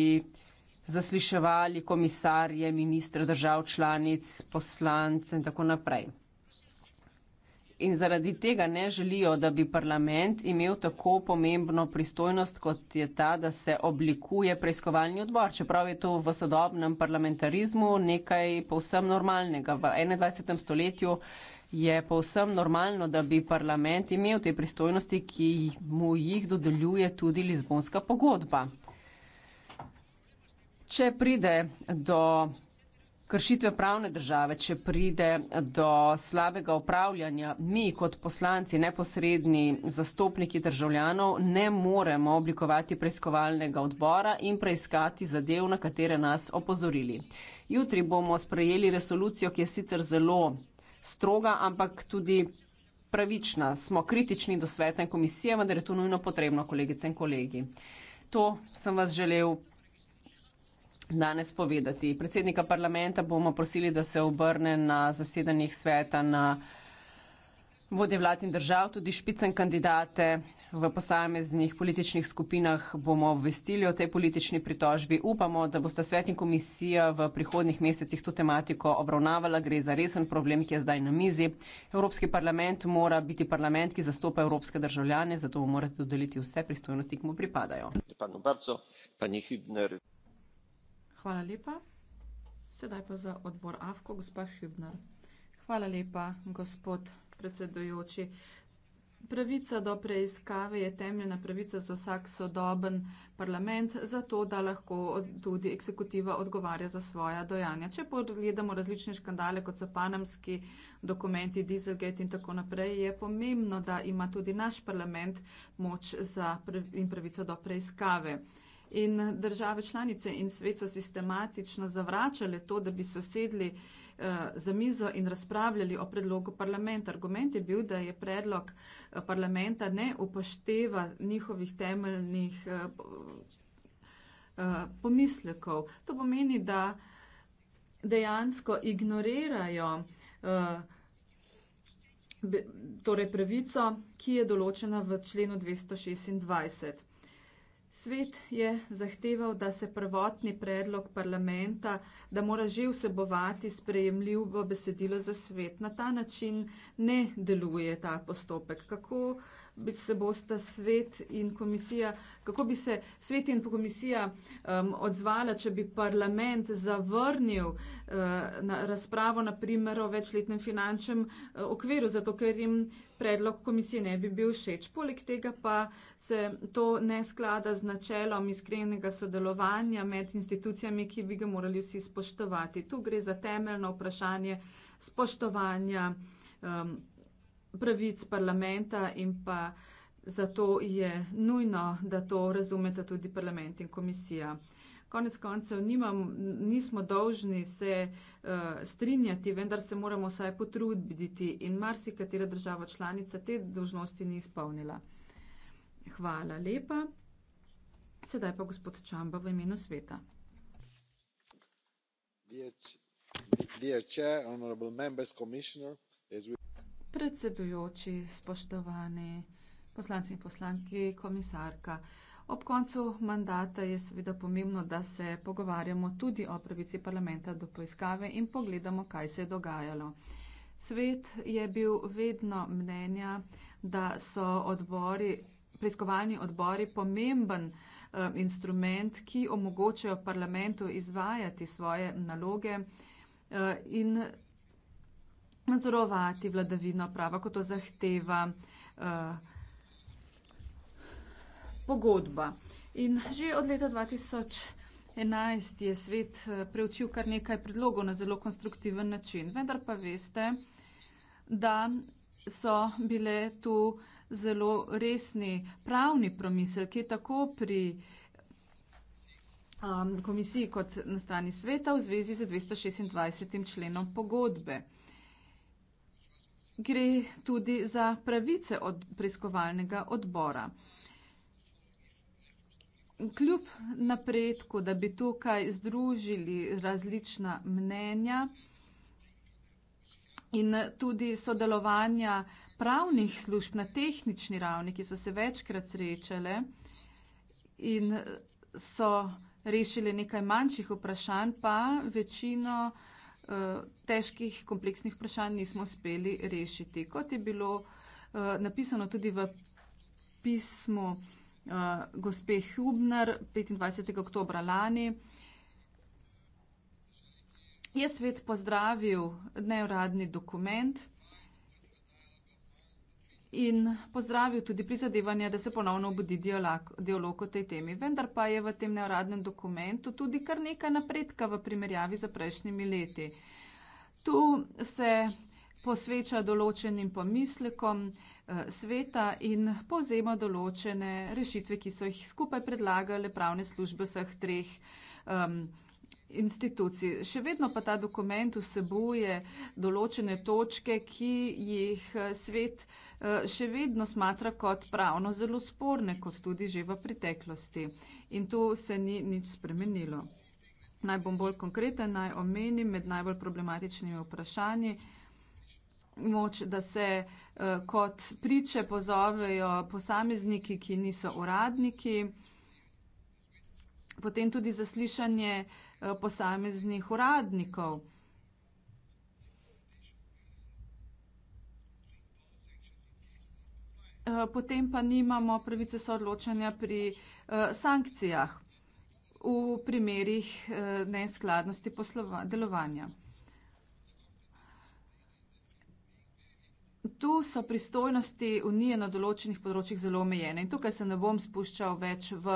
zasliševali komisarje, ministre držav članic, poslance in tako naprej. In zaradi tega ne želijo, da bi parlament imel tako pomembno pristojnost, kot je ta, da se oblikuje preiskovalni odbor. Čeprav je to v sodobnem parlamentarizmu nekaj povsem normalnega. V 21. stoletju je povsem normalno, da bi parlament imel te pristojnosti, ki mu jih dodeljuje tudi Lizbonska pogodba če pride do kršitve pravne države, če pride do slabega upravljanja, mi kot poslanci, neposredni zastopniki državljanov, ne moremo oblikovati preiskovalnega odbora in preiskati zadev, na katere nas opozorili. Jutri bomo sprejeli resolucijo, ki je sicer zelo stroga, ampak tudi pravična. Smo kritični do svetne komisije, vendar je to nujno potrebno, kolegice in kolegi. To sem vas želel danes povedati. Predsednika parlamenta bomo prosili, da se obrne na zasedanjih sveta, na vode vlad in držav, tudi špicen kandidate v posameznih političnih skupinah bomo obvestili o tej politični pritožbi. Upamo, da bosta svet in komisija v prihodnih mesecih to tematiko obravnavala. Gre za resen problem, ki je zdaj na mizi. Evropski parlament mora biti parlament, ki zastopa evropske državljane, zato bomo morali dodeliti vse pristojnosti, ki mu pripadajo. Panu Barco, pani Hübner. Hvala lepa. Sedaj pa za odbor AFKO, gospa Hübner. Hvala lepa, gospod predsedujoči. Pravica do preiskave je temeljna pravica za vsak sodoben parlament, zato da lahko tudi eksekutiva odgovarja za svoja dojanja. Če pogledamo različne škandale, kot so panamski dokumenti, dieselgate in tako naprej, je pomembno, da ima tudi naš parlament moč in pravico do preiskave. In države članice in svet so sistematično zavračale to, da bi sosedli eh, za mizo in razpravljali o predlogu parlamenta. Argument je bil, da je predlog eh, parlamenta ne upošteva njihovih temeljnih eh, pomislekov. To pomeni, da dejansko ignorirajo torej pravico, ki je določena v členu 226. Svet je zahteval, da se prvotni predlog parlamenta, da mora že vsebovati sprejemljivo besedilo za svet, na ta način ne deluje ta postopek. Kako bi se bosta svet in komisija, kako bi se svet in komisija um, odzvala, če bi parlament zavrnil uh, na razpravo naprimer o večletnem finančnem uh, okviru, zato ker jim predlog komisije ne bi bil všeč. Poleg tega pa se to ne sklada z načelom iskrenega sodelovanja med institucijami, ki bi ga morali vsi spoštovati. Tu gre za temeljno vprašanje spoštovanja. Um, pravic parlamenta in pa zato je nujno, da to razumete tudi parlament in komisija. Konec koncev nimam, nismo dolžni se uh, strinjati, vendar se moramo vsaj potruditi in marsikatera država članica te dožnosti ni izpolnila. Hvala lepa. Sedaj pa gospod Čamba v imenu sveta. Dear, dear chair, Predsedujoči, spoštovani poslanci in poslanki, komisarka. Ob koncu mandata je seveda pomembno, da se pogovarjamo tudi o pravici parlamenta do poiskave in pogledamo, kaj se je dogajalo. Svet je bil vedno mnenja, da so odbori, preiskovalni odbori pomemben eh, instrument, ki omogočajo parlamentu izvajati svoje naloge eh, in nadzorovati vladavino prava, kot to zahteva eh, pogodba. In že od leta 2000. 11. je svet eh, preučil kar nekaj predlogov na zelo konstruktiven način, vendar pa veste, da so bile tu zelo resni pravni promiselki, tako pri um, komisiji kot na strani sveta v zvezi z 226. členom pogodbe gre tudi za pravice od preiskovalnega odbora. Kljub napredku, da bi tukaj združili različna mnenja in tudi sodelovanja pravnih služb na tehnični ravni, ki so se večkrat srečale in so rešile nekaj manjših vprašanj, pa večino Eh, težkih, kompleksnih vprašanj nismo speli rešiti. Kot je bilo eh, napisano tudi v pismu eh, gospe Hubner 25. oktober lani, je svet pozdravil neuradni dokument in pozdravil tudi prizadevanje, da se ponovno obudi dialog, dialog o tej temi. Vendar pa je v tem neuradnem dokumentu tudi kar nekaj napredka v primerjavi z prejšnjimi leti. Tu se posveča določenim pomislekom eh, sveta in povzema določene rešitve, ki so jih skupaj predlagale pravne službe vseh treh um, institucij. Še vedno pa ta dokument vsebuje določene točke, ki jih eh, svet uh, Eh, še vedno smatra kot pravno zelo sporne, kot tudi že v preteklosti. In to se ni nič spremenilo. Naj bom bolj konkreten, naj omenim med najbolj problematičnimi vprašanji moč, da se eh, kot priče pozovejo posamezniki, ki niso uradniki, potem tudi zaslišanje eh, posameznih uradnikov. Eh, potem pa nimamo pravice soodločanja pri eh, sankcijah v primerih eh, neskladnosti delovanja. Tu so pristojnosti unije na določenih področjih zelo omejene in tukaj se ne bom spuščal več v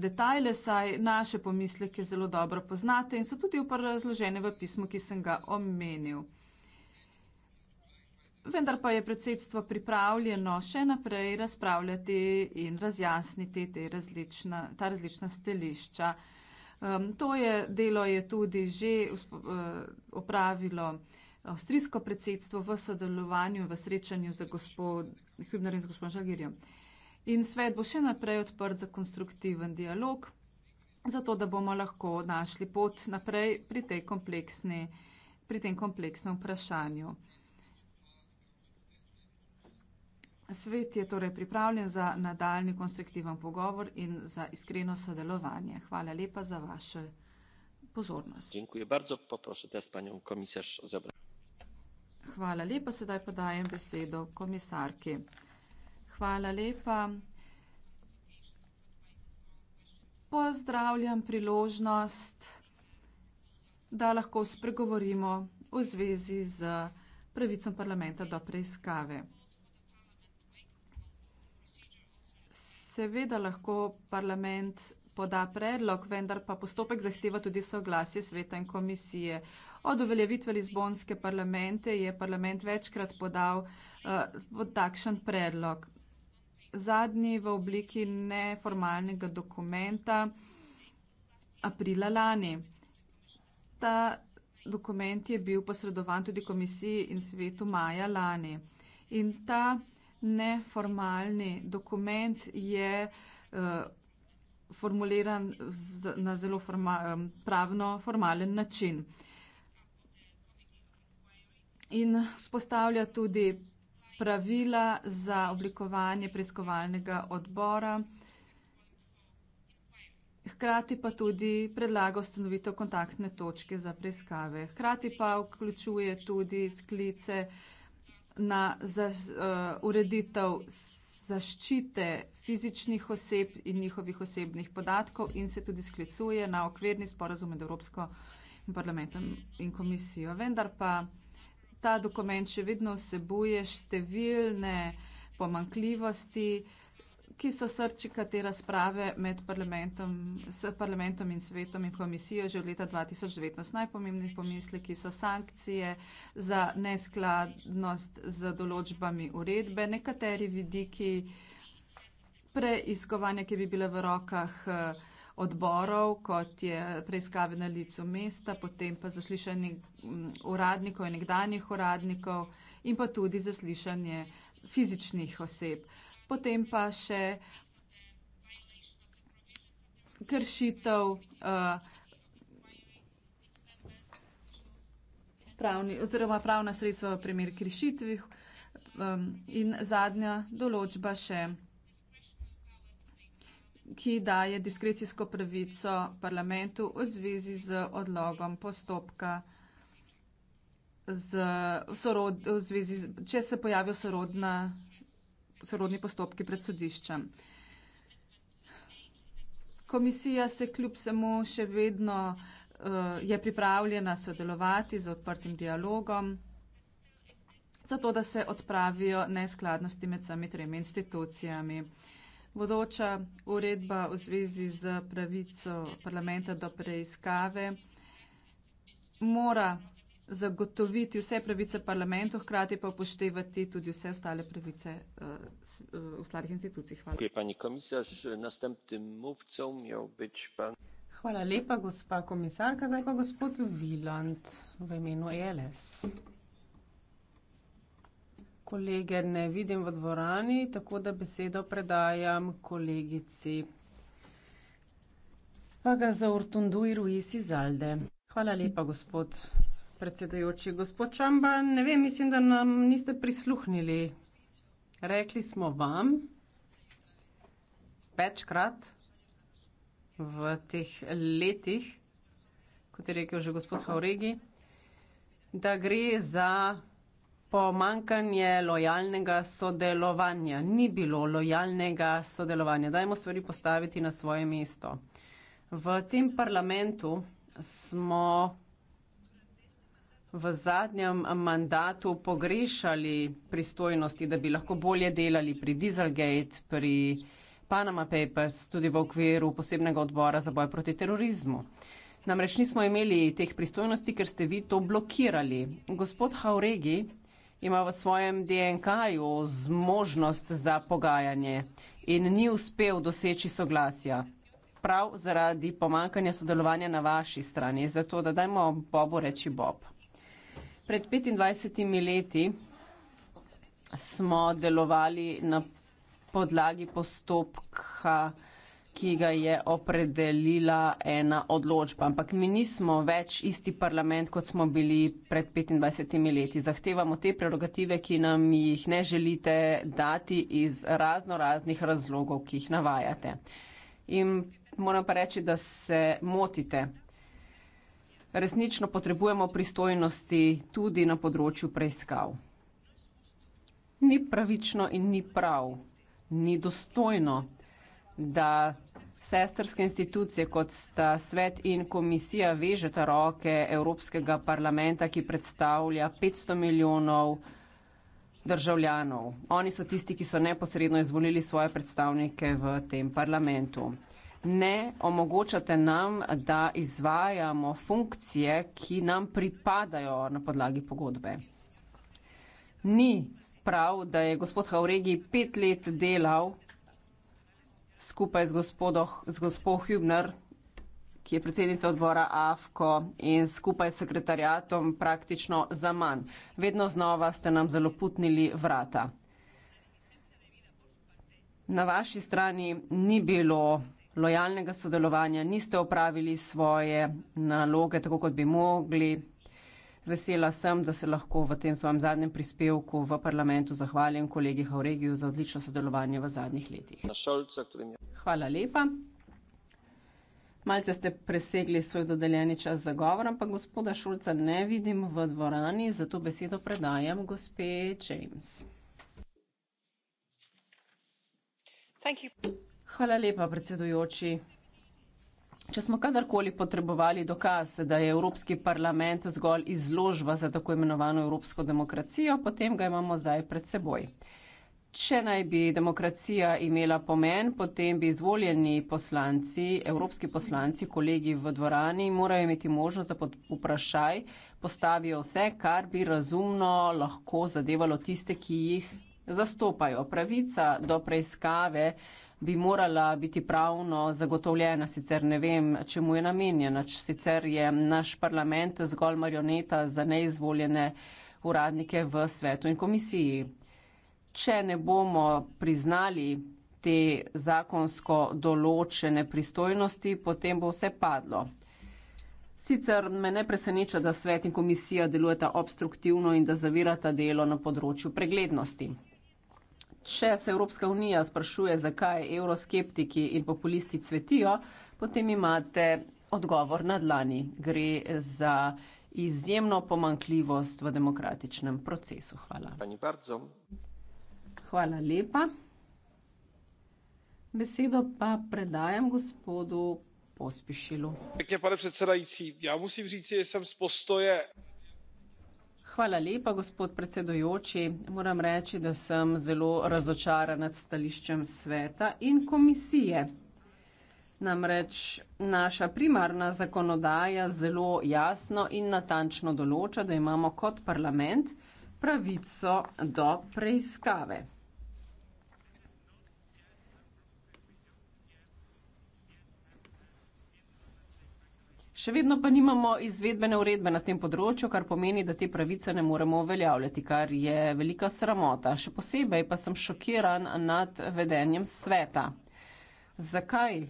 detajle, saj naše pomisleke zelo dobro poznate in so tudi uporazložene v pismu, ki sem ga omenil vendar pa je predsedstvo pripravljeno še naprej razpravljati in razjasniti različna, ta različna stališča. Um, to je, delo je tudi že usp, uh, opravilo avstrijsko predsedstvo v sodelovanju in v srečanju z gospodom Hübnerjem in gospodom Žagirjem. In svet bo še naprej odprt za konstruktiven dialog, zato da bomo lahko našli pot naprej pri, pri tem kompleksnem vprašanju. Svet je torej pripravljen za nadaljni konstruktiven pogovor in za iskreno sodelovanje. Hvala lepa za vaše pozornost. Hvala lepa, sedaj pa dajem besedo komisarki. Hvala lepa. Pozdravljam priložnost, da lahko spregovorimo v zvezi z pravicom parlamenta do preiskave. Seveda lahko parlament poda predlog, vendar pa postopek zahteva tudi soglasje sveta in komisije. Od uveljavitve Lizbonske parlamente je parlament večkrat podal uh, takšen predlog. Zadnji v obliki neformalnega dokumenta aprila lani. Ta dokument je bil posredovan tudi komisiji in svetu maja lani. In ta neformalni dokument je uh, formuliran z, na zelo forma, pravno formalen način. In spostavlja tudi pravila za oblikovanje preiskovalnega odbora, hkrati pa tudi predlaga ustanovitev kontaktne točke za preiskave. Hkrati pa vključuje tudi sklice uh, na zaz, uh, eh, ureditev zaščite fizičnih oseb in njihovih osebnih podatkov in se tudi sklicuje na okvirni sporazum med Evropsko parlamentom in komisijo. Vendar pa ta dokument še vedno vsebuje številne pomankljivosti, uh, ki so srčika te razprave med parlamentom, parlamentom in svetom in komisijo že od leta 2019. Najpomembnejši pomisleki so sankcije za neskladnost z določbami uredbe, nekateri vidiki preiskovanja, ki bi bile v rokah odborov, kot je preiskave na licu mesta, potem pa zaslišanje uradnikov in nekdanjih uradnikov in pa tudi zaslišanje fizičnih oseb potem pa še kršitev eh, pravni, oziroma pravna sredstva v primer kršitvih ehm, in zadnja določba še ki daje diskrecijsko pravico parlamentu v zvezi z odlogom postopka, z sorod, v zvezi, z, če se pojavijo sorodna sorodni postopki pred sodiščem. Komisija se kljub samo še vedno uh, je pripravljena sodelovati z odprtim dialogom, zato da se odpravijo neskladnosti med sami tremi institucijami. Vodoča uredba v zvezi z pravico parlamenta do preiskave mora zagotoviti vse pravice parlamentu, hkrati pa upoštevati tudi vse ostale pravice uh, ostalih institucij. Hvala. Hvala lepa, gospa komisarka. Zdaj pa gospod Viland v imenu ELS. Kolege ne vidim v dvorani, tako da besedo predajam kolegici. Pa ga za Ortundu Iruisi Zalde. Hvala lepa, gospod predsedujoči. Gospod Čamba, ne vem, mislim, da nam niste prisluhnili. Rekli smo vam večkrat v teh letih, kot je rekel že gospod Hauregi, da gre za pomankanje lojalnega sodelovanja. Ni bilo lojalnega sodelovanja. Dajmo stvari postaviti na svoje mesto. V tem parlamentu smo v zadnjem mandatu pogrešali pristojnosti, da bi lahko bolje delali pri Dieselgate, pri Panama Papers, tudi v okviru posebnega odbora za boj proti terorizmu. Namreč nismo imeli teh pristojnosti, ker ste vi to blokirali. Gospod Hauregi ima v svojem DNK-ju zmožnost za pogajanje in ni uspel doseči soglasja. Prav zaradi pomankanja sodelovanja na vaši strani, zato da dajmo Bobu reči Bob. Pred 25 leti smo delovali na podlagi postopka, ki ga je opredelila ena odločba. Ampak mi nismo več isti parlament, kot smo bili pred 25 leti. Zahtevamo te prerogative, ki nam jih ne želite dati iz razno raznih razlogov, ki jih navajate. In moram pa reči, da se motite resnično potrebujemo pristojnosti tudi na področju preiskav. Ni pravično in ni prav, ni dostojno, da sestrske institucije, kot sta svet in komisija, vežeta roke Evropskega parlamenta, ki predstavlja 500 milijonov državljanov. Oni so tisti, ki so neposredno izvolili svoje predstavnike v tem parlamentu ne omogočate nam, da izvajamo funkcije, ki nam pripadajo na podlagi pogodbe. Ni prav, da je gospod Hauregi pet let delal skupaj z gospodo, z gospod Hübner, ki je predsednica odbora AFKO in skupaj s sekretarjatom praktično za manj. Vedno znova ste nam zelo putnili vrata. Na vaši strani ni bilo lojalnega sodelovanja, niste opravili svoje naloge tako, kot bi mogli. Vesela sem, da se lahko v tem svojem zadnjem prispevku v parlamentu zahvalim kolegi Hauregiju za odlično sodelovanje v zadnjih letih. Hvala lepa. Malce ste presegli svoj dodeljeni čas za govor, ampak gospoda Šulca ne vidim v dvorani, zato besedo predajam gospe James. Thank you. Hvala lepa, predsedujoči. Če smo kadarkoli potrebovali dokaz, da je Evropski parlament zgolj izložba za tako imenovano evropsko demokracijo, potem ga imamo zdaj pred seboj. Če naj bi demokracija imela pomen, potem bi izvoljeni poslanci, evropski poslanci, kolegi v dvorani, morajo imeti možnost, da pod vprašaj postavijo vse, kar bi razumno lahko zadevalo tiste, ki jih zastopajo. Pravica do preiskave bi morala biti pravno zagotovljena, sicer ne vem, čemu je namenjena, sicer je naš parlament zgolj marioneta za neizvoljene uradnike v svetu in komisiji. Če ne bomo priznali te zakonsko določene pristojnosti, potem bo vse padlo. Sicer me ne preseneča, da svet in komisija delujeta obstruktivno in da zavirata delo na področju preglednosti. Če se Evropska unija sprašuje, zakaj evroskeptiki in populisti cvetijo, potem imate odgovor na dlani. Gre za izjemno pomankljivost v demokratičnem procesu. Hvala. Hvala lepa. Besedo pa predajam gospodu Pospišilu. Pekne, pane predsedajci, ja musim reči, da sem s postoje. Hvala lepa, gospod predsedujoči. Moram reči, da sem zelo razočarana nad stališčem sveta in komisije. Namreč naša primarna zakonodaja zelo jasno in natančno določa, da imamo kot parlament pravico do preiskave. Še vedno pa nimamo izvedbene uredbe na tem področju, kar pomeni, da te pravice ne moremo uveljavljati, kar je velika sramota. Še posebej pa sem šokiran nad vedenjem sveta. Zakaj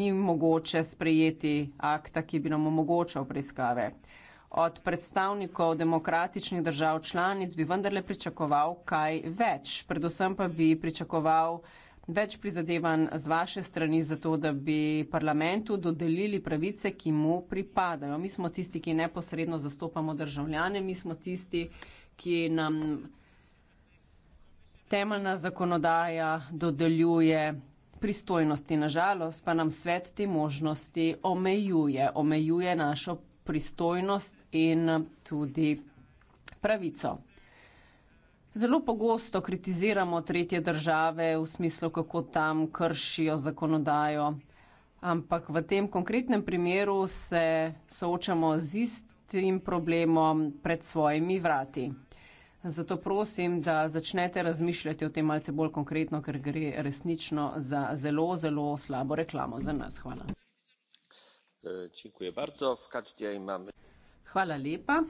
ni mogoče sprejeti akta, ki bi nam omogočal preiskave? Od predstavnikov demokratičnih držav članic bi vendarle pričakoval kaj več. Predvsem pa bi pričakoval, več prizadevanj z vaše strani za to, da bi parlamentu dodelili pravice, ki mu pripadajo. Mi smo tisti, ki neposredno zastopamo državljane, mi smo tisti, ki nam temeljna zakonodaja dodeljuje pristojnosti. Nažalost pa nam svet te možnosti omejuje, omejuje našo pristojnost in tudi pravico. Zelo pogosto kritiziramo tretje države v smislu, kako tam kršijo zakonodajo, ampak v tem konkretnem primeru se soočamo z istim problemom pred svojimi vrati. Zato prosim, da začnete razmišljati o tem malce bolj konkretno, ker gre resnično za zelo, zelo slabo reklamo za nas. Hvala. E, Hvala lepa.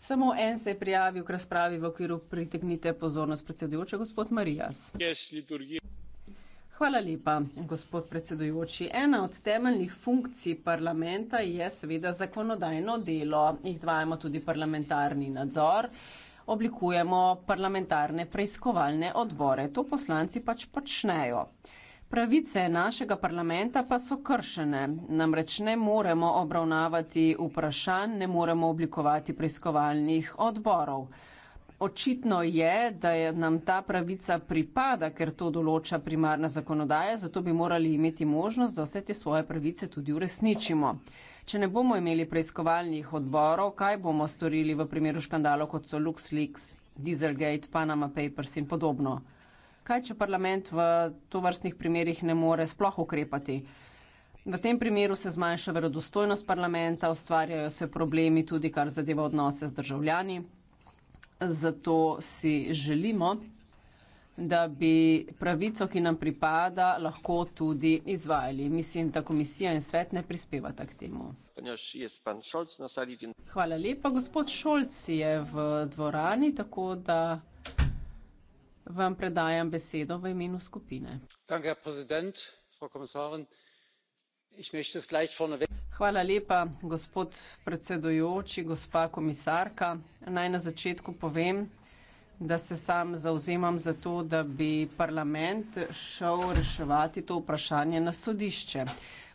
Samo en se je prijavil k razpravi v okviru pritegnite pozornost predsedujoče, gospod Marijas. Yes, Hvala lepa, gospod predsedujoči. Ena od temeljnih funkcij parlamenta je seveda zakonodajno delo. Izvajamo tudi parlamentarni nadzor, oblikujemo parlamentarne preiskovalne odbore. To poslanci pač počnejo. Pravice našega parlamenta pa so kršene. Namreč ne moremo obravnavati vprašanj, ne moremo oblikovati preiskovalnih odborov. Očitno je, da je nam ta pravica pripada, ker to določa primarna zakonodaja, zato bi morali imeti možnost, da vse te svoje pravice tudi uresničimo. Če ne bomo imeli preiskovalnih odborov, kaj bomo storili v primeru škandalov kot so LuxLeaks, Dieselgate, Panama Papers in podobno? kaj če parlament v tovrstnih primerjih ne more sploh ukrepati? V tem primeru se zmanjša verodostojnost parlamenta, ustvarjajo se problemi tudi, kar zadeva odnose z državljani. Zato si želimo, da bi pravico, ki nam pripada, lahko tudi izvajali. Mislim, da komisija in svet ne prispevata k temu. Hvala lepa. Gospod Šolc je v dvorani, tako da vam predajam besedo v imenu skupine. hvala lepa gospod predsedujoči gospa komisarka naj na začetku povem da se sam zavzemam za to da bi parlament šel reševati to vprašanje na sodišče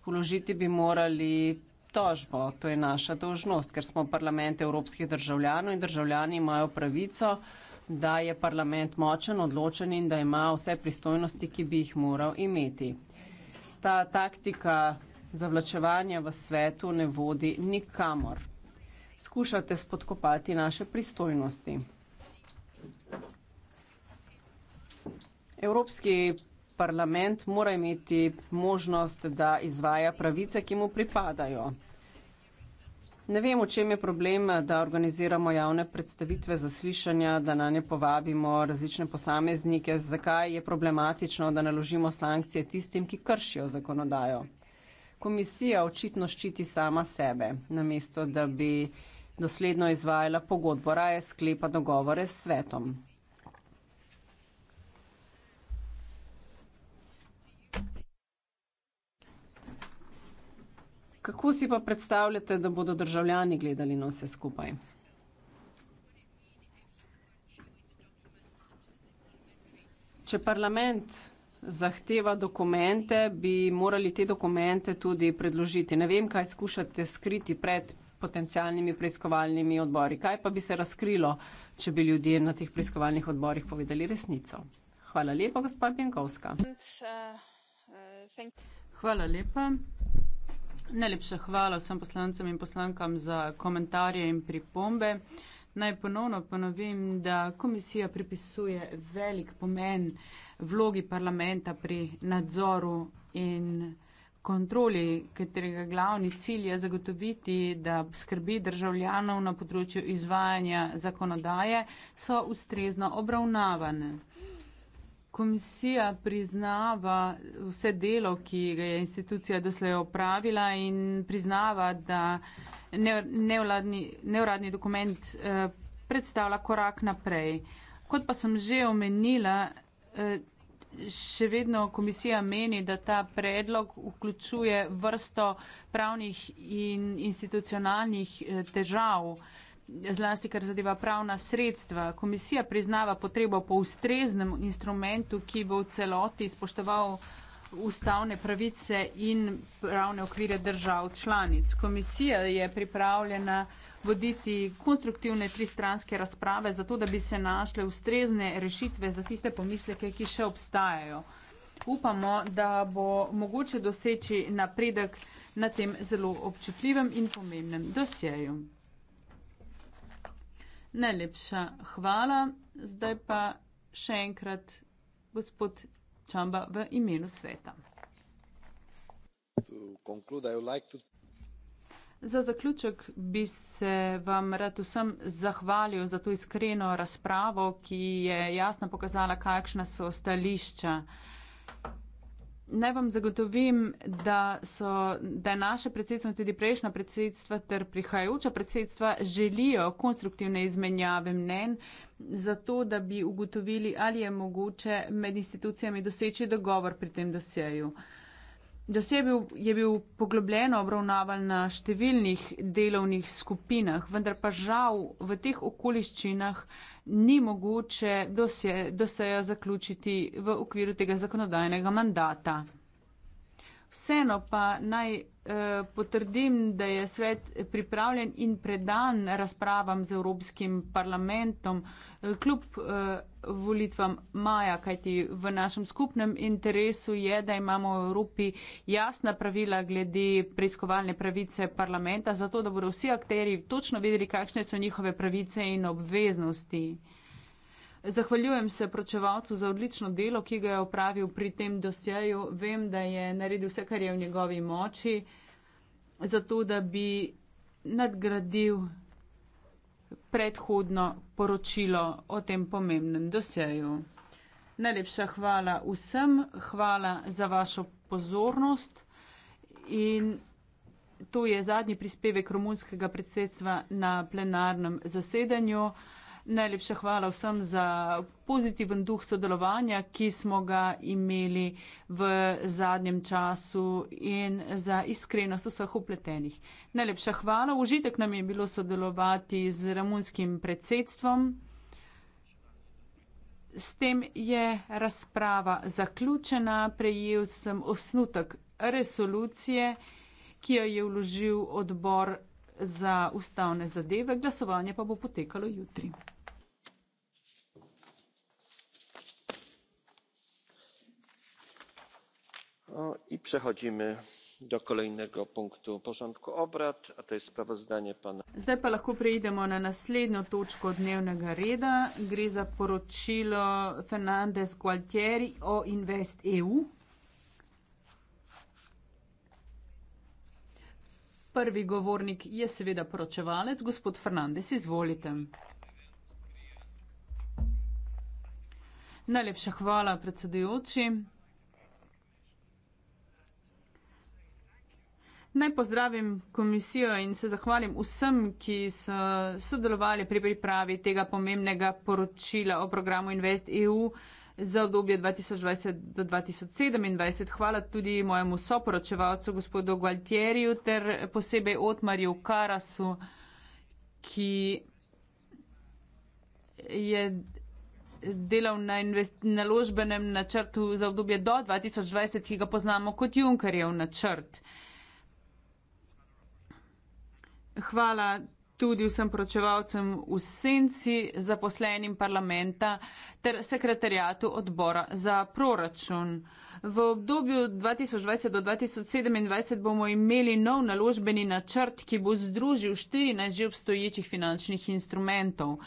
vložiti bi morali tožbo to je naša dolžnost ker smo parlament evropskih državljanov in državljani imajo pravico da je parlament močen, odločen in da ima vse pristojnosti, ki bi jih moral imeti. Ta taktika zavlačevanja v svetu ne vodi nikamor. Skušate spodkopati naše pristojnosti. Evropski parlament mora imeti možnost, da izvaja pravice, ki mu pripadajo. Ne vem, v čem je problem, da organiziramo javne predstavitve zaslišanja, da na nje povabimo različne posameznike. Zakaj je problematično, da naložimo sankcije tistim, ki kršijo zakonodajo? Komisija očitno ščiti sama sebe, namesto da bi dosledno izvajala pogodbo, raje sklepa dogovore s svetom. Kako si pa predstavljate, da bodo državljani gledali na vse skupaj? Če parlament zahteva dokumente, bi morali te dokumente tudi predložiti. Ne vem, kaj skušate skriti pred potencialnimi preiskovalnimi odbori. Kaj pa bi se razkrilo, če bi ljudje na teh preiskovalnih odborih povedali resnico? Hvala lepa, gospod Pienkovska. Uh, uh, Hvala lepa. Najlepša hvala vsem poslancem in poslankam za komentarje in pripombe. Naj ponovno ponovim, da komisija pripisuje velik pomen vlogi parlamenta pri nadzoru in kontroli, katerega glavni cilj je zagotoviti, da skrbi državljanov na področju izvajanja zakonodaje so ustrezno obravnavane komisija priznava vse delo, ki ga je institucija doslej opravila in priznava, da neuradni dokument eh, predstavlja korak naprej. Kot pa sem že omenila, eh, še vedno komisija meni, da ta predlog vključuje vrsto pravnih in institucionalnih eh, težav zlasti kar zadeva pravna sredstva. Komisija priznava potrebo po ustreznem instrumentu, ki bo v celoti spoštoval ustavne pravice in pravne okvire držav članic. Komisija je pripravljena voditi konstruktivne tristranske razprave, zato da bi se našle ustrezne rešitve za tiste pomisleke, ki še obstajajo. Upamo, da bo mogoče doseči napredek na tem zelo občutljivem in pomembnem dosjeju. Najlepša hvala. Zdaj pa še enkrat gospod Čamba v imenu sveta. Za zaključek bi se vam rad vsem zahvalil za to iskreno razpravo, ki je jasno pokazala, kakšna so stališča Naj vam zagotovim, da, so, da naše predsedstvo in tudi prejšnja predsedstva ter prihajajoča predsedstva želijo konstruktivne izmenjave mnen, zato da bi ugotovili, ali je mogoče med institucijami doseči dogovor pri tem dosjeju. Dosebil je bil poglobljeno obravnavan na številnih delovnih skupinah, vendar pa žal v teh okoliščinah ni mogoče doseja zaključiti v okviru tega zakonodajnega mandata. Vseeno pa naj eh, potrdim, da je svet pripravljen in predan razpravam z Evropskim parlamentom, eh, kljub eh, volitvam maja, kajti v našem skupnem interesu je, da imamo v Evropi jasna pravila glede preiskovalne pravice parlamenta, zato da bodo vsi akteri točno vedeli, kakšne so njihove pravice in obveznosti. Zahvaljujem se pročevalcu za odlično delo, ki ga je opravil pri tem dosjeju. Vem, da je naredil vse, kar je v njegovi moči, zato da bi nadgradil predhodno poročilo o tem pomembnem doseju. Najlepša hvala vsem, hvala za vašo pozornost in to je zadnji prispevek romunskega predsedstva na plenarnem zasedanju. Najlepša hvala vsem za pozitiven duh sodelovanja, ki smo ga imeli v zadnjem času in za iskrenost vseh upletenih. Najlepša hvala, užitek nam je bilo sodelovati z romunskim predsedstvom. S tem je razprava zaključena, prejel sem osnutek resolucije, ki jo je vložil odbor za ustavne zadeve, glasovanje pa bo potekalo jutri. No i przechodzimy do kolejnego punktu porządku obrad, a to jest sprawozdanie pana. Zdaj pa lahko preidemo na naslednjo točko dnevnega reda. Gre za poročilo Fernandez Gualtieri o Invest EU. Prvi govornik je seveda poročevalec, gospod Fernandez, izvolite. Najlepša hvala, predsedujoči. Naj pozdravim komisijo in se zahvalim vsem, ki so sodelovali pri pripravi tega pomembnega poročila o programu Invest EU za obdobje 2020 do 2027. Hvala tudi mojemu soporočevalcu, gospodu Gualtieriju, ter posebej Otmarju Karasu, ki je delal na naložbenem načrtu za obdobje do 2020, ki ga poznamo kot Junkerjev načrt. Hvala tudi vsem pročevalcem v senci, zaposlenim parlamenta ter sekretarijatu odbora za proračun. V obdobju 2020 do 2027 bomo imeli nov naložbeni načrt, ki bo združil 14 že obstoječih finančnih instrumentov.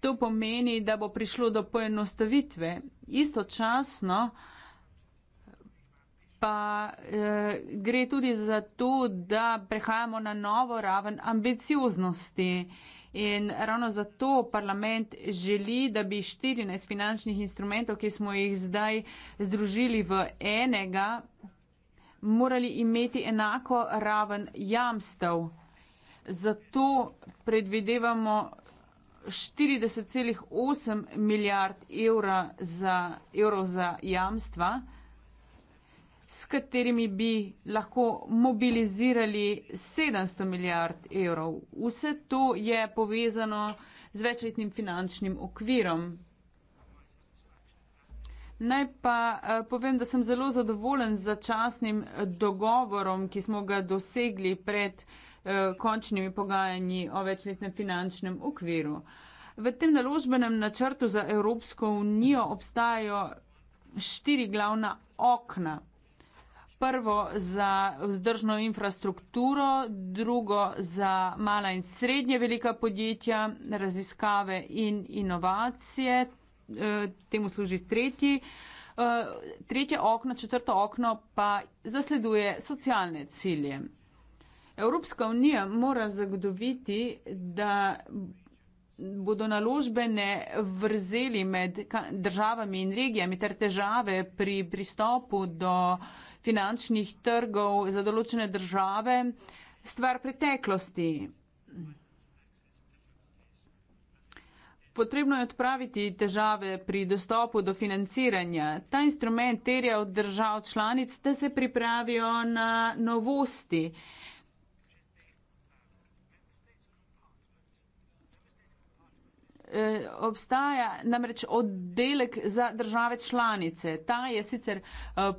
To pomeni, da bo prišlo do poenostavitve. Istočasno pa eh, gre tudi za to, da prehajamo na novo raven ambicioznosti. In ravno zato parlament želi, da bi 14 finančnih instrumentov, ki smo jih zdaj združili v enega, morali imeti enako raven jamstev. Zato predvidevamo 40,8 milijard evra za, evrov za jamstva s katerimi bi lahko mobilizirali 700 milijard evrov. Vse to je povezano z večletnim finančnim okvirom. Naj pa eh, povem, da sem zelo zadovoljen z začasnim dogovorom, ki smo ga dosegli pred eh, končnimi pogajanji o večletnem finančnem okviru. V tem naložbenem načrtu za Evropsko unijo obstajajo štiri glavna okna prvo za vzdržno infrastrukturo, drugo za mala in srednje velika podjetja, raziskave in inovacije. E, temu služi tretji. E, tretje okno, četrto okno pa zasleduje socialne cilje. Evropska unija mora zagotoviti, da bodo naložbene vrzeli med državami in regijami ter težave pri pristopu do finančnih trgov za določene države stvar preteklosti. Potrebno je odpraviti težave pri dostopu do financiranja. Ta instrument terja od držav članic, da se pripravijo na novosti. eh, obstaja namreč oddelek za države članice. Ta je sicer eh,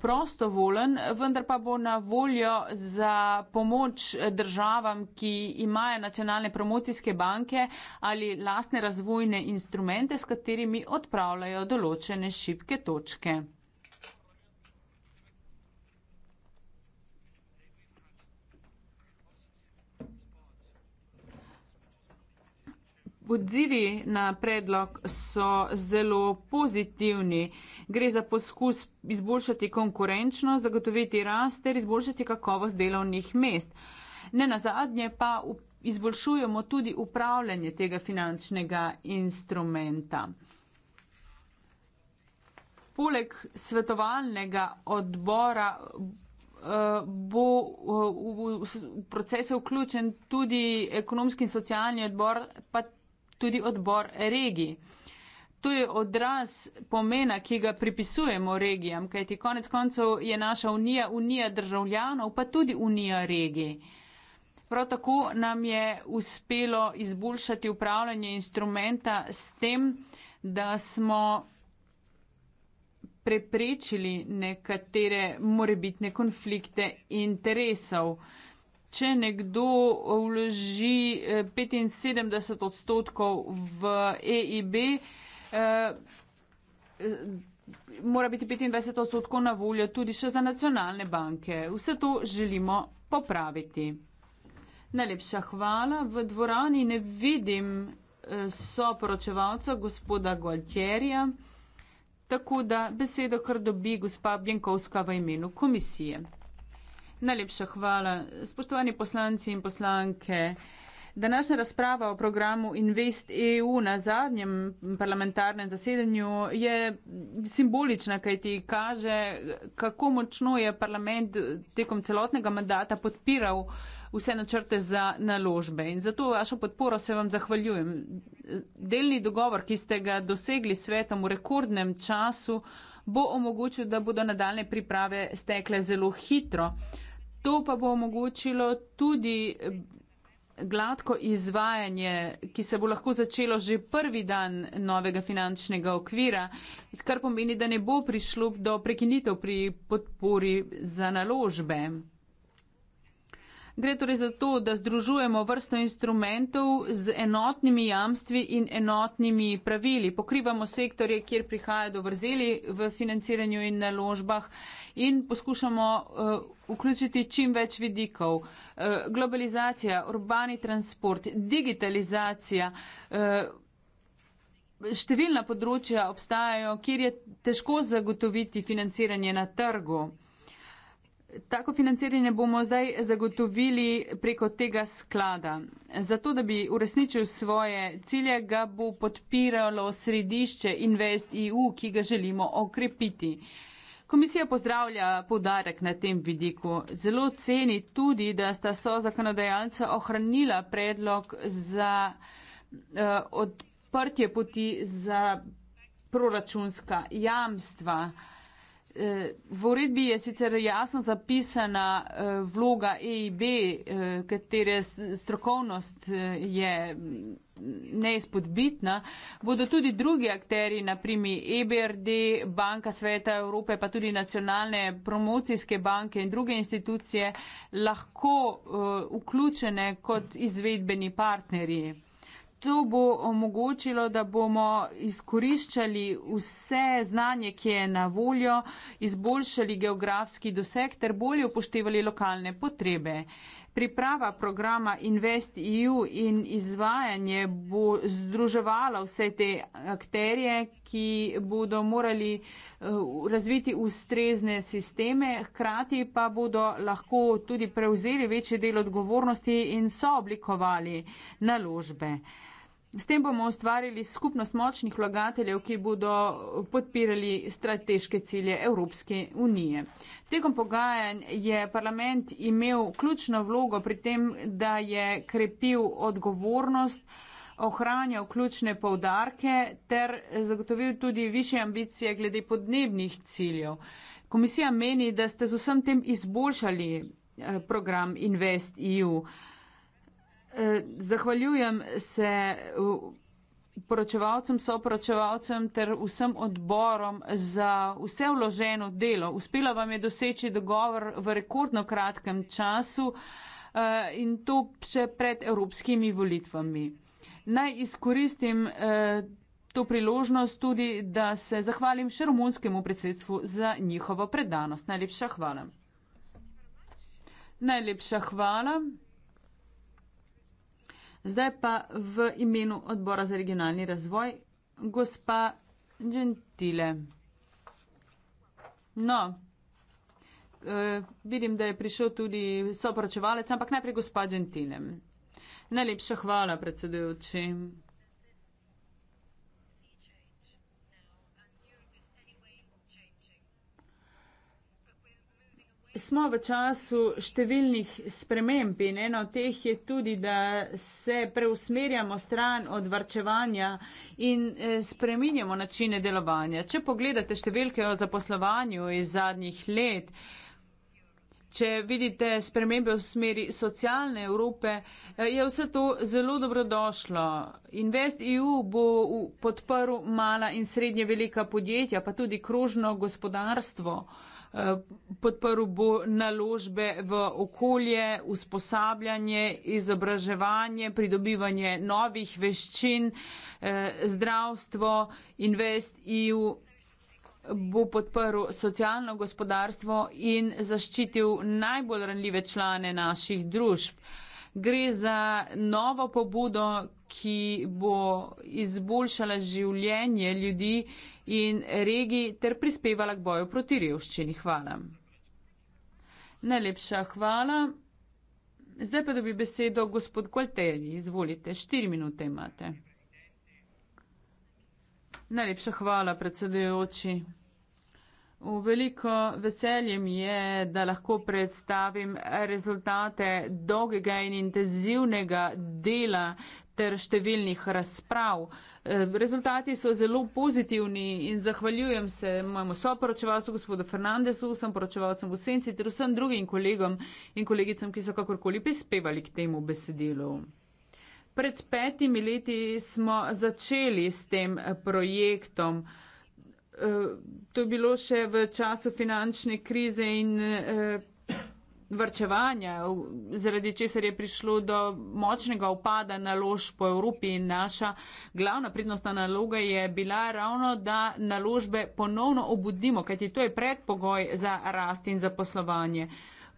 prostovolen, vendar pa bo na voljo za pomoč državam, ki imajo nacionalne promocijske banke ali lastne razvojne instrumente, s katerimi odpravljajo določene šibke točke. Odzivi na predlog so zelo pozitivni. Gre za poskus izboljšati konkurenčnost, zagotoviti rast ter izboljšati kakovost delovnih mest. Ne na zadnje pa izboljšujemo tudi upravljanje tega finančnega instrumenta. Poleg svetovalnega odbora eh, bo eh, v procese vključen tudi ekonomski in socialni odbor, pa tudi odbor regij. To je odraz pomena, ki ga pripisujemo regijam, kajti konec koncev je naša unija unija državljanov, pa tudi unija regij. Prav tako nam je uspelo izboljšati upravljanje instrumenta s tem, da smo preprečili nekatere morebitne konflikte interesov če nekdo vloži 75 eh, odstotkov v EIB, eh, mora biti 25 odstotkov na voljo tudi še za nacionalne banke. Vse to želimo popraviti. Najlepša hvala. V dvorani ne vidim eh, soporočevalca gospoda Gualtjerija, tako da besedo kar dobi gospa Bjenkovska v imenu komisije. Najlepša hvala. Spoštovani poslanci in poslanke, današnja razprava o programu Invest EU na zadnjem parlamentarnem zasedanju je simbolična, kaj ti kaže, kako močno je parlament tekom celotnega mandata podpiral vse načrte za naložbe. In za to vašo podporo se vam zahvaljujem. Delni dogovor, ki ste ga dosegli svetom v rekordnem času, bo omogočil, da bodo nadaljne priprave stekle zelo hitro. To pa bo omogočilo tudi eh, gladko izvajanje, ki se bo lahko začelo že prvi dan novega finančnega okvira, kar pomeni, da ne bo prišlo do prekinitev pri podpori za naložbe. Gre torej za to, da združujemo vrsto instrumentov z enotnimi jamstvi in enotnimi pravili. Pokrivamo sektorje, kjer prihaja do vrzeli v financiranju in naložbah in poskušamo uh, vključiti čim več vidikov. Uh, globalizacija, urbani transport, digitalizacija. Uh, Številna področja obstajajo, kjer je težko zagotoviti financiranje na trgu. Tako financiranje bomo zdaj zagotovili preko tega sklada. Zato, da bi uresničil svoje cilje, ga bo podpiralo središče Invest EU, ki ga želimo okrepiti. Komisija pozdravlja podarek na tem vidiku. Zelo ceni tudi, da sta so zakonodajalca ohranila predlog za uh, odprtje poti za proračunska jamstva. Eh, v uredbi je sicer jasno zapisana eh, vloga EIB, eh, katere strokovnost je neizpodbitna. Bodo tudi drugi akteri, naprimer EBRD, Banka sveta Evrope, pa tudi nacionalne promocijske banke in druge institucije, lahko vključene kot izvedbeni partnerji to bo omogočilo, da bomo izkoriščali vse znanje, ki je na voljo, izboljšali geografski doseg ter bolje upoštevali lokalne potrebe. Priprava programa InvestEU in izvajanje bo združevalo vse te akterje, ki bodo morali eh, razviti ustrezne sisteme, hkrati pa bodo lahko tudi prevzeli večji del odgovornosti in sooblikovali naložbe. S tem bomo ustvarili skupnost močnih vlagateljev, ki bodo podpirali strateške cilje Evropske unije. Tekom pogajanj je parlament imel ključno vlogo pri tem, da je krepil odgovornost, ohranjal ključne povdarke ter zagotovil tudi više ambicije glede podnebnih ciljev. Komisija meni, da ste z vsem tem izboljšali eh, program InvestEU. Zahvaljujem se uh, poročevalcem, soporočevalcem ter vsem odborom za vse vloženo delo. Uspela vam je doseči dogovor v rekordno kratkem času uh, in to še pred evropskimi volitvami. Naj izkoristim uh, to priložnost tudi, da se zahvalim še romunskemu predsedstvu za njihovo predanost. Najlepša hvala. Najlepša hvala. Zdaj pa v imenu odbora za regionalni razvoj, gospa Gentile. No, eh, vidim, da je prišel tudi soporočevalec, ampak najprej gospa Gentile. Najlepša hvala, predsedujoči. Smo v času številnih sprememb in eno od teh je tudi, da se preusmerjamo stran od varčevanja in eh, spreminjamo načine delovanja. Če pogledate številke o zaposlovanju iz zadnjih let, če vidite spremembe v smeri socialne Evrope, eh, je vse to zelo dobrodošlo. Invest EU bo podprl mala in srednje velika podjetja, pa tudi krožno gospodarstvo podprl bo naložbe v okolje, usposabljanje, izobraževanje, pridobivanje novih veščin, eh, zdravstvo, invest EU bo podprl socialno gospodarstvo in zaščitil najbolj ranljive člane naših družb. Gre za novo pobudo, ki bo izboljšala življenje ljudi in regiji ter prispevala k boju proti revščini. Hvala. Najlepša hvala. Zdaj pa dobi besedo gospod Gualteri. Izvolite, štiri minute imate. Najlepša hvala, predsedujoči. V veliko veselje mi je, da lahko predstavim rezultate dolgega in intenzivnega dela ter številnih razprav, Eh, rezultati so zelo pozitivni in zahvaljujem se mojemu soporočevalcu, gospodu Fernandezu, vsem poročevalcem v Senci ter vsem drugim kolegom in kolegicam, ki so kakorkoli prispevali k temu besedilu. Pred petimi leti smo začeli s tem eh, projektom. Eh, to je bilo še v času finančne krize in vrčevanja, zaradi česar je prišlo do močnega upada naložb po Evropi in naša glavna prednostna naloga je bila ravno, da naložbe ponovno obudimo, kajti to je predpogoj za rast in za poslovanje.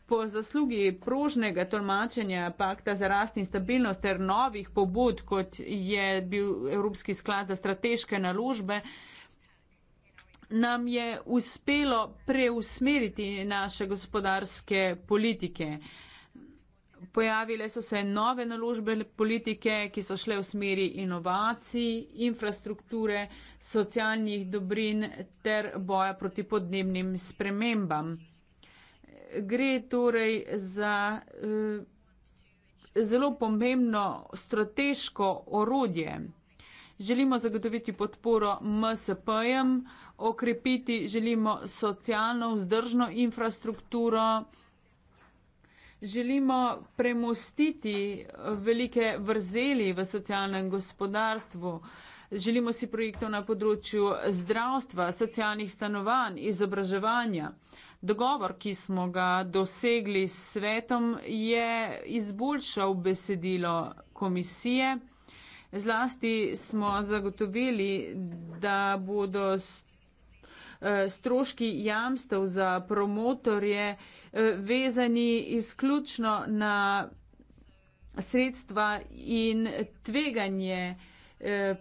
Po zaslugi prožnega tolmačenja pakta za rast in stabilnost ter novih pobud, kot je bil Evropski sklad za strateške naložbe, nam je uspelo preusmeriti naše gospodarske politike. Pojavile so se nove naložbe politike, ki so šle v smeri inovacij, infrastrukture, socialnih dobrin ter boja proti podnebnim spremembam. Gre torej za eh, zelo pomembno strateško orodje. Želimo zagotoviti podporo MSP-jem, eh, okrepiti, želimo socialno vzdržno infrastrukturo, želimo premostiti velike vrzeli v socialnem gospodarstvu. Želimo si projektov na področju zdravstva, socialnih stanovanj, izobraževanja. Dogovor, ki smo ga dosegli s svetom, je izboljšal besedilo komisije. Zlasti smo zagotovili, da bodo Eh, stroški jamstev za promotorje eh, vezani izključno na sredstva in tveganje eh,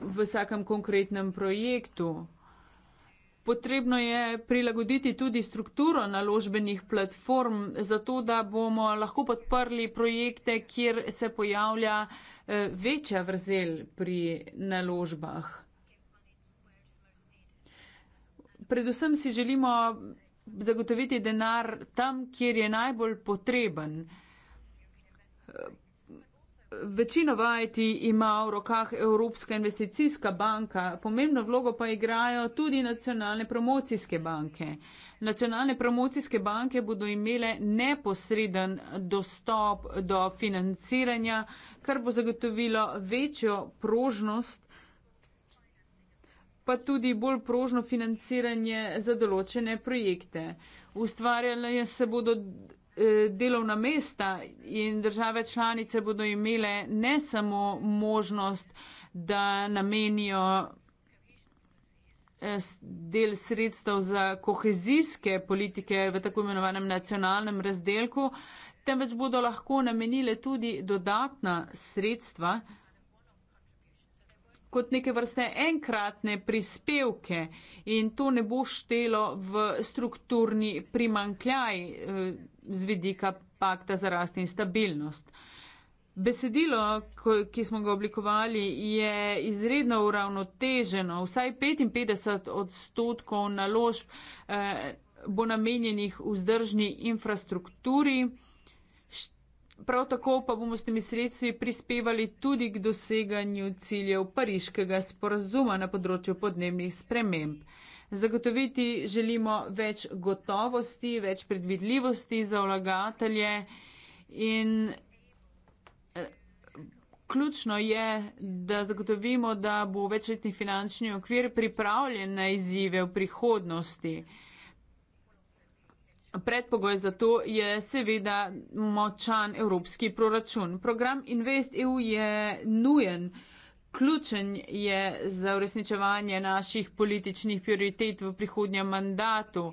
v vsakem konkretnem projektu. Potrebno je prilagoditi tudi strukturo naložbenih platform, zato da bomo lahko podprli projekte, kjer se pojavlja večja vrzel pri naložbah. predvsem si želimo zagotoviti denar tam, kjer je najbolj potreben. Večino vajeti ima v rokah Evropska investicijska banka, pomembno vlogo pa igrajo tudi nacionalne promocijske banke. Nacionalne promocijske banke bodo imele neposreden dostop do financiranja, kar bo zagotovilo večjo prožnost pa tudi bolj prožno financiranje za določene projekte. Ustvarjale se bodo eh, delovna mesta in države članice bodo imele ne samo možnost, da namenijo eh, del sredstev za kohezijske politike v tako imenovanem nacionalnem razdelku, temveč bodo lahko namenile tudi dodatna sredstva, kot neke vrste enkratne prispevke in to ne bo štelo v strukturni primankljaj eh, z vidika pakta za rast in stabilnost. Besedilo, ki smo ga oblikovali, je izredno uravnoteženo. Vsaj 55 odstotkov naložb eh, bo namenjenih vzdržni infrastrukturi prav tako pa bomo s temi sredstvi prispevali tudi k doseganju ciljev pariškega sporazuma na področju podnebnih sprememb. Zagotoviti želimo več gotovosti, več predvidljivosti za vlagatelje in eh, ključno je, da zagotovimo, da bo večletni finančni okvir pripravljen na izzive v prihodnosti. Predpogoj za to je seveda močan evropski proračun. Program Invest EU je nujen, ključen je za uresničevanje naših političnih prioritet v prihodnjem mandatu.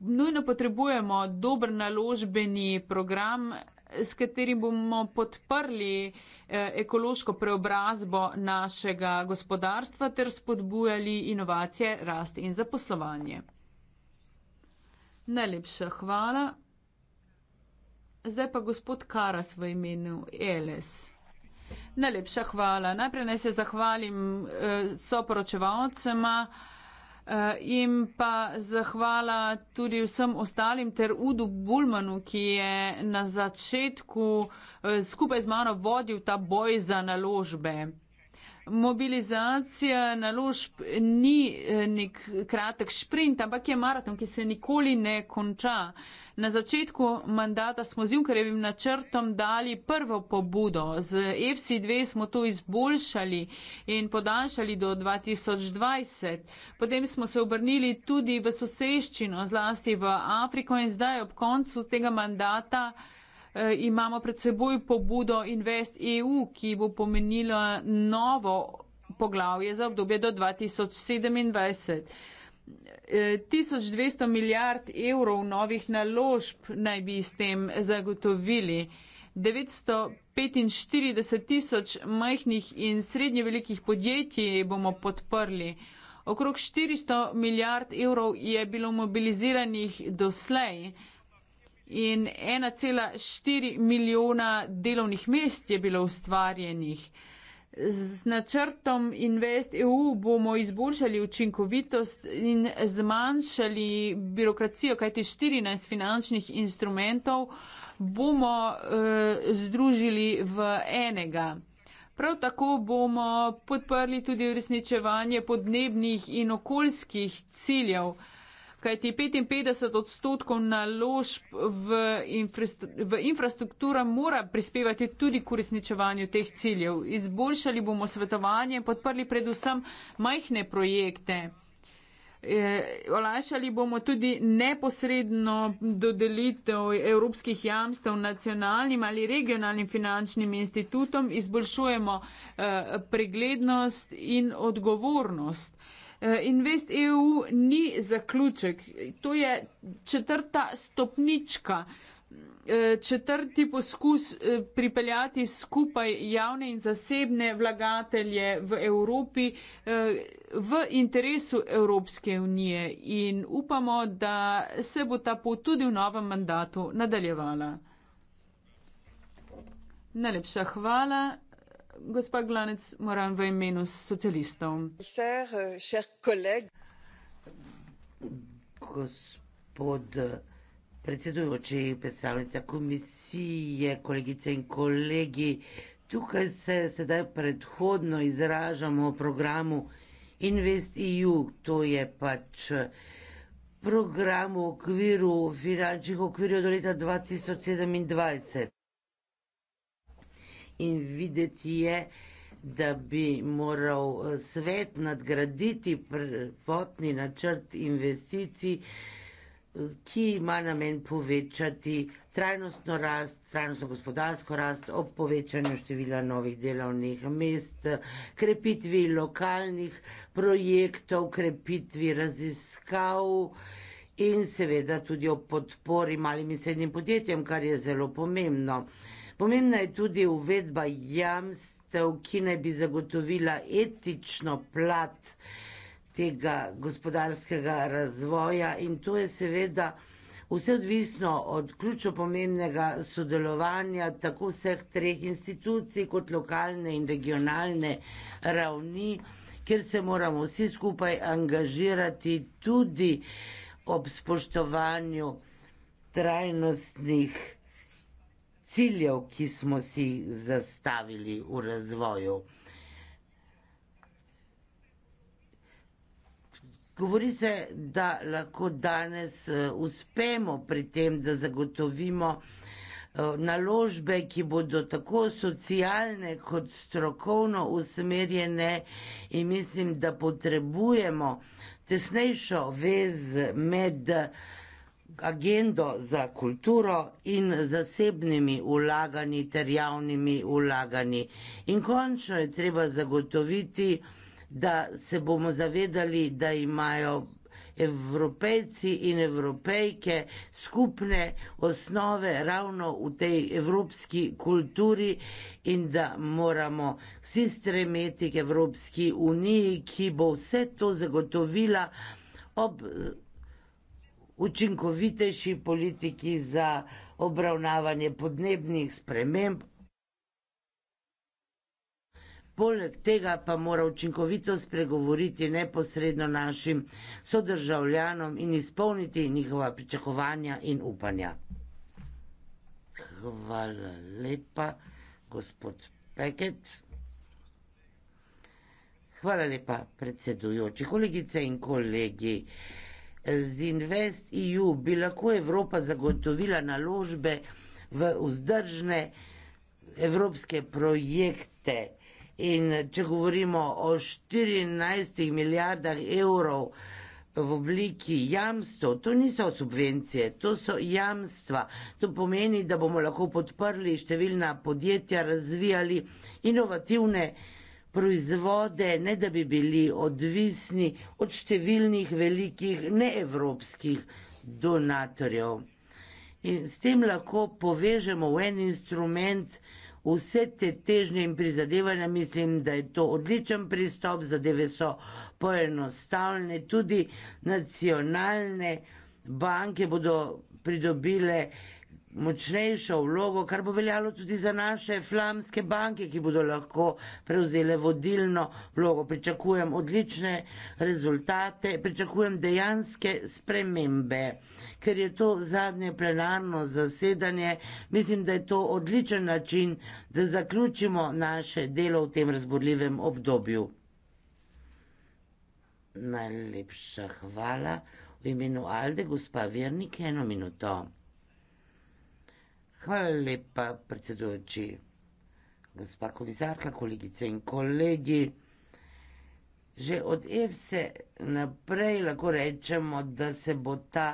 Nujno potrebujemo dober naložbeni program, s katerim bomo podprli eh, ekološko preobrazbo našega gospodarstva ter spodbujali inovacije, rast in zaposlovanje. Najlepša hvala. Zdaj pa gospod Karas v imenu Eles. Najlepša hvala. Najprej naj se zahvalim eh, soporočevalcema eh, in pa zahvala tudi vsem ostalim ter Udu Bulmanu, ki je na začetku eh, skupaj z mano vodil ta boj za naložbe mobilizacija naložb ni eh, nek kratek sprint, ampak je maraton, ki se nikoli ne konča. Na začetku mandata smo z Junkarjevim načrtom dali prvo pobudo. Z FC2 smo to izboljšali in podaljšali do 2020. Potem smo se obrnili tudi v soseščino, zlasti v Afriko in zdaj ob koncu tega mandata. Eh, imamo pred seboj pobudo Invest EU, ki bo pomenila novo poglavje za obdobje do 2027. 1200 eh, milijard evrov novih naložb naj bi s tem zagotovili. 945 tisoč majhnih in srednje velikih podjetij bomo podprli. Okrog 400 milijard evrov je bilo mobiliziranih doslej in 1,4 milijona delovnih mest je bilo ustvarjenih. Z načrtom Invest EU bomo izboljšali učinkovitost in zmanjšali birokracijo, kajti 14 finančnih instrumentov bomo eh, združili v enega. Prav tako bomo podprli tudi uresničevanje podnebnih in okoljskih ciljev kajti 55 odstotkov naložb v, infrastru v infrastrukturo mora prispevati tudi k uresničevanju teh ciljev. Izboljšali bomo svetovanje, podprli predvsem majhne projekte. E, olajšali bomo tudi neposredno dodelitev evropskih jamstev nacionalnim ali regionalnim finančnim institutom, izboljšujemo e, preglednost in odgovornost. E, Eh, Invest EU ni zaključek, to je četrta stopnička, eh, četrti poskus eh, pripeljati skupaj javne in zasebne vlagatelje v Evropi v interesu Evropske unije in upamo, da se bo ta pot tudi v novem mandatu nadaljevala. Najlepša hvala gospa Glanec, moram v imenu socialistov. Eh, Gospod eh, predsedujoči, predstavnica komisije, kolegice in kolegi, tukaj se sedaj predhodno izražamo o programu InvestEU, to je pač eh, program v okviru finančnih okvirjev do leta 2027 in videti je, da bi moral eh, svet nadgraditi potni načrt investicij, eh, ki ima namen povečati trajnostno rast, trajnostno gospodarsko rast ob povečanju števila novih delovnih mest, krepitvi lokalnih projektov, krepitvi raziskav. In seveda tudi o podpori malim in srednjim podjetjem, kar je zelo pomembno. Uh, Pomembna je tudi uvedba jamstev, ki naj bi zagotovila etično plat tega gospodarskega razvoja in to je seveda vse odvisno od ključno pomembnega sodelovanja tako vseh treh institucij kot lokalne in regionalne ravni, kjer se moramo vsi skupaj angažirati tudi ob spoštovanju trajnostnih vsega ciljev, ki smo si jih zastavili v razvoju. Govori se, da lahko danes eh, uspemo pri tem, da zagotovimo eh, naložbe, ki bodo tako socialne kot strokovno usmerjene in mislim, da potrebujemo tesnejšo vez med agendo za kulturo in zasebnimi ulaganji ter javnimi ulaganji. In končno je treba zagotoviti, da se bomo zavedali, da imajo evropejci in evropejke skupne osnove ravno v tej evropski kulturi in da moramo vsi stremeti k Evropski uniji, ki bo vse to zagotovila ob učinkovitejši politiki za obravnavanje podnebnih sprememb. Poleg tega pa mora učinkovito spregovoriti neposredno našim sodržavljanom in izpolniti njihova pričakovanja in upanja. Hvala lepa, gospod Peket. Hvala lepa, predsedujoči, kolegice in kolegi z Invest EU bi lahko Evropa zagotovila naložbe v vzdržne evropske projekte. In če govorimo o 14 milijardah evrov v obliki jamstva, to niso subvencije, to so jamstva. To pomeni, da bomo lahko podprli številna podjetja, razvijali inovativne projekte proizvode, ne da bi bili odvisni od številnih velikih neevropskih donatorjev. In s tem lahko povežemo v en instrument vse te težnje in prizadevanja. Mislim, da je to odličen pristop, zadeve so poenostavljene, tudi nacionalne banke bodo pridobile močnejšo vlogo, kar bo veljalo tudi za naše flamske banke, ki bodo lahko prevzele vodilno vlogo. Pričakujem odlične rezultate, pričakujem dejanske spremembe, ker je to zadnje plenarno zasedanje. Mislim, da je to odličen način, da zaključimo naše delo v tem razborljivem obdobju. Najlepša hvala v imenu Alde, gospa Vernik, eno minuto. Hvala lepa, predsedujoči, gospa komisarka, kolegice in kolegi. Že od EFSE naprej lahko rečemo, da se bo ta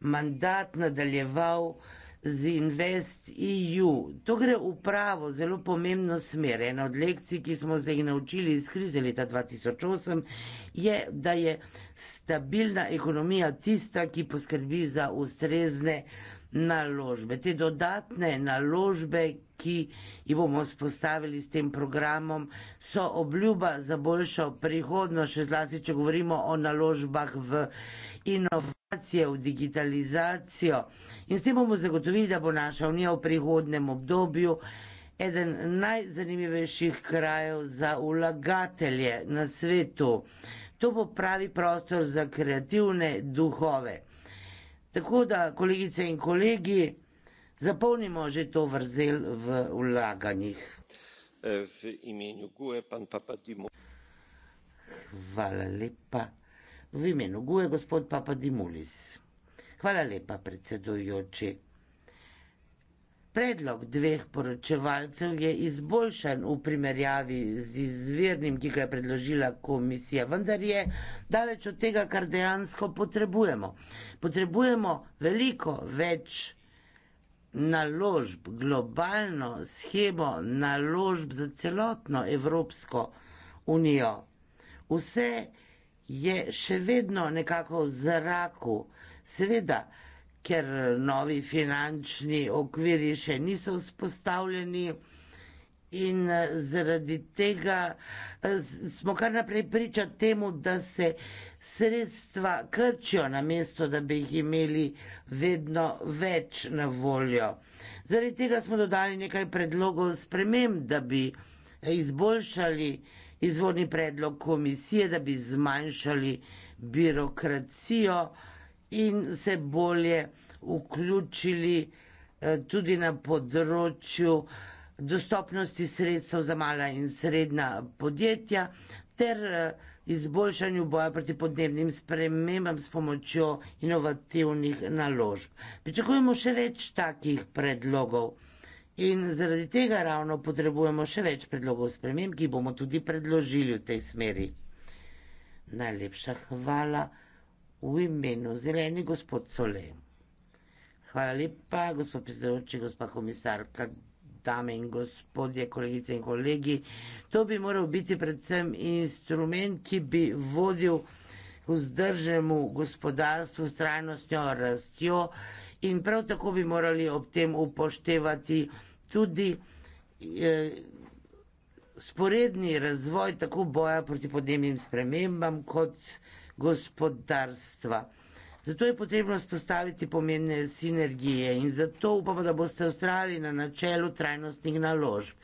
mandat nadaljeval z Invest EU. To gre v pravo, zelo pomembno smer. Ena od lekcij, ki smo se jih naučili iz krize leta 2008, je, da je stabilna ekonomija tista, ki poskrbi za ustrezne naložbe, te dodatne naložbe, ki jih bomo spostavili s tem programom, so obljuba za boljšo prihodnost, še zlasti, če govorimo o naložbah v inovacije, v digitalizacijo. In s tem bomo zagotovili, da bo naša unija v prihodnem obdobju eden najzanimivejših krajev za ulagatelje na svetu. To bo pravi prostor za kreativne duhove. Tako da, kolegice in kolegi, zapolnimo že to vrzel v vlaganjih. E, v imenu Gue, pan Papadimul. Hvala lepa. V imenu Gue, gospod Papadimulis. Hvala lepa, predsedujoči. Predlog dveh poročevalcev je izboljšan v primerjavi z izvirnim, ki ga je predložila komisija, vendar je daleč od tega, kar dejansko potrebujemo. Potrebujemo veliko več naložb, globalno schemo naložb za celotno Evropsko unijo. Vse je še vedno nekako v zraku, seveda ker novi finančni okviri še niso vzpostavljeni. In eh, zaradi tega eh, smo kar naprej priča temu, da se sredstva krčijo na mesto, da bi jih imeli vedno več na voljo. Zaradi tega smo dodali nekaj predlogov sprememb, da bi izboljšali izvorni predlog komisije, da bi zmanjšali birokracijo in se bolje vključili eh, tudi na področju dostopnosti sredstev za mala in srednja podjetja ter eh, izboljšanju boja proti podnebnim spremembam s pomočjo inovativnih naložb. Pričakujemo še več takih predlogov in zaradi tega ravno potrebujemo še več predlogov sprememb, ki bomo tudi predložili v tej smeri. Najlepša hvala v imenu zeleni gospod Sole. Hvala lepa, gospod predsedujoči, gospa komisarka, dame in gospodje, kolegice in kolegi. To bi moral biti predvsem instrument, ki bi vodil vzdržemu gospodarstvu, trajnostjo, rastjo in prav tako bi morali ob tem upoštevati tudi eh, sporedni razvoj tako boja proti podnebnim spremembam kot gospodarstva. Zato je potrebno spostaviti pomembne sinergije in zato upamo, da boste ustrajali na načelu trajnostnih naložb.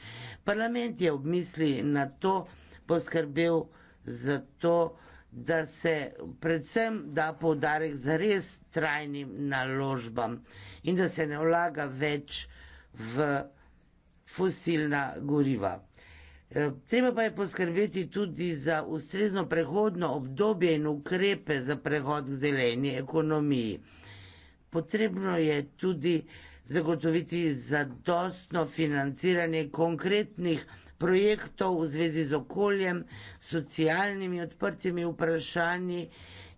Parlament je ob misli na to poskrbel za to, da se predvsem da povdarek za res trajnim naložbam in da se ne vlaga več v fosilna goriva. Eh, treba pa je poskrbeti tudi za ustrezno prehodno obdobje in ukrepe za prehod k zeleni ekonomiji. Potrebno je tudi zagotoviti zadostno financiranje konkretnih projektov v zvezi z okoljem, socialnimi odprtimi vprašanji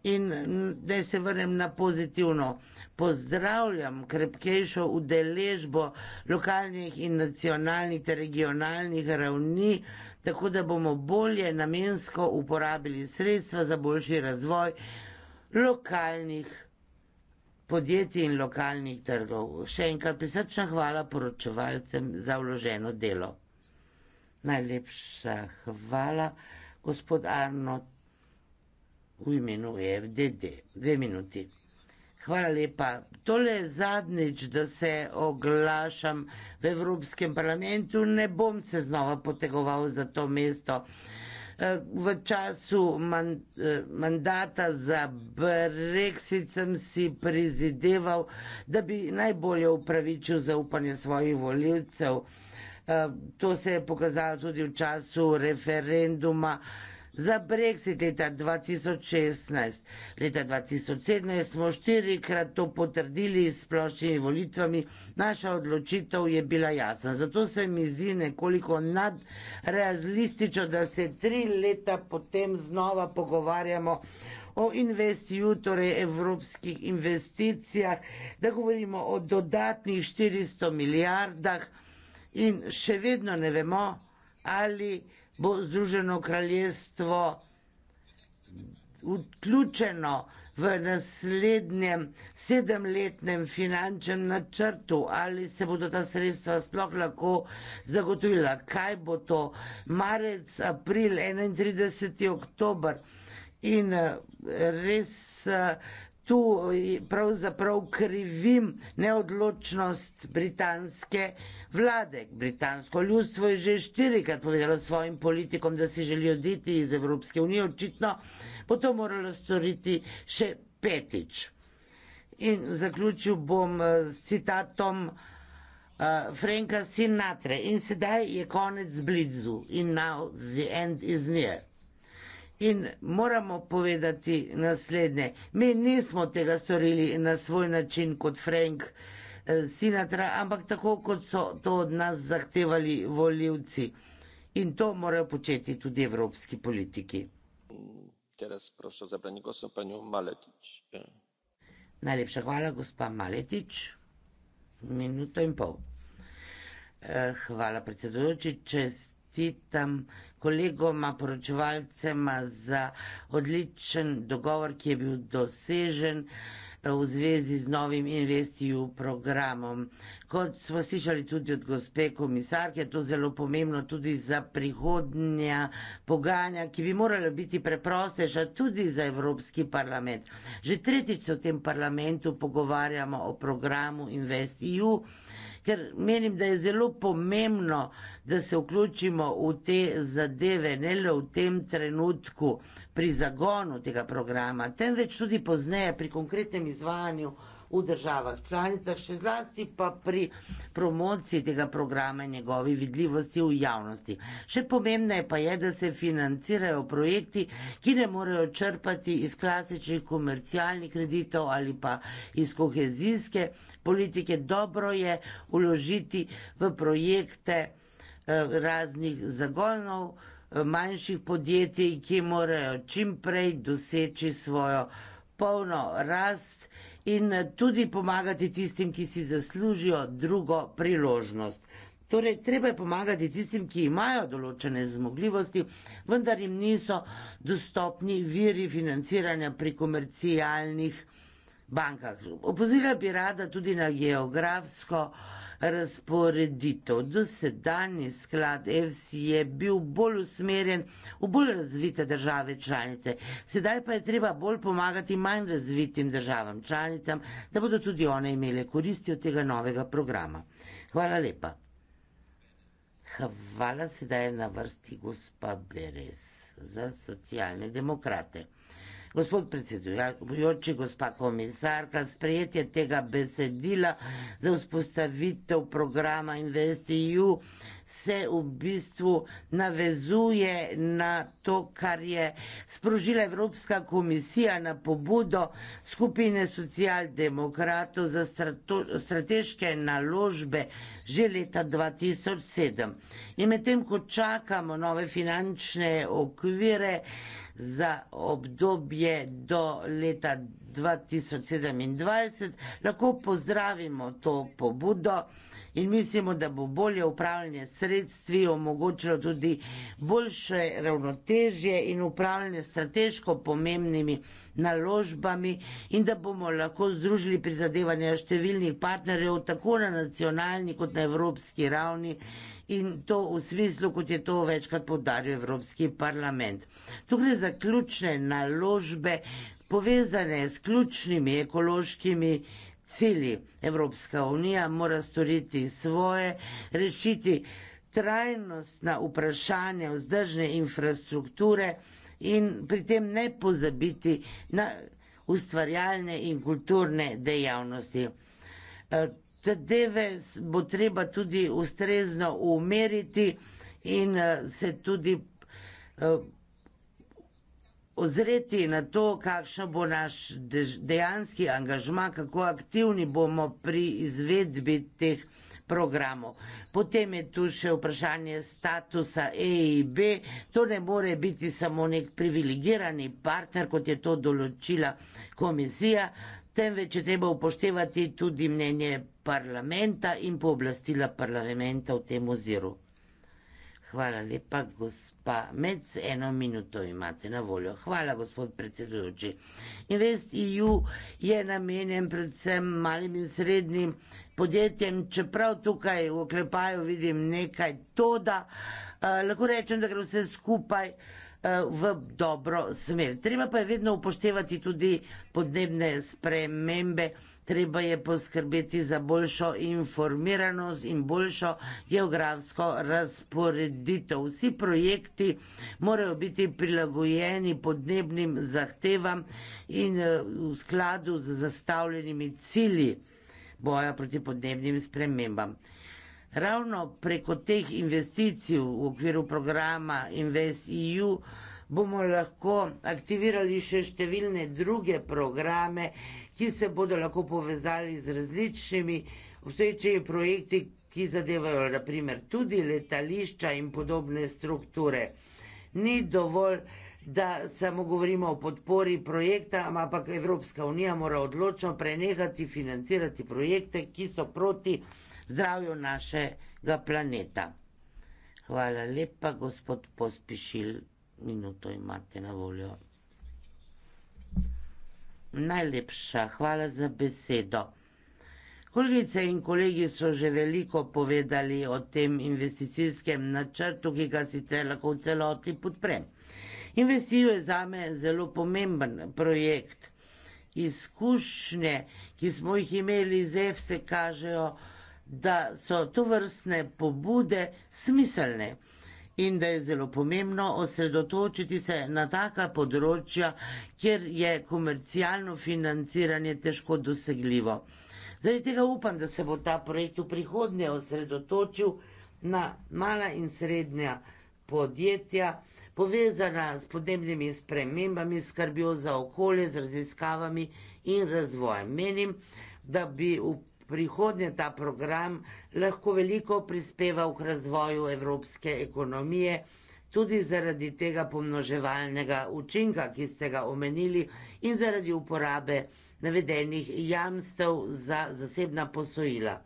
in da se vrnem na pozitivno. Pozdravljam krepkejšo udeležbo lokalnih in nacionalnih ter regionalnih ravni, tako da bomo bolje namensko uporabili sredstva za boljši razvoj lokalnih podjetij in lokalnih trgov. Še enkrat prisrčna hvala poročevalcem za vloženo delo. Najlepša hvala, gospod Arnold v imenu EFDD. Dve minuti. Hvala lepa. Tole je zadnjič, da se oglašam v Evropskem parlamentu. Ne bom se znova potegoval za to mesto. Eh, v času man, eh, mandata za Brexit sem si prizideval, da bi najbolje upravičil zaupanje svojih voljivcev. Eh, to se je pokazalo tudi v času referenduma, Za Brexit leta 2016, leta 2017 smo štirikrat to potrdili s splošnimi volitvami, naša odločitev je bila jasna. Zato se mi zdi nekoliko nadrealistično, da se tri leta potem znova pogovarjamo o investiju, torej evropskih investicijah, da govorimo o dodatnih 400 milijardah in še vedno ne vemo, ali bo Združeno kraljestvo vključeno v naslednjem sedemletnem finančnem načrtu, ali se bodo ta sredstva sploh lahko zagotovila, kaj bo to marec, april, 31. oktober in res tu pravzaprav krivim neodločnost britanske vlade. Britansko ljudstvo je že štirikrat povedalo svojim politikom, da si želijo oditi iz Evropske unije, očitno bo to moralo storiti še petič. In zaključil bom eh, s citatom uh, Franka Sinatra. In sedaj je konec blizu in now the end is near. In moramo povedati naslednje. Mi nismo tega storili na svoj način kot Frank. Uh, Sinatra, ampak tako, kot so to od nas zahtevali voljivci. In to morajo početi tudi evropski politiki. Najlepša hvala, gospa Maletič. Minuto in pol. E, hvala, predsedujoči. Čestitam kolegoma, poročevalcema za odličen dogovor, ki je bil dosežen v zvezi z novim investiju programom. Kot smo slišali tudi od gospe komisarke, je to zelo pomembno tudi za prihodnja pogajanja, ki bi morala biti preprosteša tudi za Evropski parlament. Že tretjič v tem parlamentu pogovarjamo o programu investiju, ker menim, da je zelo pomembno, da se vključimo v te zadeve, ne le v tem trenutku pri zagonu tega programa, temveč tudi pozneje pri konkretnem izvajanju v državah članicah, še zlasti pa pri promociji tega programa in njegovi vidljivosti v javnosti. Še pomembneje pa je, da se financirajo projekti, ki ne morejo črpati iz klasičnih komercialnih kreditov ali pa iz kohezijske politike. Dobro je uložiti v projekte, Eh, raznih zagonov eh, manjših podjetij, ki morajo čim prej doseči svojo polno rast in eh, tudi pomagati tistim, ki si zaslužijo drugo priložnost. Torej, treba je pomagati tistim, ki imajo določene zmogljivosti, vendar jim niso dostopni viri financiranja pri komercialnih bankah. Opozorila bi rada tudi na geografsko razporeditev. Dosedanji sklad EFSI je bil bolj usmerjen v bolj razvite države članice. Sedaj pa je treba bolj pomagati manj razvitim državam članicam, da bodo tudi one imele koristi od tega novega programa. Hvala lepa. Hvala, sedaj je na vrsti gospa Beres za socialne demokrate. Gospod predsedujoči, gospa komisarka, sprejetje tega besedila za vzpostavitev programa InvestEU se v bistvu navezuje na to, kar je sprožila Evropska komisija na pobudo skupine socialdemokratov za strateške naložbe že leta 2007. In medtem, ko čakamo nove finančne okvire, za obdobje do leta 2027. Lahko pozdravimo to pobudo in mislimo, da bo bolje upravljanje sredstvi omogočilo tudi boljše ravnotežje in upravljanje strateško pomembnimi naložbami in da bomo lahko združili prizadevanja številnih partnerjev tako na nacionalni kot na evropski ravni. In to v smislu, kot je to večkrat podaril Evropski parlament. Tu gre za ključne naložbe, povezane s ključnimi ekološkimi cilji. Evropska unija mora storiti svoje, rešiti trajnostna vprašanja vzdržne infrastrukture in pri tem ne pozabiti na ustvarjalne in kulturne dejavnosti. Tadeve eh, bo treba tudi ustrezno umeriti in eh, se tudi eh, ozreti na to, kakšen bo naš dejanski angažma, kako aktivni bomo pri izvedbi teh programov. Potem je tu še vprašanje statusa EIB. To ne more biti samo nek privilegirani partner, kot je to določila komisija, temveč je treba upoštevati tudi mnenje parlamenta in pooblastila parlamenta v tem oziru. Hvala lepa, gospa. Med eno minuto imate na voljo. Hvala, gospod predsedujoči. Invest EU je namenjen predvsem malim in srednjim podjetjem, čeprav tukaj v oklepaju vidim nekaj to, da eh, lahko rečem, da gre vse skupaj eh, v dobro smer. Treba pa je vedno upoštevati tudi podnebne spremembe, treba je poskrbeti za boljšo informiranost in boljšo geografsko razporeditev. Vsi projekti morajo biti prilagojeni podnebnim zahtevam in eh, v skladu z zastavljenimi cilji boja proti podnebnim spremembam. Ravno preko teh investicij v okviru programa Invest EU bomo lahko aktivirali še številne druge programe, ki se bodo lahko povezali z različnimi obstoječimi projekti, ki zadevajo naprimer tudi letališča in podobne strukture. Ni dovolj, da samo govorimo o podpori projekta, ampak Evropska unija mora odločno prenehati financirati projekte, ki so proti zdravju našega planeta. Hvala lepa, gospod Pospišil, minuto imate na voljo. Najlepša hvala za besedo. Kolegice in kolegi so že veliko povedali o tem investicijskem načrtu, ki ga sicer lahko v celoti podprem. Investijo je zame zelo pomemben projekt. Izkušnje, ki smo jih imeli z EFSE, kažejo, da so to vrstne pobude smiselne in da je zelo pomembno osredotočiti se na taka področja, kjer je komercialno financiranje težko dosegljivo. Zaradi tega upam, da se bo ta projekt v prihodnje osredotočil na mala in srednja podjetja, povezana s podnebnimi spremembami, skrbjo za okolje, z raziskavami in razvojem. Menim, da bi v prihodnje ta program lahko veliko prispeval k razvoju evropske ekonomije, tudi zaradi tega pomnoževalnega učinka, ki ste ga omenili, in zaradi uporabe navedenih jamstev za zasebna posojila.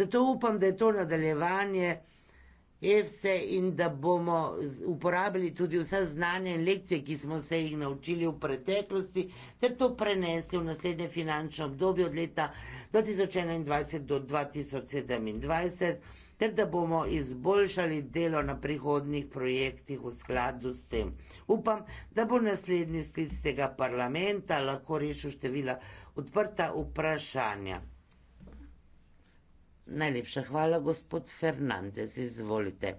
Zato upam, da je to nadaljevanje. EFSE in da bomo uporabili tudi vsa znanja in lekcije, ki smo se jih naučili v preteklosti, ter to prenesli v naslednje finančno obdobje od leta 2021 do 2027, ter da bomo izboljšali delo na prihodnih projektih v skladu s tem. Upam, da bo naslednji sklic tega parlamenta lahko rešil števila odprta vprašanja. Najlepša hvala, gospod Fernandez, izvolite.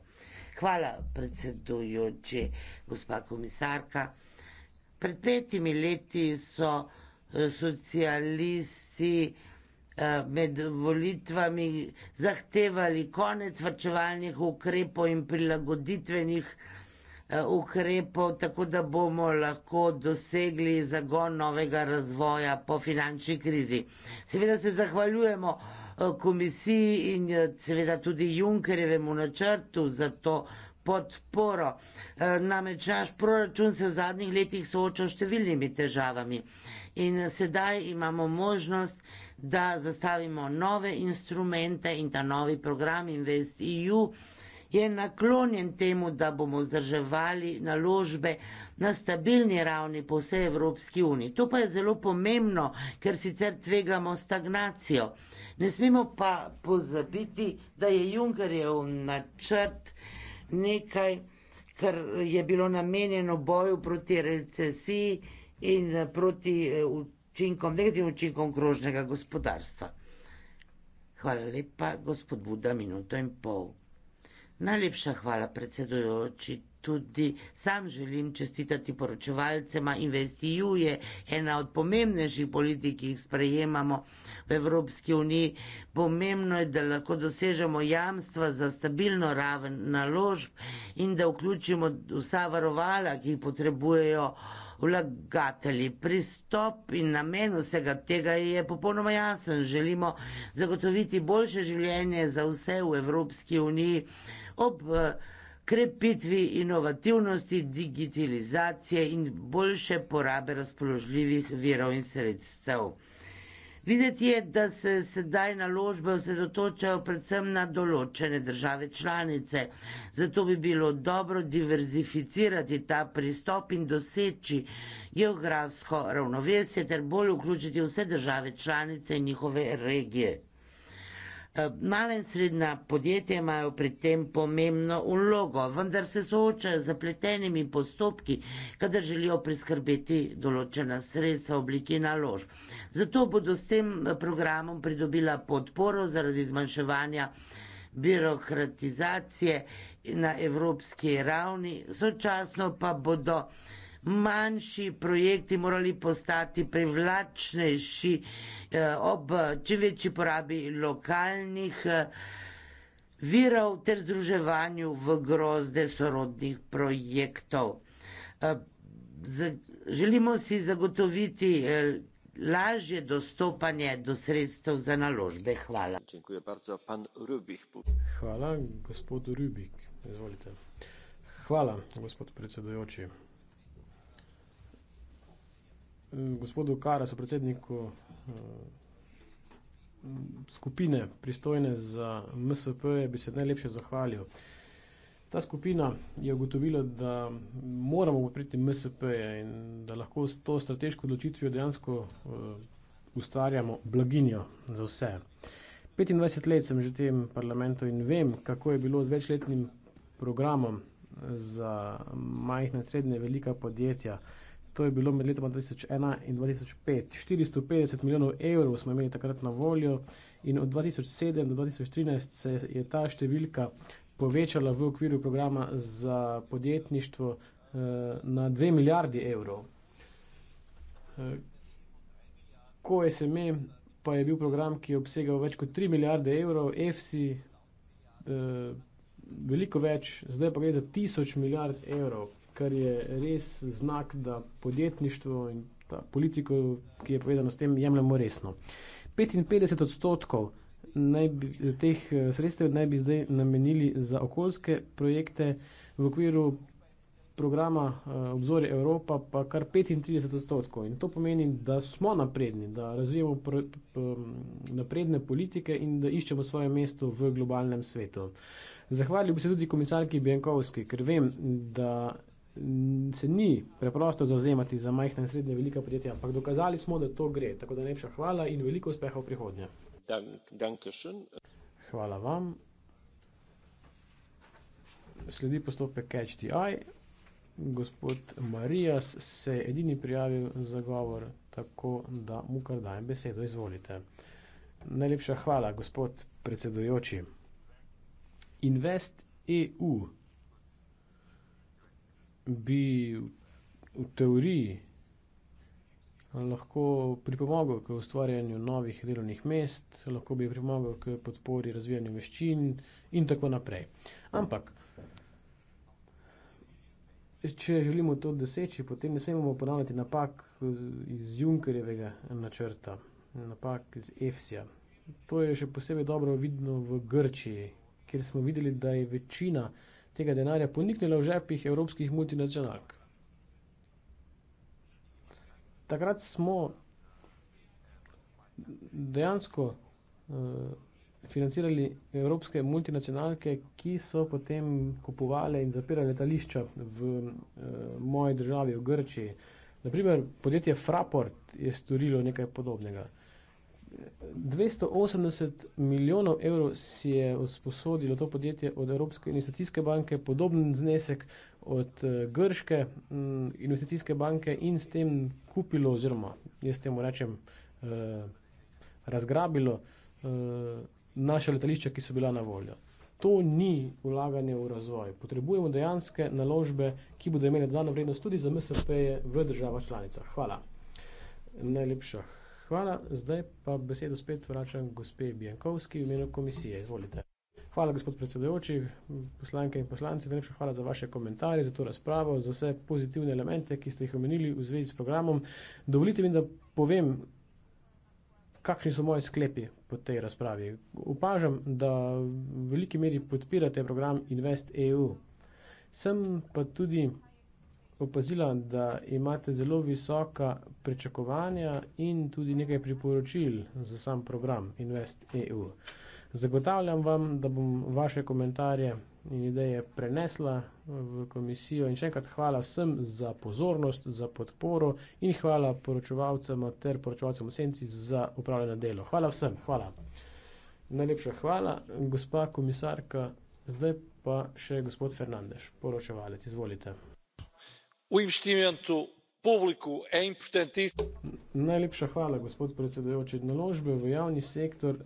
Hvala, predsedujoči, gospa komisarka. Pred petimi leti so eh, socialisti eh, med volitvami zahtevali konec vrčevalnih ukrepov in prilagoditvenih eh, ukrepov, tako da bomo lahko dosegli zagon novega razvoja po finančni krizi. Seveda se zahvaljujemo, Eh, komisiji in eh, seveda tudi Junkerjevemu načrtu za to podporo. Eh, namreč naš proračun se v zadnjih letih sooča s številnimi težavami in sedaj imamo možnost, da zastavimo nove instrumente in ta novi program InvestEU je naklonjen temu, da bomo zdrževali naložbe na stabilni ravni po vsej Evropski uniji. To pa je zelo pomembno, ker sicer tvegamo stagnacijo. Ne smemo pa pozabiti, da je Junkerjev načrt nekaj, kar je bilo namenjeno boju proti recesiji in eh, proti eh, učinkom, negativnim učinkom krožnega gospodarstva. Hvala lepa, gospod Buda, minuto in pol. Najlepša hvala, predsedujoči. Tudi sam želim čestitati poročevalcema in vesti ju je ena od pomembnejših politik, ki jih sprejemamo v Evropski uniji. Pomembno je, da lahko dosežemo jamstva za stabilno raven naložb in da vključimo vsa varovala, ki jih potrebujejo vlagatelji. Pristop in namen vsega tega je popolnoma jasen. Želimo zagotoviti boljše življenje za vse v Evropski uniji ob eh, krepitvi inovativnosti, digitalizacije in boljše porabe razpoložljivih virov in sredstev. Videti je, da se sedaj naložbe osredotočajo predvsem na določene države članice, zato bi bilo dobro diverzificirati ta pristop in doseči geografsko ravnovesje ter bolj vključiti vse države članice in njihove regije. Eh, mala in srednja podjetja imajo pri tem pomembno ulogo, vendar se soočajo z zapletenimi postopki, kadar želijo priskrbeti določena sredstva v obliki naložb. Zato bodo s tem programom pridobila podporo zaradi zmanjševanja birokratizacije na evropski ravni, sočasno pa bodo manjši projekti morali postati privlačnejši eh, ob čim večji porabi lokalnih eh, virov ter združevanju v grozde sorodnih projektov. Eh, želimo si zagotoviti lažje dostopanje do sredstev za naložbe. Hvala. Hvala, gospod Rubik. Izvolite. Hvala, gospod predsedujoči gospodu Karasu, predsedniku eh, skupine pristojne za MSP, bi se najlepše zahvalil. Ta skupina je ugotovila, da moramo podpreti MSP in da lahko s to strateško odločitvijo dejansko eh, ustvarjamo blaginjo za vse. 25 let sem že v tem parlamentu in vem, kako je bilo z večletnim programom za majhne, srednje, velika podjetja. To je bilo med letoma 2001 in 2005. 450 milijonov evrov smo imeli takrat na voljo, in od 2007 do 2013 se je ta številka povečala v okviru programa za podjetništvo eh, na 2 milijardi evrov. Eh, ko je SME, pa je bil program, ki je obsegal več kot 3 milijarde evrov, EFSI eh, veliko več, zdaj pa gre za 1000 milijard evrov kar je res znak, da podjetništvo in ta politika, ki je povezana s tem, jemljemo resno. 55 odstotkov bi, teh eh, sredstev naj bi zdaj namenili za okoljske projekte v okviru programa eh, Obzorje Evropa, pa kar 35 odstotkov. In to pomeni, da smo napredni, da razvijamo napredne politike in da iščemo svoje mesto v globalnem svetu. Zahvalil bi se tudi komisarki Bjankovski, ker vem, da se ni preprosto zauzemati za majhne in srednje velika podjetja, ampak dokazali smo, da to gre. Tako da najlepša hvala in veliko uspeha v prihodnje. Hvala vam. Sledi postopek Catch the Eye. Gospod Marijas se je edini prijavil za govor, tako da mu kar dajem besedo. Izvolite. Najlepša hvala, gospod predsedujoči. Invest EU bi v teoriji lahko pripomogel k ustvarjanju novih delovnih mest, lahko bi pripomogel k podpori razvijanju veščin in tako naprej. Ampak, če želimo to doseči, potem ne smemo ponavljati napak iz Junkerjevega načrta, napak iz EFSI-ja. To je še posebej dobro vidno v Grčiji, kjer smo videli, da je večina tega denarja poniknila v žepih evropskih multinacionalk. Takrat smo dejansko uh, financirali evropske multinacionalke, ki so potem kupovale in zapirale letališča v uh, moji državi, v Grčiji. Naprimer, podjetje Fraport je storilo nekaj podobnega. 280 milijonov evrov si je usposodilo to podjetje od Evropske investicijske banke, podoben znesek od uh, Grške um, investicijske banke in s tem kupilo, oziroma jaz temu rečem, uh, razgrabilo uh, eh, naše letališča, ki so bila na voljo. To ni ulaganje v razvoj. Potrebujemo dejanske naložbe, ki bodo imele dodano vrednost tudi za MSP-je v državah članicah. Hvala. Najlepša Hvala, zdaj pa besedo spet vračam gospe Bjankovski v imenu komisije. Izvolite. Hvala, gospod predsedujoči, poslanke in poslanci, najlepša hvala za vaše komentarje, za to razpravo, za vse pozitivne elemente, ki ste jih omenili v zvezi s programom. Dovolite mi, da povem, kakšni so moje sklepi po tej razpravi. Upažam, da v veliki meri podpirate program Invest EU. Sem pa tudi opazila, da imate zelo visoka pričakovanja in tudi nekaj priporočil za sam program InvestEU. Zagotavljam vam, da bom vaše komentarje in ideje prenesla v komisijo in še enkrat hvala vsem za pozornost, za podporo in hvala poročevalcem ter poročevalcem v senci za upravljeno delo. Hvala vsem, hvala. Najlepša hvala, gospa komisarka, zdaj pa še gospod Fernandeš, poročevalec, izvolite v investimentu publiku é importantíssimo. Najlepša hvala, gospod predsedujoči. Naložbe v javni sektor, eh,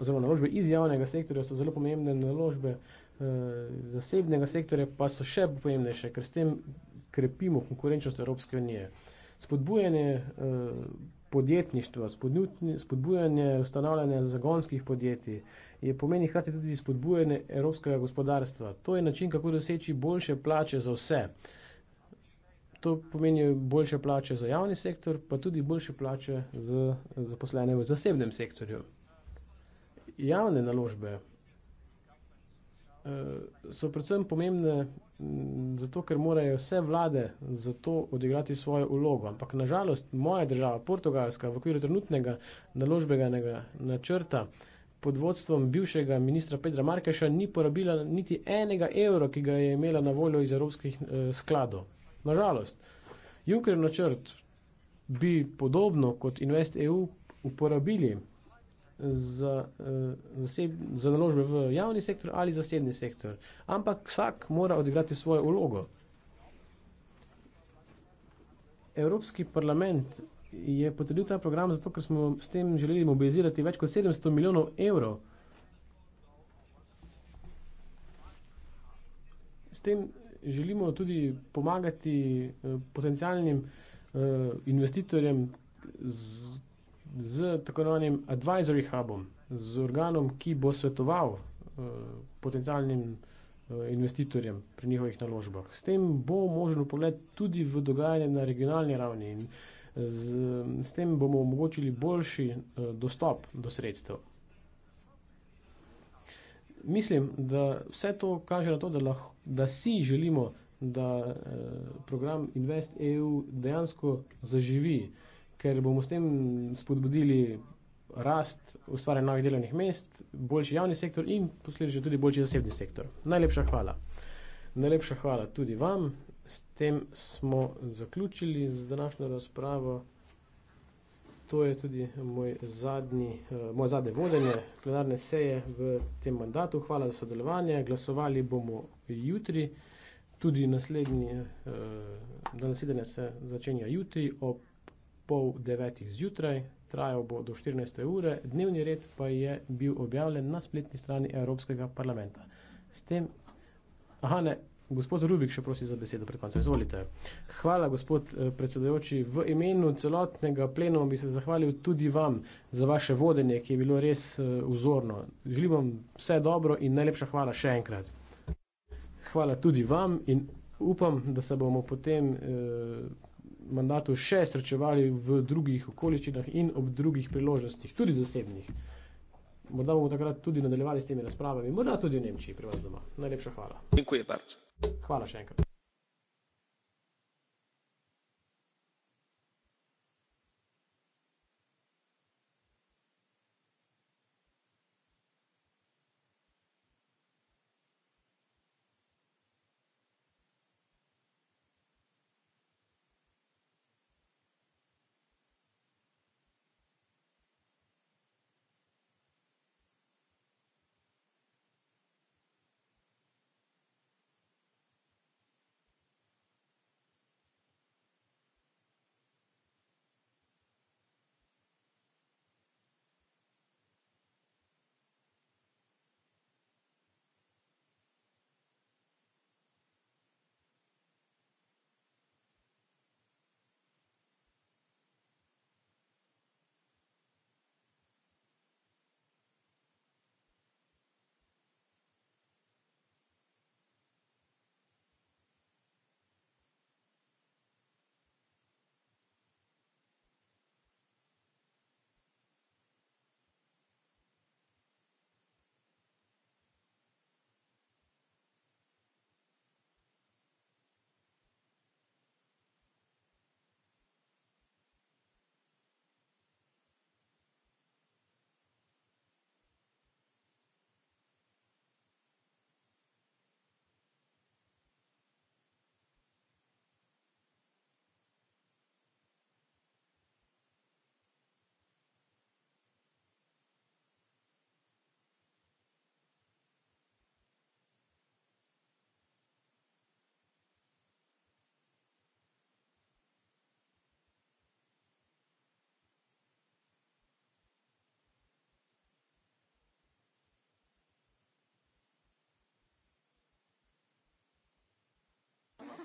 oziroma naložbe iz javnega sektorja, so zelo pomembne, naložbe eh, zasebnega sektorja pa so še pomembnejše, ker s tem krepimo konkurenčnost Evropske unije. Spodbujanje eh, podjetništva, spodbujanje ustanavljanja zagonskih podjetij, je pomeni hkrati tudi spodbujanje evropskega gospodarstva. To je način, kako doseči boljše plače za vse. To pomeni boljše plače za javni sektor, pa tudi boljše plače za zaposlene v zasebnem sektorju. Javne naložbe eh, so predvsem pomembne Mm, zato ker morajo vse vlade za to odigrati svojo ulogo. Ampak nažalost moja država, Portugalska, v okviru trenutnega naložbenega načrta pod vodstvom bivšega ministra Pedra Markeša ni porabila niti enega evra, ki ga je imela na voljo iz evropskih eh, skladov. Nažalost, jukrev načrt bi podobno kot Invest EU uporabili Eh, za naložbe v javni sektor ali zasebni sektor. Ampak vsak mora odigrati svojo ulogo. Evropski parlament je potrdil ta program zato, ker smo s tem želeli mobilizirati več kot 700 milijonov evrov. S tem želimo tudi pomagati eh, potencijalnim eh, investitorjem, z tako imenovanim advisory hubom, z organom, ki bo svetoval eh, potencialnim eh, investitorjem pri njihovih naložbah. S tem bo možen pogled tudi v dogajanje na regionalni ravni in eh, z, s tem bomo omogočili boljši dostop do sredstev. Mislim, da vse to kaže na to, da, lahko, da si želimo, da eh, program Invest EU dejansko zaživi. Eh, ker bomo s tem spodbudili rast, ustvarjanje novih delovnih mest, boljši javni sektor in posledično tudi boljši zasebni sektor. Najlepša hvala. Najlepša hvala tudi vam. S tem smo zaključili z današnjo razpravo. To je tudi moj zadnji, uh, moje zadnje vodenje plenarne seje v tem mandatu. Hvala za sodelovanje. Glasovali bomo jutri. Tudi naslednje, uh, da naslednje se začenja jutri ob 15.30 pol devetih zjutraj, trajal bo do 14. ure, dnevni red pa je bil objavljen na spletni strani Evropskega parlamenta. S tem, aha, ne, gospod Rubik še prosi za besedo pred koncem, izvolite. Hvala, gospod eh, predsedojoči, v imenu celotnega plenuma bi se zahvalil tudi vam za vaše vodenje, ki je bilo res eh, vzorno. Želim vam vse dobro in najlepša hvala še enkrat. Hvala tudi vam in upam, da se bomo potem. Eh, mandatu še srečevali v drugih okoliščinah in ob drugih priložnostih, tudi zasebnih. Morda bomo takrat tudi nadaljevali s temi razpravami, morda tudi v Nemčiji pri vas doma. Najlepša hvala. Hvala še enkrat.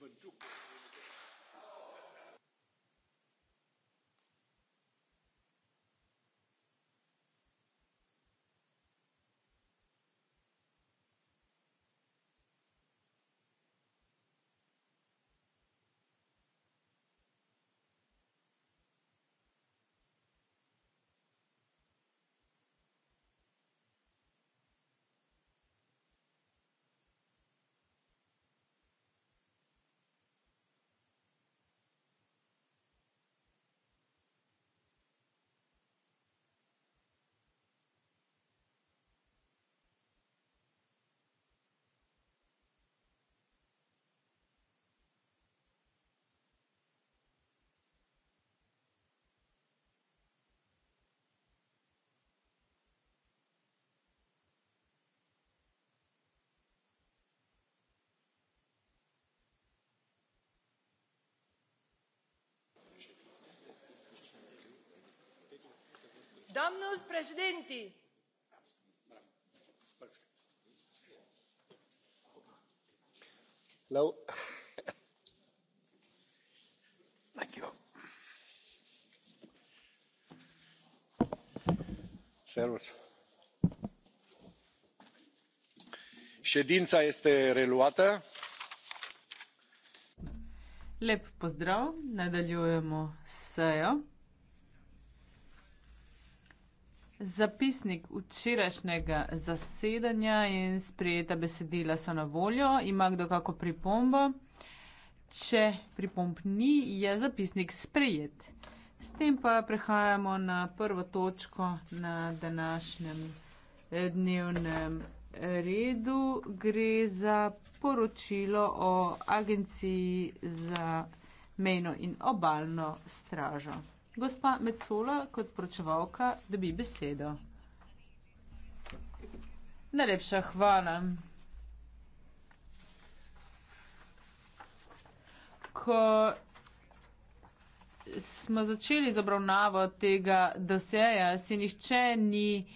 Ivan Čuk. domnul președinte ședința este reluată. lep pozdrav! nadaljujemo s sejo. Zapisnik včerajšnjega zasedanja in sprejeta besedila so na voljo. Ima kdo kako pripombo? Če pripomb ni, je zapisnik sprejet. S tem pa prehajamo na prvo točko na današnjem eh, dnevnem eh, redu. Gre za poročilo o agenciji za mejno in obaljno stražo. Gospa Mecola kot pročevalka dobi besedo. Najlepša hvala. Ko smo začeli z obravnavo tega doseja, si nihče ni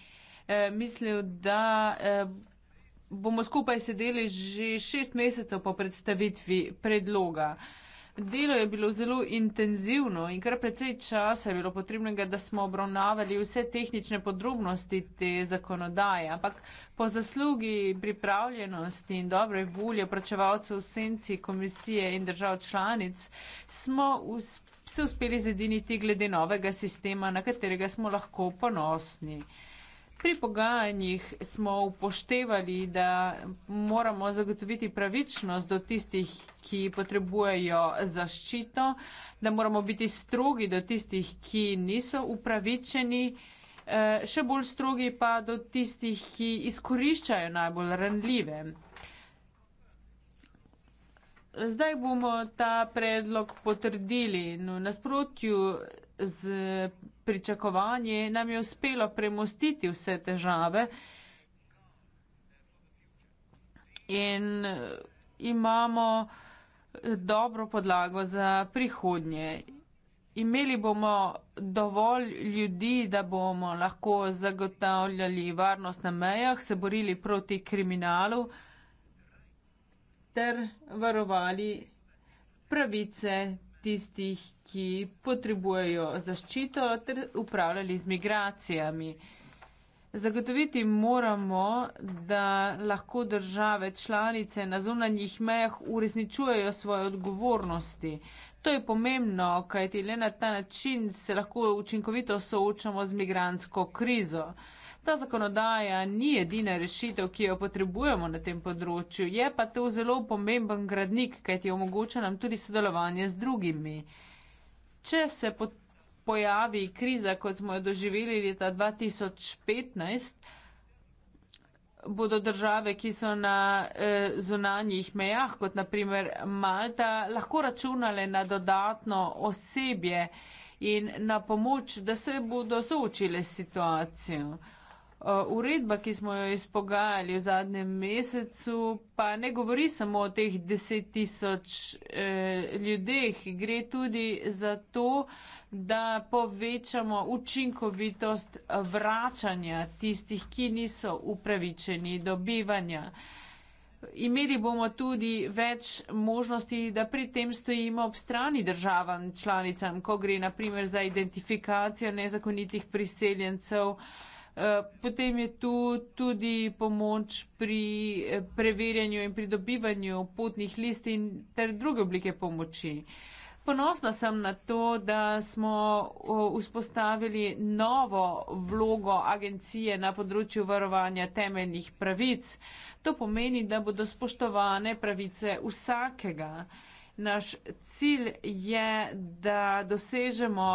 eh, mislil, da eh, bomo skupaj sedeli že šest mesecev po predstavitvi predloga. Eh, Delo je bilo zelo intenzivno in kar precej časa je bilo potrebnega, da smo obravnavali vse tehnične podrobnosti te zakonodaje. Ampak po zaslugi pripravljenosti in dobre volje opračevalcev senci komisije in držav članic smo uspe, se uspeli zediniti glede novega sistema, na katerega smo lahko ponosni. Pri pogajanjih smo upoštevali, da moramo zagotoviti pravičnost do tistih, ki potrebujejo zaščito, da moramo biti strogi do tistih, ki niso upravičeni, eh, še bolj strogi pa do tistih, ki izkoriščajo najbolj ranljive. Zdaj bomo ta predlog potrdili. No, nasprotju z pričakovanji, nam je uspelo premostiti vse težave in eh, imamo eh, dobro podlago za prihodnje. Imeli bomo dovolj ljudi, da bomo lahko zagotavljali varnost na mejah, se borili proti kriminalu ter varovali pravice tistih, ki potrebujejo zaščito ter upravljali z migracijami. Zagotoviti moramo, da lahko države članice na zunanjih mejah uresničujejo svoje odgovornosti. To je pomembno, kajti le na ta način se lahko učinkovito soočamo z migransko krizo. Ta zakonodaja ni edina rešitev, ki jo potrebujemo na tem področju, je pa to zelo pomemben gradnik, kajti omogoča nam tudi sodelovanje z drugimi. Če se po pojavi kriza, kot smo jo doživeli leta 2015, bodo države, ki so na eh, zunanjih mejah, kot naprimer Malta, lahko računale na dodatno osebje in na pomoč, da se bodo soočile s situacijo. Uredba, ki smo jo izpogajali v zadnjem mesecu, pa ne govori samo o teh deset tisoč eh, ljudeh, gre tudi za to, da povečamo učinkovitost vračanja tistih, ki niso upravičeni do bivanja. Imeli bomo tudi več možnosti, da pri tem stojimo ob strani državam članicam, ko gre naprimer za identifikacijo nezakonitih priseljencev. Eh, potem je tu tudi pomoč pri eh, preverjanju in pridobivanju potnih listin ter druge oblike pomoči. Ponosna sem na to, da smo eh, vzpostavili novo vlogo agencije na področju varovanja temeljnih pravic. To pomeni, da bodo spoštovane pravice vsakega. Naš cilj je, da dosežemo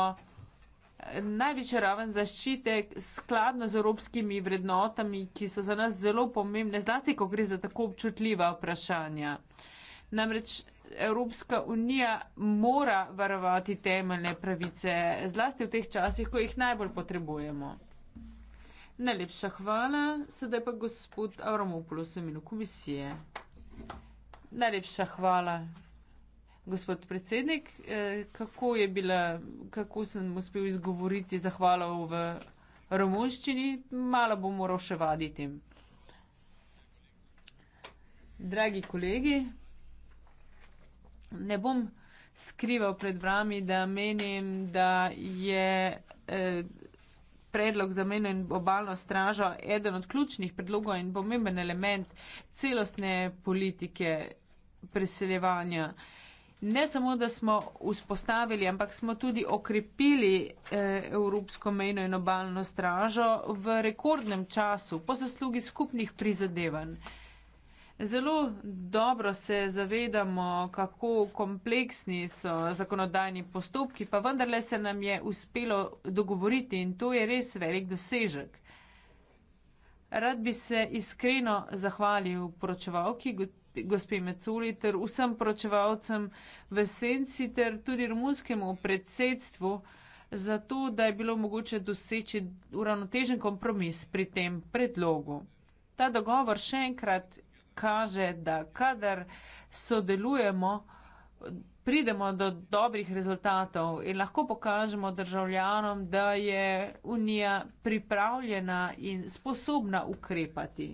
največja raven zaščite skladno z evropskimi vrednotami, ki so za nas zelo pomembne, zlasti, ko gre za tako občutljiva vprašanja. Namreč Evropska unija mora varovati temeljne pravice, zlasti v teh časih, ko jih najbolj potrebujemo. Najlepša hvala, sedaj pa gospod Avramopoulos v imenu komisije. Najlepša hvala gospod predsednik, eh, kako je bila, kako sem uspel izgovoriti zahvalo v romunščini, malo bom moral še vaditi. Dragi kolegi, ne bom skrival pred vami, da menim, da je eh, predlog za meno in obalno stražo eden od ključnih predlogov in pomemben element celostne politike preseljevanja. Uh, ne samo, da smo vzpostavili, ampak smo tudi okrepili eh, Evropsko mejno in obalno stražo v rekordnem času po zaslugi skupnih prizadevanj. Zelo dobro se zavedamo, kako kompleksni so zakonodajni postopki, pa vendarle se nam je uspelo dogovoriti in to je res velik dosežek. Rad bi se iskreno zahvalil poročevalki, gospe Meculi ter vsem poročevalcem v senci ter tudi romunskemu predsedstvu za to, da je bilo mogoče doseči uravnotežen kompromis pri tem predlogu. Ta dogovor še enkrat kaže, da kadar sodelujemo, pridemo do dobrih rezultatov in lahko pokažemo državljanom, da je Unija pripravljena in sposobna ukrepati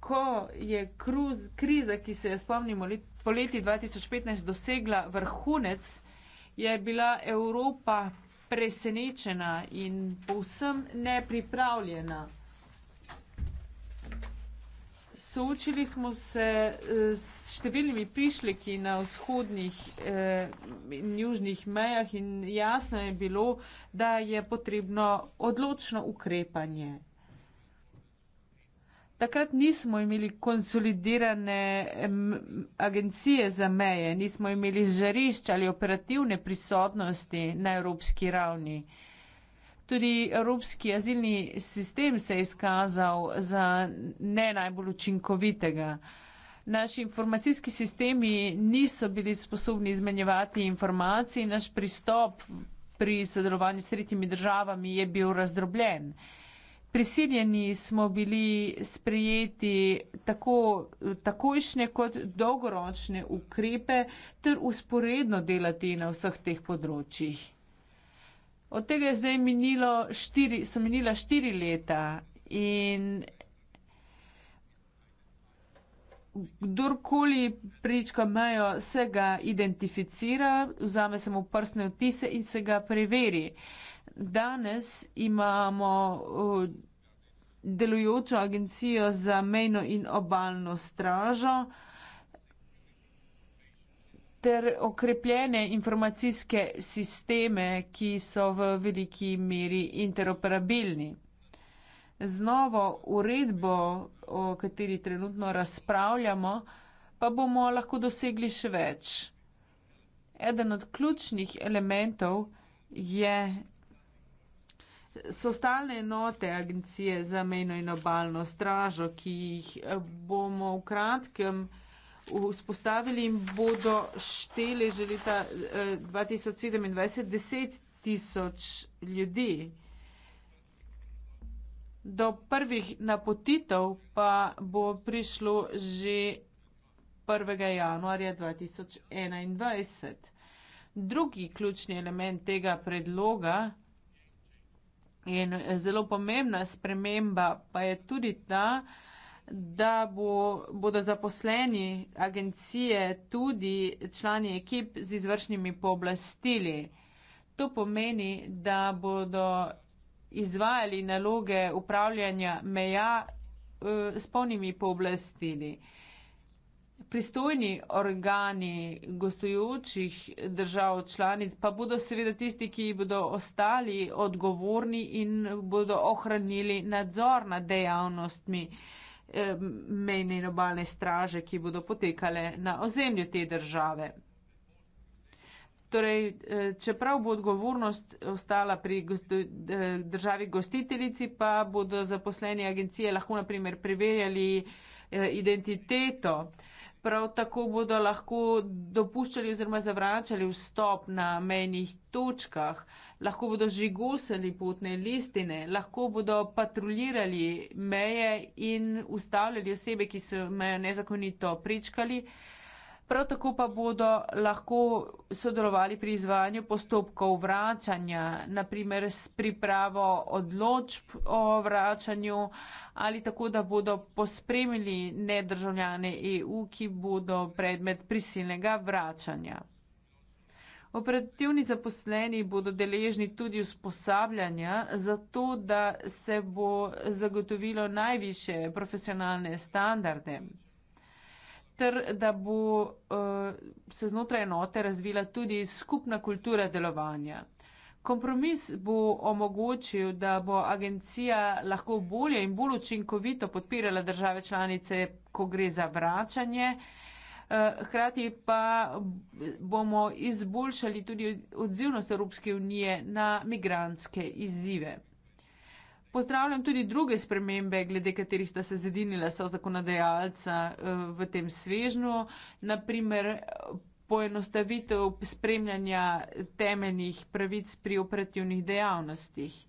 ko je kruz, kriza, ki se je spomnimo let, po leti 2015 dosegla vrhunec, je bila Evropa presenečena in povsem nepripravljena. Soočili smo se eh, s številnimi prišleki na vzhodnih eh, in eh, južnih mejah in jasno je bilo, da je potrebno odločno ukrepanje. Takrat nismo imeli konsolidirane agencije za meje, nismo imeli žarišč ali operativne prisotnosti na evropski ravni. Tudi evropski azilni sistem se je izkazal za ne najbolj učinkovitega. Naši informacijski sistemi niso bili sposobni izmenjevati informacij, naš pristop pri sodelovanju s tretjimi državami je bil razdrobljen. Prisiljeni smo bili sprejeti tako takojšnje kot dolgoročne ukrepe ter usporedno delati na vseh teh področjih. Od tega je zdaj minilo štiri, so minila štiri leta in kdorkoli prička mejo, se ga identificira, vzame se mu prstne otise in se ga preveri. Danes imamo delujočo agencijo za mejno in obalno stražo ter okrepljene informacijske sisteme, ki so v veliki meri interoperabilni. Z novo uredbo, o kateri trenutno razpravljamo, pa bomo lahko dosegli še več. Eden od ključnih elementov je so stalne enote agencije za mejno in obalno stražo, ki jih eh, bomo v kratkem vzpostavili in bodo štele že leta 2027 eh, 10 tisoč ljudi. Do prvih napotitev pa bo prišlo že 1. januarja 2021. Drugi ključni element tega predloga In eh, zelo pomembna sprememba pa je tudi ta, da bo, bodo zaposleni agencije tudi člani ekip z izvršnimi pooblastili. To pomeni, da bodo izvajali naloge upravljanja meja uh, s polnimi pooblastili. Uh, Pristojni organi gostujočih držav članic pa bodo seveda tisti, ki bodo ostali odgovorni in bodo ohranili nadzor nad dejavnostmi eh, mejne in obalne straže, ki bodo potekale na ozemlju te države. Torej, eh, čeprav bo odgovornost ostala pri eh, državi gostiteljici, pa bodo zaposleni agencije lahko naprimer preverjali identiteto Prav tako bodo lahko dopuščali oziroma zavračali vstop na mejnih točkah, lahko bodo žigosali potne listine, lahko bodo patruljirali meje in ustavljali osebe, ki so mejo nezakonito prečkali. Uh, Prav tako pa bodo lahko sodelovali pri izvajanju postopkov vračanja, naprimer s pripravo odločb o vračanju ali tako, da bodo pospremili nedržavljane EU, ki bodo predmet prisilnega vračanja. Operativni zaposleni bodo deležni tudi usposabljanja, zato da se bo zagotovilo najviše profesionalne standarde ter da bo uh, se znotraj enote razvila tudi skupna kultura delovanja. Kompromis bo omogočil, da bo agencija lahko bolje in bolj učinkovito podpirala države članice, ko gre za vračanje. Eh, hkrati pa bomo izboljšali tudi odzivnost Evropske unije na migranske izzive. Pozdravljam tudi druge spremembe, glede katerih sta se zedinila so zakonodajalca eh, v tem svežnju, naprimer poenostavitev spremljanja temeljnih pravic pri operativnih dejavnostih.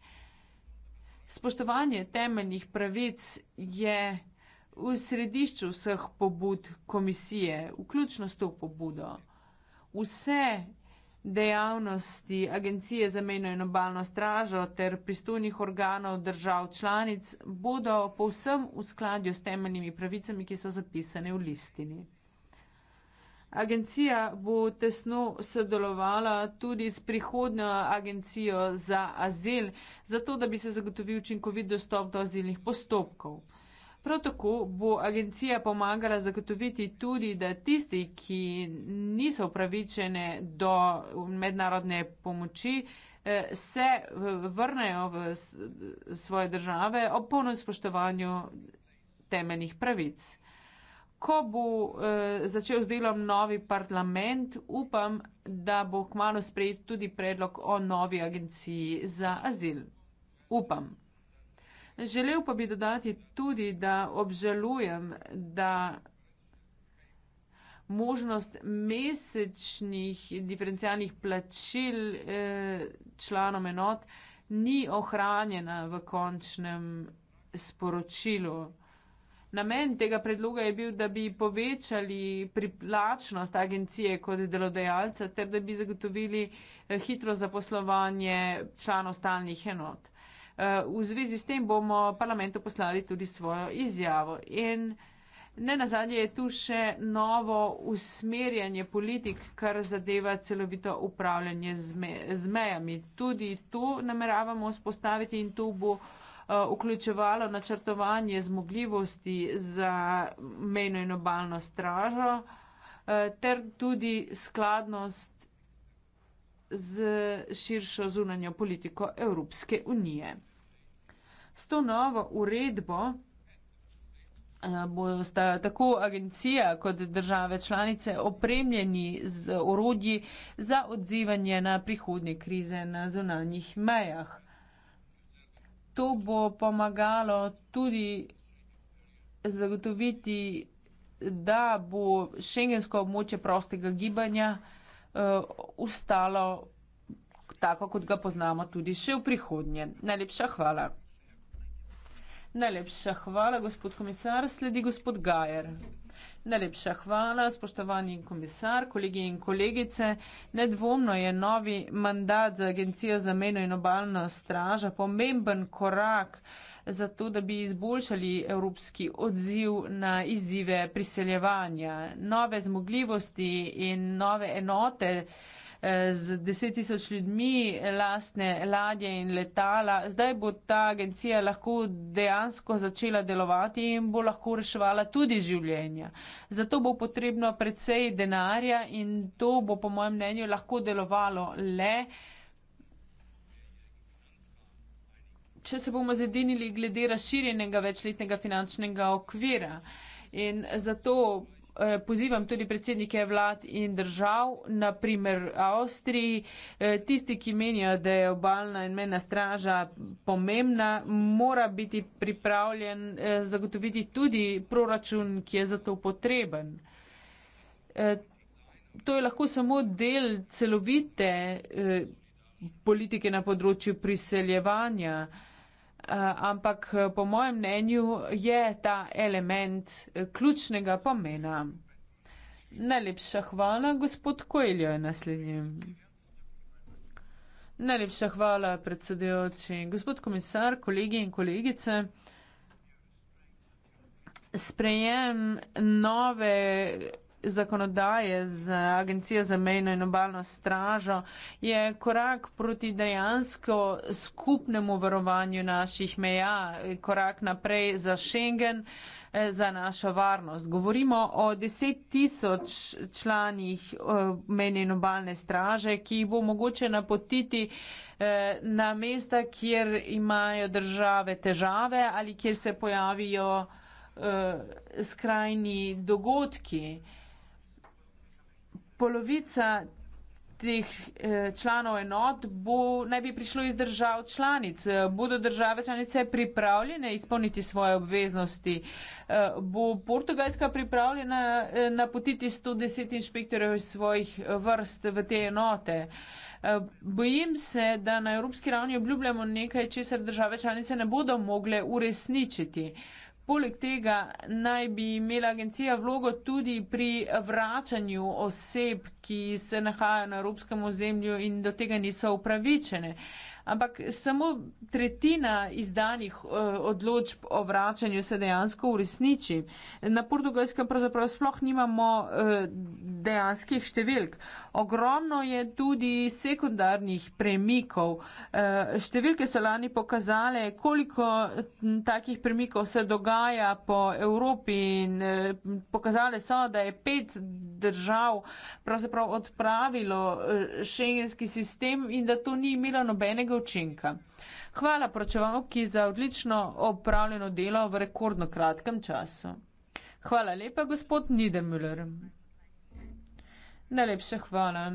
Spoštovanje temeljnih pravic je v središču vseh pobud komisije, vključno s to pobudo. Vse dejavnosti Agencije za mejno in obalno stražo ter pristojnih organov držav članic bodo povsem v skladju s temeljnimi pravicami, ki so zapisane v listini. Agencija bo tesno sodelovala tudi s prihodnjo agencijo za azil, zato da bi se zagotovil učinkovit dostop do azilnih postopkov. Prav tako bo agencija pomagala zagotoviti tudi, da tisti, ki niso upravičene do mednarodne pomoči, eh, se vrnejo v svoje države ob polnem spoštovanju temeljnih pravic. Ko bo eh, začel z delom novi parlament, upam, da bo kmalo sprejet tudi predlog o novi agenciji za azil. Upam. Želel pa bi dodati tudi, da obžalujem, da možnost mesečnih diferencialnih plačil eh, članom enot ni ohranjena v končnem sporočilu. Namen tega predloga je bil, da bi povečali priplačnost agencije kot delodajalca ter da bi zagotovili eh, hitro zaposlovanje članov stalnih enot. Eh, v zvezi s tem bomo parlamentu poslali tudi svojo izjavo. In ne nazadnje je tu še novo usmerjanje politik, kar zadeva celovito upravljanje z mejami. Tudi tu nameravamo spostaviti in tu bo eh, vključevalo načrtovanje zmogljivosti za mejno in obalno stražo eh, ter tudi skladnost z širšo zunanjo politiko Evropske unije. S to novo uredbo eh, bodo sta tako agencija kot države članice opremljeni z orodji za odzivanje na prihodnje krize na zunanjih mejah. To bo pomagalo tudi zagotoviti, da bo šengensko območje prostega gibanja uh, eh, ustalo tako, kot ga poznamo tudi še v prihodnje. Najlepša hvala. Najlepša hvala, gospod komisar. Sledi gospod Gajer. Najlepša hvala, spoštovani komisar, kolegi in kolegice. Nedvomno je novi mandat za Agencijo za meno in obalno stražo pomemben korak. Uh, zato, da bi izboljšali evropski odziv na izzive priseljevanja. Nove zmogljivosti in nove enote eh, z deset tisoč ljudmi, lastne ladje in letala. Zdaj bo ta agencija lahko dejansko začela delovati in bo lahko reševala tudi življenja. Zato bo potrebno precej denarja in to bo, po mojem mnenju, lahko delovalo le če se bomo zedinili glede razširjenega večletnega finančnega okvira. In zato eh, pozivam tudi predsednike vlad in držav, naprimer Avstriji, eh, tisti, ki menijo, da je obalna in mena straža pomembna, mora biti pripravljen eh, zagotoviti tudi proračun, ki je za to potreben. Eh, to je lahko samo del celovite eh, politike na področju priseljevanja. Eh, Eh, ampak eh, po mojem mnenju je ta element eh, ključnega pomena. Najlepša hvala, gospod Koeljo je naslednji. Najlepša hvala, predsedujoči. Gospod komisar, kolegi in kolegice, sprejem nove zakonodaje z Agencijo za mejno in obalno stražo je korak proti dejansko skupnemu varovanju naših meja, korak naprej za Schengen, eh, za našo varnost. Govorimo o deset tisoč članih eh, mejne in obalne straže, ki jih bo mogoče napotiti eh, na mesta, kjer imajo države težave ali kjer se pojavijo skrajni dogodki polovica teh eh, članov enot bo, naj bi prišlo iz držav članic. Bodo države članice pripravljene izpolniti svoje obveznosti? Eh, bo Portugalska pripravljena eh, napotiti 110 inšpektorjev iz svojih vrst v te enote? Bojim se, da na evropski ravni obljubljamo nekaj, česar države članice ne bodo mogle uresničiti. Poleg tega naj bi imela agencija vlogo tudi pri vračanju oseb, ki se nahajajo na evropskem ozemlju in do tega niso upravičene. Uh, ampak samo tretjina izdanih eh, odločb o vračanju se dejansko uresniči. Na portugalskem pravzaprav sploh nimamo eh, dejanskih številk. Ogromno je tudi sekundarnih premikov. Eh, številke so lani pokazale, koliko takih premikov se dogaja po Evropi in pokazale so, da je pet držav pravzaprav odpravilo šengenski sistem in da to ni imelo nobenega pomembnega učinka. Hvala pročevalki za odlično opravljeno delo v rekordno kratkem času. Hvala lepa, gospod Niedermüller. Najlepša hvala.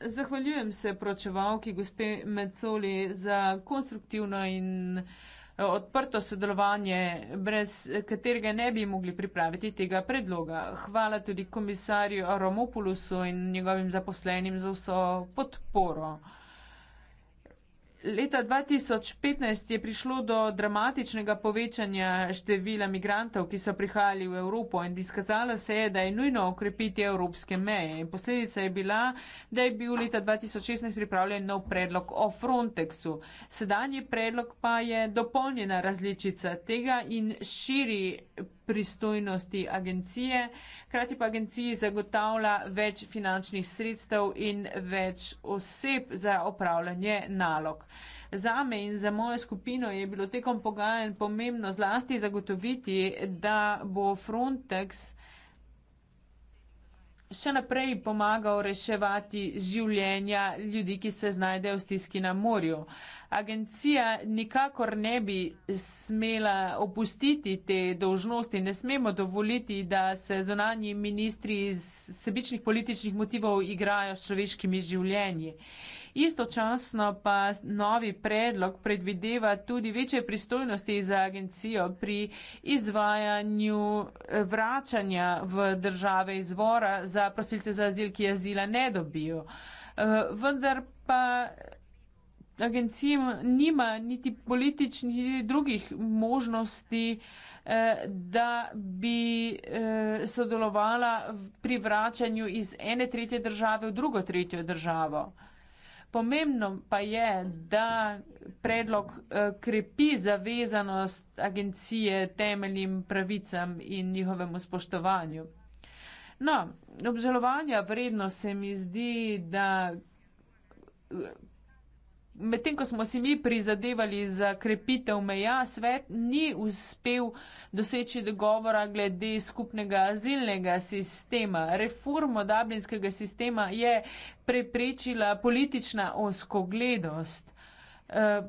Zahvaljujem se pročevalki gospe Mecoli za konstruktivno in eh, odprto sodelovanje, brez katerega ne bi mogli pripraviti tega predloga. Hvala tudi komisarju Aromopulusu in njegovim zaposlenim za vso podporo. Leta 2015 je prišlo do dramatičnega povečanja števila migrantov, ki so prihajali v Evropo in izkazalo se je, da je nujno okrepiti evropske meje. In posledica je bila, da je bil leta 2016 pripravljen nov predlog o Frontexu. Sedanji predlog pa je dopolnjena različica tega in širi pristojnosti agencije, krati pa agenciji zagotavlja več finančnih sredstev in več oseb za opravljanje nalog. Za me in za mojo skupino je bilo tekom pogajanj pomembno zlasti zagotoviti, da bo Frontex še naprej pomagal reševati življenja ljudi, ki se znajdejo v stiski na morju. Agencija nikakor ne bi smela opustiti te dožnosti, ne smemo dovoliti, da se zonanji ministri iz sebičnih političnih motivov igrajo s človeškimi življenji. Istočasno pa novi predlog predvideva tudi večje pristojnosti za agencijo pri izvajanju eh, vračanja v države izvora za prosilce za azil, ki azila ne dobijo. Eh, vendar pa agencija nima niti političnih, niti drugih možnosti, eh, da bi sodelovala pri vračanju iz ene tretje države v drugo tretjo državo. Pomembno pa je, da predlog eh, krepi zavezanost agencije temeljnim pravicam in njihovemu spoštovanju. No, obžalovanja vredno se mi zdi, da Medtem, ko smo si mi prizadevali za krepitev meja, svet ni uspel doseči dogovora glede skupnega azilnega sistema. Reformo dablinskega sistema je preprečila politična oskogledost. Eh,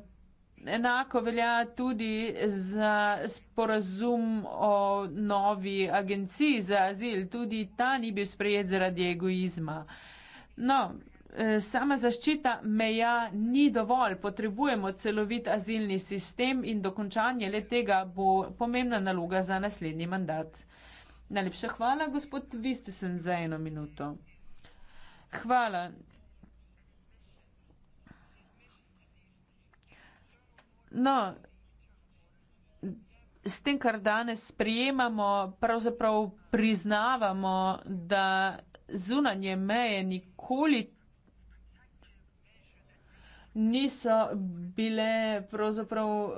enako velja tudi za sporazum o novi agenciji za azil. Tudi ta ni bil sprejet zaradi egoizma. No, Eh, sama zaščita meja ni dovolj, potrebujemo celovit azilni sistem in dokončanje le tega bo pomembna naloga za naslednji mandat. Najlepša hvala, gospod Vistesen, za eno minuto. Hvala. No, s tem, kar danes sprijemamo, pravzaprav priznavamo, da zunanje meje nikoli niso bile pravzaprav uh,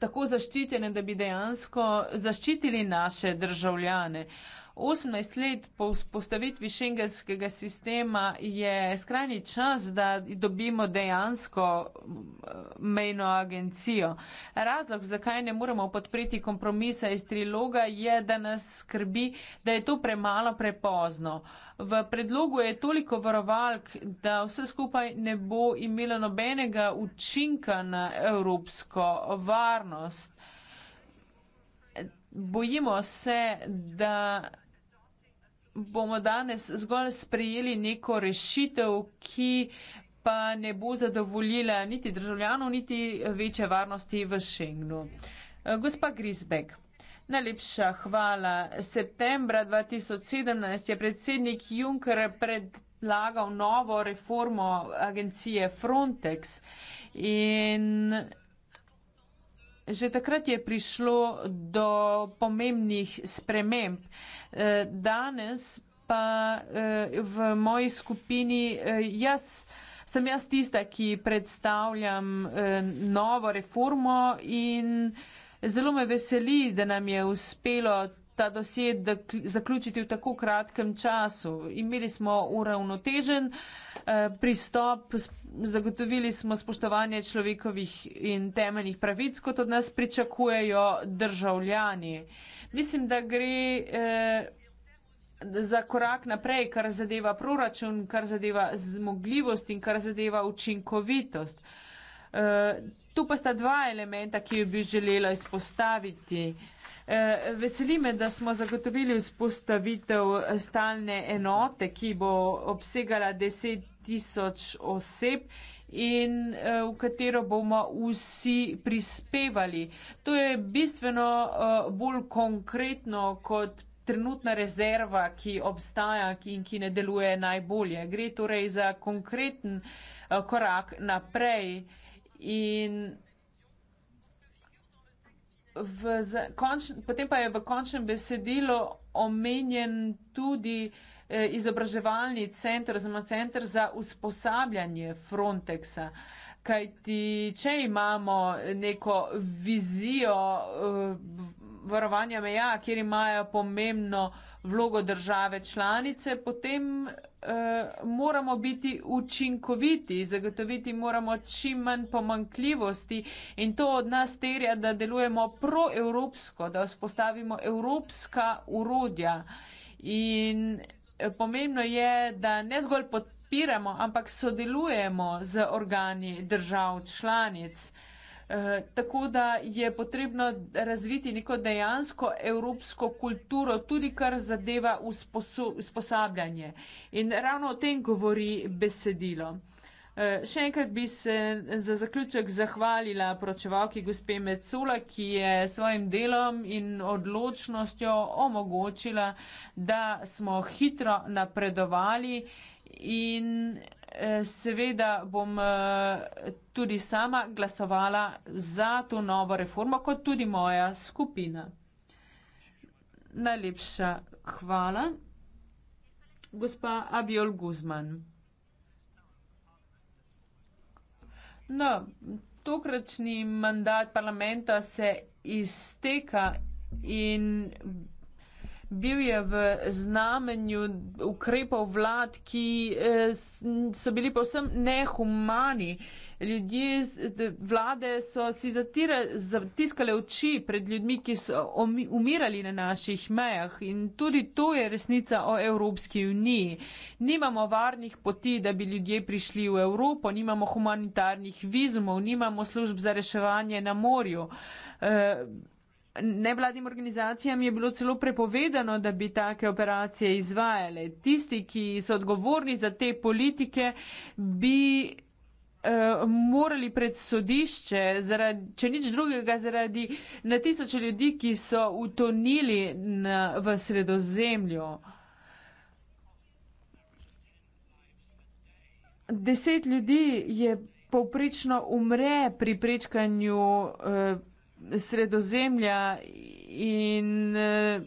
tako zaščitene, da bi dejansko zaščitili naše državljane. Uh, 18 let po vzpostavitvi šengenskega sistema je skrajni čas, da dobimo dejansko mejno agencijo. Razlog, zakaj ne moremo podpreti kompromisa iz triloga, je, da nas skrbi, da je to premalo prepozno. V predlogu je toliko varovalk, da vse skupaj ne bo imelo nobenega učinka na evropsko varnost. Bojimo se, da bomo danes zgolj sprejeli neko rešitev, ki pa ne bo zadovoljila niti državljanov, niti večje varnosti v Schengnu. Eh, gospa Grisbek. Najlepša hvala. Septembra 2017 je predsednik Juncker predlagal novo reformo agencije Frontex in že takrat je prišlo do pomembnih sprememb. Eh, danes pa eh, v moji skupini eh, jaz, sem jaz tista, ki predstavljam novo reformo in zelo me veseli, da nam je uspelo ta dosje zaključiti v tako kratkem času. Imeli smo uravnotežen eh, pristop, zagotovili smo spoštovanje človekovih in temeljnih pravic, kot od nas pričakujejo državljani. Mislim, da gre eh, za korak naprej, kar zadeva proračun, kar zadeva zmogljivost in kar zadeva učinkovitost. Eh, tu pa sta dva elementa, ki jo bi želela izpostaviti. Eh, Eh, veseli me, da smo zagotovili vzpostavitev stalne enote, ki bo obsegala 10 tisoč oseb in eh, v katero bomo vsi prispevali. To je bistveno eh, bolj konkretno kot trenutna rezerva, ki obstaja in ki ne deluje najbolje. Gre torej za konkreten korak naprej in konč, potem pa je v končnem besedilu omenjen tudi eh, izobraževalni center oziroma center za usposabljanje Frontexa. Kaj ti, če imamo neko vizijo eh, varovanja meja, kjer imajo pomembno eh, vlogo države članice, potem eh, moramo biti učinkoviti, zagotoviti moramo čim manj pomankljivosti in to od nas terja, da delujemo proevropsko, da vzpostavimo evropska urodja. In eh, pomembno je, da ne zgolj podpiramo, ampak sodelujemo z organi držav članic. Eh, tako da je potrebno razviti neko dejansko evropsko kulturo, tudi kar zadeva usposabljanje. In ravno o tem govori besedilo. Eh, še enkrat bi se za zaključek zahvalila pročevalki gospe Mecula, ki je svojim delom in odločnostjo omogočila, da smo hitro napredovali in seveda bom eh, tudi sama glasovala za to novo reformo, kot tudi moja skupina. Najlepša hvala. Gospa Abijol Guzman. No, tokratni mandat parlamenta se izteka in bil je v znamenju ukrepov vlad, ki eh, so bili povsem nehumani. Ljudje, vlade so si zatire, zatiskale oči pred ljudmi, ki so umirali na naših mejah. In tudi to je resnica o Evropski uniji. Nimamo varnih poti, da bi ljudje prišli v Evropo, nimamo humanitarnih vizumov, nimamo služb za reševanje na morju. Eh, nevladnim organizacijam je bilo celo prepovedano, da bi take operacije izvajale. Tisti, ki so odgovorni za te politike, bi eh, morali pred sodišče, zaradi, če nič drugega, zaradi na tisoče ljudi, ki so utonili na, v sredozemlju. Deset ljudi je povprečno umre pri prečkanju eh, sredozemlja in eh,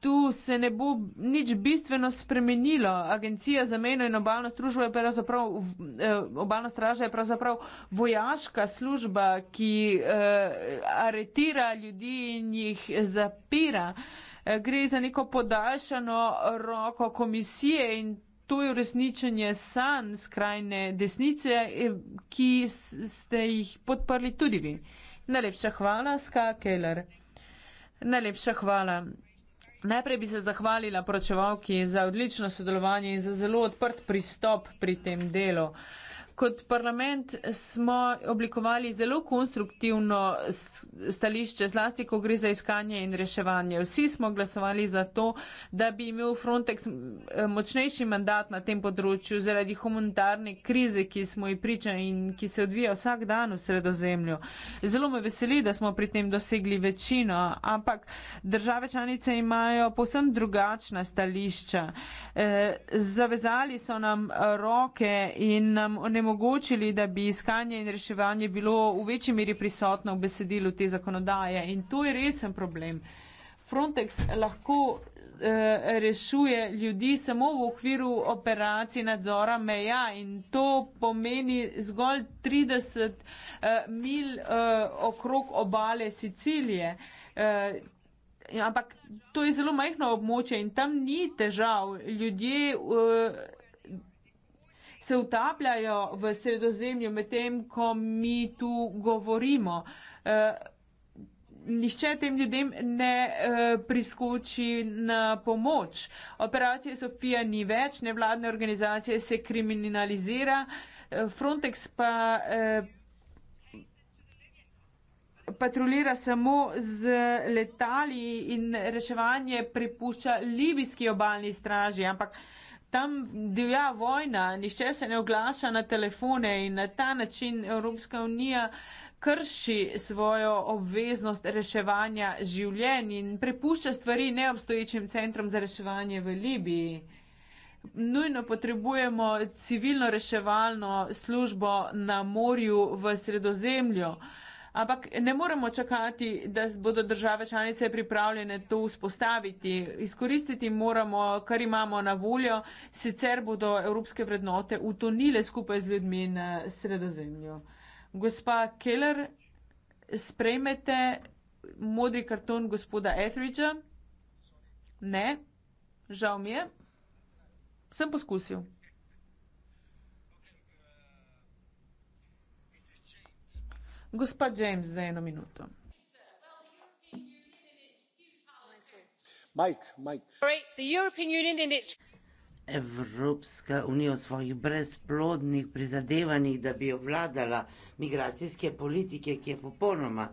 tu se ne bo nič bistveno spremenilo. Agencija za mejno in obalno službo je pravzaprav, eh, obalno straža je pravzaprav vojaška služba, ki eh, aretira ljudi in jih zapira. Gre za neko podaljšano roko komisije in to je uresničenje sanj skrajne desnice, eh, ki ste jih podprli tudi vi. Najlepša hvala, Ska Keller. Najlepša hvala. Najprej bi se zahvalila pročevalki za odlično sodelovanje in za zelo odprt pristop pri tem delu. Uh, kot parlament smo oblikovali zelo konstruktivno stališče, zlasti, ko gre za iskanje in reševanje. Vsi smo glasovali za to, da bi imel Frontex močnejši mandat na tem področju zaradi humanitarne krize, ki smo ji priča in ki se odvija vsak dan v sredozemlju. Zelo me veseli, da smo pri tem dosegli večino, ampak države članice imajo posem drugačna stališča. Eh, zavezali so nam roke in nam onemogočili, onemogočili, da bi iskanje in reševanje bilo v večji meri prisotno v besedilu te zakonodaje. In to je resen problem. Frontex lahko eh, rešuje ljudi samo v okviru operacij nadzora meja in to pomeni zgolj 30 eh, mil eh, okrog obale Sicilije. Eh, Ampak to je zelo majhno območje in tam ni težav. Ljudje eh, se utapljajo v sredozemlju, medtem ko mi tu govorimo. Eh, nihče tem ljudem ne e, priskoči na pomoč. Operacije Sofija ni več, nevladne organizacije se kriminalizira, eh, Frontex pa e, patrulira samo z letali in reševanje pripušča libijski obaljni straži, ampak e, tam divja vojna, nišče se ne oglaša na telefone in na ta način Evropska unija krši svojo obveznost reševanja življenj in prepušča stvari neobstoječim centrom za reševanje v Libiji. Nujno potrebujemo civilno reševalno službo na morju v sredozemlju ampak ne moremo čakati, da bodo države članice pripravljene to vzpostaviti. Izkoristiti moramo, kar imamo na voljo, sicer bodo evropske vrednote utonile skupaj z ljudmi na sredozemlju. Gospa Keller, sprejmete modri karton gospoda Etheridgea? Ne, žal mi je. Sem poskusil. Gospa James, za eno minuto. Mike, Mike. Evropska unija v svojih brezplodnih prizadevanjih, da bi obvladala migracijske politike, ki je popolnoma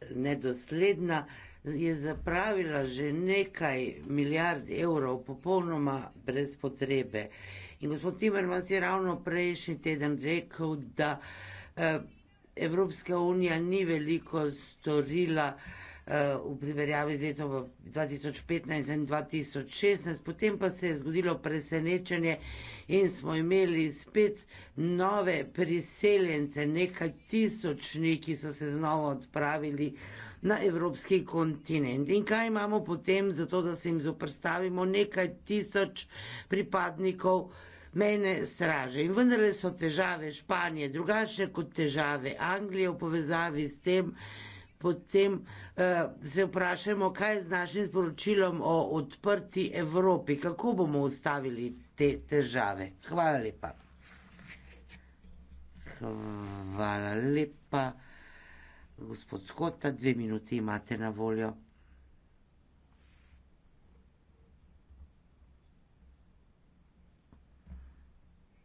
eh, nedosledna, je zapravila že nekaj milijard evrov, popolnoma brez potrebe. In gospod Timerman si je ravno prejšnji teden rekel, da. Eh, Evropska unija ni veliko storila uh, v primerjavi z letom 2015 in 2016, potem pa se je zgodilo presenečenje in smo imeli spet nove priseljence, nekaj tisočni, ki so se znova odpravili na evropski kontinent. In kaj imamo potem za to, da se jim zoprstavimo nekaj tisoč pripadnikov? mene straže. In vendarle so težave Španije drugačne kot težave Anglije v povezavi s tem. Potem uh, se vprašajmo, kaj je z našim sporočilom o odprti Evropi, kako bomo ustavili te težave. Hvala lepa. Hvala lepa. Gospod Skota, dve minuti imate na voljo.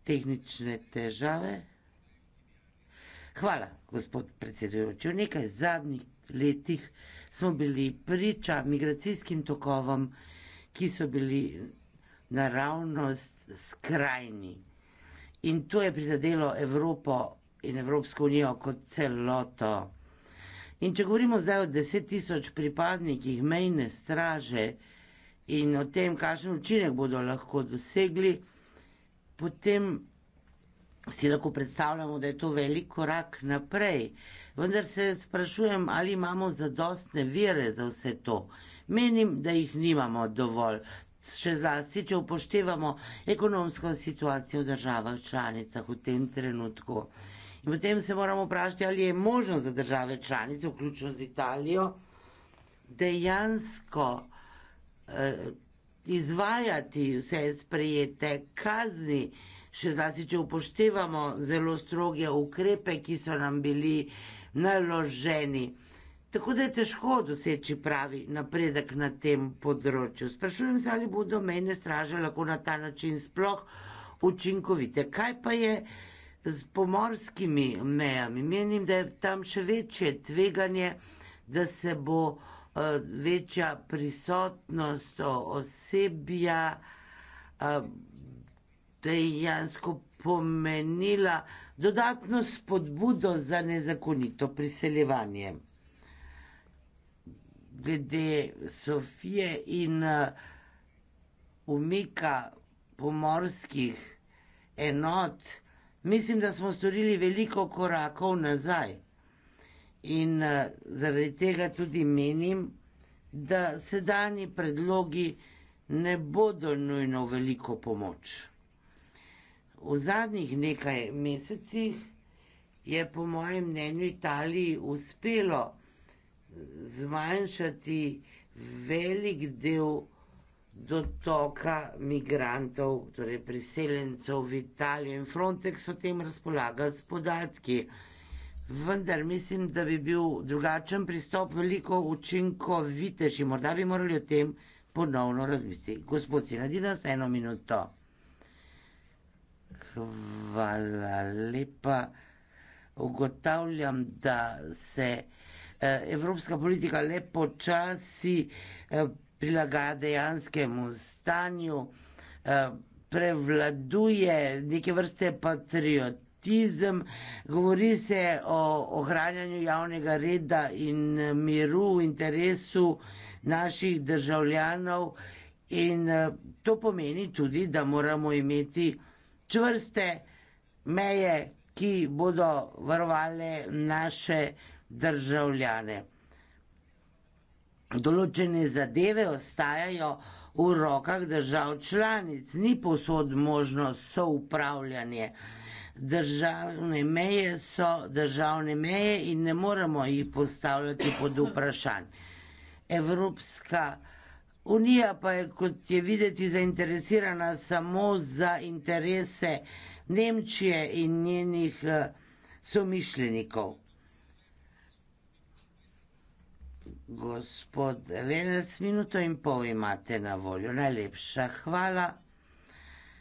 tehnične težave. Hvala, gospod predsedujoči. V nekaj zadnjih letih smo bili priča migracijskim tokovom, ki so bili naravnost skrajni. In to je prizadelo Evropo in Evropsko unijo kot celoto. In če govorimo zdaj o deset tisoč pripadnikih mejne straže in o tem, kakšen učinek bodo lahko dosegli, potem si lahko predstavljamo, da je to velik korak naprej. Vendar se sprašujem, ali imamo zadostne vire za vse to. Menim, da jih nimamo dovolj. Še zlasti, če upoštevamo ekonomsko situacijo v državah članicah v tem trenutku. In potem se moramo vprašati, ali je možno za države članice, vključno z Italijo, dejansko eh, izvajati vse sprejete kazni, še zlasti, če upoštevamo zelo stroge ukrepe, ki so nam bili naloženi. Tako da je težko doseči pravi napredek na tem področju. Sprašujem se, ali bodo mejne straže lahko na ta način sploh učinkovite. Kaj pa je z pomorskimi mejami? Menim, da je tam še večje tveganje, da se bo Eh, večja prisotnost osebja eh, dejansko pomenila dodatno spodbudo za nezakonito priseljevanje. Glede Sofije in eh, umika pomorskih enot, mislim, da smo storili veliko korakov nazaj. In eh, zaradi tega tudi menim, da sedajni predlogi ne bodo nujno veliko pomoč. V zadnjih nekaj mesecih je po mojem mnenju Italiji uspelo zmanjšati velik del dotoka migrantov, torej priseljencev v Italijo in Frontex o tem razpolaga s podatki vendar mislim, da bi bil drugačen pristop veliko učinkovitejši. Morda bi morali o tem ponovno razmisliti. Gospod Sinadina, za eno minuto. Hvala lepa. Ugotavljam, da se eh, evropska politika le počasi eh, prilagaja dejanskemu stanju, eh, prevladuje neke vrste patriot patriotizem, govori se o ohranjanju javnega reda in eh, miru v interesu naših državljanov in eh, to pomeni tudi, da moramo imeti čvrste meje, ki bodo varovale naše državljane. Določene zadeve ostajajo v rokah držav članic, ni posod možno soupravljanje državne meje so državne meje in ne moremo jih postavljati pod vprašanje. Evropska unija pa je, kot je videti, zainteresirana samo za interese Nemčije in njenih eh, somišljenikov. Gospod Renes, minuto in pol imate na voljo. Najlepša hvala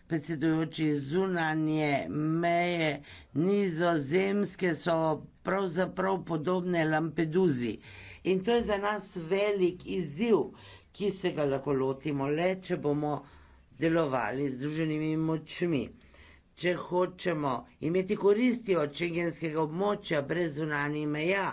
predsedujoči zunanje meje nizozemske so pravzaprav podobne Lampeduzi. In to je za nas velik izziv, ki se ga lahko lotimo le, če bomo delovali z druženimi močmi. Če hočemo imeti koristi od čengenskega območja brez zunanje meja,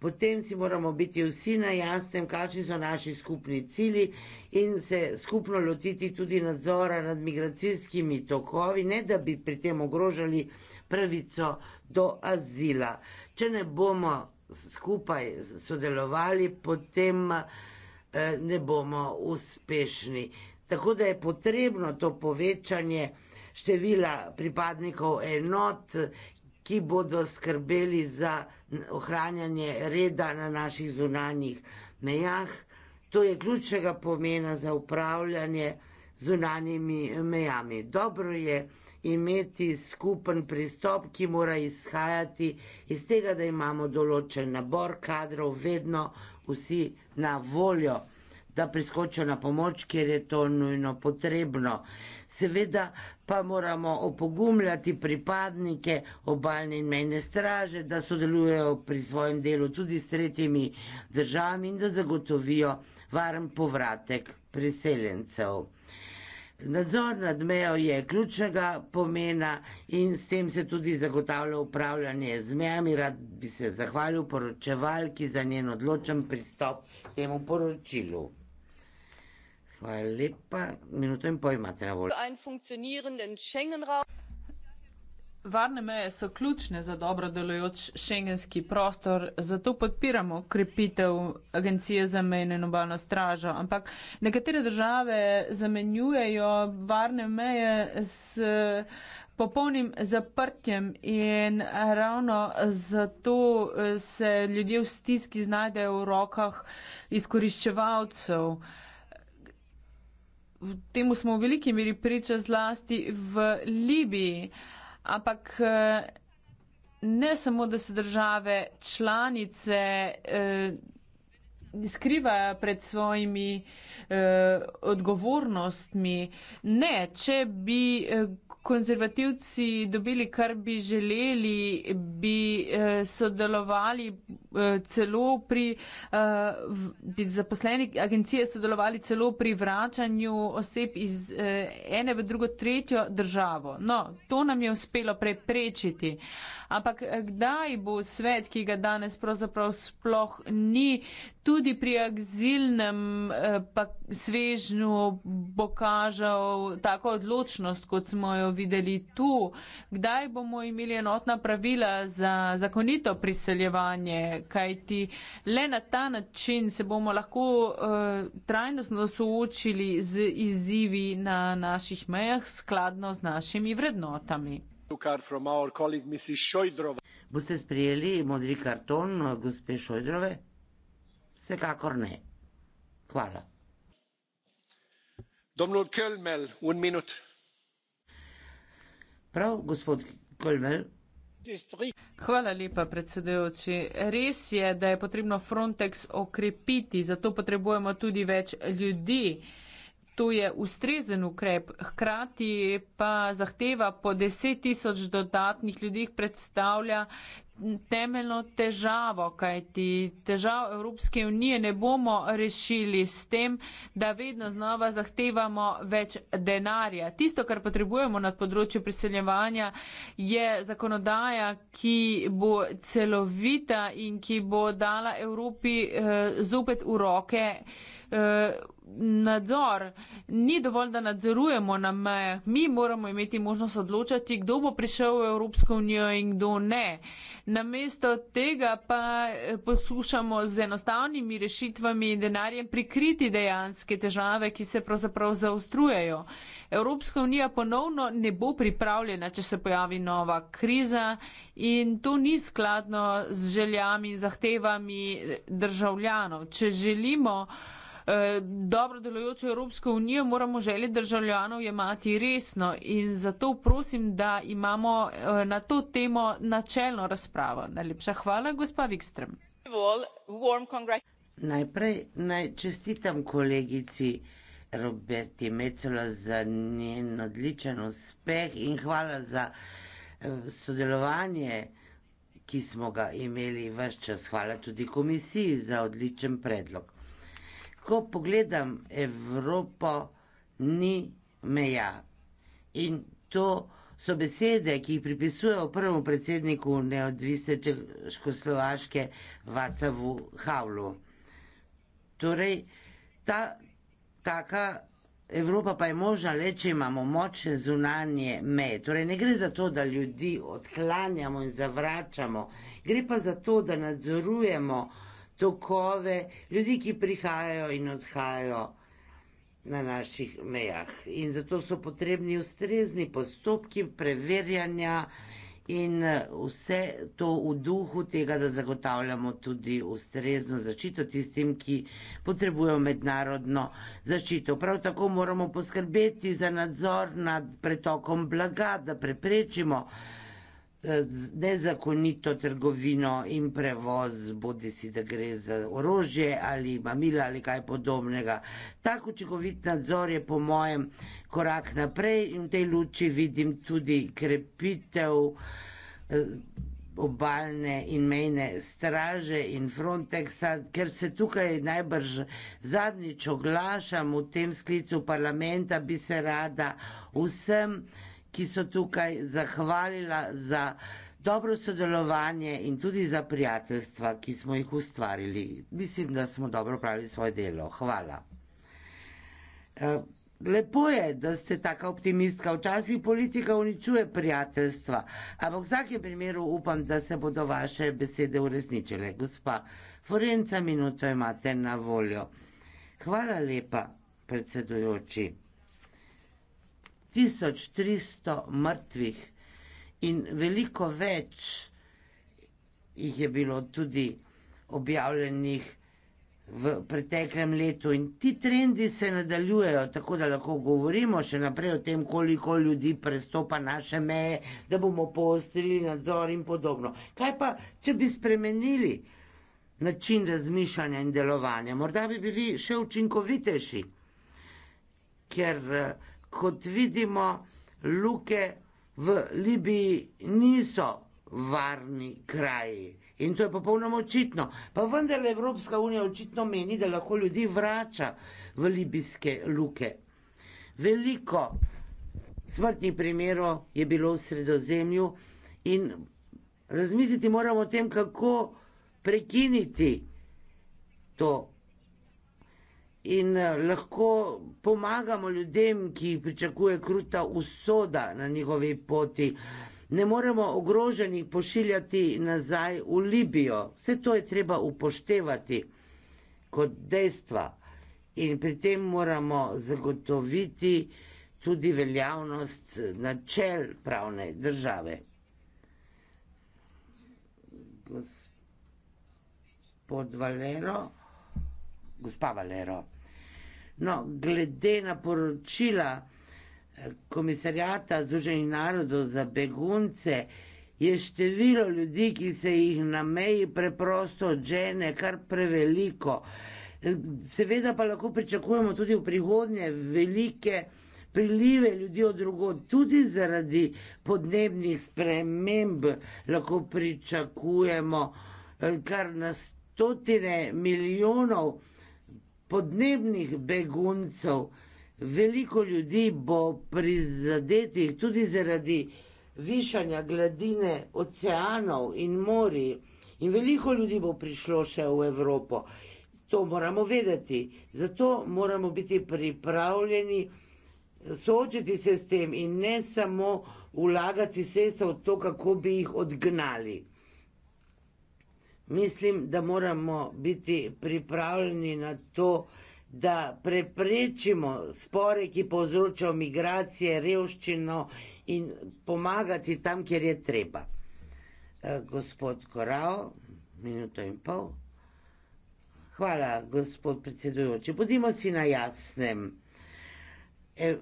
potem si moramo biti vsi na jasnem, kakšni so naši skupni cili in se skupno lotiti tudi nadzora nad migracijskimi tokovi, ne da bi pri tem ogrožali pravico do azila. Če ne bomo skupaj sodelovali, potem eh, ne bomo uspešni. Tako da je potrebno to povečanje števila pripadnikov enot, ki bodo skrbeli za ohranjanje reda na naših zunanjih mejah. To je ključnega pomena za upravljanje zunanjimi mejami. Dobro je imeti skupen pristop, ki mora izhajati iz tega, da imamo določen nabor kadrov, vedno vsi na voljo, da priskočijo na pomoč, kjer je to nujno potrebno. Seveda pa moramo opogumljati pripadnike obaljne in mejne straže, da sodelujejo pri svojem delu tudi s tretjimi državami in da zagotovijo varen povratek priseljencev. Nadzor nad mejo je ključnega pomena in s tem se tudi zagotavlja upravljanje z mejami. Rad bi se zahvalil poročevalki za njen odločen pristop temu poročilu. Varne meje so ključne za dobro delujoč šengenski prostor, zato podpiramo krepitev Agencije za mejno in obalno stražo. Ampak nekatere države zamenjujejo varne meje s popolnim zaprtjem in ravno zato eh, se ljudje v stiski znajdejo v rokah izkoriščevalcev temu smo v veliki meri priča zlasti v Libiji. Ampak eh, ne samo, da se države članice eh, skrivajo pred svojimi eh, odgovornostmi. Ne, če bi. Eh, konzervativci dobili, kar bi želeli, bi eh, sodelovali eh, celo pri, eh, bi zaposleni agencije sodelovali celo pri vračanju oseb iz eh, ene v drugo, tretjo državo. No, to nam je uspelo preprečiti. Ampak eh, kdaj bo svet, ki ga danes pravzaprav sploh ni, tudi pri agzilnem eh, svežnju pokažal tako odločnost, kot smo jo videli tu. Kdaj bomo imeli enotna pravila za zakonito priseljevanje, kajti le na ta način se bomo lahko uh, trajnostno soočili z izzivi na naših mejah skladno z našimi vrednotami. Boste sprejeli modri karton eh, gospe Šojdrove? vsekakor ne. hvala. prav gospod kölmel Hvala lepa, predsedujoči. Res je, da je potrebno Frontex okrepiti, zato potrebujemo tudi več ljudi. To je ustrezen ukrep, hkrati pa zahteva po deset tisoč dodatnih ljudih predstavlja temeljno težavo, kajti težav Evropske unije ne bomo rešili s tem, da vedno znova zahtevamo več denarja. Tisto, kar potrebujemo na področju priseljevanja, je zakonodaja, ki bo celovita in ki bo dala Evropi eh, zopet v roke. Eh, nadzor ni dovolj, da nadzorujemo na mejah. Mi moramo imeti možnost odločati, kdo bo prišel v Evropsko unijo in kdo ne namesto tega pa eh, poskušamo z enostavnimi rešitvami in denarjem prikriti dejanske težave, ki se pravzaprav zaustrujejo. Evropska unija ponovno ne bo pripravljena, če se pojavi nova kriza in to ni skladno z željami in zahtevami eh, državljanov. Če želimo, Eh, dobro delojočo Evropsko unijo, moramo želje državljanov jemati resno in zato prosim, da imamo eh, na to temo načelno razpravo. Najlepša hvala, gospa Vikstrem. Najprej naj čestitam kolegici Roberti Mecola za njen odličen uspeh in hvala za eh, sodelovanje, ki smo ga imeli vse čas. Hvala tudi komisiji za odličen predlog ko pogledam Evropo, ni meja. In to so besede, ki jih pripisujejo prvemu predsedniku neodvisne Čehoslovaške Vacavu Havlu. Torej, ta taka Evropa pa je možna le, če imamo močne zunanje meje. Torej, ne gre za to, da ljudi odklanjamo in zavračamo, gre pa za to, da nadzorujemo tokove ljudi, ki prihajajo in odhajajo na naših mejah. In zato so potrebni ustrezni postopki preverjanja in eh, vse to v duhu tega, da zagotavljamo tudi ustrezno zaščito tistim, ki potrebujejo mednarodno zaščito. Prav tako moramo poskrbeti za nadzor nad pretokom blaga, da preprečimo Eh, nezakonito trgovino in prevoz, bodi si, da gre za orožje ali mamila ali kaj podobnega. Tak učinkovit nadzor je po mojem korak naprej in v tej luči vidim tudi krepitev eh, obalne in mejne straže in Frontexa, ker se tukaj najbrž zadnjič oglašam v tem sklicu parlamenta, bi se rada vsem uh, ki so tukaj zahvalila za dobro sodelovanje in tudi za prijateljstva, ki smo jih ustvarili. Mislim, da smo dobro pravili svoje delo. Hvala. Eh, lepo je, da ste taka optimistka. Včasih politika uničuje prijateljstva, ampak v vsakem primeru upam, da se bodo vaše besede uresničile. Gospa Forenca, minuto imate na voljo. Hvala lepa, predsedujoči tisoč tristo mrtvih in veliko več jih je bilo tudi objavljenih v preteklem letu in ti trendi se nadaljujejo, tako da lahko govorimo še naprej o tem, koliko ljudi prestopa naše meje, da bomo poostrili nadzor in podobno. Kaj pa, če bi spremenili način razmišljanja in delovanja? Morda bi bili še učinkovitejši, ker kot vidimo, luke v Libiji niso varni kraji. In to je popolnoma očitno. Pa vendar Evropska unija očitno meni, da lahko ljudi vrača v libijske luke. Veliko smrtnih primerov je bilo v sredozemlju in razmisliti moramo o tem, kako prekiniti to in eh, lahko pomagamo ljudem, ki jih pričakuje kruta usoda na njihovi poti. Ne moremo ogroženih pošiljati nazaj v Libijo. Vse to je treba upoštevati kot dejstva in pri tem moramo zagotoviti tudi veljavnost načel pravne države. Gospod Valero, gospa Valero. No, glede na poročila eh, komisarjata Združenih narodov za begunce, je število ljudi, ki se jih na meji preprosto odžene, kar preveliko. Eh, seveda pa lahko pričakujemo tudi v prihodnje velike prilive ljudi od drugod, tudi zaradi podnebnih sprememb lahko pričakujemo eh, kar na stotine milijonov ljudi podnebnih beguncev, veliko ljudi bo prizadetih tudi zaradi višanja gladine oceanov in mori. In veliko ljudi bo prišlo še v Evropo. To moramo vedeti. Zato moramo biti pripravljeni soočiti se s tem in ne samo vlagati sredstva v to, kako bi jih odgnali. Mislim, da moramo biti pripravljeni na to, da preprečimo spore, ki povzročajo migracije, revščino in pomagati tam, kjer je treba. Eh, gospod Korao, minuto in pol. Hvala, gospod predsedujoči. Bodimo si na jasnem. E,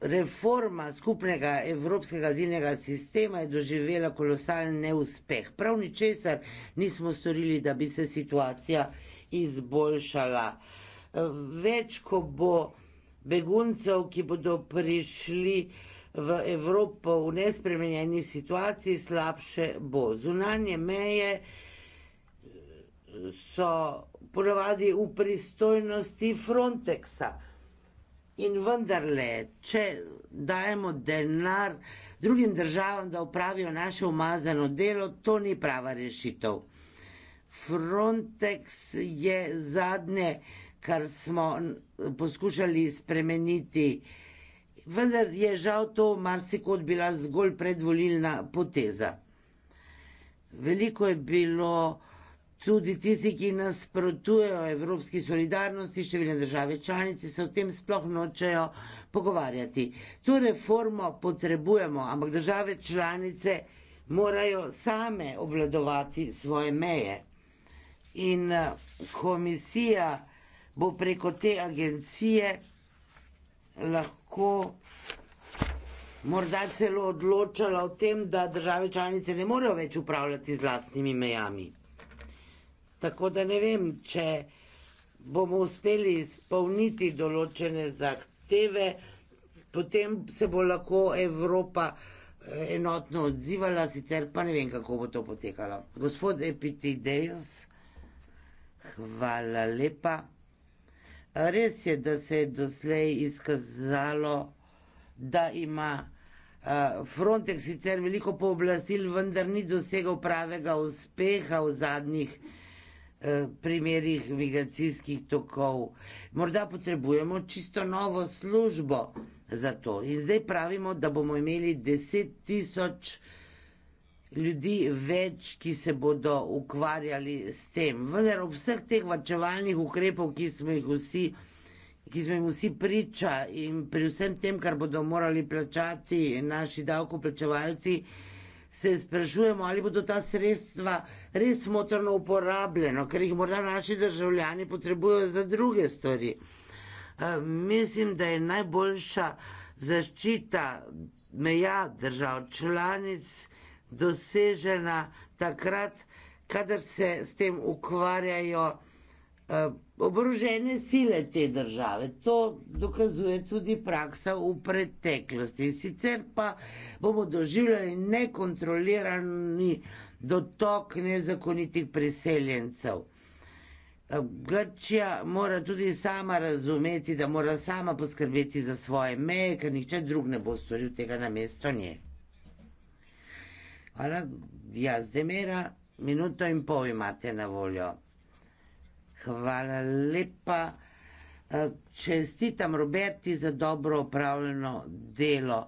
Reforma skupnega evropskega azilnega sistema je doživela kolosalni neuspeh. Prav ničesar nismo storili, da bi se situacija izboljšala. Več, ko bo beguncev, ki bodo prišli v Evropo v nespremenjeni situaciji, slabše bo. Zunanje meje so ponovadi v pristojnosti Frontexa. In vendarle, če dajemo denar drugim državam, da upravijo naše umazano delo, to ni prava rešitev. Frontex je zadnje, kar smo poskušali spremeniti, vendar je žal to marsikot bila zgolj predvolilna poteza. Veliko je bilo Tudi tisti, ki nasprotujejo evropski solidarnosti, številne države članice se o tem sploh nočejo pogovarjati. To reformo potrebujemo, ampak države članice morajo same obvladovati svoje meje. In eh, komisija bo preko te agencije lahko morda celo odločala o tem, da države članice ne morejo več upravljati z vlastnimi mejami. Tako da ne vem, če bomo uspeli izpolniti določene zahteve, potem se bo lahko Evropa eh, enotno odzivala, sicer pa ne vem, kako bo to potekalo. Gospod Epitidejus, hvala lepa. Res je, da se je doslej izkazalo, da ima eh, Frontex sicer veliko pooblastil, vendar ni dosegal pravega uspeha v zadnjih letih. Eh, primerih migracijskih tokov. Morda potrebujemo čisto novo službo za to. In zdaj pravimo, da bomo imeli deset tisoč ljudi več, ki se bodo ukvarjali s tem. Vendar ob vseh teh vrčevalnih ukrepov, ki smo jih vsi, ki smo jim vsi priča in pri vsem tem, kar bodo morali plačati naši davkoplačevalci, se sprašujemo, ali bodo ta sredstva res motorno uporabljena, ker jih morda naši državljani potrebujejo za druge stvari. Eh, mislim, da je najboljša zaščita meja držav članic dosežena takrat, kadar se s tem ukvarjajo. Eh, oborožene sile te države. To dokazuje tudi praksa v preteklosti. Sicer pa bomo doživljali nekontrolirani dotok nezakonitih preseljencev. Eh, Grčija mora tudi sama razumeti, da mora sama poskrbeti za svoje meje, ker nihče drug ne bo storil tega na mesto nje. Hvala, jaz demera, minuto in pol imate na voljo. Hvala lepa. Eh, čestitam Roberti za dobro opravljeno delo.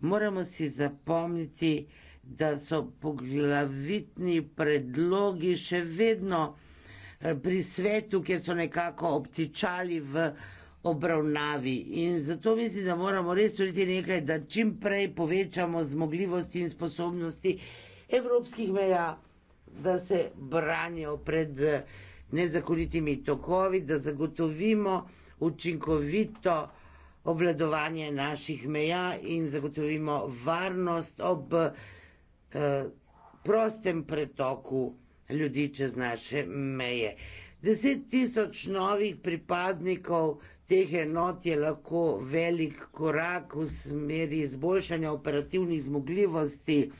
Moramo si zapomniti, da so poglavitni predlogi še vedno eh, pri svetu, kjer so nekako obtičali v obravnavi. In zato mislim, da moramo res storiti nekaj, da čim prej povečamo zmogljivosti in sposobnosti evropskih meja, da se branijo pred. Eh, nezakonitimi tokovi, da zagotovimo učinkovito obvladovanje naših meja in zagotovimo varnost ob eh, prostem pretoku ljudi čez naše meje. Deset tisoč novih pripadnikov teh enot je lahko velik korak v smeri izboljšanja operativnih zmogljivosti,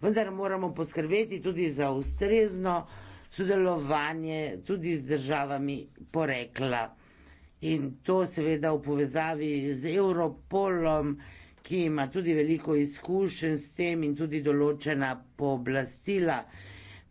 vendar moramo poskrbeti tudi za ustrezno sodelovanje tudi z državami porekla. In to seveda v povezavi z Europolom, ki ima tudi veliko izkušenj s tem in tudi določena pooblastila.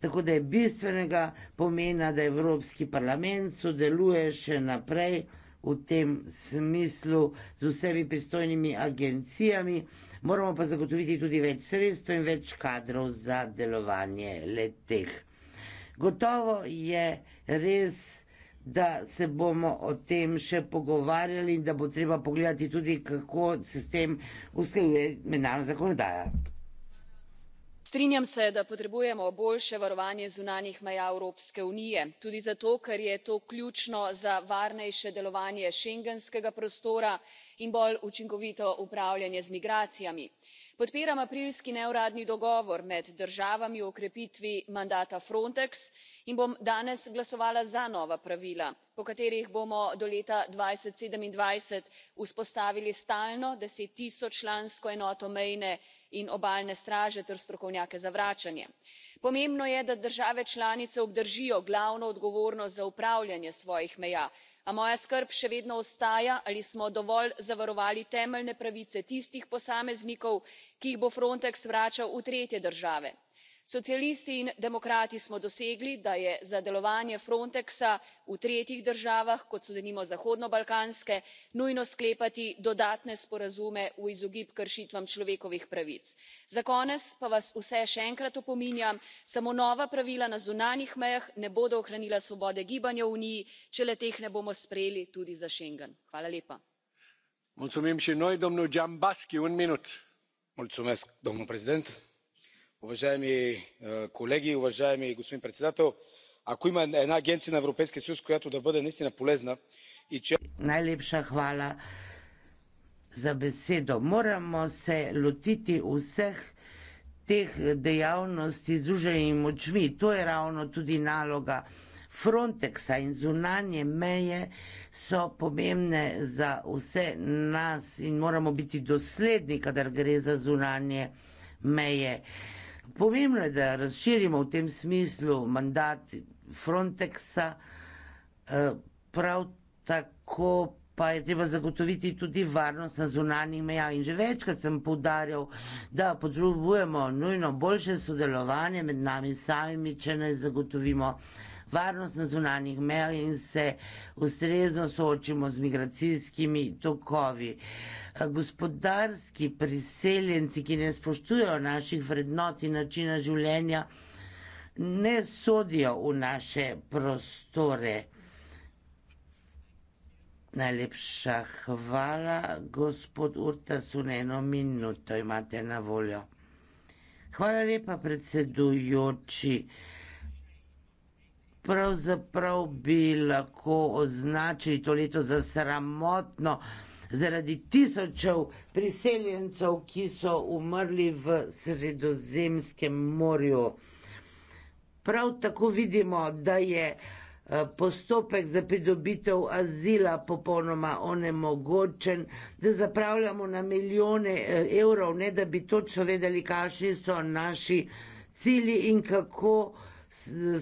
Tako da je bistvenega pomena, da Evropski parlament sodeluje še naprej v tem smislu z vsemi pristojnimi agencijami. Moramo pa zagotoviti tudi več sredstev in več kadrov za delovanje leteh. Gotovo je res, da se bomo o tem še pogovarjali in da bo treba pogledati tudi, kako se s tem usklajuje mednarodna zakonodaja. Strinjam se, da potrebujemo boljše varovanje zunanjih meja Evropske unije, tudi zato, ker je to ključno za varnejše delovanje šengenskega prostora in bolj učinkovito upravljanje z migracijami podpiram aprilski neuradni dogovor med državami o okrepitvi mandata frontex in bom danes glasovala za nova pravila po katerih bomo do leta dva tisoč sedemindvajset vzpostavili stalno deset tisoč člansko enoto mejne in obalne straže ter strokovnjake za vračanje. pomembno je da države članice obdržijo glavno odgovornost za upravljanje svojih meja a moja skrb še vedno ostaja ali smo dovolj zavarovali temeljne pravice tistih posameznikov ki jih bo frontex vračal v tretje države socialisti in demokrati smo dosegli da je za delovanje frontexa v tretjih državah kot so denimo zahodno balkanske nujno sklepati dodatne sporazume v izogib kršitvam človekovih pravic. za konec pa vas vse še enkrat opominjam samo nova pravila na zunanjih mejah ne bodo ohranila svobode gibanja v uniji če le teh ne bomo sprejeli tudi za schengen уважаеми колеги уважаеми господин председател ако има една агенция на европейския съюз която да бъде наистина полезна и че Najlepša hvala za besedo. Moramo se lotiti vseh teh dejavnosti z druženimi močmi. To je ravno tudi naloga Frontexa in zunanje meje so pomembne za vse nas in moramo biti dosledni, kadar gre za zunanje meje. Uh, Pomembno je, da razširimo v tem smislu mandat Frontexa, eh, prav tako pa je treba zagotoviti tudi varnost na zunanjih meja. In že večkrat sem povdarjal, da potrebujemo nujno boljše sodelovanje med nami samimi, če ne zagotovimo varnost na zunanjih mejah in se ustrezno soočimo z migracijskimi tokovi. Uh, gospodarski priseljenci, ki ne spoštujejo naših vrednot in načina življenja, ne sodijo v naše prostore. Najlepša hvala, gospod Urta, so eno minuto imate na voljo. Hvala lepa, predsedujoči. Pravzaprav bi lahko označili to leto za sramotno zaradi tisočev priseljencev, ki so umrli v Sredozemskem morju. Prav tako vidimo, da je eh, postopek za pridobitev azila popolnoma onemogočen, da zapravljamo na milijone eh, evrov, ne da bi točno vedeli, kakšni so naši cilji in kako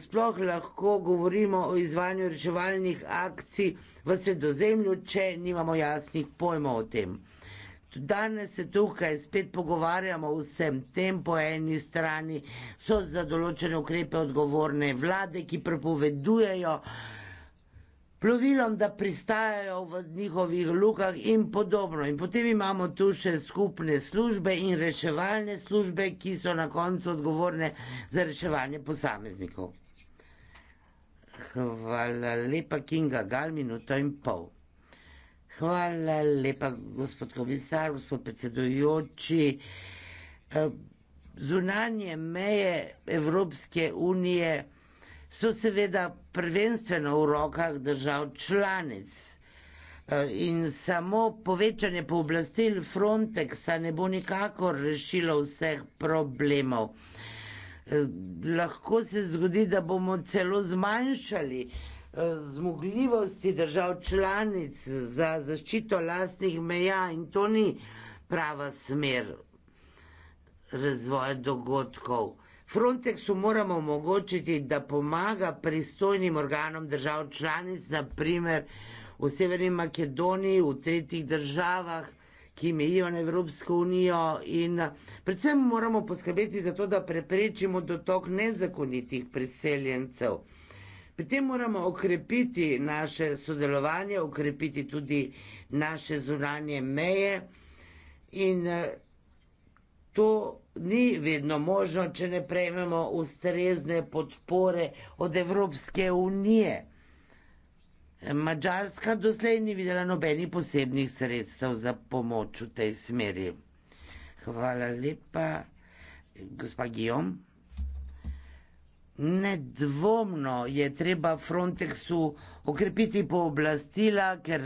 sploh lahko govorimo o izvanju reševalnih akcij v sredozemlju, če nimamo jasnih pojmov o tem. Danes se tukaj spet pogovarjamo o vsem tem, po eni strani so za določene ukrepe odgovorne vlade, ki prepovedujejo plovilom, da pristajajo v njihovih lukah in podobno. In potem imamo tu še skupne službe in reševalne službe, ki so na koncu odgovorne za reševanje posameznikov. Hvala lepa, Kinga Gal, minuto in pol. Hvala lepa, gospod komisar, gospod predsedujoči. Eh, zunanje meje Evropske unije so seveda prvenstveno v rokah držav članic. E, in samo povečanje pooblastil Frontexa ne bo nikakor rešilo vseh problemov. E, lahko se zgodi, da bomo celo zmanjšali e, zmogljivosti držav članic za zaščito lastnih meja in to ni prava smer razvoja dogodkov. Frontexu moramo omogočiti, da pomaga pristojnim organom držav članic, naprimer v Severni Makedoniji, v tretjih državah, ki mejijo na Evropsko unijo in predvsem moramo poskrbeti za to, da preprečimo dotok nezakonitih priseljencev. Pri tem moramo okrepiti naše sodelovanje, okrepiti tudi naše zunanje meje in eh, to ni vedno možno, če ne prejmemo ustrezne podpore od Evropske unije. Mačarska doslej ni videla nobenih posebnih sredstev za pomoč v tej smeri. Hvala lepa, gospa Gijom. Nedvomno je treba Frontexu okrepiti pooblastila, ker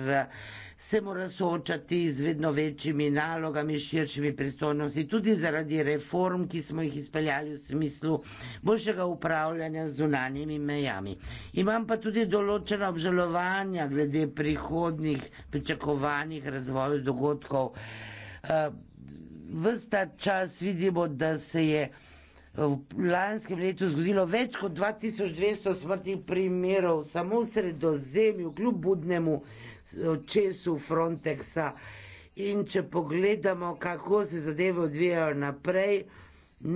se mora soočati z vedno večjimi nalogami, širšimi pristojnosti, tudi zaradi reform, ki smo jih izpeljali v smislu boljšega upravljanja z zunanjimi mejami. Imam pa tudi določena obžalovanja glede prihodnih pričakovanjih razvoju dogodkov. Eh, Vsta čas vidimo, da se je v lanskem letu zgodilo več kot 2200 smrtnih primerov samo v sredozemju, kljub budnemu očesu Frontexa. In če pogledamo, kako se zadeve odvijajo naprej,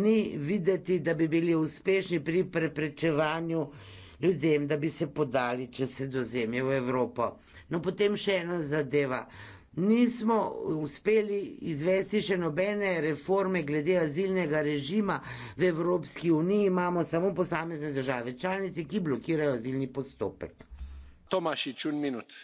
ni videti, da bi bili uspešni pri preprečevanju ljudem, da bi se podali, če se dozemijo v Evropo. No, potem še ena zadeva. Nismo uspeli izvesti še nobene reforme glede azilnega režima v Evropski uniji, imamo samo posamezne države članice, ki blokirajo azilni postopek. Tomaši, čun minut.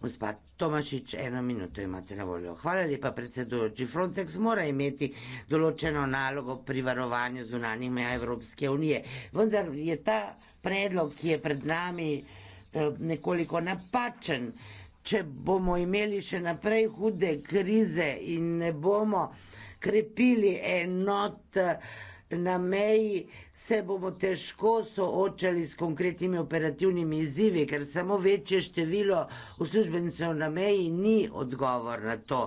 Gospa Tomašič, eno minuto imate na voljo. Hvala lepa, predsedujoči. Frontex mora imeti določeno nalogo pri varovanju zunanjih meja Evropske unije. Vendar je ta predlog, ki je pred nami, eh, nekoliko napačen. Če bomo imeli še naprej hude krize in ne bomo krepili enot eh, na meji, se bomo težko soočali s konkretnimi operativnimi izzivi, ker samo večje število uslužbencev na meji ni odgovor na to.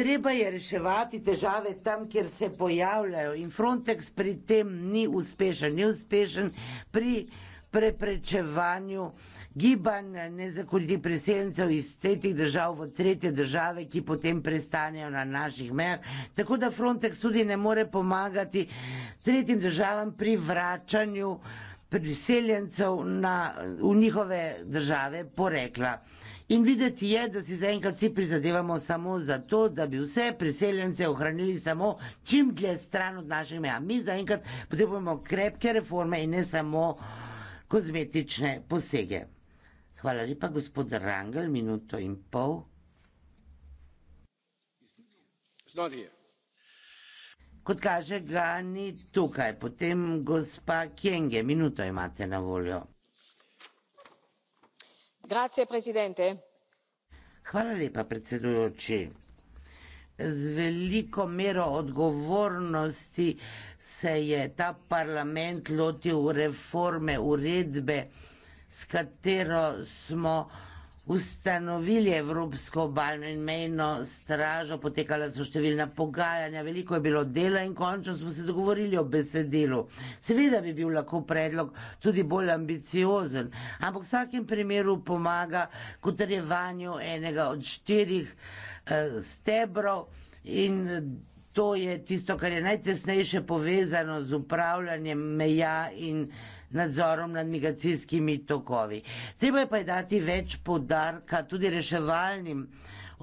Treba je reševati težave tam, kjer se pojavljajo in Frontex pri tem ni uspešen, ni uspešen pri preprečevanju uh, Giban nezakonitih preseljencev iz tretjih držav v tretje države, ki potem prestanejo na naših mejah. Tako da Frontex tudi ne more pomagati tretjim državam pri vračanju priseljencev na, v njihove države porekla. In videti je, da si zaenkrat vsi prizadevamo samo za to, da bi vse priseljence ohranili samo čim dlje stran od naših meja. Mi zaenkrat potrebujemo krepke reforme in ne samo kozmetične posege. Hvala lepa, gospod Rangel, minuto in pol. Kot kaže, ga ni tukaj. Potem gospa Kjenge, minuto imate na voljo. Hvala lepa, predsedujoči. Z veliko mero odgovornosti se je ta parlament lotil reforme uredbe, ki je s katero smo ustanovili Evropsko obaljno in mejno stražo, potekala so številna pogajanja, veliko je bilo dela in končno smo se dogovorili o besedilu. Seveda bi bil lahko predlog tudi bolj ambiciozen, ampak v vsakem primeru pomaga k utrjevanju enega od štirih eh, stebrov in to je tisto, kar je najtesnejše povezano z upravljanjem meja in eh, nadzorom nad migracijskimi tokovi. Treba je pa je dati več podarka tudi reševalnim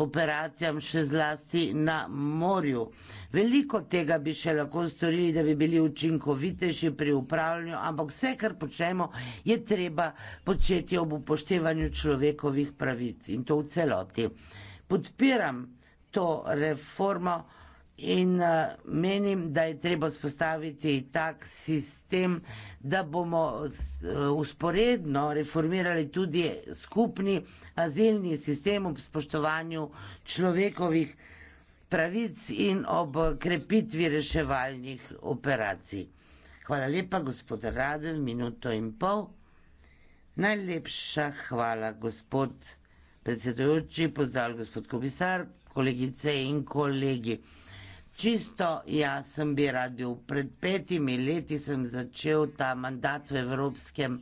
operacijam, še zlasti na morju. Veliko tega bi še lahko storili, da bi bili učinkovitejši pri upravljanju, ampak vse, kar počnemo, je treba početi ob upoštevanju človekovih pravic in to v celoti. Podpiram to reformo. In uh, menim, da je treba spostaviti tak sistem, da bomo uh, eh, usporedno reformirali tudi skupni azilni sistem ob spoštovanju človekovih pravic in ob krepitvi reševalnih operacij. Hvala lepa, gospod Radev, minuto in pol. Najlepša hvala, gospod predsedujoči, pozdrav gospod komisar, kolegice in kolegi. Čisto jaz sem bi rad bil. Pred petimi leti sem začel ta mandat v Evropskem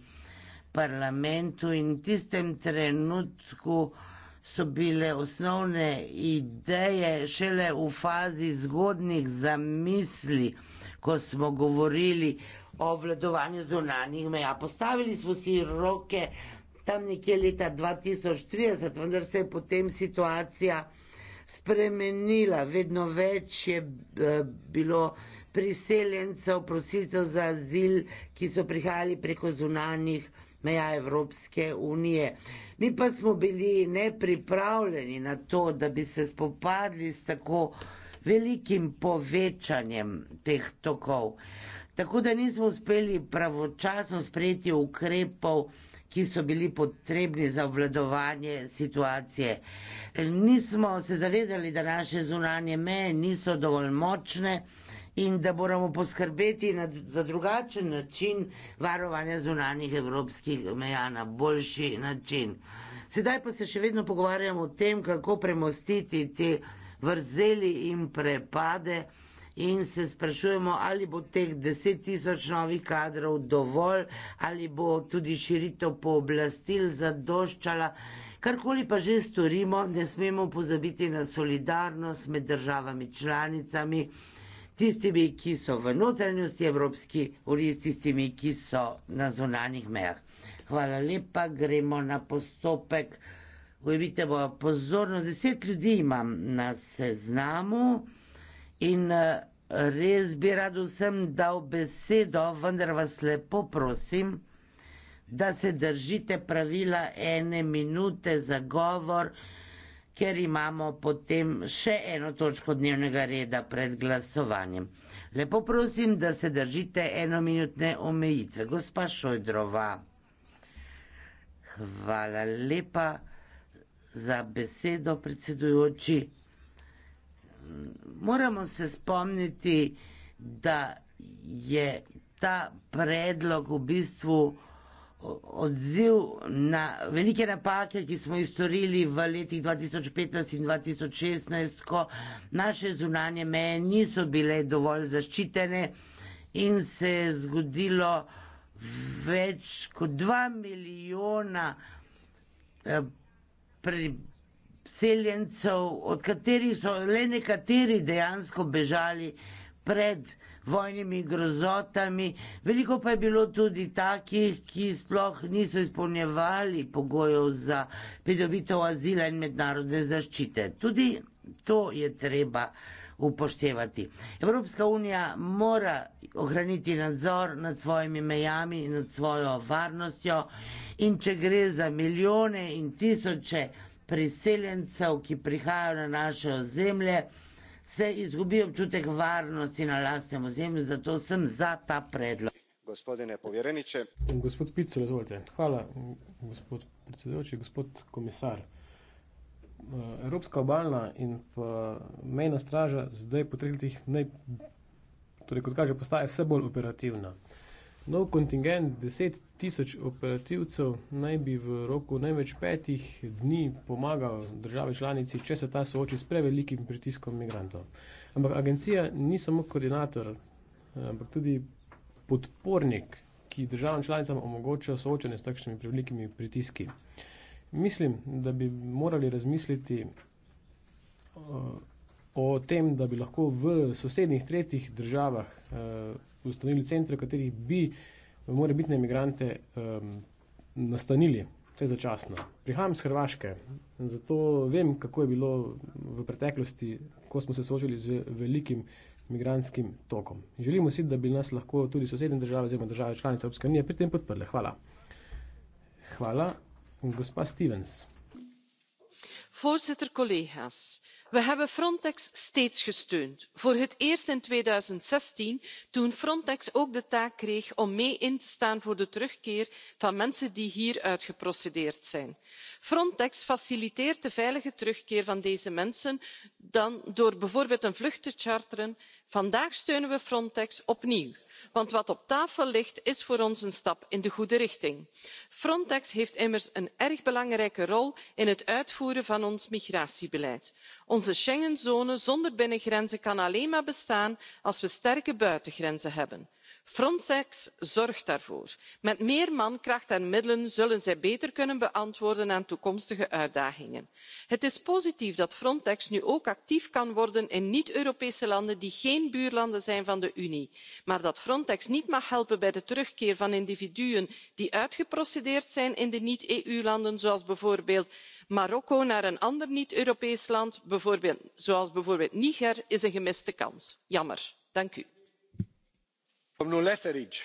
parlamentu in v tistem trenutku so bile osnovne ideje šele v fazi zgodnih zamisli, ko smo govorili o vladovanju zunanjih meja. Postavili smo si roke tam nekje leta 2030, vendar se je potem situacija spremenila, vedno več je eh, bilo priseljencev, prosilcev za azil, ki so prihajali preko zunanjih meja Evropske unije. Mi pa smo bili nepripravljeni na to, da bi se spopadli s tako velikim povečanjem teh tokov. Tako da nismo uspeli pravočasno sprejeti ukrepov, ki so bili potrebni za obvladovanje situacije. Nismo se zavedali, da naše zunanje meje niso dovolj močne in da moramo poskrbeti na, za drugačen način varovanja zunanjih evropskih meja, na boljši način. Sedaj pa se še vedno pogovarjamo o tem, kako premostiti te vrzeli in prepade in se sprašujemo, ali bo teh 10 tisoč novih kadrov dovolj, ali bo tudi širitev pooblastil zadoščala. Karkoli pa že storimo, ne smemo pozabiti na solidarnost med državami članicami, tistimi, ki so v notranjosti Evropski uniji, tistimi, ki so na zonanih mejah. Hvala lepa, gremo na postopek. Ujemite bojo pozornost, deset ljudi imam na seznamu. In eh, res bi rad vsem dal besedo, vendar vas lepo prosim, da se držite pravila ene minute za govor, ker imamo potem še eno točko dnevnega reda pred glasovanjem. Lepo prosim, da se držite enominutne omejitve. Gospa Šojdrova, hvala lepa za besedo predsedujoči moramo se spomniti, da je ta predlog v bistvu odziv na velike napake, ki smo jih storili v letih 2015 in 2016, ko naše zunanje meje niso bile dovolj zaščitene in se je zgodilo več kot 2 milijona. Eh, seljencev, od katerih so le nekateri dejansko bežali pred vojnimi grozotami. Veliko pa je bilo tudi takih, ki sploh niso izpolnjevali pogojev za pridobitev azila in mednarodne zaščite. Tudi to je treba upoštevati. Evropska unija mora ohraniti nadzor nad svojimi mejami in nad svojo varnostjo in če gre za milijone in tisoče priseljencev, ki prihajajo na naše ozemlje, se izgubi občutek varnosti na lastnem ozemlju, zato sem za ta predlog. Gospodine povjereniče. Gospod Pico, izvolite. Hvala, gospod predsedujoči, gospod komisar. Evropska obalna in pa mejna straža zdaj po tretjih naj, torej kot kaže, postaje vse bolj operativna. Nov kontingent, deset tisoč operativcev naj bi v roku največ petih dni pomagal državi članici, če se ta sooči s prevelikim pritiskom migrantov. Ampak agencija ni samo koordinator, eh, ampak tudi podpornik, ki državam članicam omogoča soočanje s takšnimi prevelikimi pritiski. Mislim, da bi morali razmisliti eh, o tem, da bi lahko v sosednjih tretjih državah uh, ustanovili centre, v katerih bi uh, v morebitne imigrante um, ehm, nastanili, vse začasno. Prihajam iz Hrvaške, zato vem, kako je bilo v preteklosti, ko smo se soočili z velikim imigrantskim tokom. Želimo si, da bi nas lahko tudi sosednje države, oziroma države članice Evropske unije, pri tem podprle. Hvala. Hvala, gospa Stevens voorzitter collega's we hebben frontex steeds gesteund voor het eerst in tweeduizendzestien toen frontex ook de taak kreeg om mee in te staan voor de terugkeer van mensen die hier uitgeprocedeerd zijn. frontex faciliteert de veilige terugkeer van deze mensen dan door bijvoorbeeld een vlucht te charteren. vandaag steunen we frontex opnieuw want wat op tafel ligt is voor ons een stap in de goede richting. frontex heeft immers een erg belangrijke rol in het uitvoeren van ons migratiebeleid. onze schengenzone zonder binnengrenzen kan alleen maar bestaan als we sterke buitengrenzen hebben frontex zorgt daarvoor. met meer mankracht en middelen zullen zij beter kunnen beantwoorden aan toekomstige uitdagingen. het is positief dat frontex nu ook actief kan worden in niet europese landen die geen buurlanden zijn van de unie maar dat frontex niet mag helpen bij de terugkeer van individuen die uitgeprocedeerd zijn in de niet eu landen zoals bijvoorbeeld marokko naar een ander niet europees land zoals bijvoorbeeld niger is een gemiste kans. jammer domnule lesarić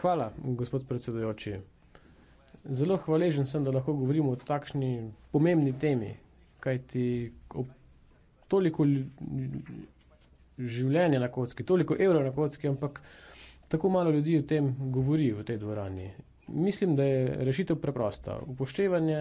hvala gospod predsedujoči zelo hvaležen sem da lahko govorim o takšni pomembni temi kajti ob toliko življenja na kocki toliko evrov na kocki ampak tako malo ljudi o tem govori v tej dvorani mislim da je rešitev preprosta upoštevanje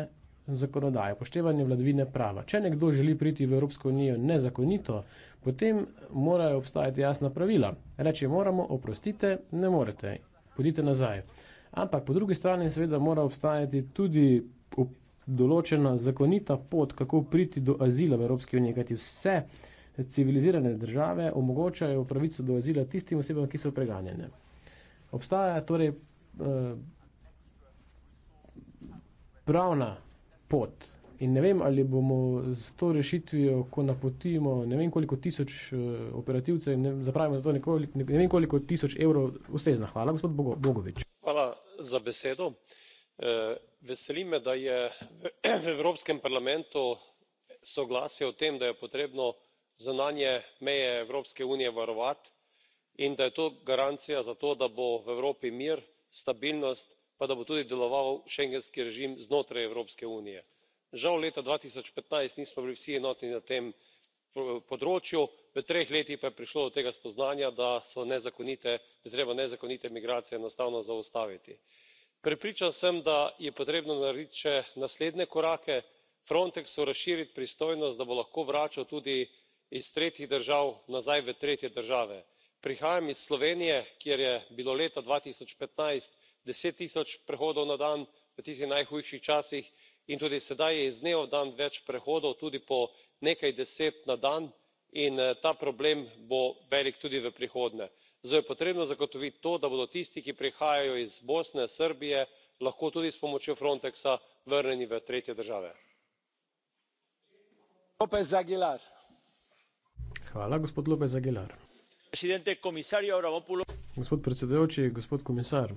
zakonodaje, upoštevanje vladavine prava. Če nekdo želi priti v Evropsko unijo nezakonito, potem morajo obstajati jasna pravila. Reči moramo, oprostite, ne morete, pojdite nazaj. Ampak po drugi strani seveda mora obstajati tudi določena zakonita pot, kako priti do azila v Evropski uniji, kajti vse civilizirane države omogočajo pravico do azila tistim osebam, ki so preganjene. Obstaja torej eh, pravna pot. In ne vem, ali bomo s to rešitvijo, ko napotimo ne vem koliko tisoč uh, operativcev in zapravimo za to nekoliko, ne, ne vem koliko tisoč evrov, ustrezna. Hvala, gospod Bogo, Bogovič. Hvala za besedo. E, veseli me, da je v, v Evropskem parlamentu soglasje o tem, da je potrebno zunanje meje Evropske unije varovati in da je to garancija za to, da bo v Evropi mir, stabilnost pa da bo tudi deloval schengenski režim znotraj evropske unije. žal leta dva tisoč petnajst nismo bili vsi enotni na tem področju v treh letih pa je prišlo do tega spoznanja da je treba nezakonite migracije enostavno zaustaviti. prepričan sem da je potrebno narediti še naslednje korake frontexu razširiti pristojnost da bo lahko vračal tudi iz tretjih držav nazaj v tretje države. prihajam iz slovenije kjer je bilo leta dva tisoč petnajst deset tisoč prehodov na dan v tistih najhujših časih in tudi sedaj je iz dneva v dan več prehodov tudi po nekaj deset na dan in eh, ta problem bo velik tudi v prihodnje zato je potrebno zagotoviti to da bodo tisti ki prihajajo iz bosne srbije lahko tudi s pomočjo frontexa vrnjeni v tretje države. gospod predsedujoči gospod komisar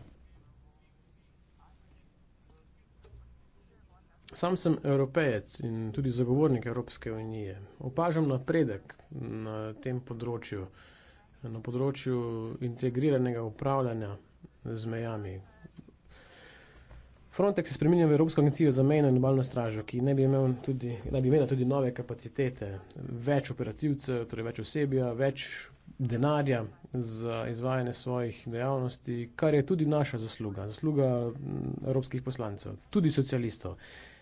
Sam sem evropejec in tudi zagovornik Evropske unije. Opažam napredek na tem področju, na področju integriranega upravljanja z mejami. Frontex se spremenja v Evropsko agencijo za mejno in obalno stražo, ki naj bi, imel tudi, naj bi imela tudi nove kapacitete, več operativcev, torej več osebja, več denarja za izvajanje svojih dejavnosti, kar je tudi naša zasluga, zasluga mm, evropskih poslancev, tudi socialistov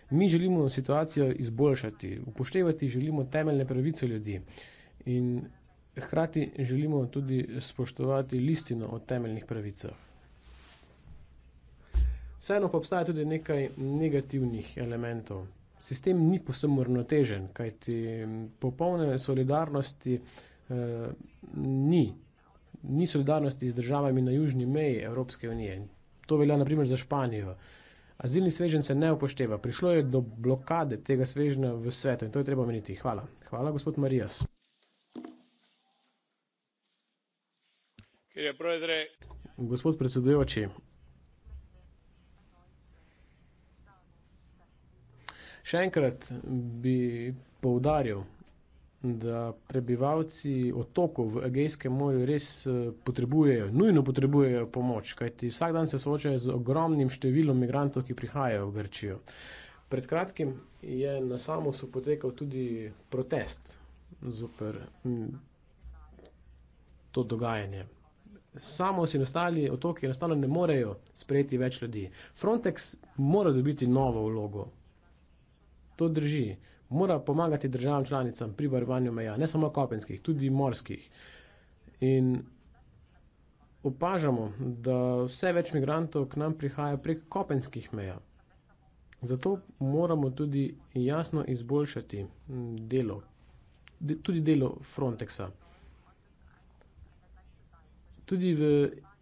mi želimo situacijo izboljšati, upoštevati želimo temeljne pravice ljudi in hkrati želimo tudi spoštovati listino o temeljnih pravicah. Vseeno pa obstaja tudi nekaj negativnih elementov. Sistem ni posem uravnotežen, kajti popolne solidarnosti eh, ni. Ni solidarnosti z državami na južni meji Evropske unije. To velja naprimer za Španijo. Eh, Azilni svežen se ne upošteva. Prišlo je do blokade tega svežna v svetu in to je treba omeniti. Hvala. Hvala, gospod Marijas. Gospod predsedujoči, še enkrat bi poudaril, da prebivalci otokov v Egejskem morju res eh, potrebujejo, nujno potrebujejo pomoč, kajti vsak dan se soočajo z ogromnim številom migrantov, ki prihajajo v Grčijo. Pred kratkim je na samo so potekal tudi protest zoper mm, to dogajanje. Samo si nastali otoki enostavno ne morejo sprejeti več ljudi. Frontex mora dobiti novo vlogo. To drži mora pomagati državam članicam pri varovanju meja, ne samo kopenskih, tudi morskih. In opažamo, da vse več migrantov k nam prihaja prek kopenskih meja. Zato moramo tudi jasno izboljšati delo, tudi delo Frontexa. Tudi v